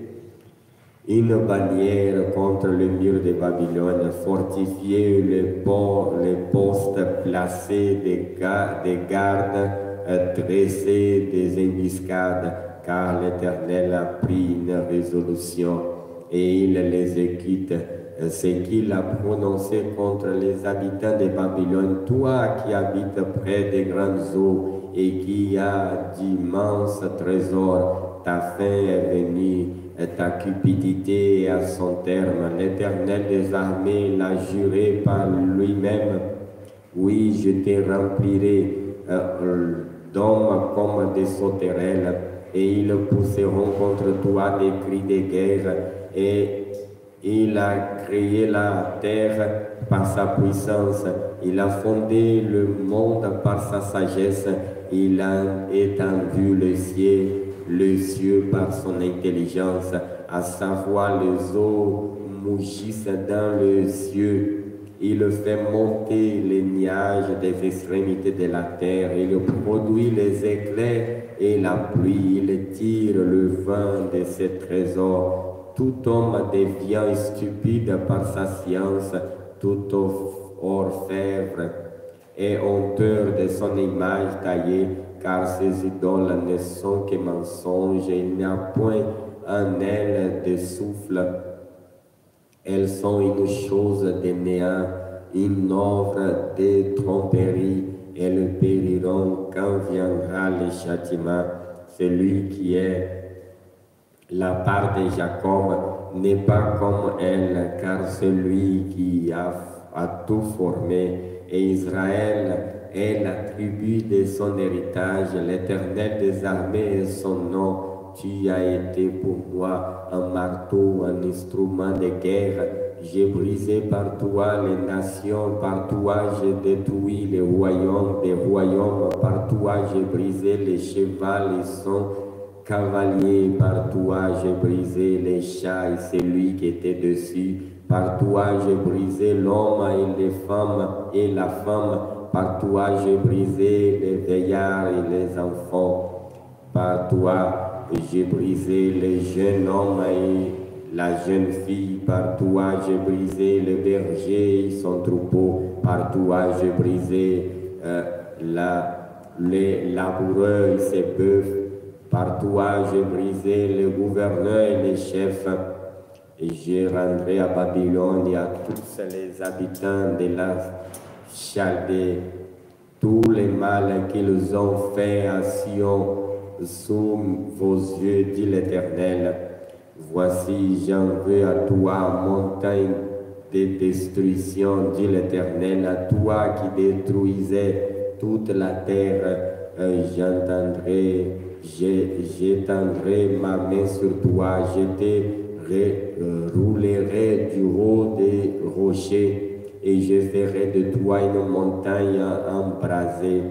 une bannière contre le mur de Babylone, fortifier les, les postes, placés des, gardes des euh, gardes, dresser des embuscades, car l'Éternel a pris une résolution et il les équite. Euh, Ce qu'il a prononcé contre les habitants de Babylone, toi qui habites près des grandes eaux et qui as d'immenses trésors, ta fin est venue ta cupidité est à son terme. L'Éternel des armées l'a juré par lui-même. Oui, je te remplirai euh, d'hommes comme des sauterelles, et ils pousseront contre toi des cris de guerre, et il a créé la terre par sa puissance, il a fondé le monde par sa sagesse, il a étendu le ciel les yeux par son intelligence, à savoir les eaux mouchissent dans les yeux. Il fait monter les nuages des extrémités de la terre. Il produit les éclairs et la pluie. Il tire le vin de ses trésors. Tout homme devient stupide par sa science. Tout orfèvre est honteur de son image taillée car ces idoles ne sont que mensonges, et il n'y a point en elles de souffle. Elles sont une chose de néant, une œuvre de tromperie, elles périront quand viendra le châtiment. Celui qui est la part de Jacob n'est pas comme elle, car celui qui a, a tout formé, et Israël elle attribue de son héritage, l'éternel des armées et son nom. Tu as été pour moi un marteau, un instrument de guerre. J'ai brisé par toi les nations, par toi j'ai détruit les royaumes des royaumes, par toi j'ai brisé les chevaux et son cavalier, par toi j'ai brisé les chats et celui qui était dessus. Par toi j'ai brisé l'homme et les femmes et la femme par toi, j'ai brisé les veillards et les enfants. Par toi, j'ai brisé les jeunes hommes et la jeune fille. Par toi, j'ai brisé le berger et son troupeau. Par toi, j'ai brisé euh, les laboureurs et ses bœufs. Par toi, j'ai brisé les gouverneurs et les chefs. Et j'ai rendu à Babylone et à tous les habitants de la chaldée. Tous les mâles qu'ils ont faits à Sion sous vos yeux, dit l'Éternel. Voici, j'en veux à toi, montagne de destruction, dit l'Éternel, à toi qui détruisais toute la terre, euh, j'entendrai, j'étendrai ma main sur toi, je te euh, roulerai du haut des rochers et je ferai de toi une montagne embrasée.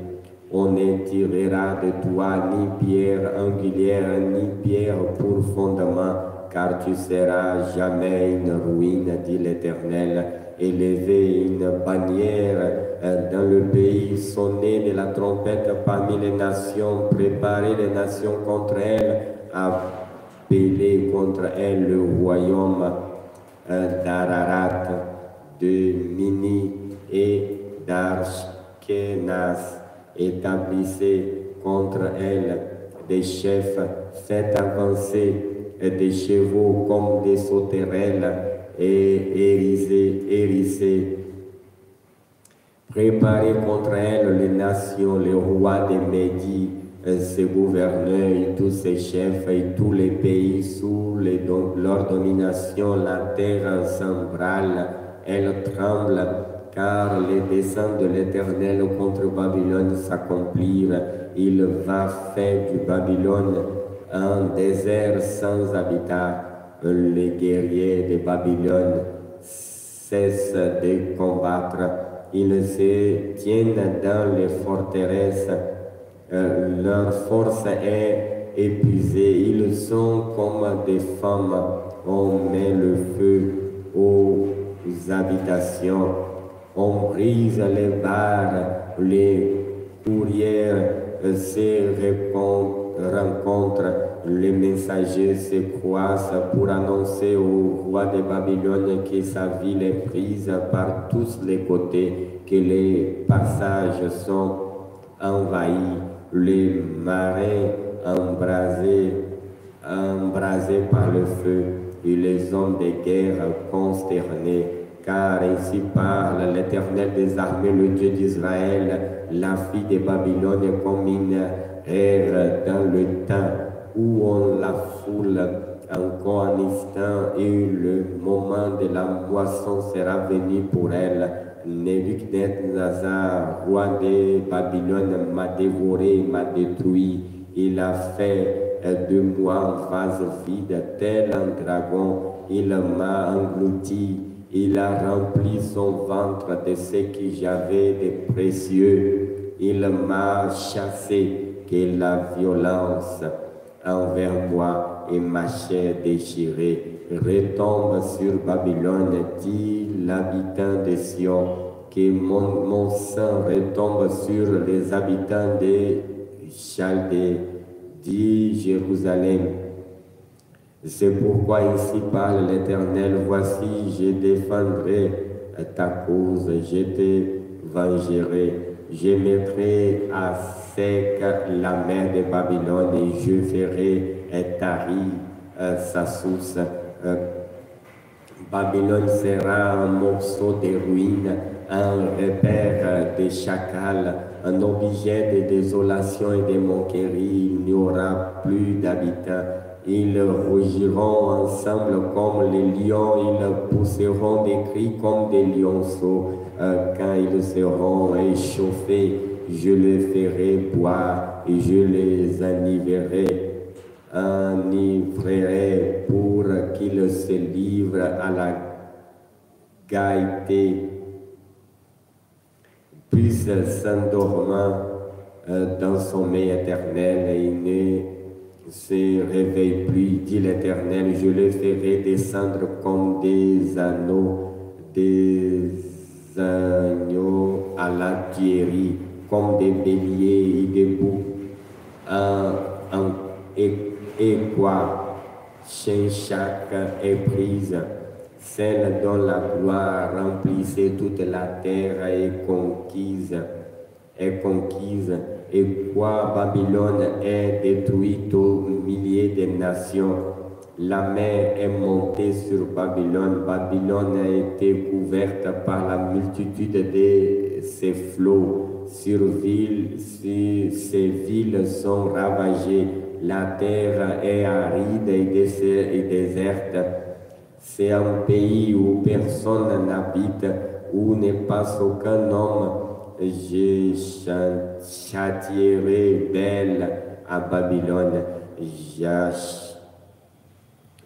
On ne tirera de toi ni pierre angulaire, ni pierre pour fondement, car tu seras jamais une ruine, dit l'Éternel. Élevez une bannière euh, dans le pays, sonnez de la trompette parmi les nations, préparez les nations contre elle, appelez contre elle le royaume euh, d'Ararat de Mini et d'Archkenas, établissez contre elle des chefs, faites avancer des chevaux comme des sauterelles et hérissés, hérissés. Préparez contre elle les nations, les rois des Médis, euh, ses gouverneurs tous ses chefs et tous les pays sous leur domination, la terre sembrale elle tremble, car les desseins de l'Éternel contre Babylone s'accomplirent. Il va faire du Babylone un désert sans habitat. Les guerriers de Babylone cessent de combattre. Ils se tiennent dans les forteresses. Euh, leur force est épuisée. Ils sont comme des femmes. On met le feu aux habitations, on brise les bars, les courrières se rencontrent, les messagers se croisent pour annoncer au roi de Babylone que sa ville est prise par tous les côtés, que les passages sont envahis, les marais embrasés, embrasés par le feu et les hommes des guerres consternés, car ainsi parle l'Éternel des armées, le Dieu d'Israël, la fille de Babylone comme une erre dans le temps où on la foule encore un instant et le moment de la moisson sera venu pour elle. Nazar, roi de Babylone, m'a dévoré, m'a détruit. Il a fait de moi en face vide, tel un dragon, il m'a englouti, il a rempli son ventre de ce que j'avais de précieux, il m'a chassé que la violence envers moi et ma chair déchirée retombe sur Babylone, dit l'habitant de Sion, que mon, sang retombe sur les habitants des Chaldées dit Jérusalem. C'est pourquoi ici parle l'Éternel, voici, je défendrai ta cause, je te vengerai, je mettrai à sec la mer de Babylone et je ferai tarir euh, sa source. Euh, Babylone sera un morceau de ruines, un repère de chacals un objet de désolation et de manquerie, Il n'y aura plus d'habitants. Ils rougiront ensemble comme les lions, ils pousseront des cris comme des lionceaux euh, quand ils seront échauffés. Je les ferai boire et je les enivrerai, enivrerai pour qu'ils se livrent à la gaieté puis elle s'endorma euh, dans sommeil éternel et ne se réveille plus, dit l'Éternel, je les ferai descendre comme des anneaux, des agneaux à la tuerie, comme des béliers et des boucs en, et, et chaque éprise celle dont la gloire remplissait toute la terre est conquise, est conquise, et quoi Babylone est détruite aux milliers de nations. La mer est montée sur Babylone, Babylone a été couverte par la multitude de ses flots. Sur, ville, sur ces villes sont ravagées, la terre est aride et déserte c'est un pays où personne n'habite, où n'est pas aucun homme. Je châtierai d'elle à Babylone.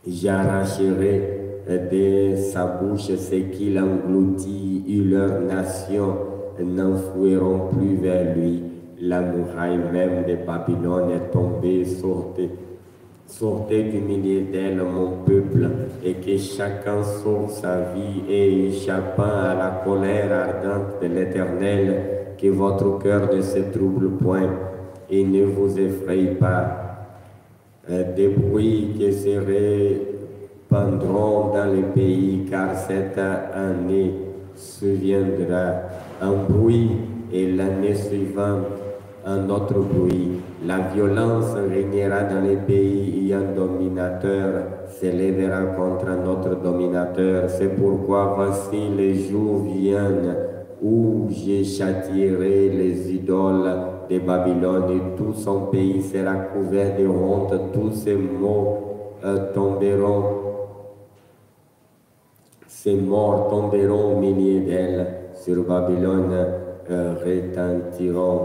J'arracherai de sa bouche ce qu'il engloutit et leurs nations n'enfouiront plus vers lui. La muraille même de Babylone est tombée, sortée Sortez du milieu d'elle, mon peuple, et que chacun sauve sa vie et échappant à la colère ardente de l'Éternel, que votre cœur ne se trouble point, et ne vous effraye pas. Euh, des bruits qui se répandront dans le pays, car cette année se viendra un bruit, et l'année suivante un autre bruit la violence régnera dans les pays et un dominateur s'élèvera contre notre dominateur. C'est pourquoi voici les jours viennent où je les idoles de Babylone et tout son pays sera couvert de honte. Tous ces mots euh, tomberont, ces morts tomberont au milieu d'elle. Sur Babylone euh, retentiront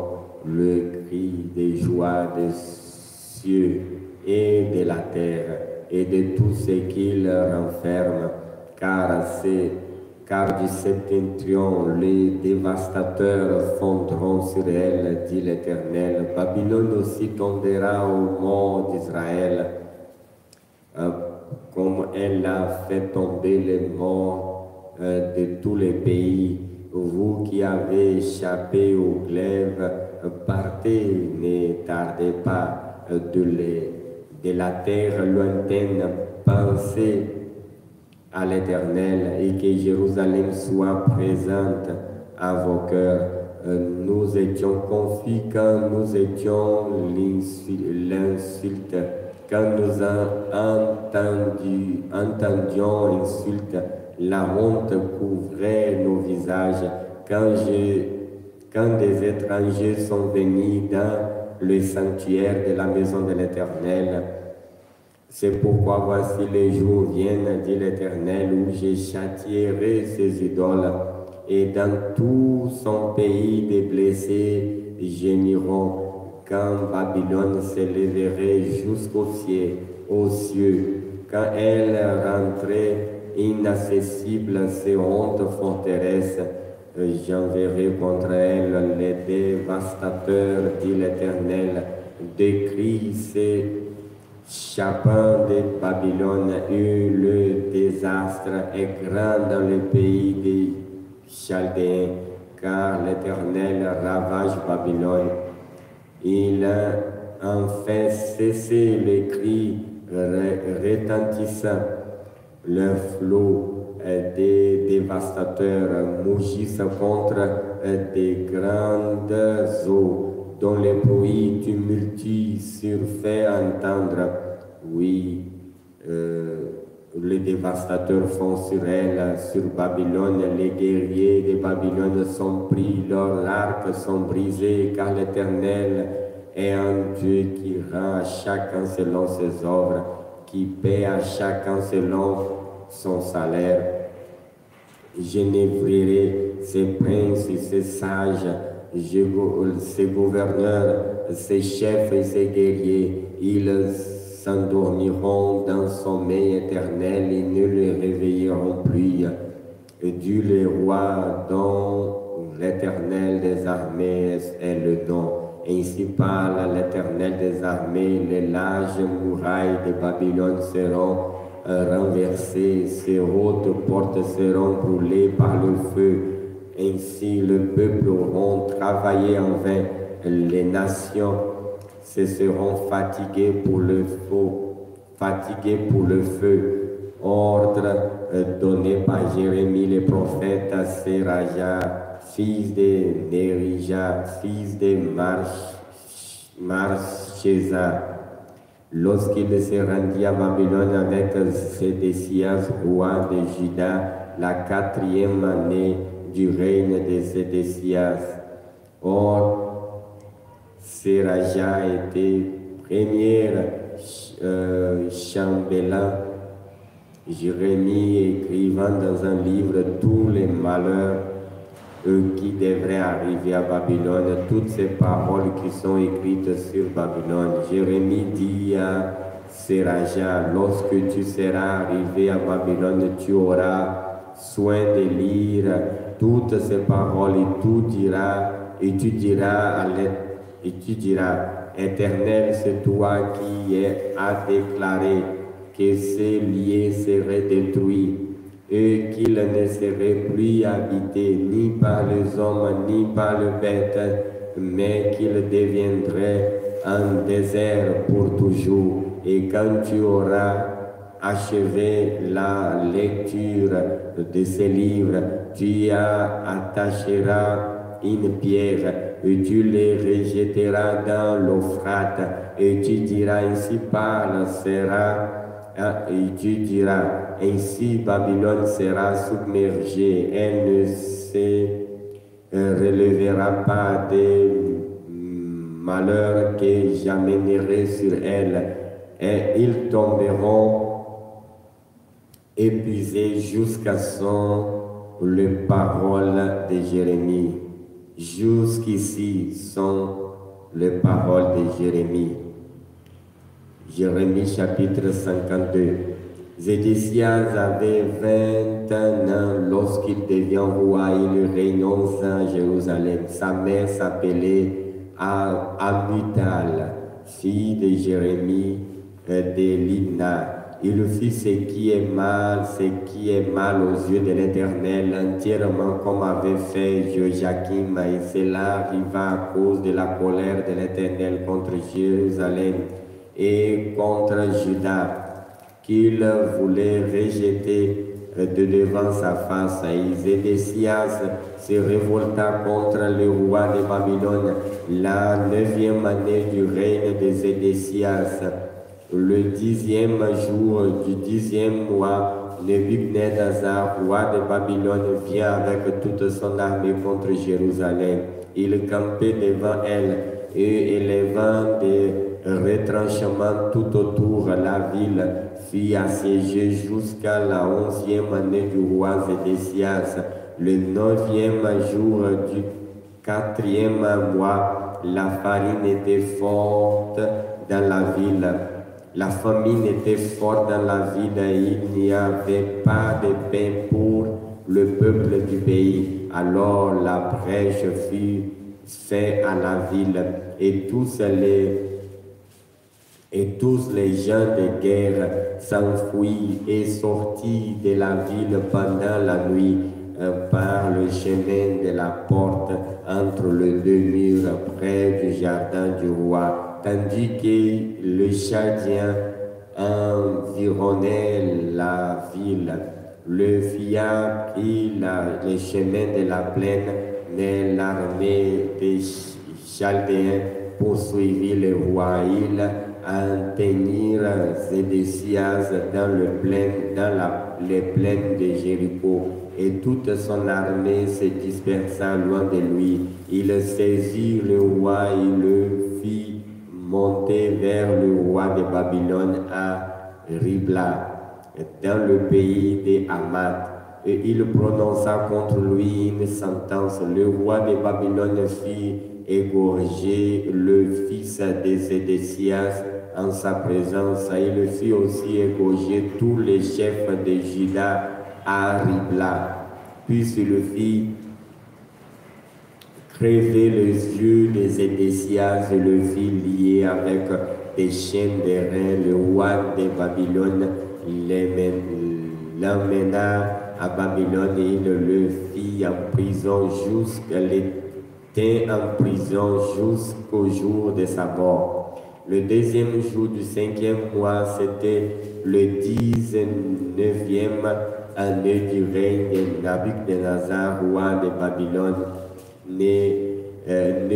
le des joies des cieux et de la terre et de tout ce qu'il renferme, car, c'est car du septentrion les dévastateurs fondront sur elle, dit l'Éternel. Babylone aussi tombera au mont d'Israël, euh, comme elle a fait tomber les morts euh, de tous les pays. Vous qui avez échappé au glaive, partez, ne tardez pas euh, de, de la terre lointaine, pensez à l'Éternel et que Jérusalem soit présente à vos cœurs. Euh, nous étions confus quand nous étions l'insulte, quand nous entendions l'insulte, la honte couvrait nos visages. Quand j'ai quand des étrangers sont venus dans le sanctuaire de la maison de l'Éternel. C'est pourquoi voici les jours viennent, dit l'Éternel, où je châtierai ces idoles, et dans tout son pays des blessés gémiront, quand Babylone s'élèverait jusqu'aux cieux, aux cieux, quand elle rentrait inaccessible à ses hontes forteresses, J'enverrai contre elle les dévastateurs, dit l'Éternel, cris, ces chapins de Babylone eut le désastre est grand dans le pays des Chaldéens, car l'Éternel ravage Babylone. Il a enfin cessé les cris retentissants, le flot eh, des dévastateurs eh, mougissent contre eh, des grandes eaux dont les bruits tumultueux sur fait entendre. Oui, euh, les dévastateurs font sur elle, sur Babylone, les guerriers de Babylone sont pris, leurs arcs sont brisés, car l'Éternel est un Dieu qui rend à chacun selon ses œuvres, qui paie à chacun selon son salaire. Je n'évrirai ses princes et ses sages, ses gouverneurs, ses chefs et ses guerriers. Ils s'endormiront d'un sommeil éternel et ne les réveilleront plus. Et Dieu les roi dont l'éternel des armées est le don. Ainsi parle l'Éternel des armées, les larges murailles de Babylone seront euh, renversées, ses hautes portes seront brûlées par le feu. Ainsi le peuple auront travaillé en vain, les nations se seront fatiguées pour le feu, pour le feu. Ordre euh, donné par Jérémie le prophète à Seraja, fils de Nerija, fils de Marchésa, Lorsqu'il se rendit à Babylone avec Sédécias, roi de Juda, la quatrième année du règne de Sédécias, Or, Seraja était premier euh, chambellan. Jérémie écrivant dans un livre tous les malheurs qui devraient arriver à Babylone, toutes ces paroles qui sont écrites sur Babylone. Jérémie dit à Seraja, lorsque tu seras arrivé à Babylone, tu auras soin de lire toutes ces paroles et et tu diras à et tu diras, Éternel, c'est toi qui as déclaré que ces liens seraient détruits et qu'il ne serait plus habité ni par les hommes ni par les bêtes, mais qu'il deviendrait un désert pour toujours. Et quand tu auras achevé la lecture de ces livres, tu y attacheras une pierre et tu les rejetteras dans l'Euphrate et tu diras ainsi parle sera et tu diras ainsi, Babylone sera submergée, elle ne se relèvera pas des malheurs que j'amènerai sur elle, et ils tomberont épuisés jusqu'à son les paroles de Jérémie. Jusqu'ici sont les paroles de Jérémie. Jérémie chapitre 52. Zédécias avait 21 ans lorsqu'il devient roi. Il renonce à Jérusalem. Sa mère s'appelait Abutal, fille de Jérémie de Lina. Il fit ce qui est mal, ce qui est mal aux yeux de l'Éternel, entièrement comme avait fait Joachim, et cela arriva à cause de la colère de l'Éternel contre Jérusalem et contre Judas. Il voulait rejeter de devant sa face. Zédésias se révolta contre le roi de Babylone la neuvième année du règne de Zédécias. Le dixième jour du dixième mois, le Nebuchadnezzar, roi de Babylone, vient avec toute son armée contre Jérusalem. Il campait devant elle et élevant des retranchements tout autour de la ville assiégé jusqu'à la onzième année du roi Zédécias, le neuvième jour du quatrième mois. La farine était forte dans la ville. La famine était forte dans la ville et il n'y avait pas de pain pour le peuple du pays. Alors la prêche fut faite à la ville et tous les et tous les gens de guerre s'enfuient et sortis de la ville pendant la nuit euh, par le chemin de la porte entre les deux murs près du jardin du roi, tandis que le Chadien environnait la ville. Le fiat prit le chemin de la plaine, mais l'armée des Chaldéens poursuivit le roi en tenir Zédésias dans, le dans la, les plaines de Jéricho. Et toute son armée se dispersa loin de lui. Il saisit le roi et le fit monter vers le roi de Babylone à Ribla, dans le pays des Hamath. Et il prononça contre lui une sentence. Le roi de Babylone fit égorger le fils de Zédécias en sa présence, il fit aussi égorger tous les chefs de Juda à Ribla. Puis il fit crever les yeux des Édécias et le fit lier avec des chaînes de reins. Le roi de Babylone l'emmena à Babylone et il le fit en prison jusqu'à en prison jusqu'au jour de sa mort. Le deuxième jour du cinquième mois, c'était le dix-neuvième année du règne de Nazar, roi de Babylone, né euh,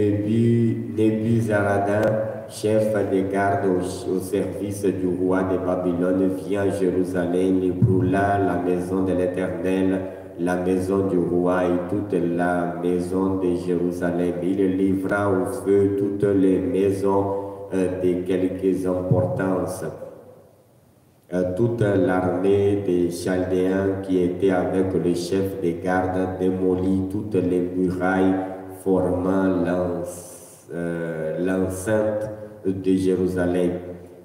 chef des gardes au, service du roi de Babylone, vient à Jérusalem et brûla la maison de l'Éternel, la maison du roi et toute la maison de Jérusalem. Il livra au feu toutes les maisons euh, de quelques importances. Euh, toute l'armée des Chaldéens qui était avec le chef de garde démolit toutes les murailles formant euh, l'enceinte de Jérusalem.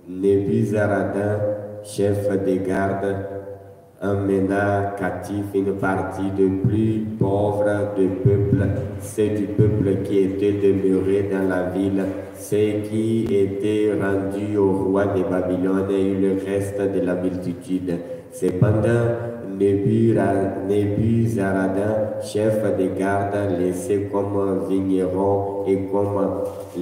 Nebuzaradan, chef de garde, emmena captif une partie de plus pauvres du peuple, c'est du peuple qui était demeuré dans la ville, c'est qui était rendu au roi de Babylone et le reste de la multitude. Cependant, Nebuzaradan, chef des gardes, laissait comme vigneron et comme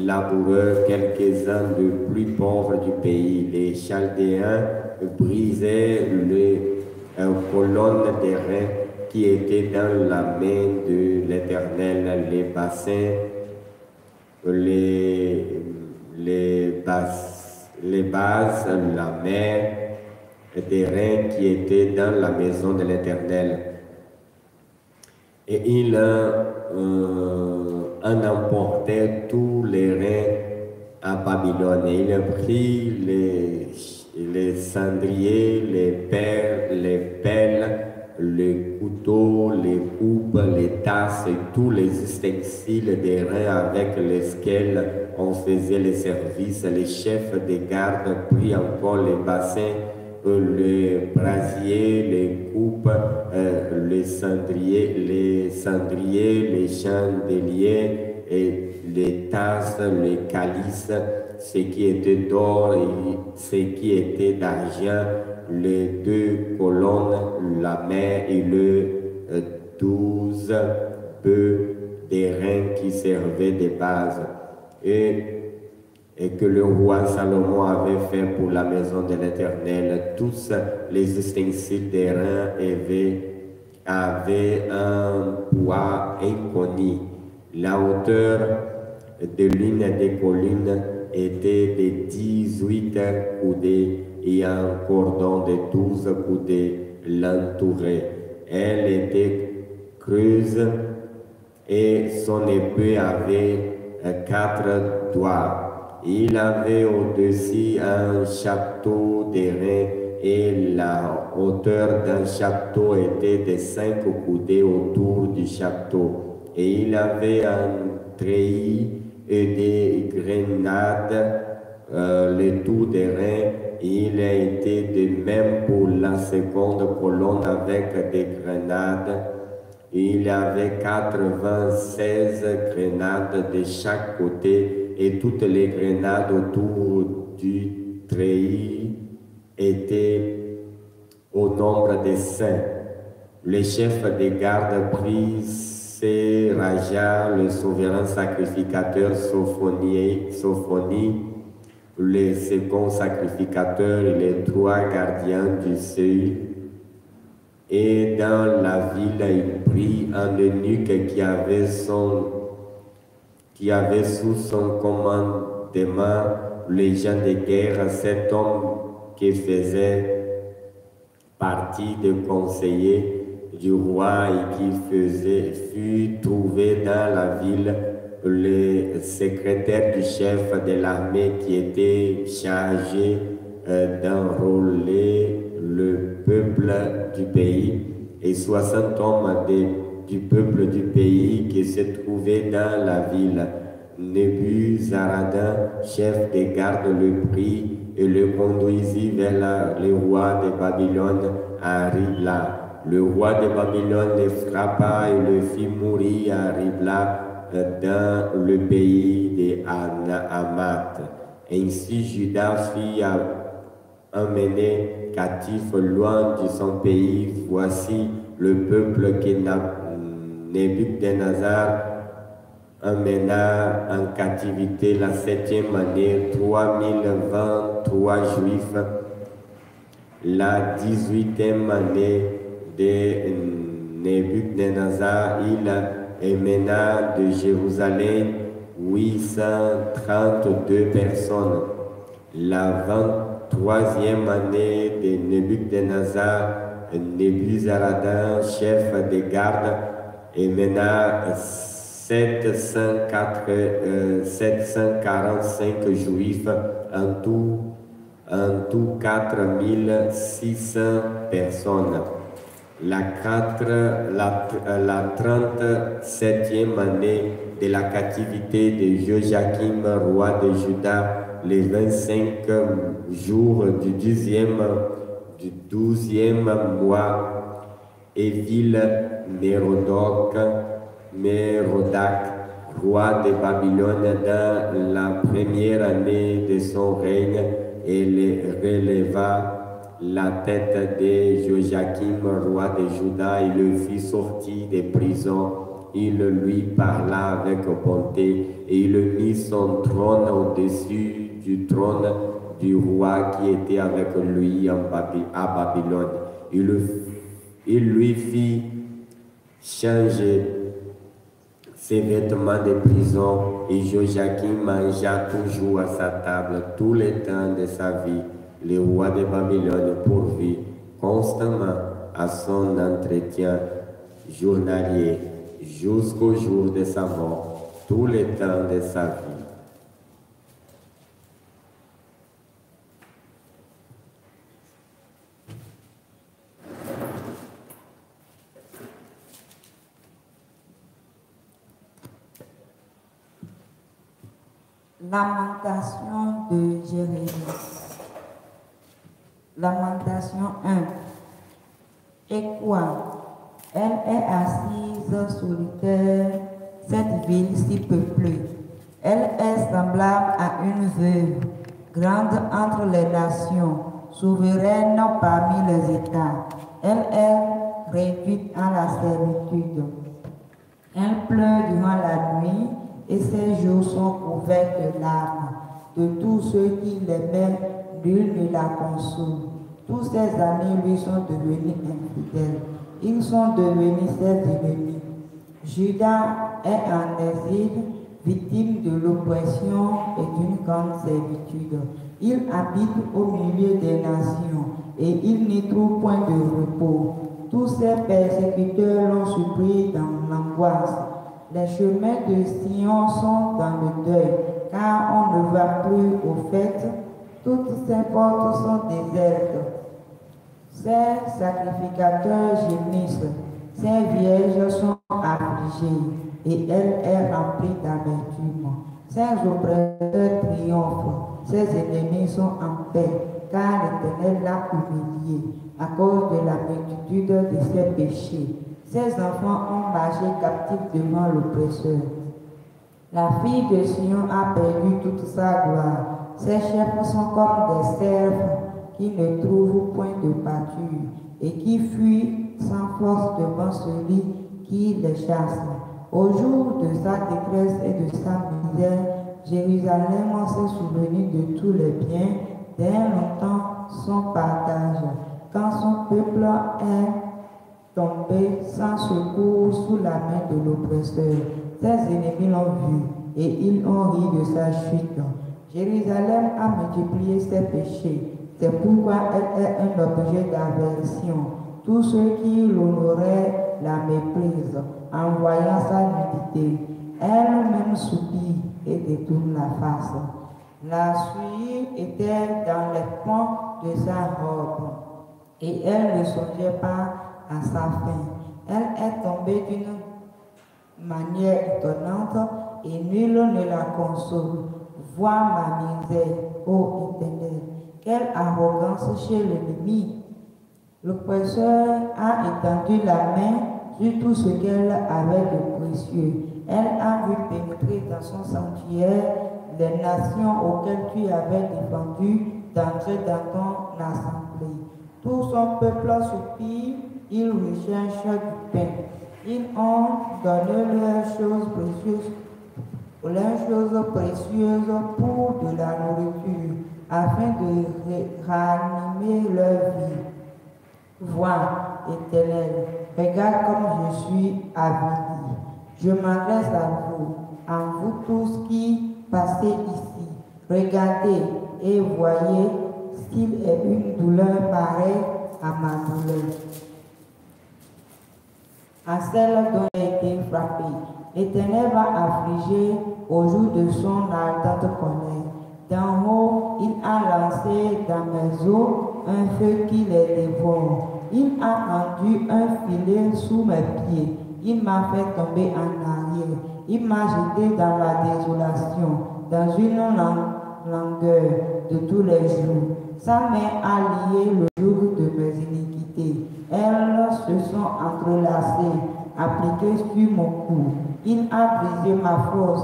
laboureur quelques-uns des plus pauvres du pays. Les Chaldéens brisaient le un colonne de reins qui était dans la main de l'Éternel, les bassins, les, les, bases, les la mer, des reins qui étaient dans la maison de l'Éternel. Et il euh, en emportait tous les reins à Babylone. Et il prit les les cendriers, les perles, les pelles, les couteaux, les coupes, les tasses et tous les ustensiles des reins avec lesquels on faisait les services. Les chefs des gardes puis encore les bassins, euh, les brasiers, les coupes, euh, les cendriers, les cendriers, les chandeliers et les tasses, les calices ce qui était d'or et ce qui était d'argent, les deux colonnes, la mer et le euh, douze peu d'airain qui servaient de base. Et, et que le roi Salomon avait fait pour la maison de l'Éternel. Tous les ustensiles des avaient, avaient un poids inconnu. La hauteur de l'une des collines était de 18 coudées et un cordon de 12 coudées l'entourait. Elle était creuse et son épée avait quatre doigts. Il avait au-dessus un château d'airain et la hauteur d'un château était de cinq coudées autour du château. Et il avait un treillis et des grenades, euh, les le des reins Il a été de même pour la seconde colonne avec des grenades. Il y avait 96 grenades de chaque côté et toutes les grenades autour du treillis étaient au nombre des saints les chefs des gardes pris c'est Raja, le souverain sacrificateur, Sophonie, Sophonie, le second sacrificateur, les trois gardiens du seuil. Et dans la ville, il prit un eunuque qui avait, son, qui avait sous son commandement les gens de guerre, cet homme qui faisait partie des conseillers du roi et qui faisait, fut trouvé dans la ville le secrétaire du chef de l'armée qui était chargé euh, d'enrôler le peuple du pays et 60 hommes du peuple du pays qui se trouvaient dans la ville. Nebuzaradan, chef des gardes, le prit et le conduisit vers le roi de Babylone à Ribla le roi de Babylone les frappa et le fit mourir à Ribla dans le pays des et Ainsi Judas fit emmener captif loin de son pays. Voici le peuple que Nebuchadnezzar emmena en captivité la septième année, 3023 juifs. La dix-huitième année, de Nebuchadnezzar, il emmena de Jérusalem 832 personnes. La 23e année de Nebuchadnezzar, Nebuzaradan, chef des gardes, emmena 704, 745 euh, juifs en tout, en tout 4600 personnes la, quatre la, 37e euh, année de la captivité de Joachim, roi de Juda, les 25 jours du e du 12e mois, et ville Mérodoc, Mérodac, roi de Babylone, dans la première année de son règne, et les releva la tête de Joachim, roi de Juda, il le fit sortir des prisons. Il lui parla avec bonté et il mit son trône au-dessus du trône du roi qui était avec lui à Babylone. Il, lui fit changer ses vêtements de prison et Joachim mangea toujours à sa table tous les temps de sa vie le roi de Babylone pourvit constamment à son entretien journalier jusqu'au jour de sa mort, tous les temps de sa vie. Lamentation de Jérémie. Lamentation 1. Et quoi Elle est assise solitaire, cette ville si peuplée. Elle est semblable à une veuve, grande entre les nations, souveraine parmi les États. Elle est réduite à la servitude. Elle pleure durant la nuit et ses jours sont couverts de larmes. De tous ceux qui l'aimaient, nul ne la console. Tous ses amis lui sont devenus infidèles. Ils sont devenus ses ennemis. Judas est en exil, victime de l'oppression et d'une grande servitude. Il habite au milieu des nations et il n'y trouve point de repos. Tous ses persécuteurs l'ont surpris dans l'angoisse. Les chemins de Sion sont dans le deuil, car on ne va plus aux fêtes. Toutes ses portes sont désertes ses sacrificateurs gémissent, ses vierges sont affligées, et elle est remplie d'amertume. Ses oppresseurs triomphent, ses ennemis sont en paix, car l'Éternel l'a humilié à cause de la multitude de ses péchés. Ses enfants ont marché captifs devant l'oppresseur. La fille de Sion a perdu toute sa gloire. Ses chefs sont comme des serves qui ne trouve point de pâture, et qui fuit sans force devant celui qui les chasse. Au jour de sa détresse et de sa misère, Jérusalem s'est souvenu de tous les biens dès longtemps son partage. Quand son peuple est tombé sans secours sous la main de l'oppresseur, ses ennemis l'ont vu et ils ont ri de sa chute. Jérusalem a multiplié ses péchés c'est pourquoi elle est un objet d'aversion. Tous ceux qui l'honoraient la méprisent en voyant sa nudité. Elle-même soupire et détourne la face. La suie était dans les ponts de sa robe et elle ne songeait pas à sa fin. Elle est tombée d'une manière étonnante et nul ne la console. Vois ma misère, ô oh, quelle arrogance chez l'ennemi. L'oppresseur a étendu la main sur tout ce qu'elle avait de précieux. Elle a vu pénétrer dans son sanctuaire les nations auxquelles tu avais défendu d'entrer dans ton assemblée. Tout son peuple soupire, il recherche du pain. Ils ont donné leurs choses précieuses, leurs choses précieuses pour de la nourriture afin de réanimer leur vie. Vois, Éternel, regarde comme je suis avidi. Je m'adresse à vous, à vous tous qui passez ici. Regardez et voyez s'il est une douleur pareille à ma douleur. À celle dont a été frappée, Éternel va affliger au jour de son ardente colère D'en haut, il a lancé dans mes eaux un feu qui les dévore. Il a rendu un filet sous mes pieds. Il m'a fait tomber en arrière. Il m'a jeté dans la désolation, dans une langueur de tous les jours. Sa main a lié le jour de mes iniquités. Elles se sont entrelacées, appliquées sur mon cou. Il a brisé ma force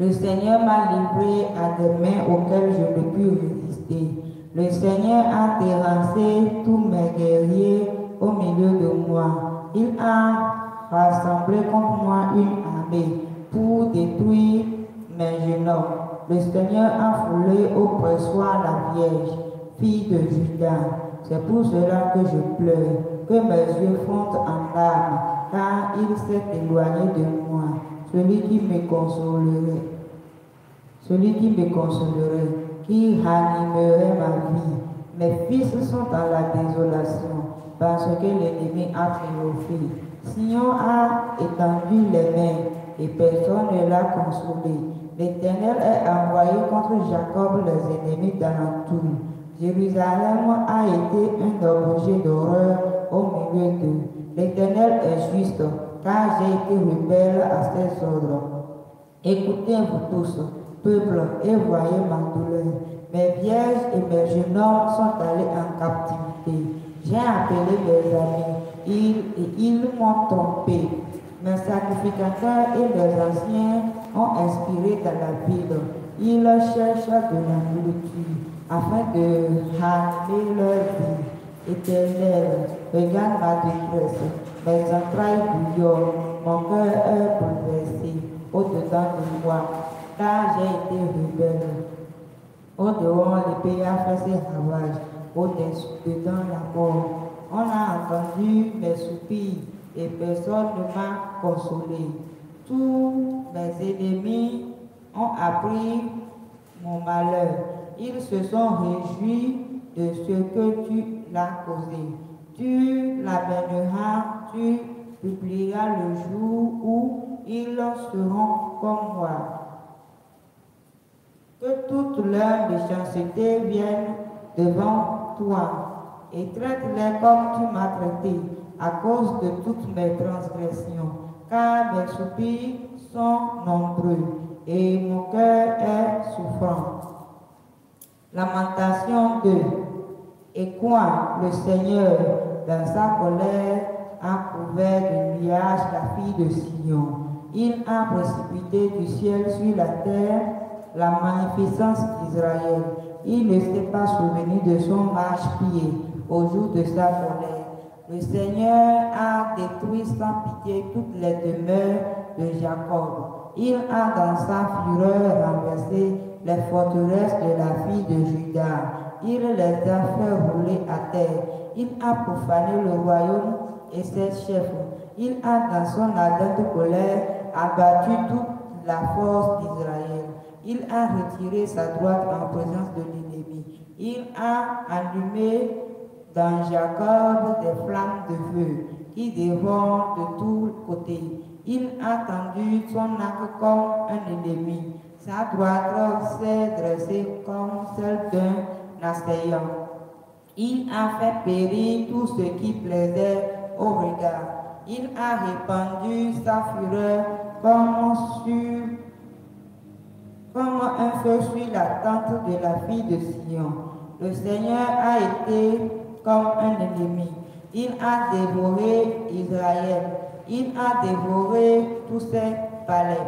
le Seigneur m'a livré à des mains auxquelles je ne puis résister. Le Seigneur a terrassé tous mes guerriers au milieu de moi. Il a rassemblé contre moi une armée pour détruire mes jeunes Le Seigneur a foulé au pressoir la Vierge, fille de Judas. C'est pour cela que je pleure, que mes yeux font en larmes, car il s'est éloigné de moi celui qui me consolerait, celui qui me consolerait, qui ranimerait ma vie. Mes fils sont dans la désolation parce que l'ennemi a triomphé. Sion a étendu les mains et personne ne l'a consolé. L'Éternel est envoyé contre Jacob les ennemis tour. »« Jérusalem a été un objet d'horreur au milieu d'eux. L'Éternel est juste car j'ai été rebelle à ces ordres. Écoutez-vous tous, peuple, et voyez ma douleur. Mes vierges et mes jeunes hommes sont allés en captivité. J'ai appelé mes amis, et ils m'ont trompé. Mes sacrificateurs et mes anciens ont inspiré dans la ville. Ils cherchent de la nourriture afin de ramener leur vie éternelle. Regarde ma détresse. Mes entrailles bouillonnent, mon cœur est bouleversé au-dedans de moi, car j'ai été rebelle. Au-dehors, pays a fait ses ravages, au-dedans la mort. On a entendu mes soupirs et personne ne m'a consolé. Tous mes ennemis ont appris mon malheur. Ils se sont réjouis de ce que tu l'as causé. Tu l'amèneras tu publieras le jour où ils seront comme moi. Que toute leur méchanceté vienne devant toi et traite-les comme tu m'as traité à cause de toutes mes transgressions, car mes soupirs sont nombreux et mon cœur est souffrant. Lamentation 2. Et quoi le Seigneur, dans sa colère, a couvert de nuage la fille de Sion. Il a précipité du ciel sur la terre la magnificence d'Israël. Il ne s'est pas souvenu de son marche-pied au jour de sa colère. Le Seigneur a détruit sans pitié toutes les demeures de Jacob. Il a dans sa fureur renversé les forteresses de la fille de Judas. Il les a fait rouler à terre. Il a profané le royaume et ses chefs. Il a dans son ardente colère abattu toute la force d'Israël. Il a retiré sa droite en présence de l'ennemi. Il a allumé dans Jacob des flammes de feu qui dévorent de tous côtés. Il a tendu son arc comme un ennemi. Sa droite s'est dressée comme celle d'un assaillant. Il a fait périr tout ce qui plaisait regard. Il a répandu sa fureur comme, comme un feu sur la tente de la fille de Sion. Le Seigneur a été comme un ennemi. Il a dévoré Israël. Il a dévoré tous ses palais.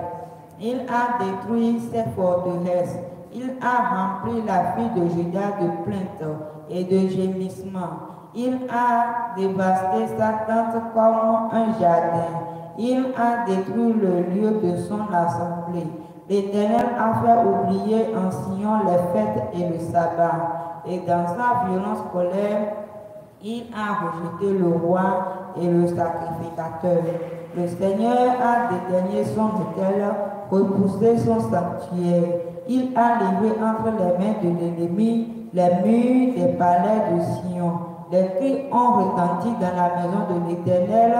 Il a détruit ses forteresses. Il a rempli la fille de Judas de plaintes et de gémissements. Il a dévasté sa tente comme un jardin. Il a détruit le lieu de son assemblée. L'Éternel a fait oublier en Sion les fêtes et le sabbat. Et dans sa violence colère, il a rejeté le roi et le sacrificateur. Le Seigneur a dédaigné son hôtel, repoussé son sanctuaire. Il a livré entre les mains de l'ennemi les murs des palais de Sion. Les cris ont retenti dans la maison de l'Éternel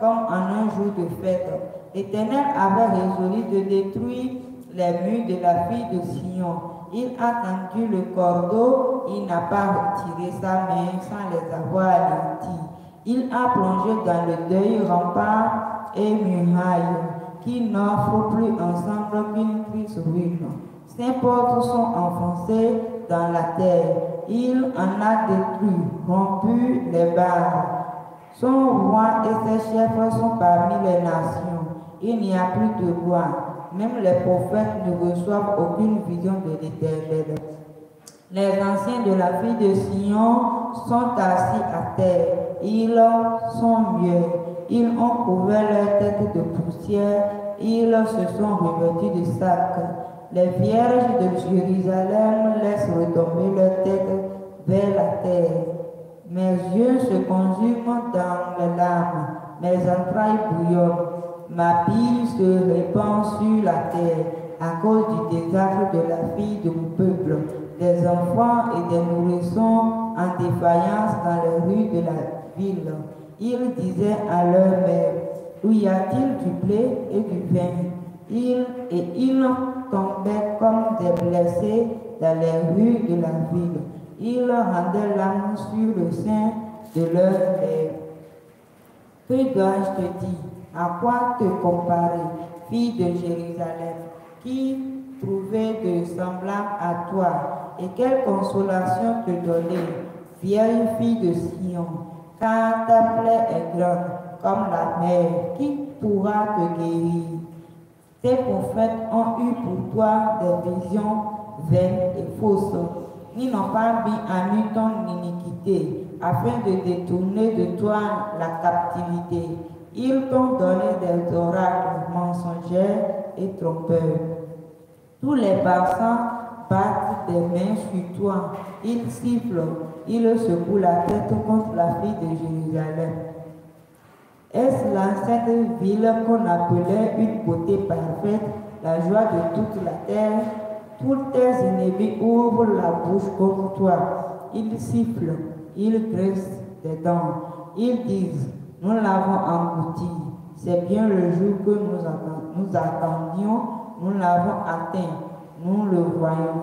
comme en un jour de fête. L'Éternel avait résolu de détruire les murs de la fille de Sion. Il a tendu le cordeau, il n'a pas retiré sa main sans les avoir alentis. Il a plongé dans le deuil rempart et muraille, qui n'offre plus ensemble qu'une crise ruine. Ses portes sont enfoncées dans la terre il en a détruit, rompu les barres. Son roi et ses chefs sont parmi les nations. Il n'y a plus de roi. Même les prophètes ne reçoivent aucune vision de l'Éternel. Les anciens de la fille de Sion sont assis à terre. Ils sont mieux. Ils ont couvert leur tête de poussière. Ils se sont revêtus de sacs. Les vierges de Jérusalem laissent retomber leur tête vers la terre. Mes yeux se consument dans les larmes, mes entrailles bouillonnent, ma pile se répand sur la terre à cause du désastre de la fille de mon peuple, des enfants et des nourrissons en défaillance dans les rues de la ville. Ils disaient à leur mère, où y a-t-il du blé et du vin Ils et ils tombaient comme des blessés dans les rues de la ville. Ils rendaient l'âme sur le sein de leur père. Que dois-je te dire À quoi te comparer, fille de Jérusalem, qui trouvait de semblable à toi Et quelle consolation te donner, vieille fille de Sion, car ta plaie est grande comme la mer, qui pourra te guérir ces prophètes ont eu pour toi des visions vaines et fausses. Ils n'ont pas mis à nu ton iniquité, afin de détourner de toi la captivité. Ils t'ont donné des oracles mensongers et trompeurs. Tous les passants battent des mains sur toi. Ils sifflent, ils secouent la tête contre la fille de Jérusalem. Est-ce l'ancienne cette ville qu'on appelait une beauté parfaite, la joie de toute la terre Toutes tes ennemis ouvrent la bouche comme toi. Ils sifflent, ils pressent des dents. Ils disent, nous l'avons englouti. C'est bien le jour que nous attendions, nous l'avons atteint, nous le voyons.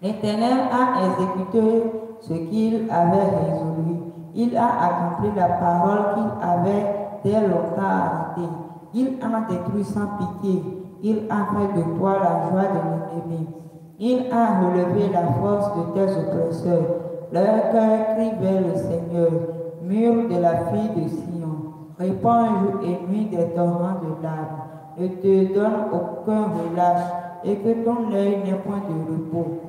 L'Éternel a exécuté ce qu'il avait résolu. Il a accompli la parole qu'il avait dès longtemps arrêtée. Il a détruit sans pitié. Il a fait de toi la joie de l'ennemi. Il a relevé la force de tes oppresseurs. Leur cœur crie vers le Seigneur, mur de la fille de Sion. Répands jour et nuit des torments de l'âme. Ne te donne aucun relâche et que ton œil n'ait point de repos.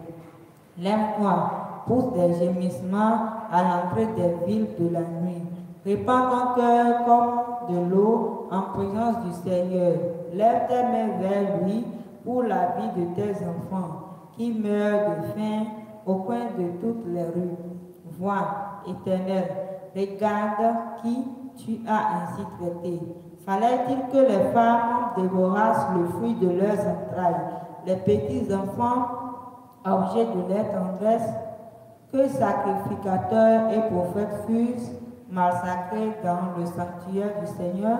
Lève-moi pousse des gémissements à l'entrée des villes de la nuit. Répand ton cœur comme de l'eau en présence du Seigneur. Lève tes mains vers lui pour la vie de tes enfants qui meurent de faim au coin de toutes les rues. Vois, éternel, regarde qui tu as ainsi traité. Fallait-il que les femmes dévorassent le fruit de leurs entrailles, les petits enfants objets de leur tendresse que sacrificateurs et prophètes fussent massacrés dans le sanctuaire du Seigneur.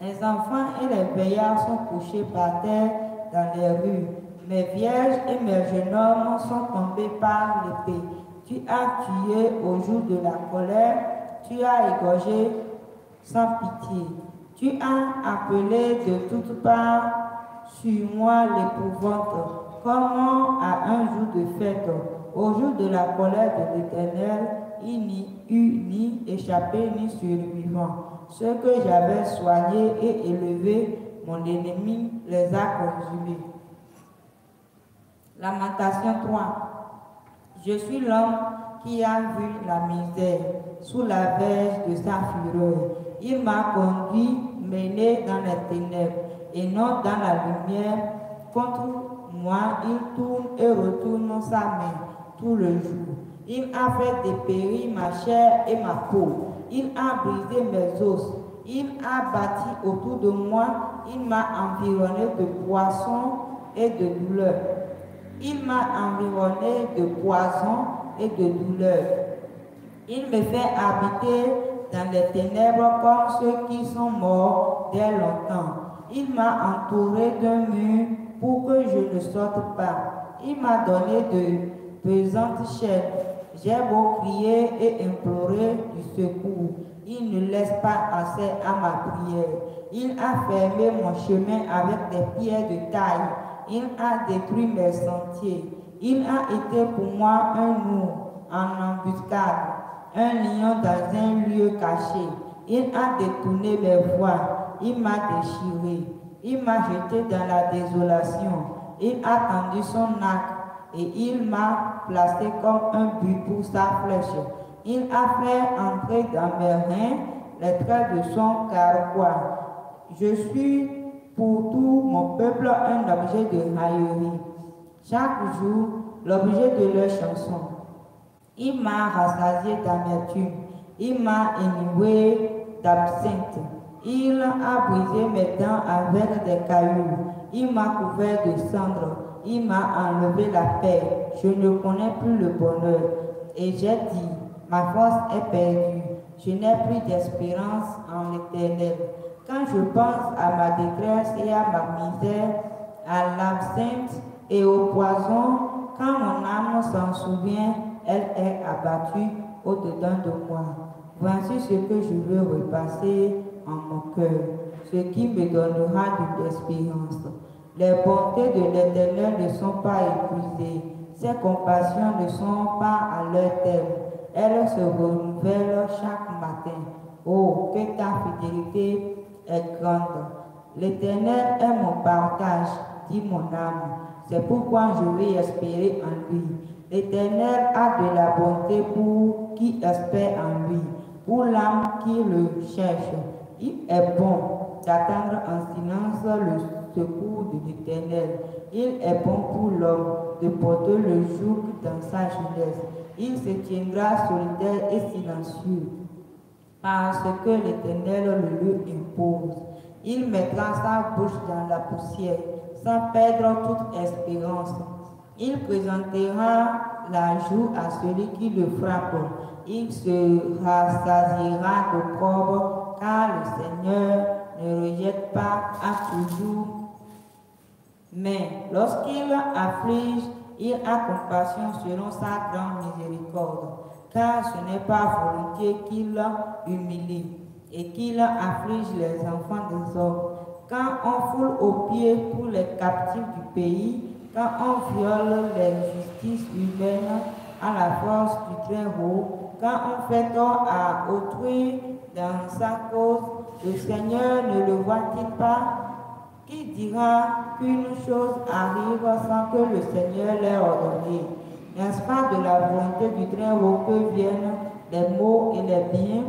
Les enfants et les veillards sont couchés par terre dans les rues. Mes vierges et mes jeunes hommes sont tombés par l'épée. Tu as tué au jour de la colère, tu as égorgé sans pitié. Tu as appelé de toutes parts sur moi l'épouvante, comment à un jour de fête. Au jour de la colère de l'Éternel, il n'y eut ni échappé ni survivant. Ceux que j'avais soigné et élevé, mon ennemi les a consumés. Lamentation 3. Je suis l'homme qui a vu la misère sous la verge de sa fureur. Il m'a conduit, mené dans les ténèbres et non dans la lumière. Contre moi, il tourne et retourne sa main tout le jour. Il a fait dépérir ma chair et ma peau. Il a brisé mes os. Il a bâti autour de moi. Il m'a environné de poissons et de douleurs. Il m'a environné de poisons et de douleurs. Il me fait habiter dans les ténèbres comme ceux qui sont morts dès longtemps. Il m'a entouré d'un mur pour que je ne sorte pas. Il m'a donné de pesante chère, J'ai beau crier et implorer du secours, il ne laisse pas assez à ma prière. Il a fermé mon chemin avec des pierres de taille. Il a détruit mes sentiers. Il a été pour moi un loup en embuscade, un lion dans un lieu caché. Il a détourné mes voies. Il m'a déchiré. Il m'a jeté dans la désolation. Il a tendu son arc et il m'a placé comme un but pour sa flèche. Il a fait entrer dans mes reins les traits de son carquois. Je suis pour tout mon peuple un objet de raillerie. Chaque jour, l'objet de leur chanson. Il m'a rassasié d'amertume. Il m'a émué d'absinthe. Il a brisé mes dents avec des cailloux. Il m'a couvert de cendres. Il m'a enlevé la paix, je ne connais plus le bonheur. Et j'ai dit, ma force est perdue, je n'ai plus d'espérance en l'éternel. Quand je pense à ma détresse et à ma misère, à l'absinthe et au poison, quand mon âme s'en souvient, elle est abattue au-dedans de moi. Voici ce que je veux repasser en mon cœur, ce qui me donnera de l'espérance. Les bontés de l'Éternel ne sont pas épuisées, ses compassions ne sont pas à leur terme. Elles se renouvellent chaque matin. Oh, que ta fidélité est grande. L'Éternel est mon partage, dit mon âme. C'est pourquoi je vais espérer en lui. L'Éternel a de la bonté pour qui espère en lui, pour l'âme qui le cherche. Il est bon d'attendre en silence le secours de l'Éternel. Il est bon pour l'homme de porter le joug dans sa jeunesse. Il se tiendra solitaire et silencieux, parce que l'Éternel le lui impose. Il mettra sa bouche dans la poussière, sans perdre toute espérance. Il présentera la joue à celui qui le frappe. Il se rassasiera de corps, car le Seigneur ne rejette pas à toujours mais lorsqu'il afflige, il a compassion selon sa grande miséricorde, car ce n'est pas volontiers qu'il humilie et qu'il afflige les enfants des hommes. Quand on foule aux pieds tous les captifs du pays, quand on viole les justices humaines à la force du très haut, quand on fait tort à autrui dans sa cause, le Seigneur ne le voit-il pas qui dira qu'une chose arrive sans que le Seigneur l'ait ordonné N'est-ce pas de la volonté du très haut que viennent les maux et les biens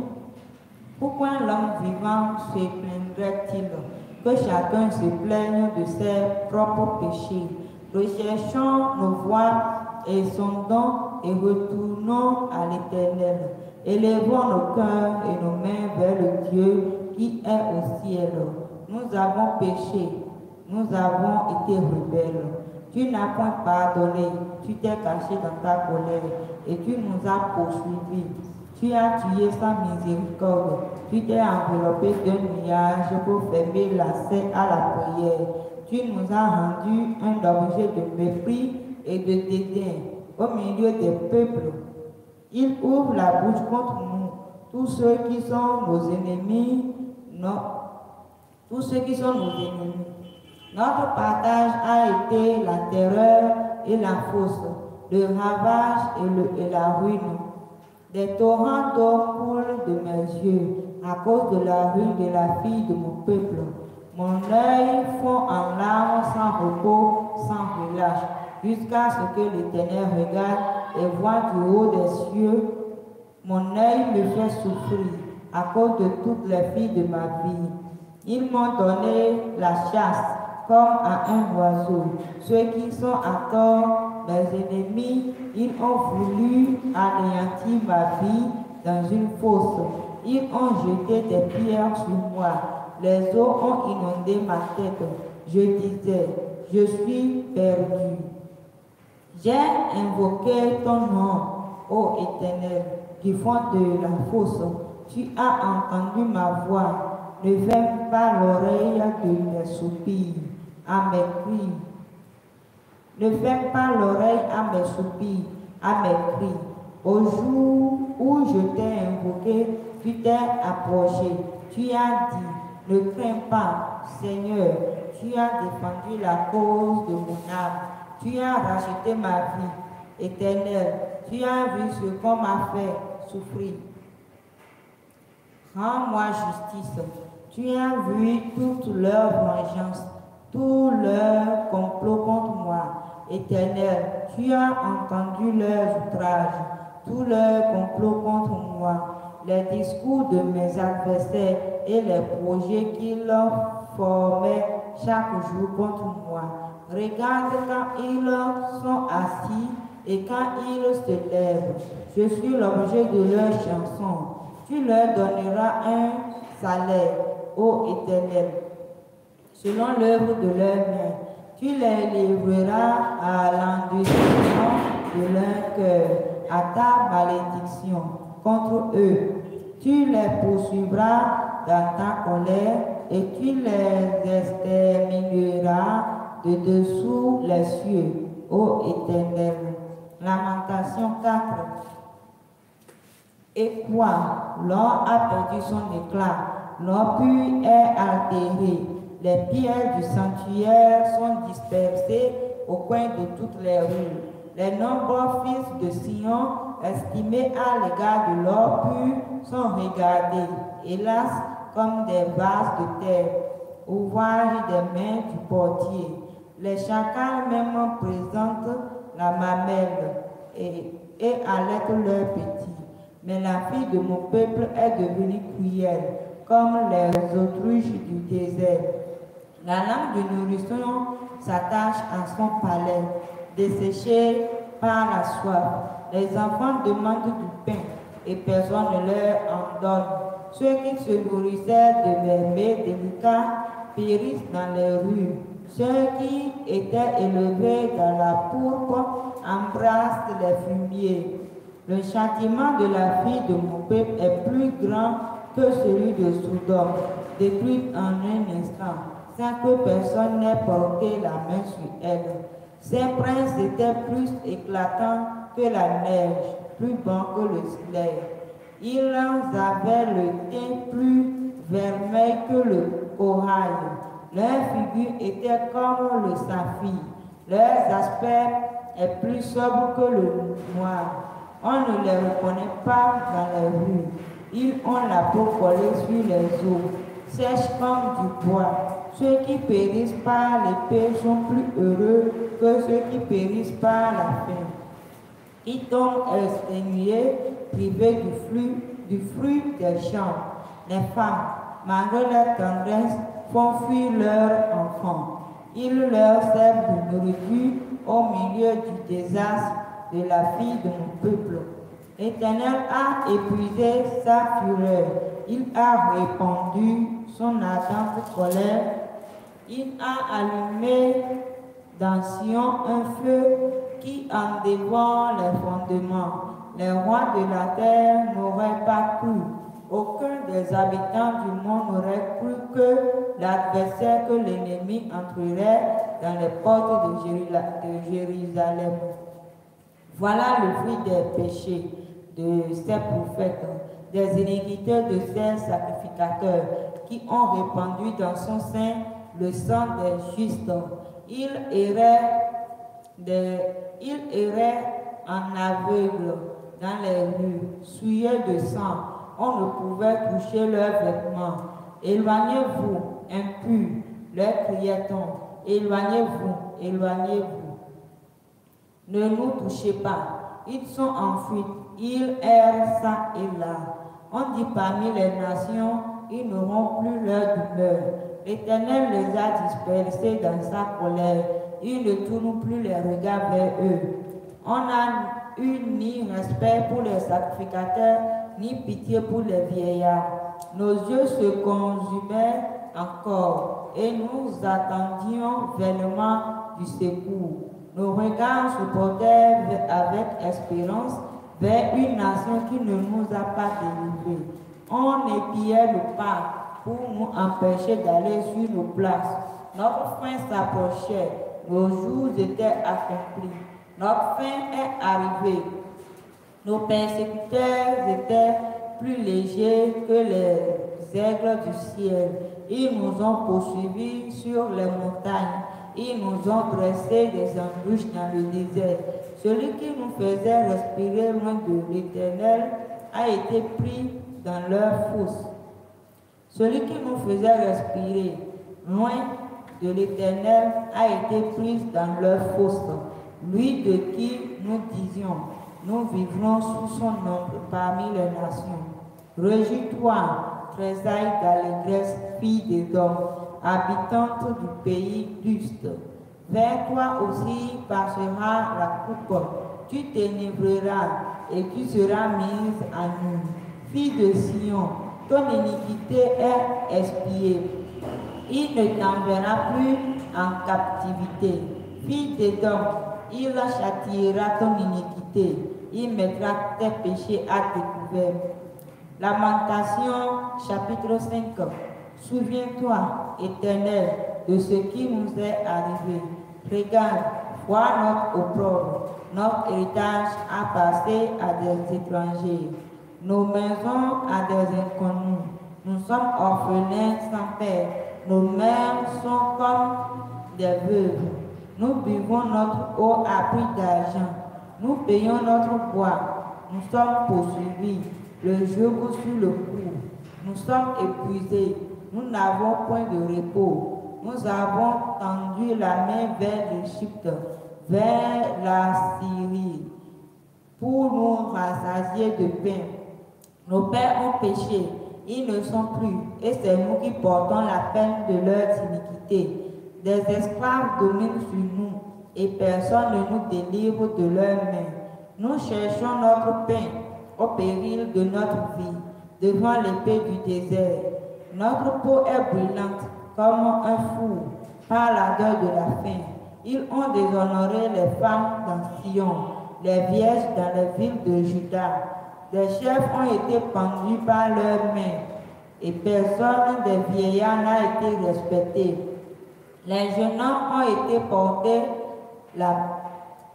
Pourquoi l'homme vivant se plaindrait-il Que chacun se plaigne de ses propres péchés. Recherchons nos voies et don et retournons à l'Éternel. Élevons nos cœurs et nos mains vers le Dieu qui est au ciel. Nous avons péché, nous avons été rebelles. Tu n'as point pardonné, tu t'es caché dans ta colère et tu nous as poursuivis. Tu as tué sa miséricorde, tu t'es enveloppé d'un nuage pour fermer l'accès à la prière. Tu nous as rendu un objet de mépris et de dédain au milieu des peuples. Il ouvre la bouche contre nous. Tous ceux qui sont nos ennemis, non, tous ceux qui sont nos ennemis. Notre partage a été la terreur et la fosse, le ravage et, la ruine. Des torrents d'eau coulent de mes yeux à cause de la ruine de la fille de mon peuple. Mon œil fond en larmes sans repos, sans relâche, jusqu'à ce que l'Éternel regarde et voit du haut des cieux. Mon œil me fait souffrir à cause de toutes les filles de ma vie. Ils m'ont donné la chasse comme à un oiseau. Ceux qui sont à tort, mes ennemis, ils ont voulu anéantir ma vie dans une fosse. Ils ont jeté des pierres sur moi. Les eaux ont inondé ma tête. Je disais, je suis perdu. J'ai invoqué ton nom, ô Éternel, qui font de la fosse. Tu as entendu ma voix ne ferme pas l'oreille de mes soupirs, à mes cris. Ne ferme pas l'oreille à mes soupirs, à mes cris. Au jour où je t'ai invoqué, tu t'es approché. Tu as dit, ne crains pas, Seigneur, tu as défendu la cause de mon âme. Tu as racheté ma vie éternelle. Tu as vu ce qu'on m'a fait souffrir. Rends-moi justice tu as vu toute leur vengeance, tout leur complot contre moi. Éternel, tu as entendu leurs outrages, tout leur complot contre moi, les discours de mes adversaires et les projets qu'ils formaient chaque jour contre moi. Regarde quand ils sont assis et quand ils se lèvent. Je suis l'objet de leur chanson. Tu leur donneras un salaire ô Éternel, selon l'œuvre de leurs mains. Tu les livreras à l'endurcissement de leur cœur, à ta malédiction contre eux. Tu les poursuivras dans ta colère et tu les extermineras de dessous les cieux, ô Éternel. Lamentation 4. Et quoi, l'homme a perdu son éclat pur est altéré. Les pierres du sanctuaire sont dispersées au coin de toutes les rues. Les nombreux fils de Sion, estimés à l'égard de l'or pur, sont regardés, hélas, comme des vases de terre, ouvrage des mains du portier. Les chacals même présentent la mamelle et, et allaitent leurs petits. Mais la fille de mon peuple est devenue cruelle comme les autruches du désert. La langue de nourrisson s'attache à son palais, desséché par la soif. Les enfants demandent du pain et personne ne leur en donne. Ceux qui se nourrissaient de mermets délicats périssent dans les rues. Ceux qui étaient élevés dans la pourpre embrassent les fumiers. Le châtiment de la vie de mon peuple est plus grand que celui de Soudan, détruite en un instant, sans que personne n'ait porté la main sur elle. Ces princes étaient plus éclatants que la neige, plus bon que le soleil. Ils avaient le teint plus vermeil que le corail. Leurs figures était comme le saphir. Leurs aspects est plus sobre que le noir. On ne les reconnaît pas dans la rue. Ils ont la peau collée sur les os, sèche comme du bois. Ceux qui périssent par l'épée sont plus heureux que ceux qui périssent par la faim. Ils tombent exténués, privés du fruit, du fruit des champs. Les femmes, malgré leur tendresse, font fuir leurs enfants. Ils leur servent de nourriture au milieu du désastre de la vie de mon peuple. L'Éternel a épuisé sa fureur. Il a répandu son ardente colère. Il a allumé dans Sion un feu qui en dévore les fondements. Les rois de la terre n'auraient pas cru. Aucun des habitants du monde n'aurait cru que l'adversaire, que l'ennemi entrerait dans les portes de Jérusalem. Voilà le fruit des péchés de ces prophètes, des inégalités, de ces sacrificateurs, qui ont répandu dans son sein le sang des justes. Ils erraient il en aveugle dans les rues, souillés de sang. On ne pouvait toucher leurs vêtements. Éloignez-vous, impurs, leur criait-on. Éloignez-vous, éloignez-vous. Ne nous touchez pas. Ils sont en fuite il erre ça et là. On dit parmi les nations, ils n'auront plus leur douleur. L'Éternel les a dispersés dans sa colère. Ils ne tournent plus les regards vers eux. On n'a eu ni respect pour les sacrificateurs, ni pitié pour les vieillards. Nos yeux se consumaient encore et nous attendions vainement du secours. Nos regards se portaient avec espérance vers une nation qui ne nous a pas délivrés. On épiait le pas pour nous empêcher d'aller sur nos places. Notre fin s'approchait, nos jours étaient accomplis. Notre fin est arrivée. Nos persécuteurs étaient plus légers que les aigles du ciel. Ils nous ont poursuivis sur les montagnes. Ils nous ont dressé des embûches dans le désert. Celui qui nous faisait respirer loin de l'Éternel a été pris dans leur fosse. Celui qui nous faisait respirer loin de l'Éternel a été pris dans leur fosse. Lui de qui nous disions, nous vivrons sous son ombre parmi les nations. Réjouis-toi, trésaille d'allégresse, fille des hommes, habitante du pays juste. Vers toi aussi passera la coupe. Tu t'énivreras et tu seras mise à nous. Fille de Sion, ton iniquité est expiée. Il ne t'enverra plus en captivité. Fille dons, il châtiera ton iniquité. Il mettra tes péchés à découvert. Lamentation, chapitre 5. Souviens-toi, Éternel, de ce qui nous est arrivé Regarde, vois notre opprobre, notre héritage a passé à des étrangers, nos maisons à des inconnus. Nous sommes orphelins sans père, nos mères sont comme des veuves. Nous buvons notre eau à prix d'argent, nous payons notre poids. nous sommes poursuivis, le vous sur le cou. Nous sommes épuisés, nous n'avons point de repos nous avons tendu la main vers l'Égypte, vers la Syrie, pour nous rassasier de pain. Nos pères ont péché, ils ne sont plus, et c'est nous qui portons la peine de leur iniquité. Des esclaves dominent sur nous, et personne ne nous délivre de leurs mains. Nous cherchons notre pain au péril de notre vie, devant l'épée du désert. Notre peau est brûlante comme un fou, par l'ardeur de la faim. Ils ont déshonoré les femmes dans Sion, les vierges dans les villes de Juda. Des chefs ont été pendus par leurs mains, et personne des vieillards n'a été respecté. Les jeunes hommes ont été la,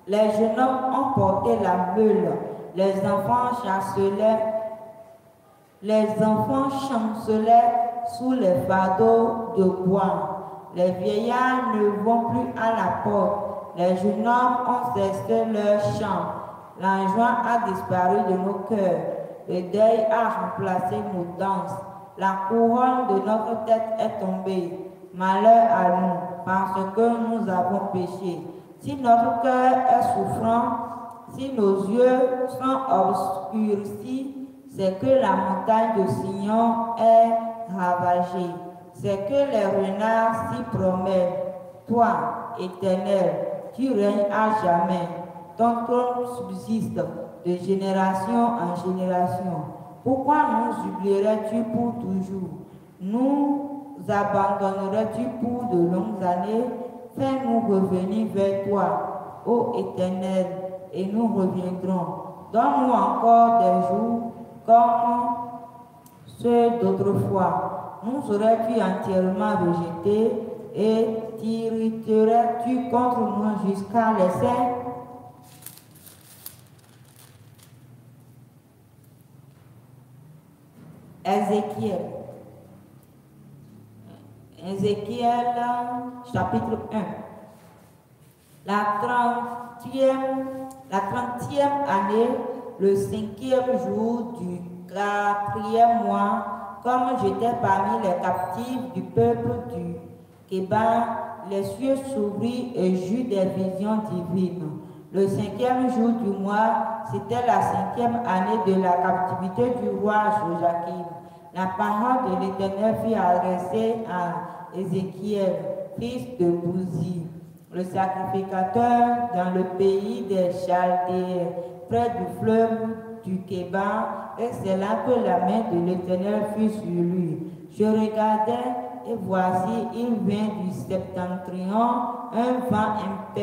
les jeunes ont porté la meule. Les enfants chancelaient, les enfants chancelaient sous les fardeaux de bois. Les vieillards ne vont plus à la porte. Les jeunes hommes ont cessé leur chant. L'enjoint a disparu de nos cœurs. Le deuil a remplacé nos danses. La couronne de notre tête est tombée. Malheur à nous, parce que nous avons péché. Si notre cœur est souffrant, si nos yeux sont obscurcis, c'est que la montagne de Sion est c'est que les renards s'y promettent. Toi, éternel, tu règnes à jamais. Ton trône subsiste de génération en génération. Pourquoi nous oublierais-tu pour toujours Nous abandonnerais-tu pour de longues années Fais-nous revenir vers toi, ô Éternel, et nous reviendrons. Donne-nous encore des jours comme ceux d'autrefois nous aurais-tu entièrement rejeté et t'irriterais-tu contre moi jusqu'à l'essai Ézéchiel. Ézéchiel chapitre 1. La trentième, la trentième année, le cinquième jour du « La priez-moi, comme j'étais parmi les captifs du peuple du Kéba, les cieux s'ouvrirent et j'eus des visions divines. Le cinquième jour du mois, c'était la cinquième année de la captivité du roi Joachim. La parole de l'Éternel fut adressée à Ézéchiel, fils de Bouzi, le sacrificateur dans le pays des Chaldéens, près du fleuve du Kébar, et c'est là que la main de l'Éternel fut sur lui. Je regardais, et voici, il vient du septentrion, un vent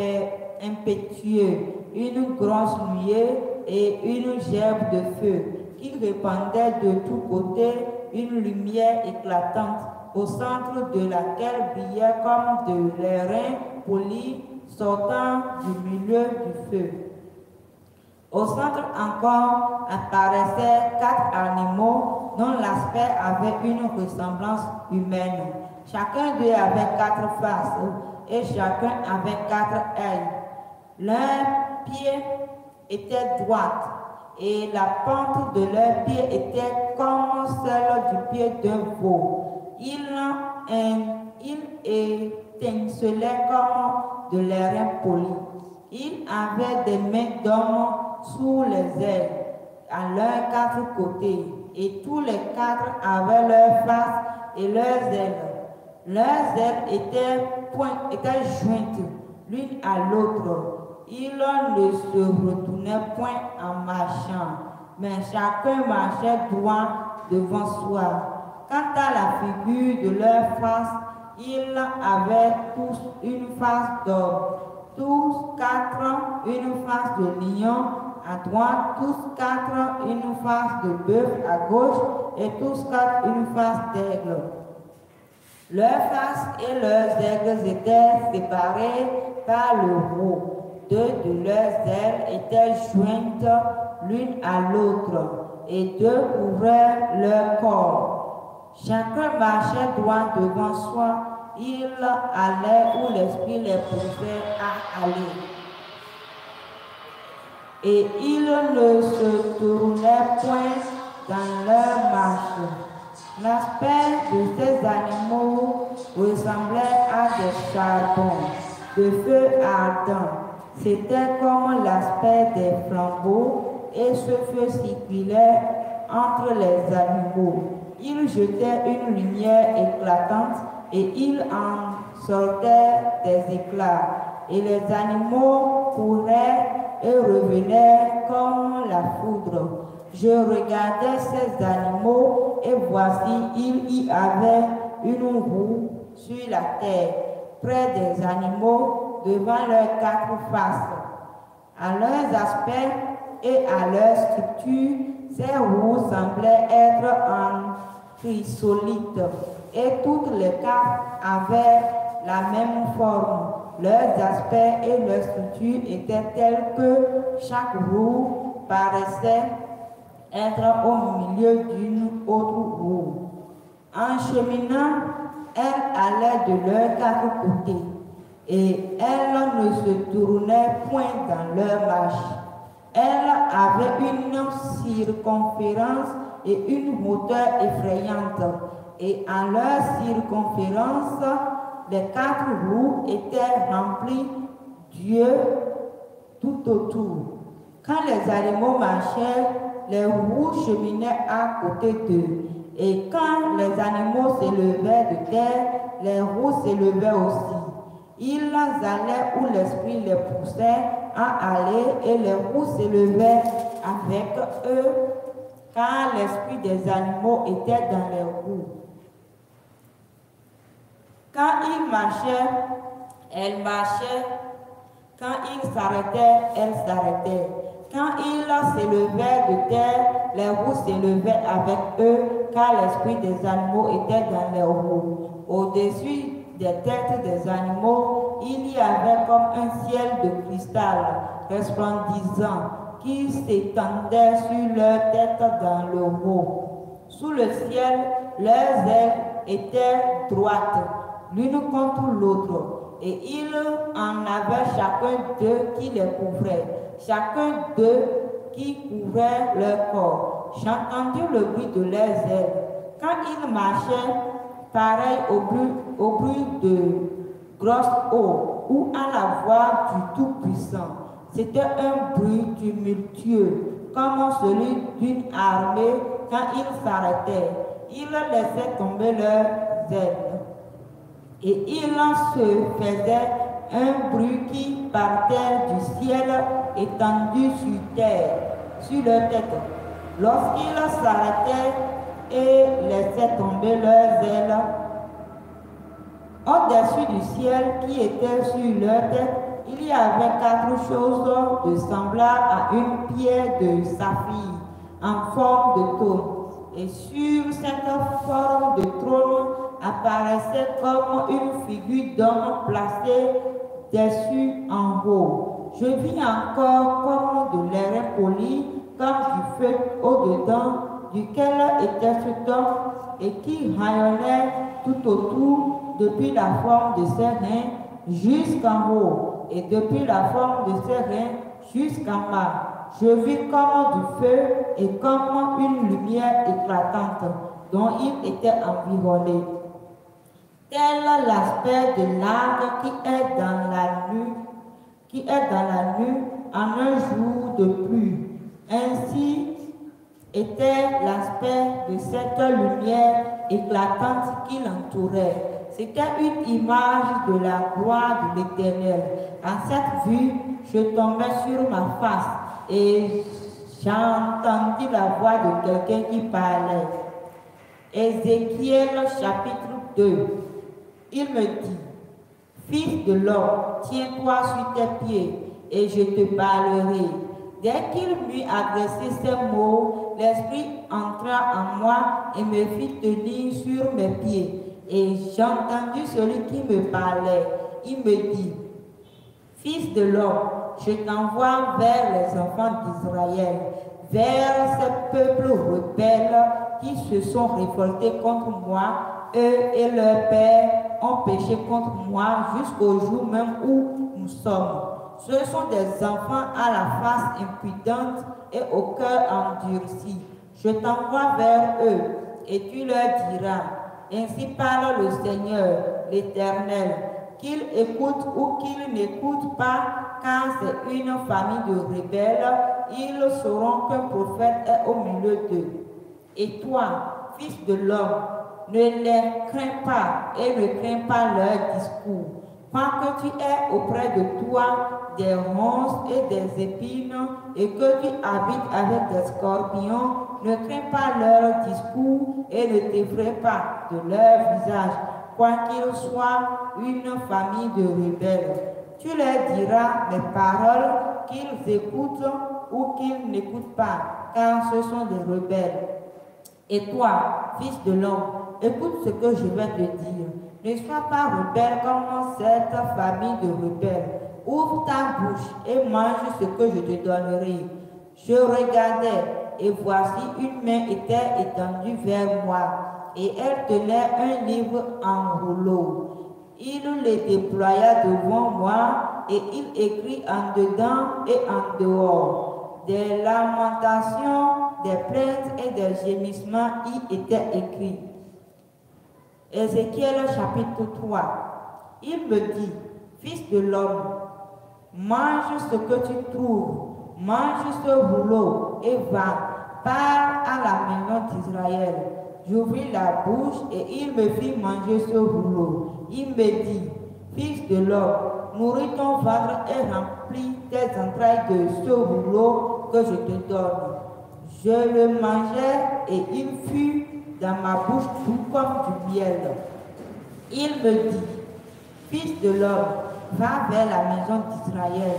impétueux, une grosse nuée et une gerbe de feu, qui répandait de tous côtés une lumière éclatante, au centre de laquelle brillait comme de l'airain poli sortant du milieu du feu. Au centre encore apparaissaient quatre animaux dont l'aspect avait une ressemblance humaine. Chacun d'eux avait quatre faces et chacun avait quatre ailes. Leurs pieds étaient droits et la pente de leurs pieds était comme celle du pied d'un veau. Ils, étaient étincelaient comme de l'air poli. Ils avaient des mains d'homme sous les ailes, à leurs quatre côtés, et tous les quatre avaient leurs faces et leurs ailes. Leurs ailes étaient, étaient jointes l'une à l'autre. Ils ne se retournaient point en marchant, mais chacun marchait droit devant soi. Quant à la figure de leur face, ils avaient tous une face d'or tous quatre une face de lion à droite, tous quatre une face de bœuf à gauche et tous quatre une face d'aigle. Leurs faces et leurs aigles étaient séparées par le haut. Deux de leurs ailes étaient jointes l'une à l'autre et deux couvraient leur corps. Chacun marchait droit devant soi ils allait où l'esprit les poussait à aller. Et ils ne se tournaient point dans leur marche. L'aspect de ces animaux ressemblait à des charbons de feu ardent. C'était comme l'aspect des flambeaux et ce feu circulait entre les animaux. Il jetait une lumière éclatante et il en sortait des éclats, et les animaux couraient et revenaient comme la foudre. Je regardais ces animaux, et voici, il y avait une roue sur la terre, près des animaux, devant leurs quatre faces. À leurs aspects et à leur structure, ces roues semblaient être en solide, et toutes les cartes avaient la même forme. Leurs aspects et leurs structures étaient tels que chaque roue paraissait être au milieu d'une autre roue. En cheminant, elles allaient de leurs quatre côtés et elles ne se tournaient point dans leur marche. Elles avaient une circonférence et une hauteur effrayante et en leur circonférence, les quatre roues étaient remplies d'yeux tout autour. Quand les animaux marchaient, les roues cheminaient à côté d'eux. Et quand les animaux s'élevaient de terre, les roues s'élevaient aussi. Ils allaient où l'esprit les poussait à aller et les roues s'élevaient avec eux, car l'esprit des animaux était dans les roues. Quand il marchait, elle marchait. Quand il s'arrêtait, elle s'arrêtait. Quand ils s'élevaient de terre, les roues s'élevaient avec eux, car l'esprit des animaux était dans les roues. Au-dessus des têtes des animaux, il y avait comme un ciel de cristal resplendissant qui s'étendait sur leurs têtes dans le haut. Sous le ciel, leurs ailes étaient droites l'une contre l'autre. Et ils en avaient chacun d'eux qui les couvraient chacun d'eux qui couvrait leur corps. j'entendais le bruit de leurs ailes. Quand ils marchaient, pareil au bruit, au bruit de grosses eaux ou à la voix du Tout-Puissant. C'était un bruit tumultueux, comme celui d'une armée quand ils s'arrêtaient. Ils laissaient tomber leurs ailes et il se faisait un bruit qui partait du ciel étendu sur terre, sur leur tête. Lorsqu'ils s'arrêtaient et laissaient tomber leurs ailes, au-dessus du ciel qui était sur leur tête, il y avait quatre choses de semblable à une pierre de saphir en forme de trône. Et sur cette forme de trône, apparaissait comme une figure d'homme placée dessus en haut. Je vis encore comme de l'air poli, comme du feu au-dedans, duquel était ce homme et qui rayonnait tout autour depuis la forme de ses reins jusqu'en haut et depuis la forme de ses reins jusqu'en bas. Je vis comme du feu et comme une lumière éclatante dont il était environné. Tel l'aspect de l'arbre qui est dans la nuit, qui est dans la nuit en un jour de pluie. Ainsi était l'aspect de cette lumière éclatante qui l'entourait. C'était une image de la gloire de l'Éternel. À cette vue, je tombais sur ma face et j'entendis la voix de quelqu'un qui parlait. Ézéchiel chapitre 2. Il me dit, Fils de l'homme, tiens-toi sur tes pieds et je te parlerai. Dès qu'il lui adressé ces mots, l'Esprit entra en moi et me fit tenir sur mes pieds. Et j'entendis celui qui me parlait. Il me dit, Fils de l'homme, je t'envoie vers les enfants d'Israël, vers ces peuples rebelles qui se sont révoltés contre moi eux et leur père ont péché contre moi jusqu'au jour même où nous sommes. Ce sont des enfants à la face impudente et au cœur endurci. Je t'envoie vers eux et tu leur diras, ainsi parle le Seigneur, l'Éternel, qu'ils écoutent ou qu'ils n'écoutent pas, car c'est une famille de rebelles, ils sauront qu'un prophète est au milieu d'eux. Et toi, fils de l'homme, ne les crains pas et ne crains pas leur discours. Quand que tu es auprès de toi des monstres et des épines et que tu habites avec des scorpions, ne crains pas leur discours et ne t'effraie pas de leur visage, quoi qu'ils soient une famille de rebelles. Tu leur diras les paroles qu'ils écoutent ou qu'ils n'écoutent pas, car ce sont des rebelles. Et toi, fils de l'homme, écoute ce que je vais te dire. Ne sois pas rebelle comme cette famille de rebelles. Ouvre ta bouche et mange ce que je te donnerai. Je regardais, et voici une main était étendue vers moi, et elle tenait un livre en rouleau. Il le déploya devant moi, et il écrit en dedans et en dehors. Des lamentations, des plaintes et des gémissements y étaient écrits. Ézéchiel chapitre 3. Il me dit, Fils de l'homme, mange ce que tu trouves, mange ce rouleau et va, parle à la maison d'Israël. J'ouvris la bouche et il me fit manger ce rouleau. Il me dit, Fils de l'homme, nourris ton ventre et remplis tes entrailles de ce rouleau que je te donne. Je le mangeai et il fut dans ma bouche tout comme du miel. Il me dit, Fils de l'homme, va vers la maison d'Israël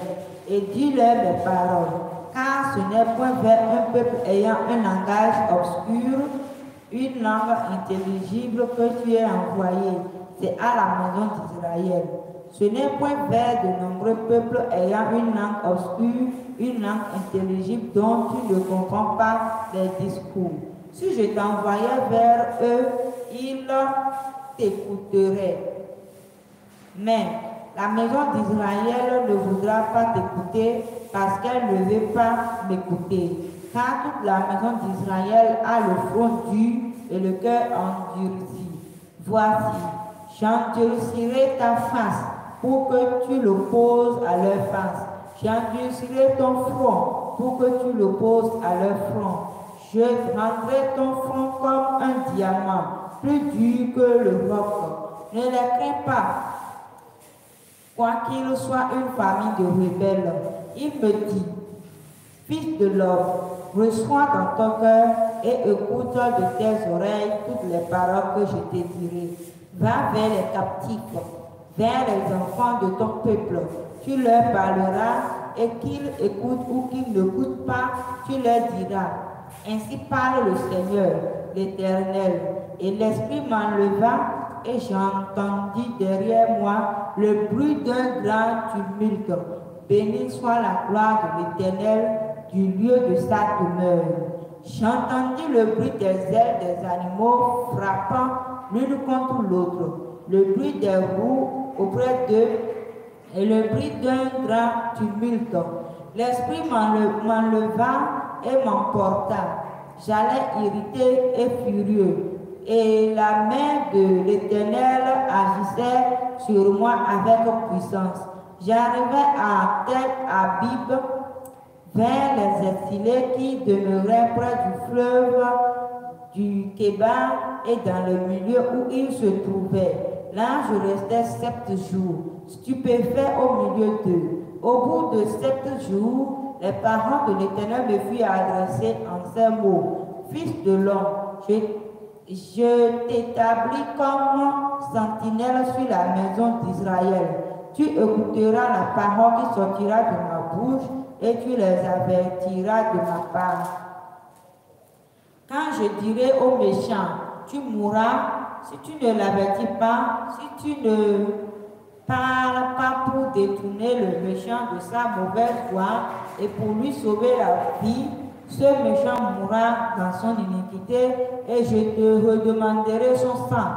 et dis-leur mes paroles, car ce n'est point vers un peuple ayant un langage obscur, une langue intelligible que tu es envoyé, c'est à la maison d'Israël. Ce n'est point vers de nombreux peuples ayant une langue obscure, une langue intelligible dont tu ne comprends pas les discours. Si je t'envoyais vers eux, ils t'écouteraient. Mais la maison d'Israël ne voudra pas t'écouter parce qu'elle ne veut pas m'écouter. Car toute la maison d'Israël a le front dur et le cœur endurci. Voici, j'endurcirai ta face pour que tu l'opposes à leur face. J'endurcirai ton front pour que tu l'opposes à leur front je rendrai ton front comme un diamant, plus dur que le roc. Ne les pas, quoi qu'il soit une famille de rebelles. Il me dit, Fils de l'homme, reçois dans ton cœur et écoute de tes oreilles toutes les paroles que je t'ai dirai. Va vers les captifs, vers les enfants de ton peuple. Tu leur parleras et qu'ils écoutent ou qu'ils n'écoutent pas, tu leur diras ainsi parle le Seigneur, l'Éternel. Et l'Esprit m'enleva et j'entendis derrière moi le bruit d'un grand tumulte. Béni soit la gloire de l'Éternel du lieu de sa demeure. J'entendis le bruit des ailes des animaux frappant l'une contre l'autre, le bruit des roues auprès d'eux et le bruit d'un grand tumulte. L'esprit m'enleva et m'emporta. J'allais irrité et furieux, et la main de l'Éternel agissait sur moi avec puissance. J'arrivai à Tel Abib, vers les exilés qui demeuraient près du fleuve du Kéban et dans le milieu où ils se trouvaient. Là, je restais sept jours, stupéfait au milieu d'eux. Au bout de sept jours, les parents de l'Éternel me furent adressés en ces mots. Fils de l'homme, je, t'établis comme sentinelle sur la maison d'Israël. Tu écouteras la parole qui sortira de ma bouche et tu les avertiras de ma part. Quand je dirai au méchant « tu mourras, si tu ne l'avertis pas, si tu ne parles pas pour détourner le méchant de sa mauvaise voie, et pour lui sauver la vie, ce méchant mourra dans son iniquité et je te redemanderai son sang.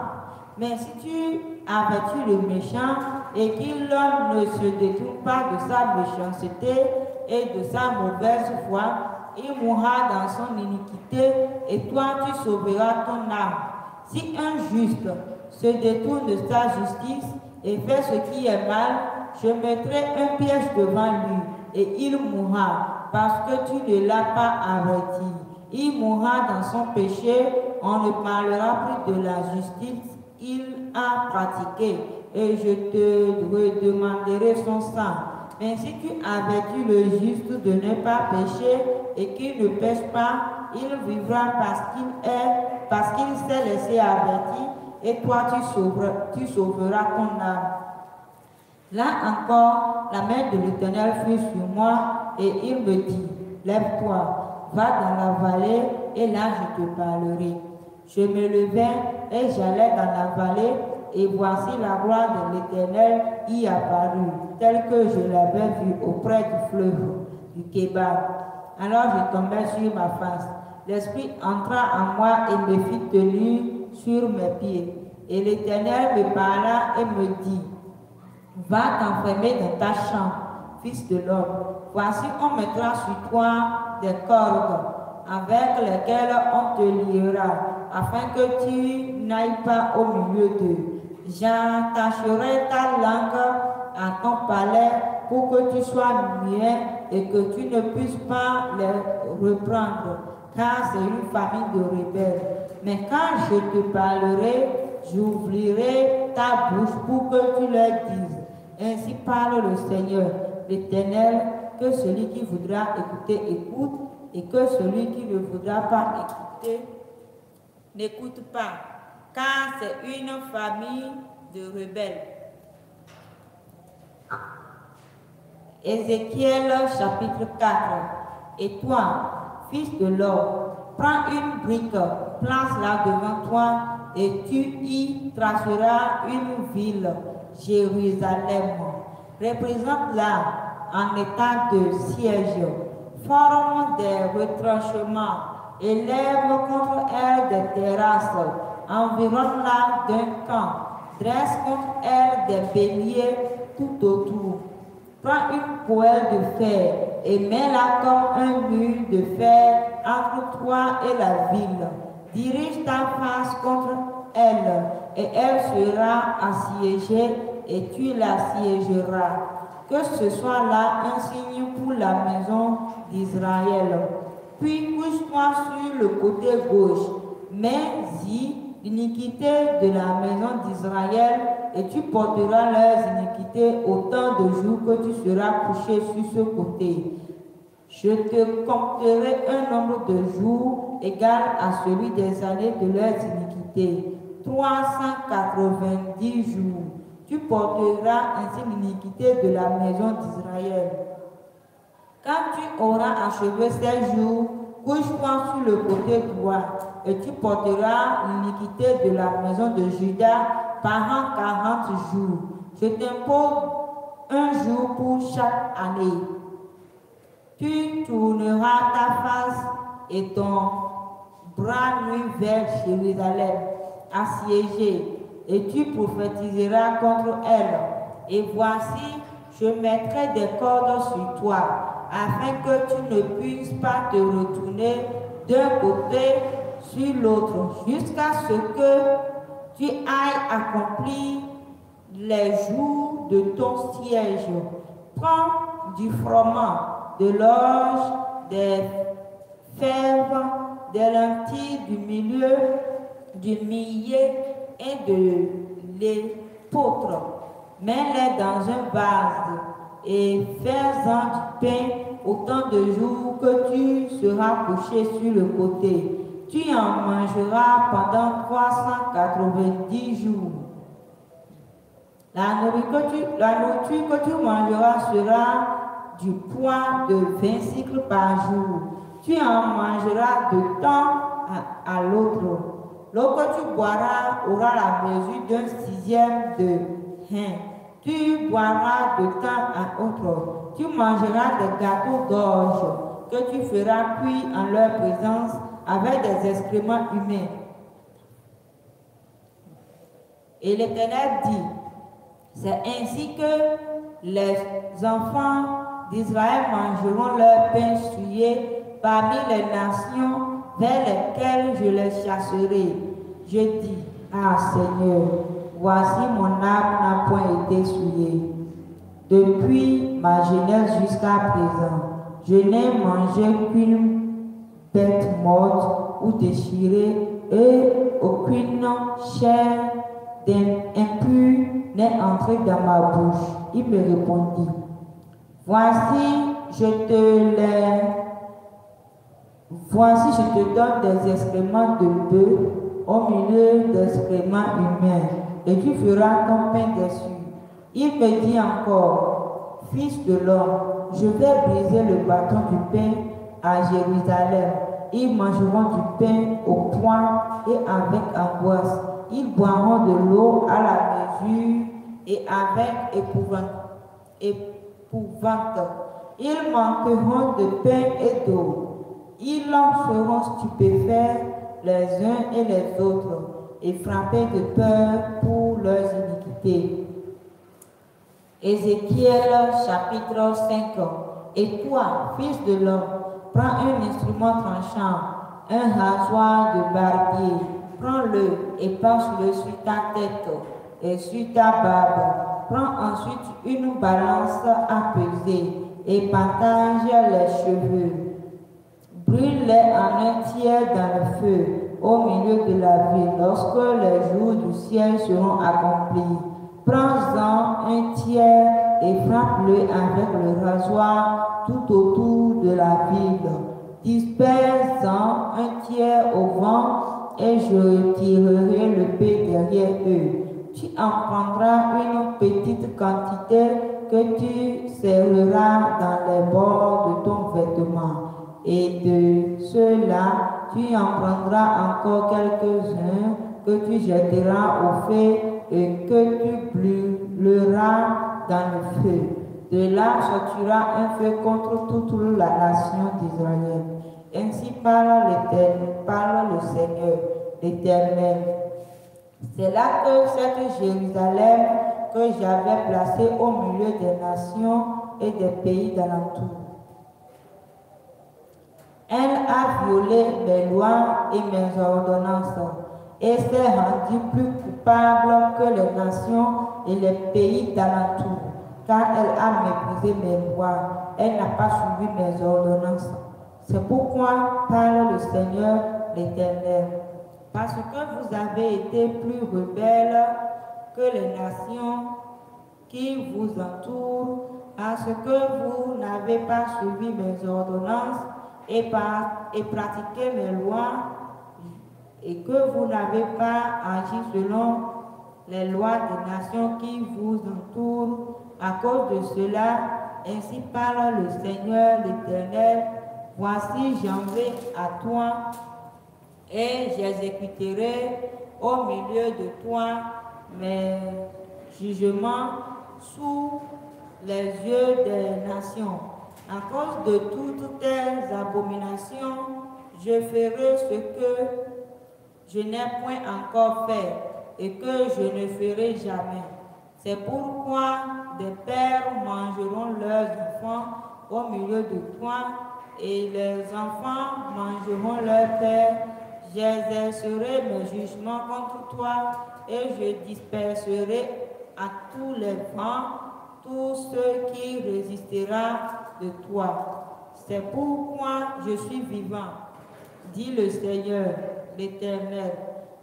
Mais si tu as battu le méchant et qu'il ne se détourne pas de sa méchanceté et de sa mauvaise foi, il mourra dans son iniquité et toi tu sauveras ton âme. Si un juste se détourne de sa justice et fait ce qui est mal, je mettrai un piège devant lui et il mourra, parce que tu ne l'as pas averti. Il mourra dans son péché, on ne parlera plus de la justice qu'il a pratiquée, et je te redemanderai son sang. si tu tu le juste de ne pas pécher et qu'il ne pêche pas, il vivra parce qu'il est, parce qu'il s'est laissé avertir, et toi tu sauveras, tu sauveras ton âme. Là encore, la main de l'Éternel fut sur moi et il me dit, lève-toi, va dans la vallée et là je te parlerai. Je me levai et j'allai dans la vallée et voici la voix de l'Éternel y apparut, telle que je l'avais vue auprès du fleuve du Kébab. Alors je tombai sur ma face. L'Esprit entra en moi et me fit tenir sur mes pieds. Et l'Éternel me parla et me dit, Va t'enfermer dans ta chambre, fils de l'homme. Voici, qu'on mettra sur toi des cordes avec lesquelles on te liera, afin que tu n'ailles pas au milieu d'eux. J'attacherai ta langue à ton palais pour que tu sois muet et que tu ne puisses pas les reprendre, car c'est une famille de rebelles. Mais quand je te parlerai, j'ouvrirai ta bouche pour que tu les dises. Ainsi parle le Seigneur, l'Éternel, que celui qui voudra écouter écoute, et que celui qui ne voudra pas écouter n'écoute pas, car c'est une famille de rebelles. Ézéchiel chapitre 4 Et toi, fils de l'homme, prends une brique, place-la devant toi, et tu y traceras une ville Jérusalem, représente la en état de siège, forme des retranchements, élève contre elle des terrasses, environne la d'un camp, dresse contre elle des béliers tout autour. Prends une poêle de fer et mets-la comme un mur de fer entre toi et la ville. Dirige ta face contre elle et elle sera assiégée et tu l'assiégeras. Que ce soit là un signe pour la maison d'Israël. Puis couche-toi sur le côté gauche, mais si l'iniquité de la maison d'Israël, et tu porteras leurs iniquités autant de jours que tu seras couché sur ce côté. Je te compterai un nombre de jours égal à celui des années de leurs iniquités 390 jours. Tu porteras ainsi l'iniquité de la maison d'Israël. Quand tu auras achevé ces jours, couche-toi sur le côté droit, et tu porteras l'iniquité de la maison de Judas pendant 40 jours. Je t'impose un jour pour chaque année. Tu tourneras ta face et ton bras nuit vers Jérusalem assiégée, et tu prophétiseras contre elle. Et voici, je mettrai des cordes sur toi, afin que tu ne puisses pas te retourner d'un côté sur l'autre, jusqu'à ce que tu ailles accomplir les jours de ton siège. Prends du froment, de l'orge, des fèves, des lentilles du milieu du millet et de l'épeautre. Mets-les dans un vase et fais-en du pain autant de jours que tu seras couché sur le côté. Tu en mangeras pendant 390 jours. La nourriture, que tu mangeras sera du poids de 20 cycles par jour. Tu en mangeras de temps à l'autre L'eau que tu boiras aura la mesure d'un sixième de hin. Tu boiras de temps à autre. Tu mangeras des gâteaux d'orge que tu feras puis en leur présence avec des excréments humains. Et l'Éternel dit, c'est ainsi que les enfants d'Israël mangeront leur pain souillé parmi les nations vers lesquels je les chasserai. Je dis, Ah Seigneur, voici mon âme n'a point été souillée. Depuis ma jeunesse jusqu'à présent, je n'ai mangé qu'une bête morte ou déchirée et aucune chair impure n'est entrée dans ma bouche. Il me répondit, Voici, je te l'ai Voici, je te donne des excréments de bœuf au milieu d'excréments humains, et tu feras ton pain dessus. Il me dit encore, Fils de l'homme, je vais briser le bâton du pain à Jérusalem. Ils mangeront du pain au poing et avec angoisse. Ils boiront de l'eau à la mesure et avec épouvante. épouvante. Ils manqueront de pain et d'eau ils feront stupéfaits les uns et les autres et frappés de peur pour leurs iniquités. Ézéchiel chapitre 5 Et toi, fils de l'homme, prends un instrument tranchant, un rasoir de barbier, prends-le et penche-le sur ta tête et sur ta barbe. Prends ensuite une balance à peser et partage les cheveux Brûle-les en un tiers dans le feu au milieu de la ville lorsque les jours du ciel seront accomplis. Prends-en un tiers et frappe-le avec le rasoir tout autour de la ville. Disperse-en un tiers au vent et je retirerai le paix derrière eux. Tu en prendras une petite quantité que tu serreras dans les bords de ton vêtement et de ceux-là, tu en prendras encore quelques-uns que tu jetteras au feu et que tu brûleras dans le feu. De là sortira un feu contre toute la nation d'Israël. Ainsi parle l'Éternel, parle le Seigneur, l'Éternel. C'est là que cette Jérusalem que j'avais placée au milieu des nations et des pays tour. Elle a violé mes lois et mes ordonnances et s'est rendue plus coupable que les nations et les pays d'alentour, car elle a méprisé mes lois, elle n'a pas suivi mes ordonnances. C'est pourquoi parle le Seigneur l'Éternel. Parce que vous avez été plus rebelles que les nations qui vous entourent, parce que vous n'avez pas suivi mes ordonnances, et, par, et pratiquer mes lois et que vous n'avez pas agi selon les lois des nations qui vous entourent. À cause de cela, ainsi parle le Seigneur l'Éternel. Voici, j'en vais à toi et j'exécuterai au milieu de toi mes jugements sous les yeux des nations. À cause de toutes tes abominations, je ferai ce que je n'ai point encore fait et que je ne ferai jamais. C'est pourquoi des pères mangeront leurs enfants au milieu de toi et les enfants mangeront leurs pères. J'exercerai mes jugements contre toi et je disperserai à tous les vents tout ce qui résistera de toi. C'est pourquoi je suis vivant, dit le Seigneur l'Éternel,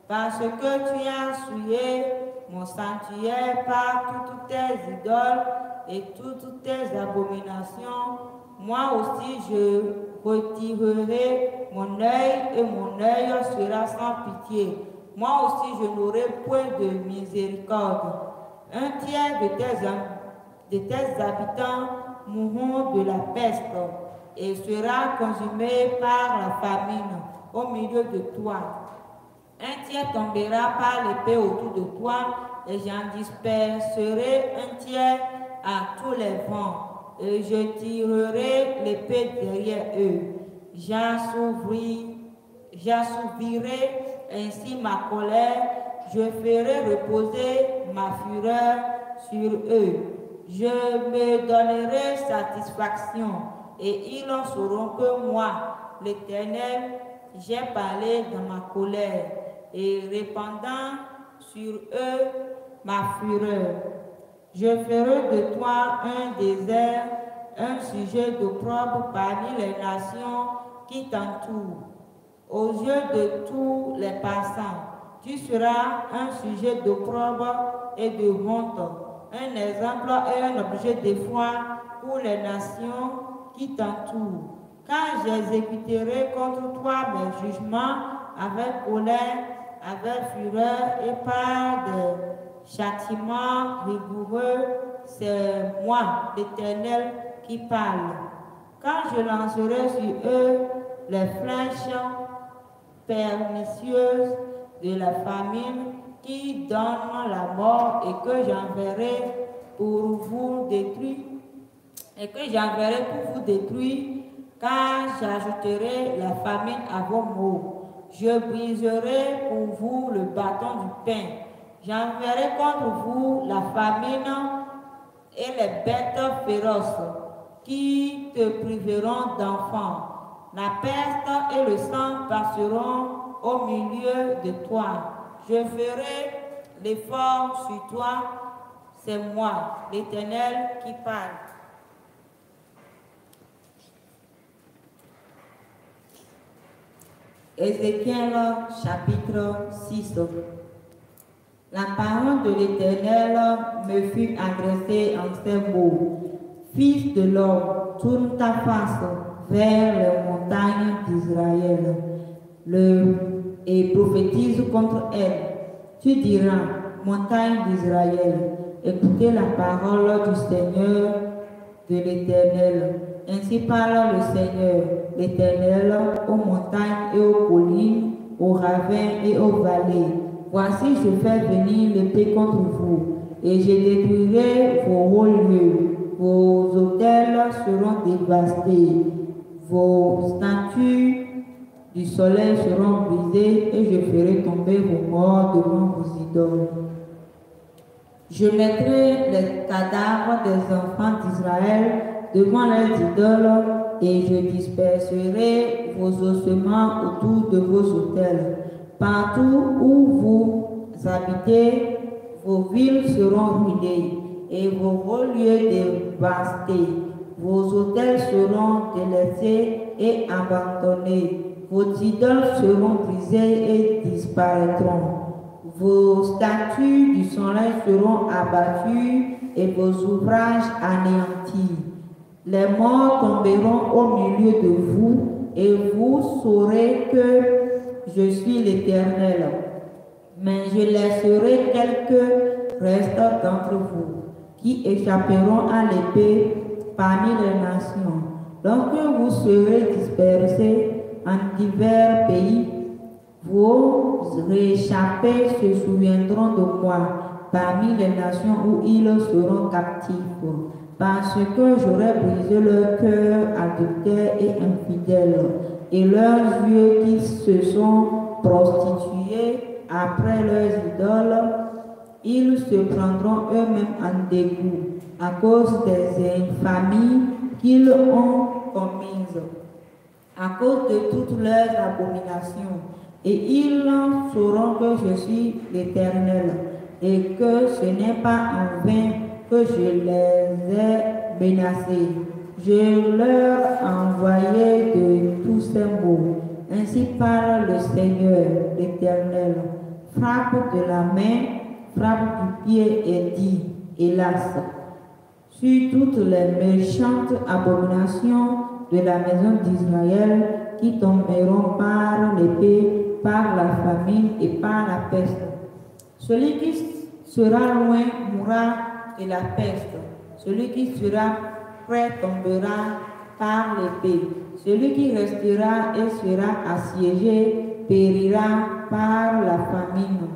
parce que tu as souillé mon sanctuaire par toutes tes idoles et toutes tes abominations. Moi aussi je retirerai mon œil et mon œil sera sans pitié. Moi aussi je n'aurai point de miséricorde. Un tiers de tes de tes habitants mourront de la peste et sera consumé par la famine au milieu de toi. Un tiers tombera par l'épée autour de toi et j'en disperserai un tiers à tous les vents et je tirerai l'épée derrière eux. J'assouvirai ainsi ma colère, je ferai reposer ma fureur sur eux je me donnerai satisfaction et ils en sauront que moi, l'Éternel, j'ai parlé dans ma colère et répandant sur eux ma fureur. Je ferai de toi un désert, un sujet d'opprobre parmi les nations qui t'entourent. Aux yeux de tous les passants, tu seras un sujet d'opprobre et de honte un exemple et un objet de foi pour les nations qui t'entourent. Quand j'exécuterai contre toi mes jugements avec colère, avec fureur et par des châtiments rigoureux. C'est moi, l'Éternel, qui parle. Quand je lancerai sur eux les flèches pernicieuses de la famine, qui donne la mort et que j'enverrai pour vous détruire, et que j'enverrai pour vous détruire, car j'ajouterai la famine à vos maux. Je briserai pour vous le bâton du pain. J'enverrai contre vous la famine et les bêtes féroces qui te priveront d'enfants. La peste et le sang passeront au milieu de toi je ferai l'effort sur toi. C'est moi, l'Éternel, qui parle. Ézéchiel chapitre 6. La parole de l'Éternel me fut adressée en ces mots. Fils de l'homme, tourne ta face vers les montagnes d'Israël et prophétise contre elle. Tu diras, montagne d'Israël, écoutez la parole du Seigneur de l'Éternel. Ainsi parle le Seigneur, l'Éternel, aux montagnes et aux collines, aux ravins et aux vallées. Voici, je fais venir l'épée contre vous, et je détruirai vos hauts lieux. Vos hôtels seront dévastés, vos statues du soleil seront brisés et je ferai tomber vos morts devant vos idoles. Je mettrai les cadavres des enfants d'Israël devant leurs idoles et je disperserai vos ossements autour de vos hôtels. Partout où vous habitez, vos villes seront ruinées et vos lieux dévastés. Vos hôtels seront délaissés et abandonnés vos idoles seront brisées et disparaîtront. Vos statues du soleil seront abattues et vos ouvrages anéantis. Les morts tomberont au milieu de vous et vous saurez que je suis l'Éternel. Mais je laisserai quelques restes d'entre vous qui échapperont à l'épée parmi les nations. Lorsque vous serez dispersés, en divers pays. Vos réchappés se souviendront de moi parmi les nations où ils seront captifs, parce que j'aurai brisé leur cœur adultère et infidèle, et leurs yeux qui se sont prostitués après leurs idoles, ils se prendront eux-mêmes en dégoût à cause des infamies qu'ils ont commises à cause de toutes leurs abominations. Et ils sauront que je suis l'Éternel et que ce n'est pas en vain que je les ai menacés. Je leur envoyé de tous ces mots. Ainsi parle le Seigneur, l'Éternel. Frappe de la main, frappe du pied et dit, hélas, sur toutes les méchantes abominations de la maison d'Israël qui tomberont par l'épée, par la famine et par la peste. Celui qui sera loin mourra de la peste. Celui qui sera près tombera par l'épée. Celui qui restera et sera assiégé périra par la famine.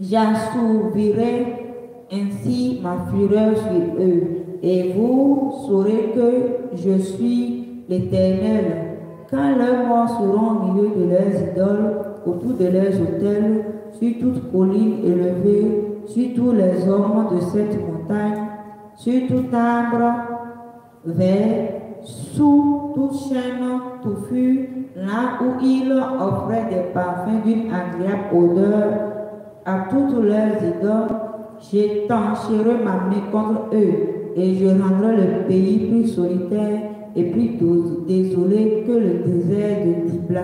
J'assouvirai ainsi ma fureur sur eux et vous saurez que je suis l'Éternel. Quand leurs morts seront au milieu de leurs idoles, autour de leurs autels, sur toute colline élevée, sur tous les hommes de cette montagne, sur tout arbre vert, sous toute chaîne touffue, là où ils offraient des parfums d'une agréable odeur à toutes leurs idoles, j'étancherai ma main contre eux et je rendrai le pays plus solitaire et plus désolé que le désert de Dibla.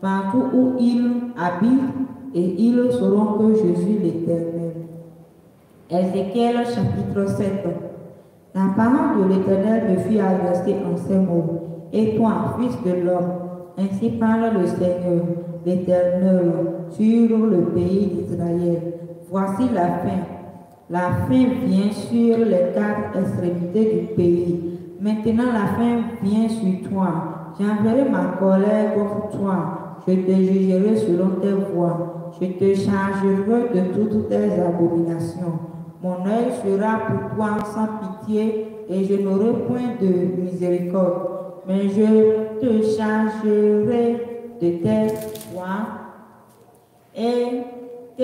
Partout où ils habitent, et ils sauront que je suis l'Éternel. Ézéchiel chapitre 7. La parole de l'Éternel me fut adressée en ces mots. Et toi, fils de l'homme, ainsi parle le Seigneur, l'Éternel, sur le pays d'Israël. Voici la fin la faim vient sur les quatre extrémités du pays. Maintenant la faim vient sur toi. J'enverrai ma colère contre toi. Je te jugerai selon tes voies. Je te chargerai de toutes tes abominations. Mon œil sera pour toi sans pitié et je n'aurai point de miséricorde. Mais je te chargerai de tes voies et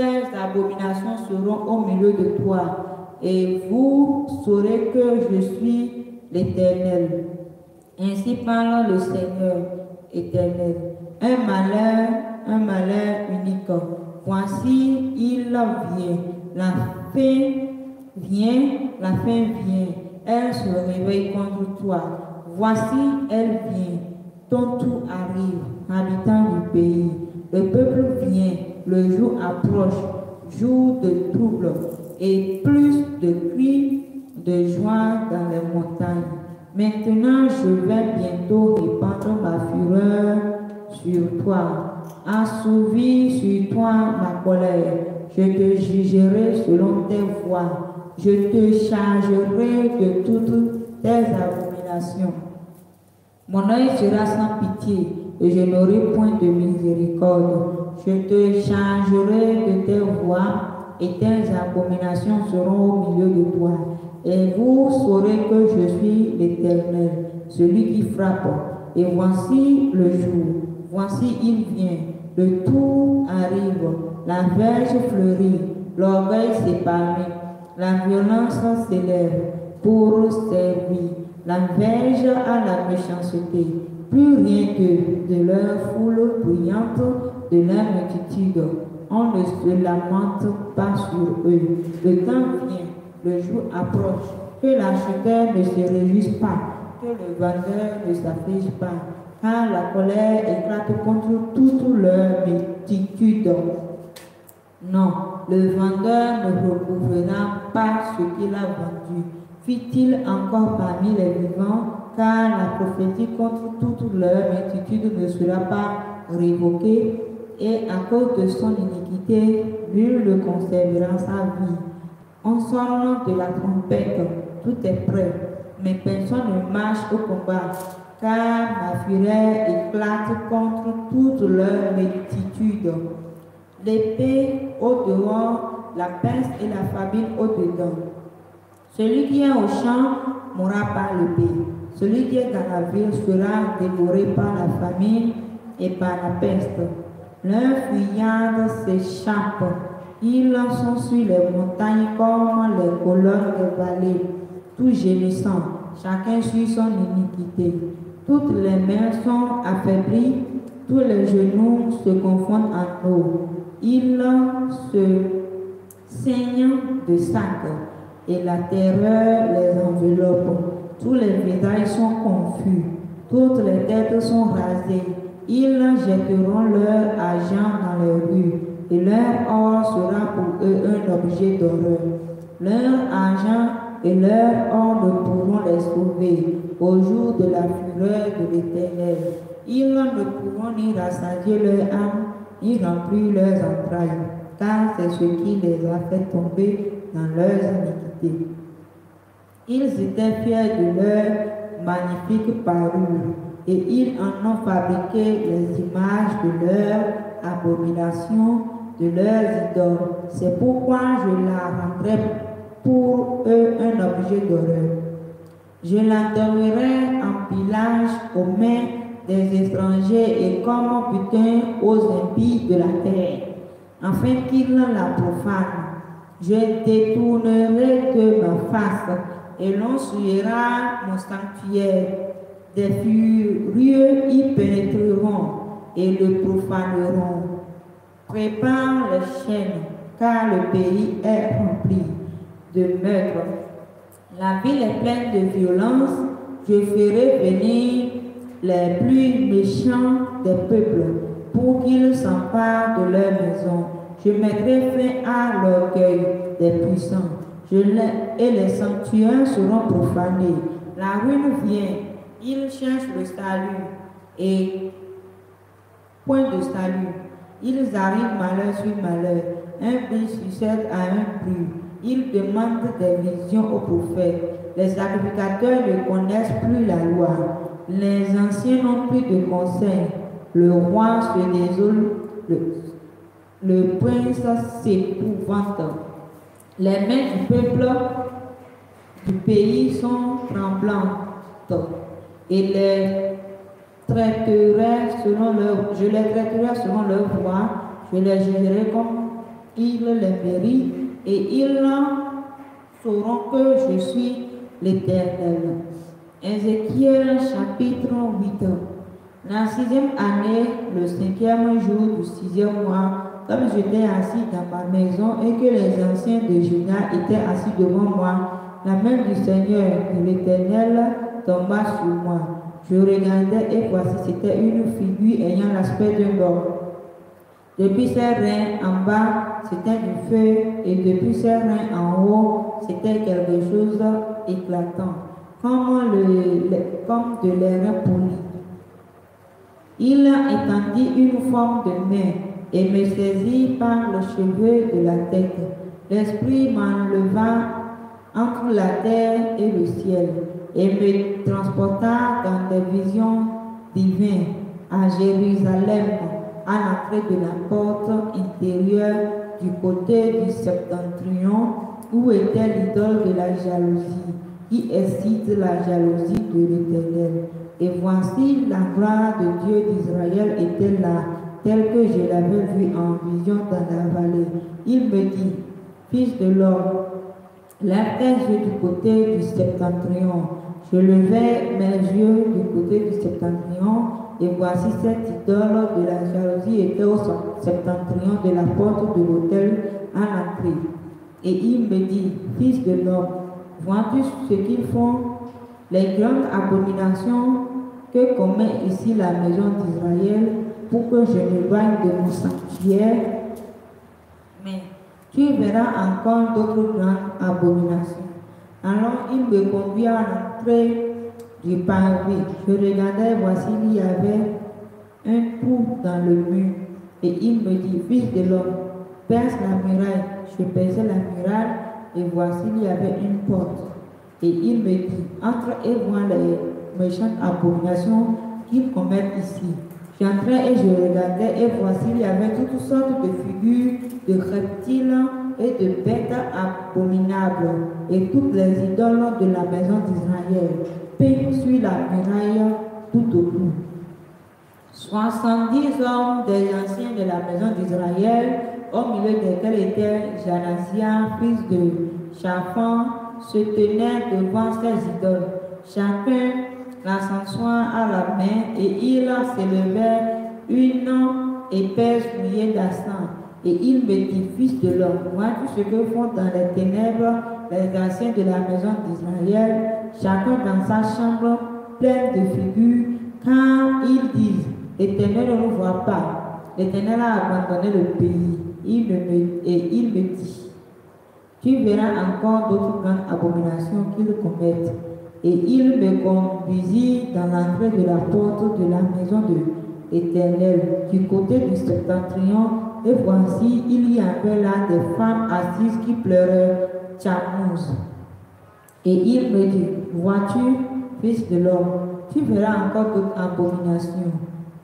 abominations seront au milieu de toi, et vous saurez que je suis l'Éternel. Ainsi parle le Seigneur éternel. Un malheur, un malheur unique. Voici, il vient. La fin vient, la fin vient. Elle se réveille contre toi. Voici, elle vient. Ton tout arrive, habitant du pays. Le peuple vient, le jour approche, jour de trouble et plus de cris de joie dans les montagnes. Maintenant, je vais bientôt répandre ma fureur sur toi, assouvir sur toi ma colère. Je te jugerai selon tes voies. Je te chargerai de toutes tes abominations. Mon œil sera sans pitié et je n'aurai point de miséricorde je te changerai de tes voies et tes abominations seront au milieu de toi. Et vous saurez que je suis l'Éternel, celui qui frappe. Et voici le jour, voici il vient, le tout arrive, la verge fleurit, l'orgueil s'épanouit, la violence s'élève pour servir, la verge à la méchanceté, plus rien que de leur foule bruyante de leur multitude. On ne se lamente pas sur eux. Le temps vient, le jour approche. Que l'acheteur ne se réjouisse pas, que le vendeur ne s'afflige pas, car la colère éclate contre toute leur multitude. Non, le vendeur ne recouvrera pas ce qu'il a vendu. Fit-il encore parmi les vivants, car la prophétie contre toute leur multitude ne sera pas révoquée et à cause de son iniquité, nul le conservera sa vie. En sonne de la trompette, tout est prêt, mais personne ne marche au combat, car ma fureur éclate contre toute leur multitude. L'épée au dehors, la peste et la famine au dedans. Celui qui est au champ mourra par l'épée. Celui qui est dans la ville sera dévoré par la famine et par la peste. Leur s'échappent. s'échappe. sont sur les montagnes comme les colonnes de vallées, tout gémissant, chacun suit son iniquité. Toutes les mains sont affaiblies, tous les genoux se confondent en eau. Ils se saignent de sac, et la terreur les enveloppe. Tous les médailles sont confus, toutes les têtes sont rasées. Ils jetteront leur argent dans les rues, et leur or sera pour eux un objet d'horreur. Leur argent et leur or ne pourront les sauver au jour de la fureur de l'Éternel. Ils ne pourront ni rassasier leur âme, ni remplir leurs entrailles, car c'est ce qui les a fait tomber dans leurs iniquités. Ils étaient fiers de leur magnifique parure et ils en ont fabriqué les images de leur abomination, de leurs idoles. C'est pourquoi je la rendrai pour eux un objet d'horreur. Je la en pillage aux mains des étrangers et comme putain aux impies de la terre, afin qu'ils la profanent. Je détournerai que ma face et l'on suivra mon sanctuaire des furieux y pénétreront et le profaneront. Prépare les chaînes, car le pays est rempli de meurtres. La ville est pleine de violence. Je ferai venir les plus méchants des peuples pour qu'ils s'emparent de leur maison. Je mettrai fin à l'orgueil des puissants. Je et les sanctuaires seront profanés. La ruine vient ils cherchent le salut et point de salut. Ils arrivent malheur sur malheur. Un fils succède à un plus Ils demandent des visions au prophète. Les sacrificateurs ne connaissent plus la loi. Les anciens n'ont plus de conseil. Le roi se désole. Le, le prince s'épouvante. Les mains du peuple du pays sont tremblantes et les selon leur, je les traiterai selon leur voie, je les jugerai comme ils les périssent, et ils sauront que je suis l'Éternel. Ézéchiel chapitre 8. La sixième année, le cinquième jour du sixième mois, comme j'étais assis dans ma maison et que les anciens de Juda étaient assis devant moi, la main du Seigneur, de l'Éternel, tomba sur moi. Je regardais et voici c'était une figure ayant l'aspect d'un homme. Depuis ses reins en bas, c'était du feu, et depuis ses reins en haut, c'était quelque chose éclatant, comme, de l'air pourri. Il étendit une forme de main et me saisit par le cheveu de la tête. L'esprit m'enleva entre la terre et le ciel et me transporta dans des visions divines à Jérusalem, à l'entrée de la porte intérieure du côté du septentrion, où était l'idole de la jalousie, qui excite la jalousie de l'Éternel. Et voici la gloire de Dieu d'Israël était là, telle que je l'avais vue en vision dans la vallée. Il me dit, Fils de l'homme, lève du côté du septentrion je levai mes yeux du côté du septentrion, et voici cette idole de la jalousie était au septentrion de la porte de l'hôtel à l'entrée. Et il me dit, Fils de l'homme, vois-tu ce qu'ils font, les grandes abominations que commet ici la maison d'Israël pour que je m'éloigne de mon sanctuaire? Mais tu verras encore d'autres grandes abominations alors il me conduit à l'entrée du parvis. Je regardais, voici, il y avait un trou dans le mur. Et il me dit, fils de l'homme, perce la muraille. Je perçais la muraille et voici, il y avait une porte. Et il me dit, entre et vois les méchantes abominations qu'ils commettent ici. J'entrais et je regardais et voici, il y avait toutes sortes de figures, de reptiles, et de bêtes abominables et toutes les idoles de la maison d'Israël. Peigne sur la muraille tout au bout. 70 hommes des anciens de la maison d'Israël, au milieu desquels était Janassia, fils de Chafan, se tenaient devant ces idoles. Chacun l'ascensoir à la main et il s'élevait une épaisse bouillée d'ascense et ils me dit, de l'homme, moi, tout ce que font dans les ténèbres les anciens de la maison d'Israël, chacun dans sa chambre, pleine de figures, quand ils disent, l'Éternel ne nous voit pas, l'Éternel a abandonné le pays, il et il me dit, tu verras encore d'autres grandes abominations qu'ils commettent. Et il me conduisit dans l'entrée de la porte de la maison de l'Éternel, du côté du septentrion et voici, il y avait là des femmes assises qui pleuraient Tchamouz. Et il me dit, vois-tu, fils de l'homme, tu verras encore toute abomination,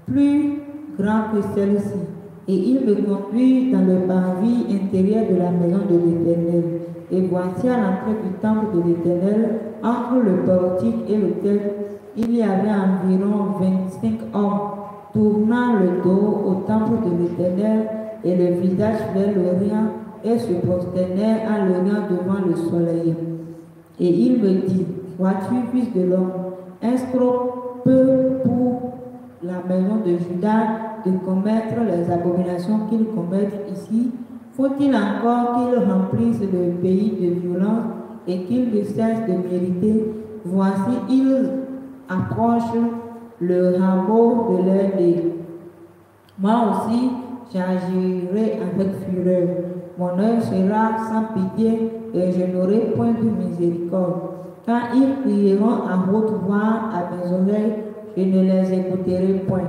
plus grande que celle-ci. Et il me conduit dans le parvis intérieur de la maison de l'Éternel. Et voici à l'entrée du temple de l'Éternel, entre le portique et l'autel, il y avait environ 25 hommes tournant le dos au temple de l'Éternel et le visage vers l'Orient et se prosternèrent à l'Orient devant le soleil. Et il me dit, vois-tu, fils de l'homme, est-ce trop peu pour la maison de Judas de commettre les abominations qu'ils commettent ici Faut-il encore qu'ils remplissent le pays de violence et qu'ils ne cessent de mériter Voici, ils approchent le rameau de leur nez. Moi aussi, j'agirai avec fureur. Mon œil sera sans pitié et je n'aurai point de miséricorde. Quand ils crieront à votre voix à mes oreilles, je ne les écouterai point.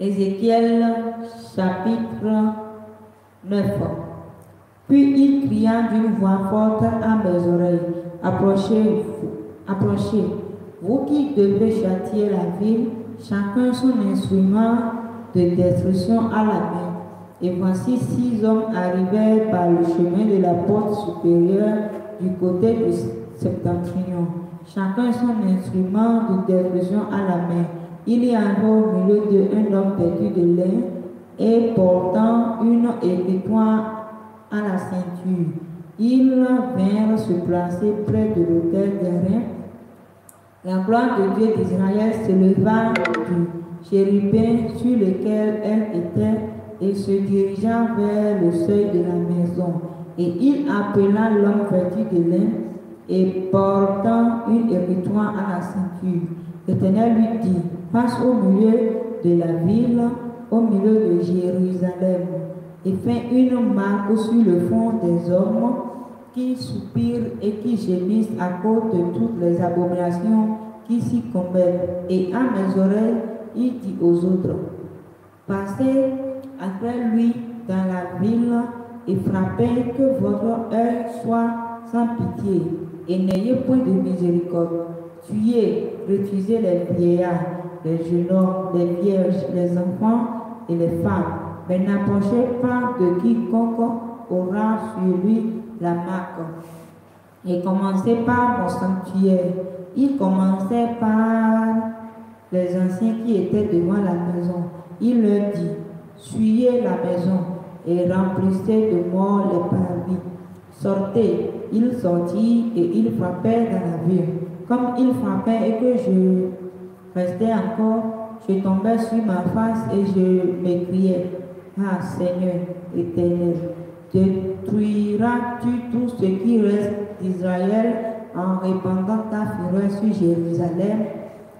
Ézéchiel chapitre 9. Puis il cria d'une voix forte à mes oreilles, Approchez-vous, approchez, vous qui devez châtier la ville, chacun son instrument de destruction à la main. Et voici six hommes arrivèrent par le chemin de la porte supérieure du côté du septentrion, chacun son instrument de destruction à la main. Il y a au milieu d'un un homme perdu de lin et portant une étoile à la ceinture. Ils vinrent se placer près de l'autel des reins. La gloire de Dieu d'Israël s'éleva du chérubin sur lequel elle était, et se dirigea vers le seuil de la maison. Et il appela l'homme vêtu de lin et portant une émitoire à la ceinture. L'Éternel lui dit, passe au milieu de la ville, au milieu de Jérusalem, et fais une marque sur le front des hommes qui soupirent et qui gémissent à cause de toutes les abominations qui s'y commettent, et à mes oreilles il dit aux autres, passez après lui dans la ville et frappez que votre œil soit sans pitié et n'ayez point de miséricorde. Tuez, refusez les vieillards, les jeunes hommes, les vierges, les enfants et les femmes, mais n'approchez pas de quiconque aura sur lui la marque. Et commencez par mon sanctuaire. Il commençait par les anciens qui étaient devant la maison. Il leur dit, Suyez la maison et remplissez de mort les parvis. Sortez. Ils sortirent et ils frappèrent dans la ville. Comme ils frappaient et que je restais encore, je tombais sur ma face et je m'écriais, Ah Seigneur éternel, détruiras-tu tout ce qui reste d'Israël en répandant ta fureur sur Jérusalem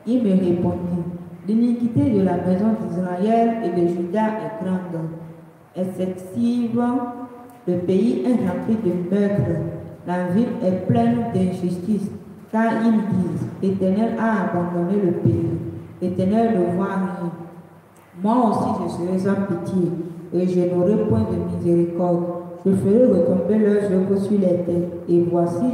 il me répondit, « l'iniquité de la maison d'Israël et de Judas est grande, excessive, le pays est rempli de meurtres, la ville est pleine d'injustice, car ils disent, l'Éternel a abandonné le pays, l'Éternel le voit rien. Moi aussi je serai sans pitié, et je n'aurai point de miséricorde. Je ferai retomber leurs œuvres sur les terres, et voici,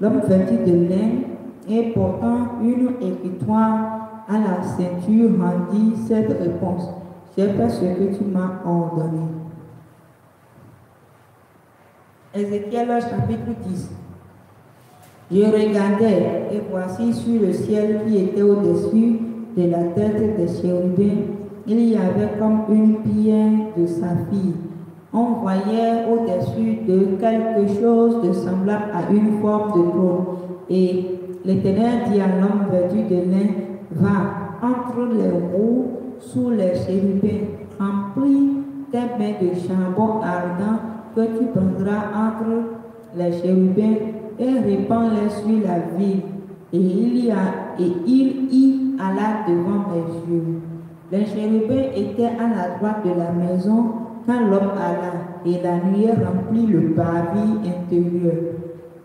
l'homme vêtu de laine et pourtant, une écritoire à la ceinture rendit cette réponse. C'est fait ce que tu m'as ordonné. Ézéchiel chapitre 10. Je regardais, et voici sur le ciel qui était au-dessus de la tête de chérubins, il y avait comme une pierre de saphir. On voyait au-dessus de quelque chose de semblable à une forme de drôle et L'Éternel dit à l'homme vertu de lin, va entre les roues sous les chérubins, remplis tes mains de charbon ardent que tu prendras entre les chérubins et répands-les sur la ville. Et il, y a, et il y alla devant mes yeux. Les chérubins étaient à la droite de la maison quand l'homme alla, et la nuit remplit le pavé intérieur.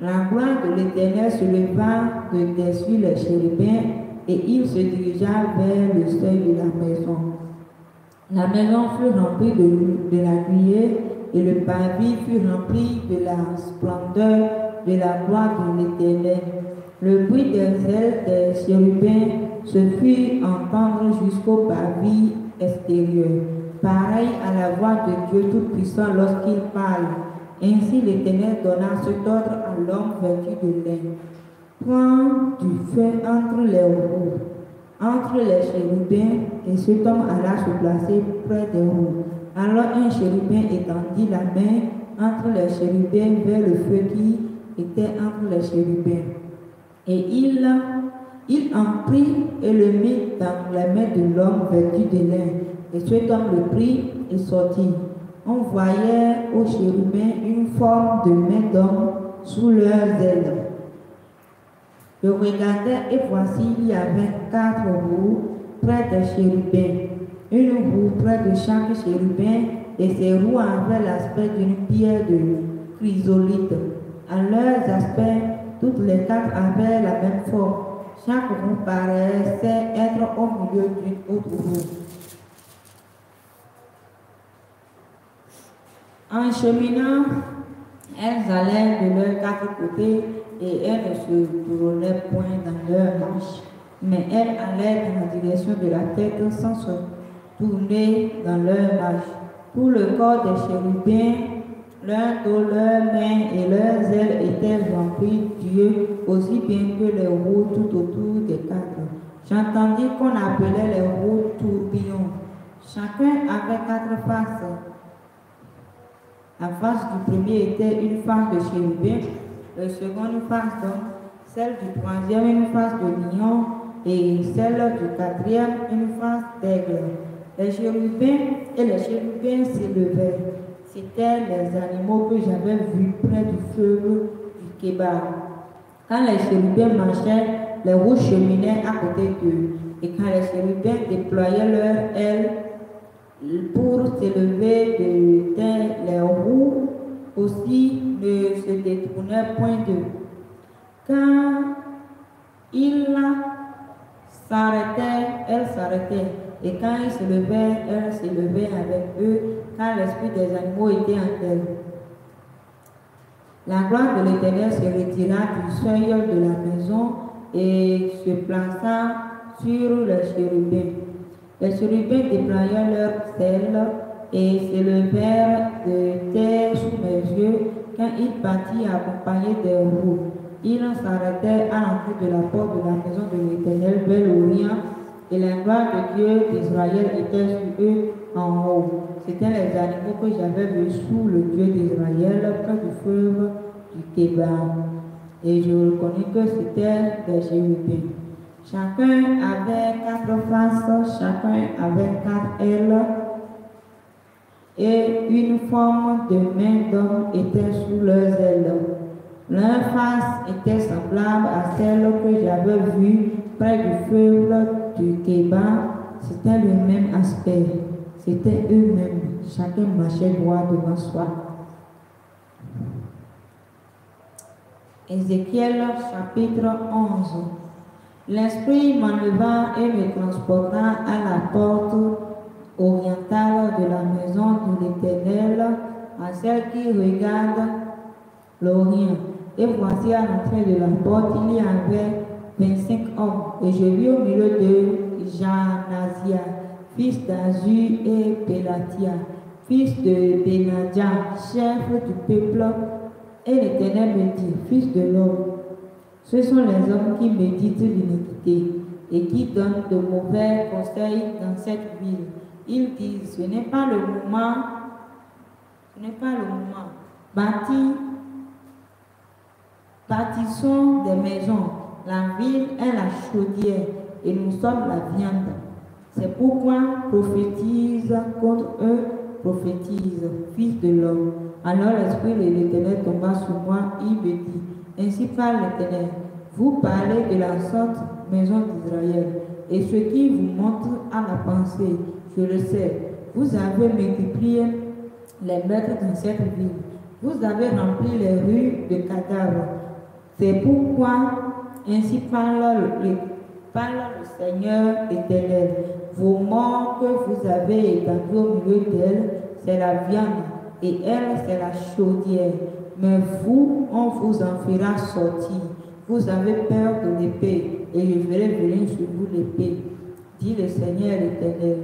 La gloire de l'Éternel se leva de dessus les chérubins et il se dirigea vers le seuil de la maison. La maison fut remplie de, la nuée et le pavis fut rempli de la splendeur de la gloire de l'Éternel. Le bruit des ailes des chérubins se fit entendre jusqu'au parvis extérieur, pareil à la voix de Dieu Tout-Puissant lorsqu'il parle. Ainsi l'Éternel donna cet ordre à l'homme vêtu de lin. Prends du feu entre les roues, entre les chérubins, et cet homme alla se placer près des roues. Alors un chérubin étendit la main entre les chérubins vers le feu qui était entre les chérubins. Et il, il en prit et le mit dans la main de l'homme vêtu de lin. Et cet homme le prit et sortit on voyait aux chérubins une forme de main d'homme sous leurs ailes. Je regardais et voici il y avait quatre roues près des chérubins, une roue près de chaque chérubin et ces roues avaient l'aspect d'une pierre de chrysolite. À leurs aspects, toutes les quatre avaient la même forme. Chaque roue paraissait être au milieu d'une autre roue. En cheminant, elles allaient de leurs quatre côtés et elles ne se tournaient point dans leur marche, mais elles allaient dans la direction de la tête sans se tourner dans leur marche. Pour le corps des chérubins, leurs dos, leurs mains et leurs ailes étaient remplis Dieu, aussi bien que les roues tout autour des quatre. J'entendis qu'on appelait les roues tourbillons. Chacun avait quatre faces la face du premier était une face de chérubin, le seconde face d'homme, celle du troisième une face de lion et celle du quatrième une face d'aigle. Les chérubins et les chérubins s'élevaient. C'étaient les animaux que j'avais vus près du feu du kebab. Quand les chérubins marchaient, les roues cheminaient à côté d'eux. Et quand les chérubins déployaient leurs ailes, pour s'élever de, les roues aussi ne se détournaient point d'eux. Quand ils s'arrêtaient, elles s'arrêtaient. Et quand ils se levait, elle se levait avec eux, car l'esprit des animaux était en elle. La gloire de l'Éternel se retira du seuil de la maison et se plaça sur le chérubin. Les chérubins déployant leurs selles et levèrent de terre sous mes yeux quand ils partit accompagné des roues. Ils s'arrêtèrent à l'entrée de la porte de la maison de l'Éternel vers l'Orient, et la gloire du Dieu d'Israël était sur eux en haut. C'étaient les animaux que j'avais vus sous le Dieu d'Israël près du fleuve du Kébar. Et je reconnais que c'était des chérubins. Chacun avait quatre faces, chacun avait quatre ailes, et une forme de main d'homme était sous leurs ailes. Leur face était semblable à celle que j'avais vue près du feu du Kéba. C'était le même aspect. C'était eux-mêmes. Chacun marchait droit devant soi. Ézéchiel chapitre 11. L'esprit m'enleva et me transporta à la porte orientale de la maison de l'Éternel, à celle qui regarde l'Orient. Et voici à l'entrée de la porte, il y avait 25 hommes, et je vis au milieu de Janazia, fils d'Azur et Pelatia, fils de Benadia, chef du peuple. Et l'Éternel me dit, fils de l'homme, ce sont les hommes qui méditent l'iniquité et qui donnent de mauvais conseils dans cette ville. Ils disent, ce n'est pas le moment, ce n'est pas le moment. Bâtis, bâtissons des maisons. La ville est la chaudière et nous sommes la viande. C'est pourquoi prophétise contre eux, prophétise, fils de l'homme. Alors l'Esprit de l'Éternel tomba sur moi, il me dit, ainsi parle l'Éternel. Vous parlez de la sorte, maison d'Israël, et ce qui vous montre à la pensée, je le sais. Vous avez multiplié les maîtres dans cette ville. Vous avez rempli les rues de cadavres. C'est pourquoi ainsi parle le, parle le Seigneur éternel. Vos morts que vous avez établis au milieu d'elle, c'est la viande, et elle, c'est la chaudière mais vous, on vous en fera sortir. Vous avez peur de l'épée, et je verrai venir sur vous l'épée, dit le Seigneur l'Éternel.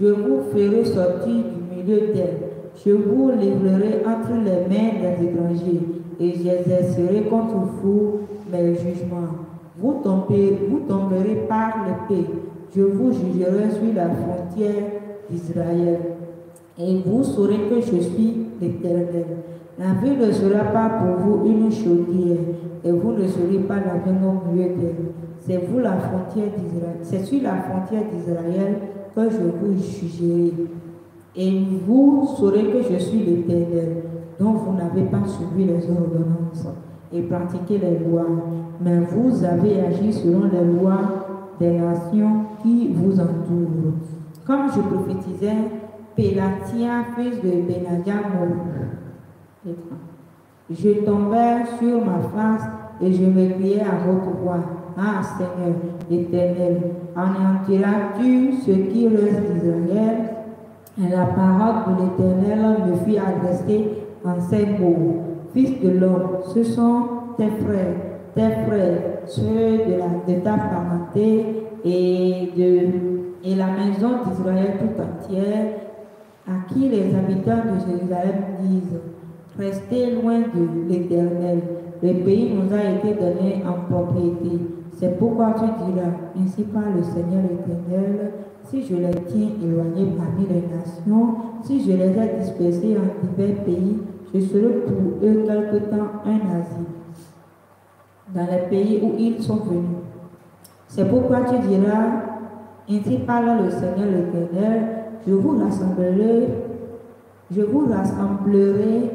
Je vous ferai sortir du milieu d'elle. Je vous livrerai entre les mains des étrangers, et j'exercerai contre vous mes jugements. Vous tomberez, vous tomberez par l'épée. Je vous jugerai sur la frontière d'Israël. Et vous saurez que je suis l'Éternel. La vie ne sera pas pour vous une chaudière, et vous ne serez pas la vie au milieu d'elle. C'est vous la frontière d'Israël. C'est sur la frontière d'Israël que je vous jugerai. Et vous saurez que je suis l'Éternel, dont vous n'avez pas suivi les ordonnances et pratiqué les lois, mais vous avez agi selon les lois des nations qui vous entourent. Comme je prophétisais, Pélatia, fils de Benadia, je tombai sur ma face et je me prier à votre voix. Ah Seigneur éternel, anéantiras-tu ce qui reste d'Israël Et la parole de l'éternel me fut adressée en ces mots. Fils de l'homme, ce sont tes frères, tes frères, ceux de, ta parenté et, de, et la maison d'Israël tout entière, à qui les habitants de Jérusalem disent Restez loin de l'Éternel. Le pays nous a été donné en propriété. C'est pourquoi tu diras, ainsi par le Seigneur éternel, si je les tiens éloignés parmi les nations, si je les ai dispersés en divers pays, je serai pour eux quelque temps un asile dans les pays où ils sont venus. C'est pourquoi tu diras, ainsi parle le Seigneur éternel, je vous rassemblerai, je vous rassemblerai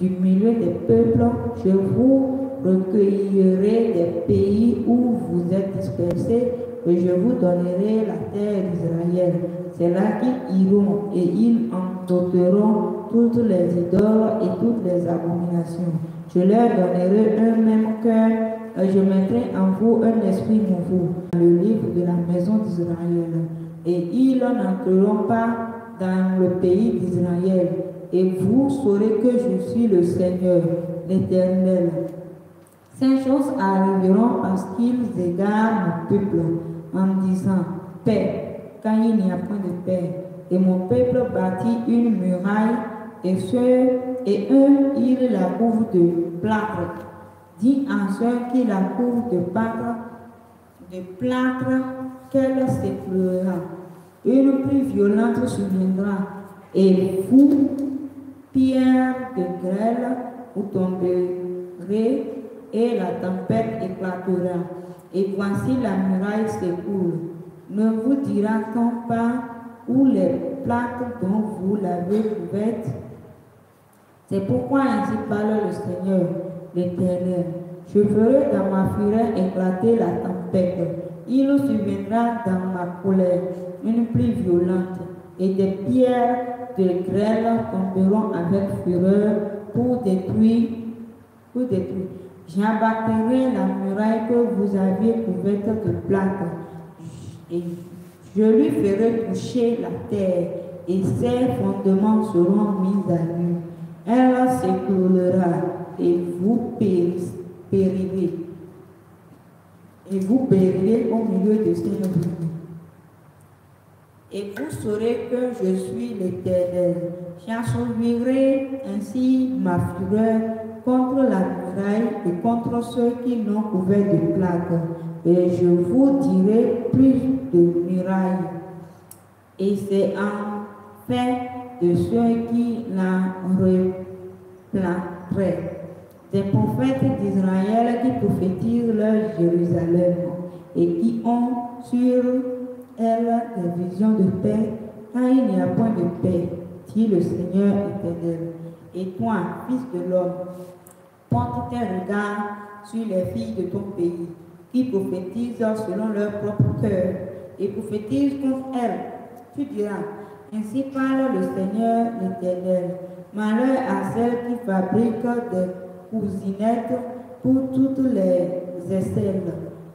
du milieu des peuples, je vous recueillerai des pays où vous êtes dispersés, et je vous donnerai la terre d'Israël. C'est là qu'ils iront et ils en doteront toutes les idoles et toutes les abominations. Je leur donnerai un même cœur et je mettrai en vous un esprit nouveau, le livre de la maison d'Israël. Et ils n'entreront pas dans le pays d'Israël et vous saurez que je suis le Seigneur, l'Éternel. Ces choses arriveront parce qu'ils égarent mon peuple en disant paix quand il n'y a point de paix. Et mon peuple bâtit une muraille et ceux et eux ils la couvrent de plâtre. Dis à ceux qui la couvrent de plâtre, qu'elle s'effleurera. Une plus violente surviendra et vous pierre de grêle vous tomberez et la tempête éclatera. Et voici la muraille s'écoule. Ne vous dira-t-on pas où les plaques dont vous l'avez couverte C'est pourquoi ainsi parle le Seigneur, l'Éternel. Je ferai dans ma fureur éclater la tempête. Il surviendra dans ma colère une pluie violente et des pierres les grêles tomberont avec fureur pour détruire, pour détruire. J'abattrai la muraille que vous aviez couverte de plaques, et je lui ferai toucher la terre et ses fondements seront mis à nu. Elle s'écoulera et vous périrez. Et vous périrez au milieu de ces et vous saurez que je suis l'Éternel. J'assouvirai ainsi ma fureur contre la muraille et contre ceux qui n'ont couvert de plaques, et je vous dirai plus de murailles. Et c'est en fait de ceux qui la replanteraient. Des prophètes d'Israël qui prophétisent leur Jérusalem et qui ont sur elle des visions de paix quand il n'y a point de paix, dit le Seigneur éternel. Et toi, fils de l'homme, porte tes regards sur les filles de ton pays, qui prophétisent selon leur propre cœur, et prophétisent contre elles. Tu diras, ainsi parle le Seigneur l'Éternel. Malheur à celles qui fabriquent des cousinettes pour toutes les aisselles,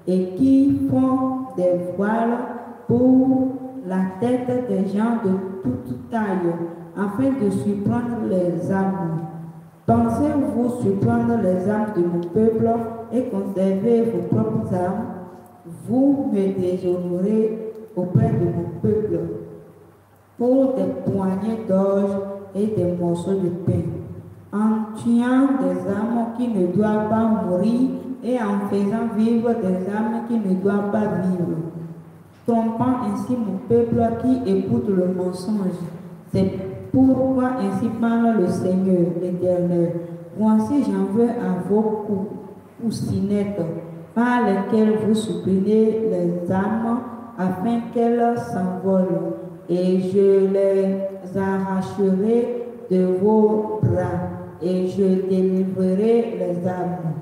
et qui font des voiles pour la tête des gens de toute taille, afin de surprendre les âmes. Pensez-vous surprendre les âmes de mon peuple et conserver vos propres âmes Vous me déshonorez auprès de mon peuple pour des poignées d'orge et des morceaux de pain, en tuant des âmes qui ne doivent pas mourir et en faisant vivre des âmes qui ne doivent pas vivre trompant ainsi mon peuple qui écoute le mensonge. C'est pourquoi ainsi parle le Seigneur, l'Éternel. Voici, j'en veux à vos coussinettes, par lesquelles vous supprimez les âmes, afin qu'elles s'envolent, et je les arracherai de vos bras, et je délivrerai les âmes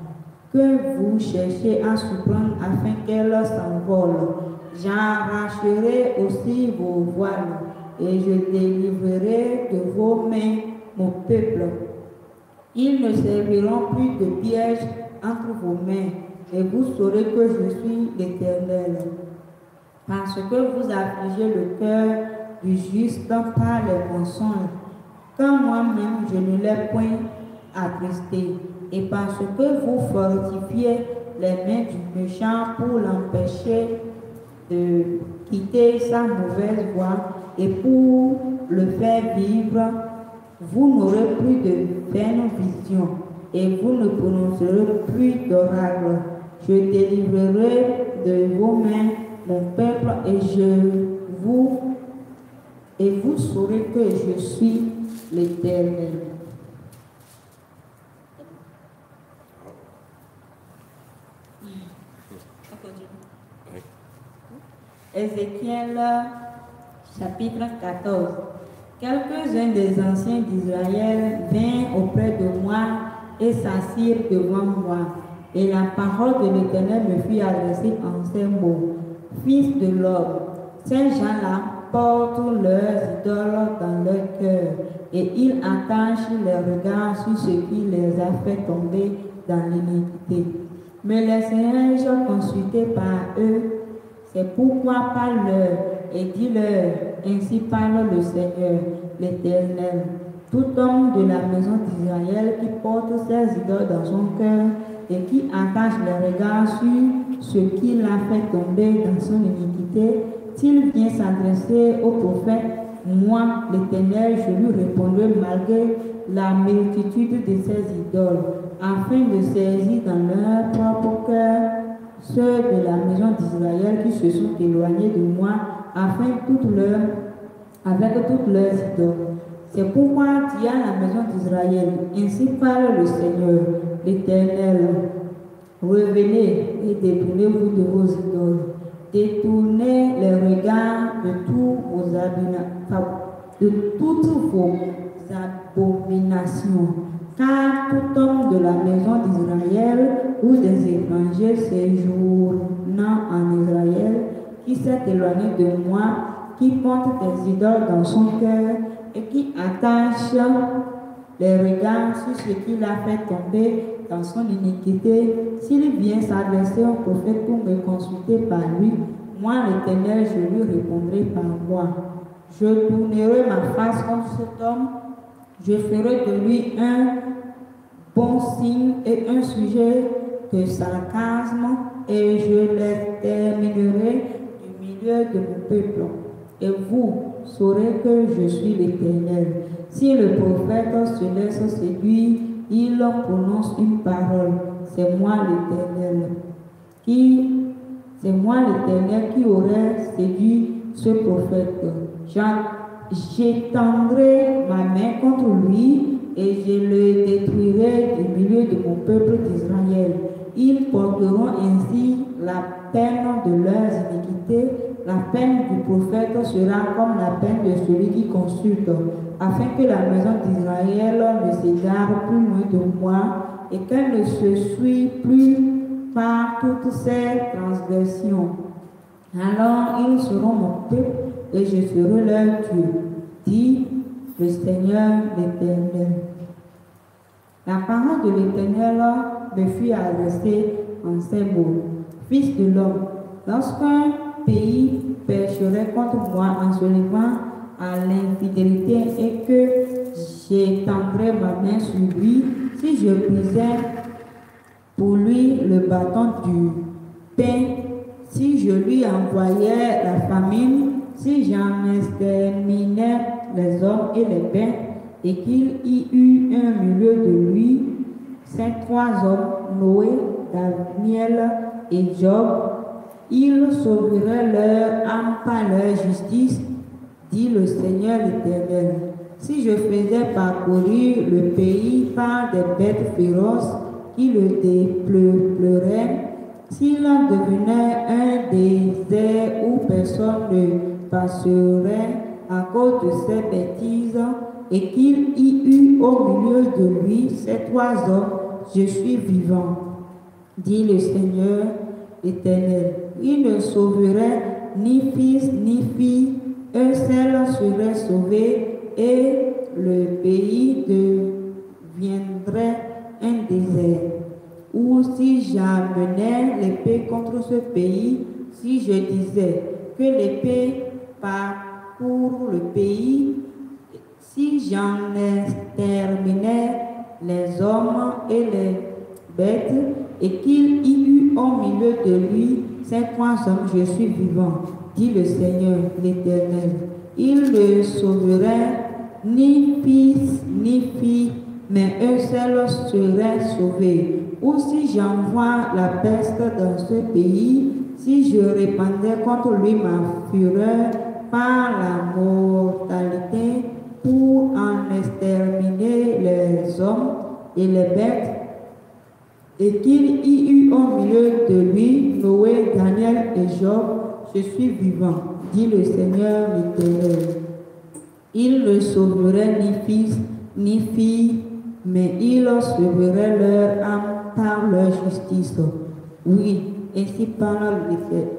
que vous cherchez à supprimer afin qu'elles s'envolent J'arracherai aussi vos voiles et je délivrerai de vos mains mon peuple. Ils ne serviront plus de piège entre vos mains et vous saurez que je suis l'Éternel. Parce que vous affligez le cœur du juste par les mensonges, quand moi-même je ne l'ai point attristé, et parce que vous fortifiez les mains du méchant pour l'empêcher de quitter sa mauvaise voie et pour le faire vivre, vous n'aurez plus de vaines visions et vous ne prononcerez plus d'oracle. Je délivrerai de vos mains mon peuple et je vous et vous saurez que je suis l'Éternel. Ézéchiel chapitre 14. Quelques-uns des anciens d'Israël vinrent auprès de moi et s'assirent devant moi. Et la parole de l'Éternel me fut adressée en ces mots. Fils de l'homme, ces gens-là portent leurs idoles dans leur cœur et ils attachent leurs regards sur ce qui les a fait tomber dans l'iniquité. Mais les je consultés par eux et pourquoi parle-leur et dis-leur, ainsi parle le Seigneur, l'Éternel. Tout homme de la maison d'Israël qui porte ses idoles dans son cœur et qui attache le regard sur ce qui l'a fait tomber dans son iniquité, s'il vient s'adresser au prophète, moi, l'Éternel, je lui répondrai malgré la multitude de ses idoles, afin de saisir dans leur propre cœur ceux de la maison d'Israël qui se sont éloignés de moi, afin toute leur, avec toutes leurs idoles. C'est pourquoi y as la maison d'Israël. Ainsi parle le Seigneur, l'Éternel. Revenez et détournez-vous de vos idoles. Détournez les regards de, tous de toutes vos abominations car tout homme de la maison d'Israël ou des étrangers séjournant en Israël, qui s'est éloigné de moi, qui monte des idoles dans son cœur et qui attache les regards sur ce qu'il a fait tomber dans son iniquité, s'il vient s'adresser au prophète pour me consulter par lui, moi l'Éternel, je lui répondrai par moi. Je tournerai ma face contre cet homme je ferai de lui un bon signe et un sujet de sarcasme, et je terminerai du milieu de mon peuple. Et vous saurez que je suis l'Éternel. Si le prophète se laisse séduire, il prononce une parole. C'est moi l'Éternel. Qui c'est moi l'Éternel qui aurait séduit ce prophète. Jean j'étendrai ma main contre lui et je le détruirai du milieu de mon peuple d'Israël. Ils porteront ainsi la peine de leurs iniquités. La peine du prophète sera comme la peine de celui qui consulte, afin que la maison d'Israël ne s'égare plus loin de moi et qu'elle ne se suit plus par toutes ses transgressions. Alors ils seront mon peuple et je serai leur Dieu, dit le Seigneur l'Éternel. La parole de l'Éternel me fut adressée en ces mots. Fils de l'homme, lorsqu'un pays pécherait contre moi en se levant à l'infidélité et que j'étendrai ma main sur lui, si je brisais pour lui le bâton du pain, si je lui envoyais la famine, si j'en exterminais les hommes et les bêtes, et qu'il y eut un milieu de lui, ces trois hommes, Noé, Daniel et Job, ils sauveraient leur âme par leur justice, dit le Seigneur l'Éternel. Si je faisais parcourir le pays par des bêtes féroces qui le dépleuraient, s'il en devenait un désert où personne ne passerait à cause de ses bêtises et qu'il y eut au milieu de lui ces trois hommes, je suis vivant, dit le Seigneur éternel. Il ne sauverait ni fils ni fille, un seul serait sauvé et le pays deviendrait un désert. Ou si j'amenais l'épée contre ce pays, si je disais que l'épée pour le pays, si j'en exterminais les hommes et les bêtes, et qu'il y eut au milieu de lui cinq hommes, je suis vivant, dit le Seigneur l'Éternel. Il ne sauverait ni fils ni fille, mais eux seuls seraient sauvés. Ou si j'envoie la peste dans ce pays, si je répandais contre lui ma fureur par la mortalité pour en exterminer les hommes et les bêtes, et qu'il y eut au milieu de lui Noé, Daniel et Job, je suis vivant, dit le Seigneur l'Éternel. Il ne sauverait ni fils ni fille, mais il sauverait leur âme par leur justice. Oui, ainsi parle,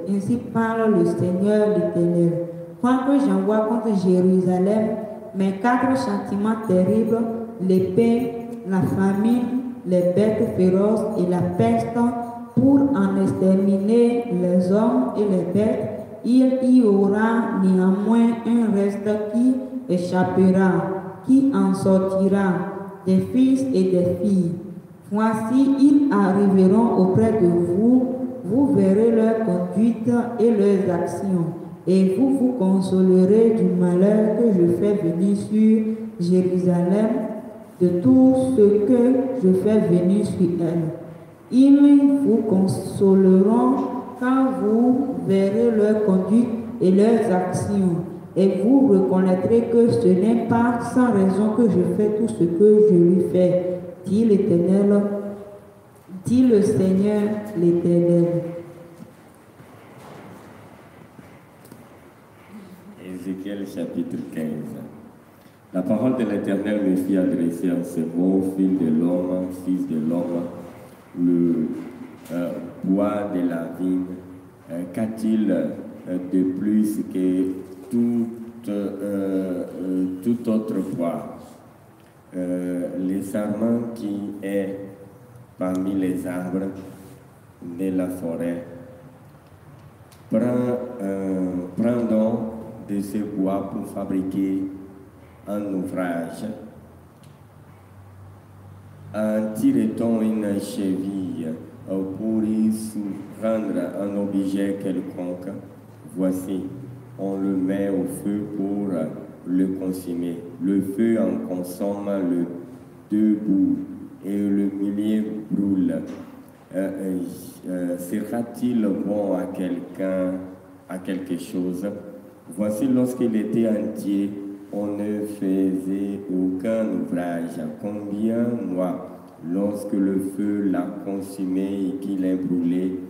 ainsi parle le Seigneur l'Éternel. Quand j'envoie contre Jérusalem mes quatre sentiments terribles, l'épée, la famine, les bêtes féroces et la peste, pour en exterminer les hommes et les bêtes, il y aura néanmoins un reste qui échappera, qui en sortira, des fils et des filles. Voici, ils arriveront auprès de vous, vous verrez leur conduite et leurs actions et vous vous consolerez du malheur que je fais venir sur Jérusalem, de tout ce que je fais venir sur elle. Ils vous consoleront quand vous verrez leur conduite et leurs actions, et vous reconnaîtrez que ce n'est pas sans raison que je fais tout ce que je lui fais, dit l'Éternel, dit le Seigneur l'Éternel. Ézéchiel chapitre 15. La parole de l'Éternel me fit adresser à ce mot fils de l'homme, fils de l'homme, le euh, bois de la vigne, euh, qu'a-t-il euh, de plus que tout, tout autre bois les serments qui est parmi les arbres de la forêt. prends donc de ce bois pour fabriquer un ouvrage. En tirant une cheville pour y surprendre un objet quelconque Voici, on le met au feu pour le consumer. Le feu en consomme le debout et le milieu brûle. Euh, euh, euh, sera-t-il bon à quelqu'un, à quelque chose Voici lorsqu'il était entier, on ne faisait aucun ouvrage. Combien moi, lorsque le feu l'a consumé et qu'il est brûlé,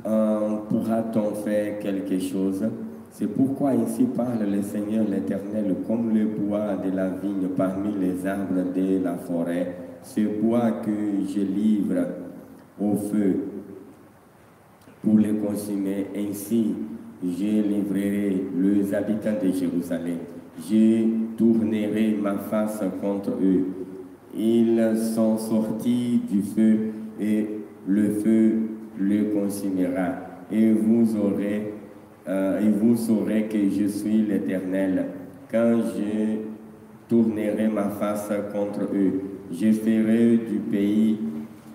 pourra-t-on faire quelque chose C'est pourquoi ici parle le Seigneur l'Éternel comme le bois de la vigne parmi les arbres de la forêt, ce bois que je livre au feu pour les consumer. Ainsi, je livrerai les habitants de Jérusalem. Je tournerai ma face contre eux. Ils sont sortis du feu et le feu les consumera. Et vous aurez, euh, et vous saurez que je suis l'Éternel. Quand je tournerai ma face contre eux, je ferai du pays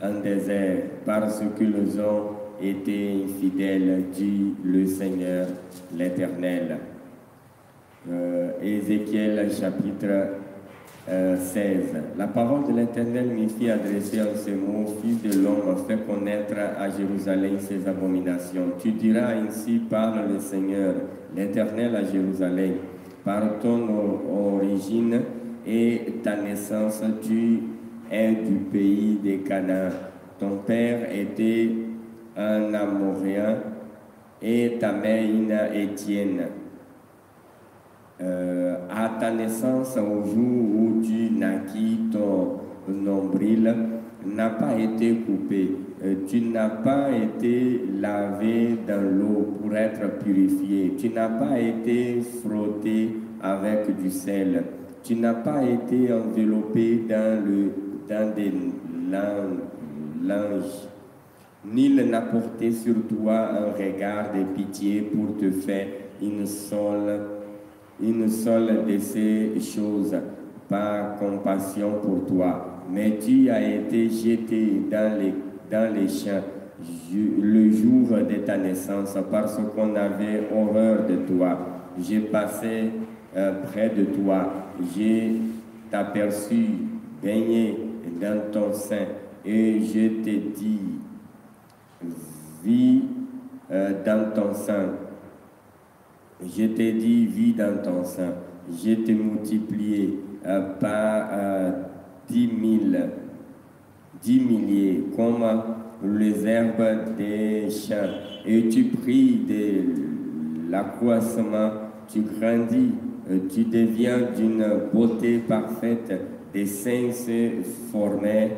un désert parce que les gens était infidèle dit le Seigneur l'Éternel. Euh, Ézéchiel chapitre 16. Euh, La parole de l'Éternel me fit adresser en ce mot, Fils de l'homme, fais connaître à Jérusalem ses abominations. Tu diras ainsi, par le Seigneur, l'Éternel à Jérusalem. Par ton origine et ta naissance, tu es du pays des Canaan. Ton père était un Amoréen, et ta mère une Étienne. Euh, à ta naissance, au jour où tu naquis, ton nombril n'a pas été coupé. Euh, tu n'as pas été lavé dans l'eau pour être purifié. Tu n'as pas été frotté avec du sel. Tu n'as pas été enveloppé dans, le, dans des langes Nul n'a porté sur toi un regard de pitié pour te faire une seule, une seule de ces choses par compassion pour toi. Mais tu as été jeté dans les, dans les champs le jour de ta naissance parce qu'on avait horreur de toi. J'ai passé euh, près de toi, j'ai t'aperçu baigné dans ton sein et je t'ai dit vis euh, dans ton sein, Je t'ai dit, vis dans ton sein, Je t'ai multiplié euh, par euh, dix mille, dix milliers, comme les herbes des champs. Et tu pries de l'accroissement, tu grandis, tu deviens d'une beauté parfaite. Des saints se formaient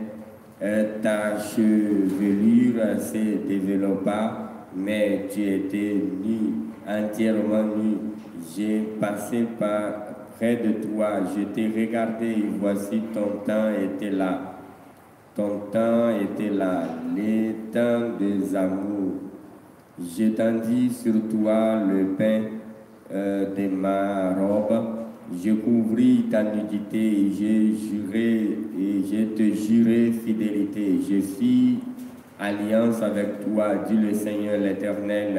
euh, ta chevelure se développa, mais tu étais nu, entièrement nu. J'ai passé près de toi, je t'ai regardé et voici ton temps était là. Ton temps était là, les temps des amours. J'étendis sur toi le pain euh, de ma robe j'ai couvris ta nudité, j'ai juré et je te juré fidélité. Je fis alliance avec toi, dit le Seigneur l'Éternel,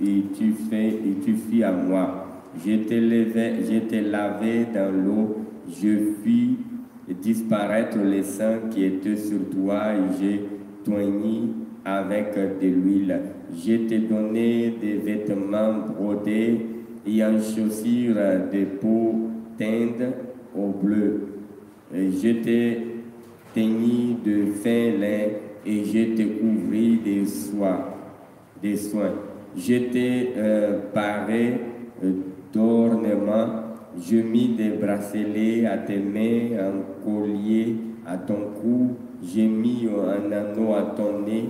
et tu et tu fis à moi. Je t'ai lavé, dans l'eau, je fis disparaître les sang qui étaient sur toi et j'ai toigné avec de l'huile. Je t'ai donné des vêtements brodés et en chaussures euh, de peau teinte au bleu. J'étais teigné de fin lin et j'étais couvri de soie, des soins. J'étais paré euh, euh, d'ornements. Je mis des bracelets à tes mains, un collier à ton cou. J'ai mis un anneau à ton nez,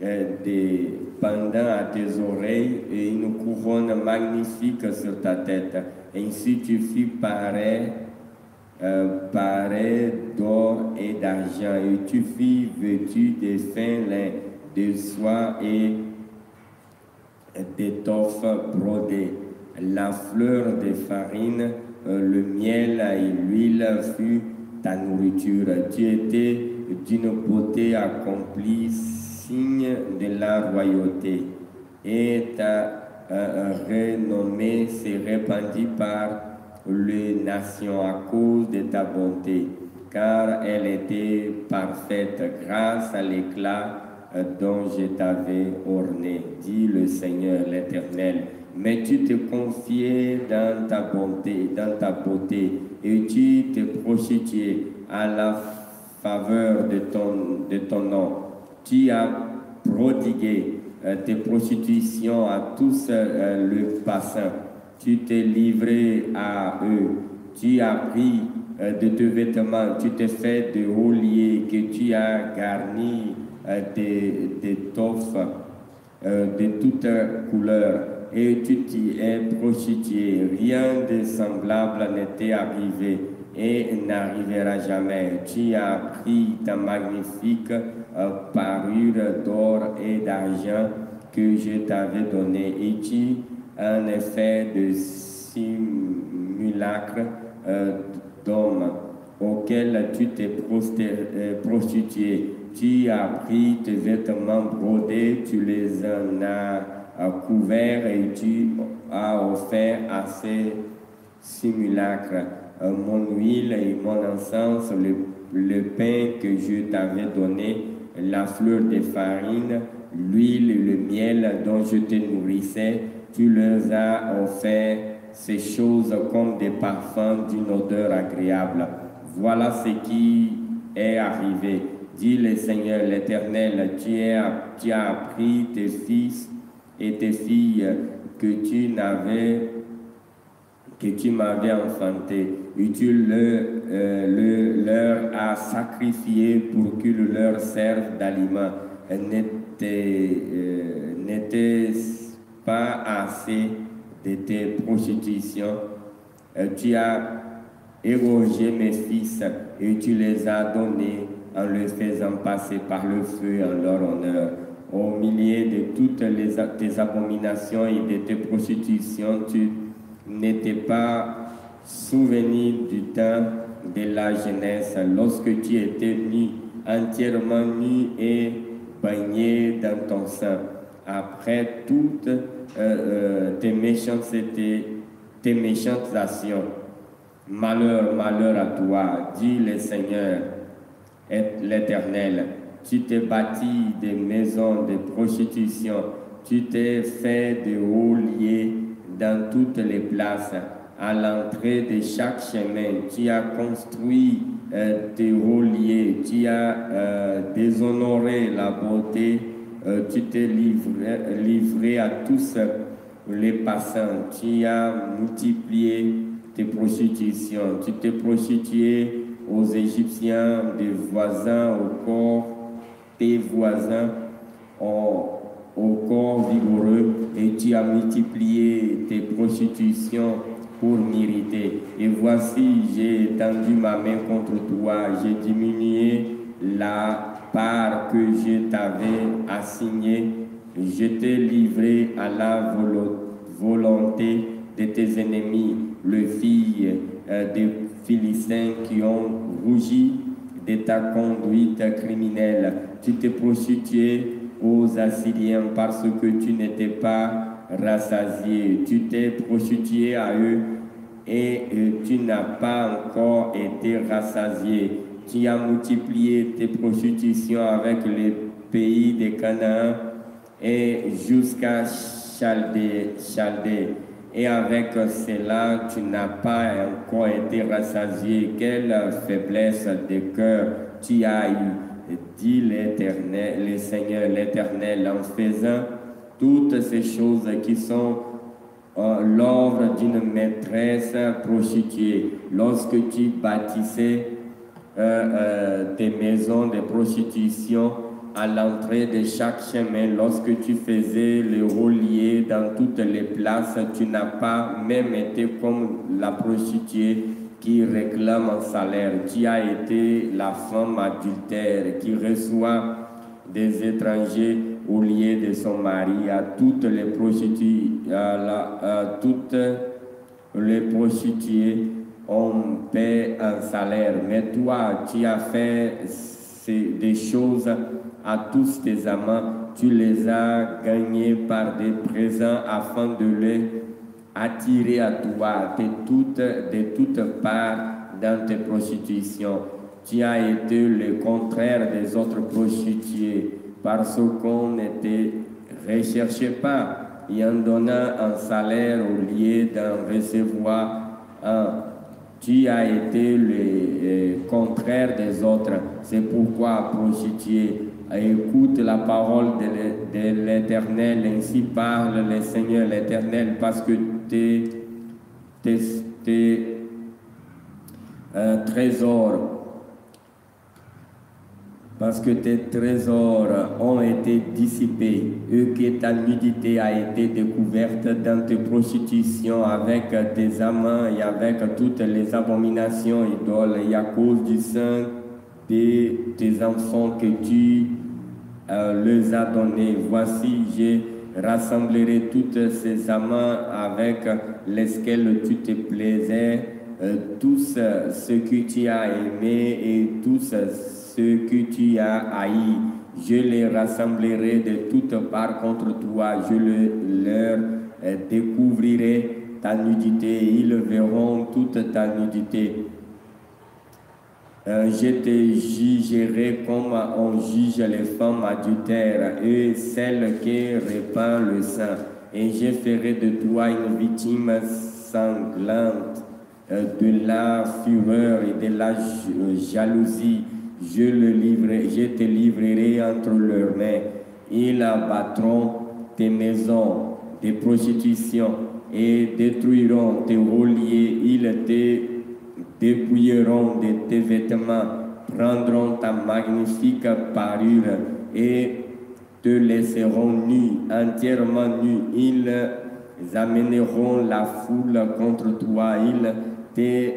des pendant à tes oreilles et une couronne magnifique sur ta tête. Ainsi tu fis pareil, euh, d'or et d'argent, et tu fis vêtu de fin de soie et d'étoffe brodée. La fleur de farine, euh, le miel et l'huile fut ta nourriture. Tu étais d'une beauté accomplie signe de la royauté et ta euh, euh, renommée s'est répandue par les nations à cause de ta bonté, car elle était parfaite grâce à l'éclat euh, dont je t'avais orné, dit le Seigneur l'Éternel. Mais tu te confiais dans ta bonté, dans ta beauté, et tu te prostituais à la faveur de ton, de ton nom tu as prodigué euh, tes prostitutions à tous euh, euh, le passants. Tu t'es livré à eux. Tu as pris de tes vêtements. Tu t'es fait de hauts que tu as garnis d'étoffes de toutes couleurs. Et tu t'es es prostitué. Rien de semblable n'était arrivé et n'arrivera jamais. Tu as pris ta magnifique euh, parure d'or et d'argent que je t'avais donné, et tu en effet de simulacre euh, d'homme auquel tu t'es euh, prostitué. Tu as pris tes vêtements brodés, tu les en as couverts et tu as offert à ces simulacres mon huile et mon encens, le pain que je t'avais donné la fleur des farines, l'huile et le miel dont je te nourrissais, tu leur as offert ces choses comme des parfums d'une odeur agréable. Voilà ce qui est arrivé. Dit le Seigneur l'Éternel, tu, as appris tes fils et tes filles que tu n'avais que tu m'avais enfanté et le, euh, le, leur à sacrifier pour qu'ils leur servent d'aliment. N'était-ce euh, pas assez de tes prostitutions euh, Tu as érogé mes fils et tu les as donnés en les faisant passer par le feu en leur honneur. Au milieu de toutes les, tes abominations et de tes prostitutions, tu n'étais pas souvenir du temps de la jeunesse, lorsque tu étais nu, entièrement nu et baigné dans ton sein, Après toutes euh, euh, tes méchancetés, tes méchantes actions. Malheur, malheur à toi, dit le Seigneur, l'Éternel. Tu t'es bâti des maisons de prostitution, tu t'es fait des hauts liés dans toutes les places à l'entrée de chaque chemin. Tu as construit tes reliés, tu as euh, déshonoré la beauté, euh, tu t'es livré, à tous les passants, tu as multiplié tes prostitutions, tu t'es prostitué aux Égyptiens, des voisins, au corps, tes voisins, ont au corps vigoureux, et tu as multiplié tes prostitutions pour m'irriter. Et voici, j'ai tendu ma main contre toi, j'ai diminué la part que je t'avais assignée, je t'ai livré à la volonté de tes ennemis, le fils euh, des Philistins qui ont rougi de ta conduite criminelle. Tu t'es prostitué aux Assyriens parce que tu n'étais pas rassasié. Tu t'es prostitué à eux et euh, tu n'as pas encore été rassasié. Tu as multiplié tes prostitutions avec les pays des Canaan et jusqu'à Chaldé, Et avec cela, tu n'as pas encore été rassasié. Quelle faiblesse de cœur tu as eu, dit l'Éternel, le Seigneur l'Éternel, en faisant toutes ces choses qui sont euh, l'ordre d'une maîtresse prostituée. Lorsque tu bâtissais euh, euh, des maisons de prostitution à l'entrée de chaque chemin, lorsque tu faisais le roulier dans toutes les places, tu n'as pas même été comme la prostituée qui réclame un salaire. Tu as été la femme adultère qui reçoit des étrangers au lieu de son mari à toutes les prostituées, les prostituées on paie un salaire, mais toi, tu as fait des choses à tous tes amants, tu les as gagnés par des présents afin de les attirer à toi de toutes, de toutes parts dans tes prostitutions. Tu as été le contraire des autres prostituées parce qu'on n'était recherché pas et en donnant un salaire au lieu d'en recevoir un. Tu as été le contraire des autres. C'est pourquoi, prostituée, écoute la parole de l'Éternel. Ainsi parle le Seigneur l'Éternel, parce que tu es un euh, trésor, parce que tes trésors ont été dissipés et que ta nudité a été découverte dans tes prostitutions avec tes amants et avec toutes les abominations idoles et à cause du sang de tes enfants que tu euh, les as donnés. Voici, j'ai rassemblerai toutes ces amants avec lesquels tu te plaisais, euh, tous ceux que tu as aimés et tous ceux ceux que tu as haïs. Je les rassemblerai de toutes parts contre toi, je leur euh, découvrirai ta nudité, ils verront toute ta nudité. Euh, je te jugerai comme on juge les femmes adultères et celles qui répandent le sang. Et je ferai de toi une victime sanglante euh, de la fureur et de la jalousie je, te livrerai entre leurs mains. Ils abattront tes maisons de prostitution et détruiront tes rouliers, Ils te dépouilleront de tes vêtements, prendront ta magnifique parure et te laisseront nu, entièrement nu. Ils amèneront la foule contre toi. Ils te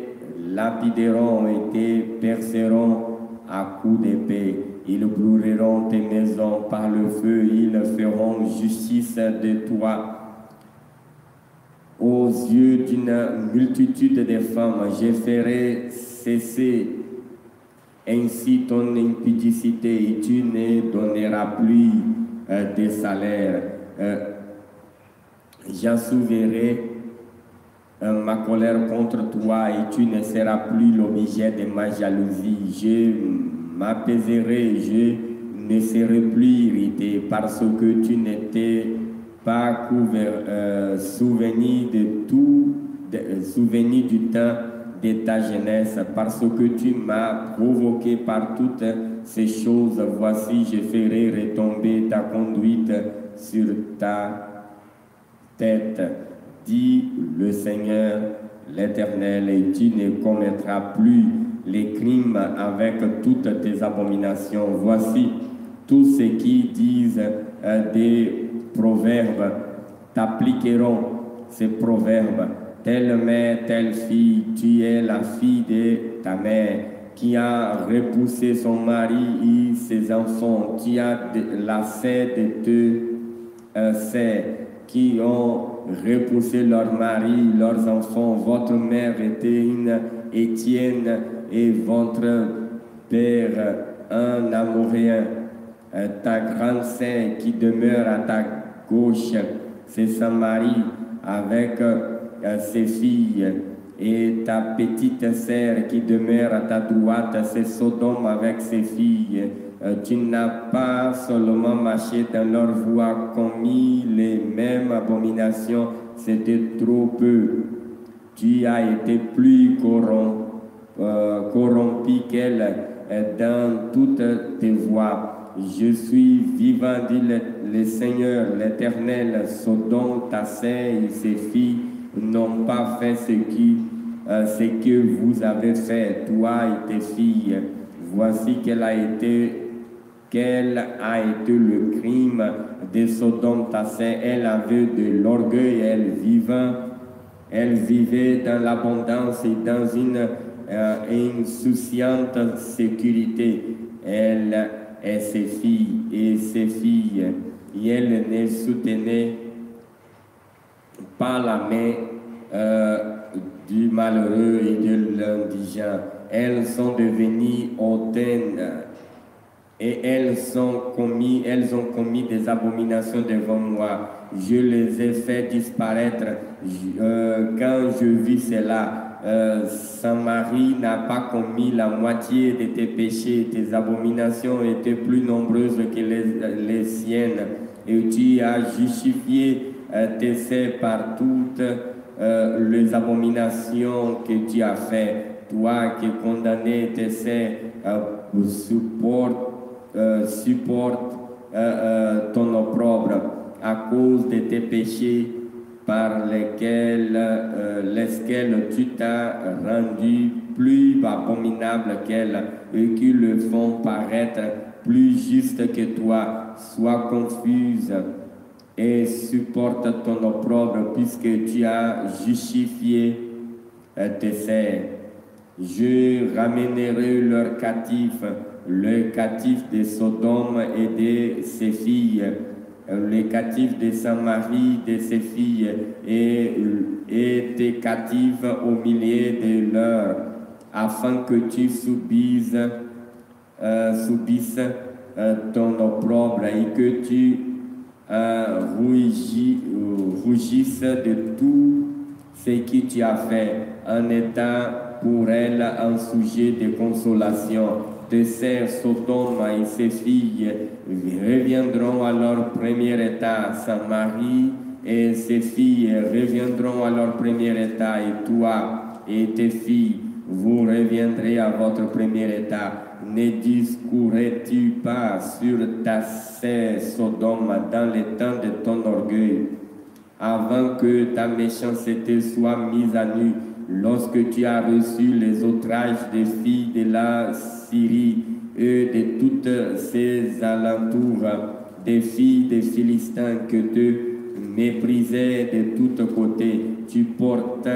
lapideront et te perceront à coups d'épée. Ils brûleront tes maisons par le feu, ils feront justice de toi. Aux yeux d'une multitude de femmes, je ferai cesser ainsi ton impudicité et tu ne donneras plus euh, de salaire. Euh, ma colère contre toi et tu ne seras plus l'objet de ma jalousie. Je m'apaiserai, je ne serai plus irrité parce que tu n'étais pas couvert, euh, souvenir de tout, euh, souvenir du temps de ta jeunesse, parce que tu m'as provoqué par toutes ces choses. Voici, je ferai retomber ta conduite sur ta tête dit le Seigneur, l'Éternel, et tu ne commettras plus les crimes avec toutes tes abominations. Voici tous ceux qui disent euh, des proverbes t'appliqueront ces proverbes. Telle mère, telle fille, tu es la fille de ta mère qui a repoussé son mari et ses enfants, qui a lassé de deux euh, qui ont repousser leurs maris, leurs enfants. Votre mère était une Étienne et votre père, un Amoréen, euh, ta grande sœur qui demeure à ta gauche, c'est son mari avec euh, ses filles. Et ta petite sœur qui demeure à ta droite, c'est Sodome avec ses filles. Euh, tu n'as pas seulement marché dans leur voie, commis les mêmes abominations, c'était trop peu. Tu as été plus euh, corrompu, qu'elle euh, dans toutes tes voies. Je suis vivant, dit le, Seigneur, l'Éternel, Sodome, Tassé et ses filles n'ont pas fait ce, ce que vous avez fait, toi et tes filles. Voici qu'elle a été quel a été le crime de Sodome Tassé. Elle avait de l'orgueil, elle vivait, elle vivait dans l'abondance et dans une euh, insouciante sécurité. Elle et ses filles et ses filles, elles elle ne soutenait pas la main euh, du malheureux et de l'indigent. Elles sont devenues hautaines et elles ont commis, elles ont commis des abominations devant moi. Je les ai fait disparaître. Euh, quand je vis cela, euh, Saint Marie n'a pas commis la moitié de tes péchés. Tes abominations étaient plus nombreuses que les, siennes. Et tu as justifié euh, tes faits par toutes les abominations que tu as faites. Toi qui condamnais tes faits, supporte Uh, supporte uh, uh, ton opprobre à cause de tes péchés par lesquels, lesquels tu t'as rendu plus abominable qu'elle et qui le font paraître plus juste que toi. Sois confuse et supporte ton opprobre puisque tu as justifié euh, tes faits. Je ramènerai leurs captifs le catif de Sodome et de ses filles, le catif de Saint-Marie et de ses filles, et tes captive au milieu de leurs, afin que tu subisses, euh, euh, ton opprobre et que tu euh, rougisses de tout ce que tu as fait en étant pour elle un sujet de consolation « Tes sœurs Sodome et ses filles reviendront à leur premier état, sa mari et ses filles reviendront à leur premier état, et toi et tes filles, vous reviendrez à votre premier état. Ne discourais tu pas sur ta sœur Sodome dans le temps de ton orgueil, avant que ta méchanceté soit mise à nu lorsque tu as reçu les outrages des filles de la Syrie et de toutes ses alentours, des filles des Philistins que tu méprisais de tous côtés, tu portes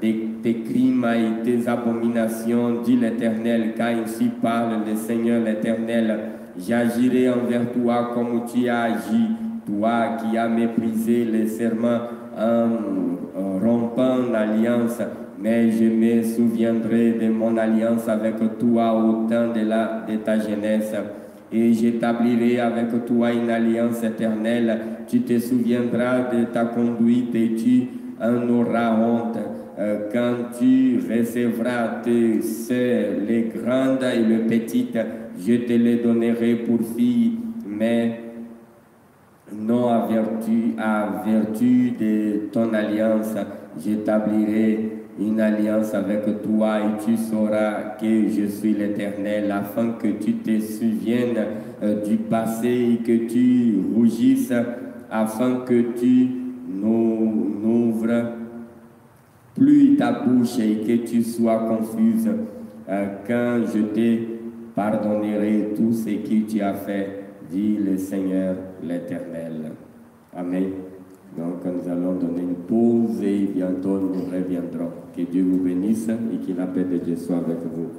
tes crimes et tes abominations, dit l'Éternel, car ainsi parle le Seigneur l'Éternel. J'agirai envers toi comme tu as agi, toi qui as méprisé les serments en rompant l'alliance mais je me souviendrai de mon alliance avec toi au temps de, la, ta jeunesse. Et j'établirai avec toi une alliance éternelle. Tu te souviendras de ta conduite et tu en auras honte. Euh, quand tu recevras tes sœurs, les grandes et les petites, je te les donnerai pour filles, mais non à vertu de ton alliance, j'établirai une alliance avec toi et tu sauras que je suis l'Éternel afin que tu te souviennes euh, du passé et que tu rougisses afin que tu n'ouvres plus ta bouche et que tu sois confuse euh, quand je te pardonnerai tout ce que tu as fait, dit le Seigneur l'Éternel. Amen. Donc nous allons donner une pause et bientôt nous reviendrons. Que Dieu vous bénisse et que la paix de Dieu soit avec vous.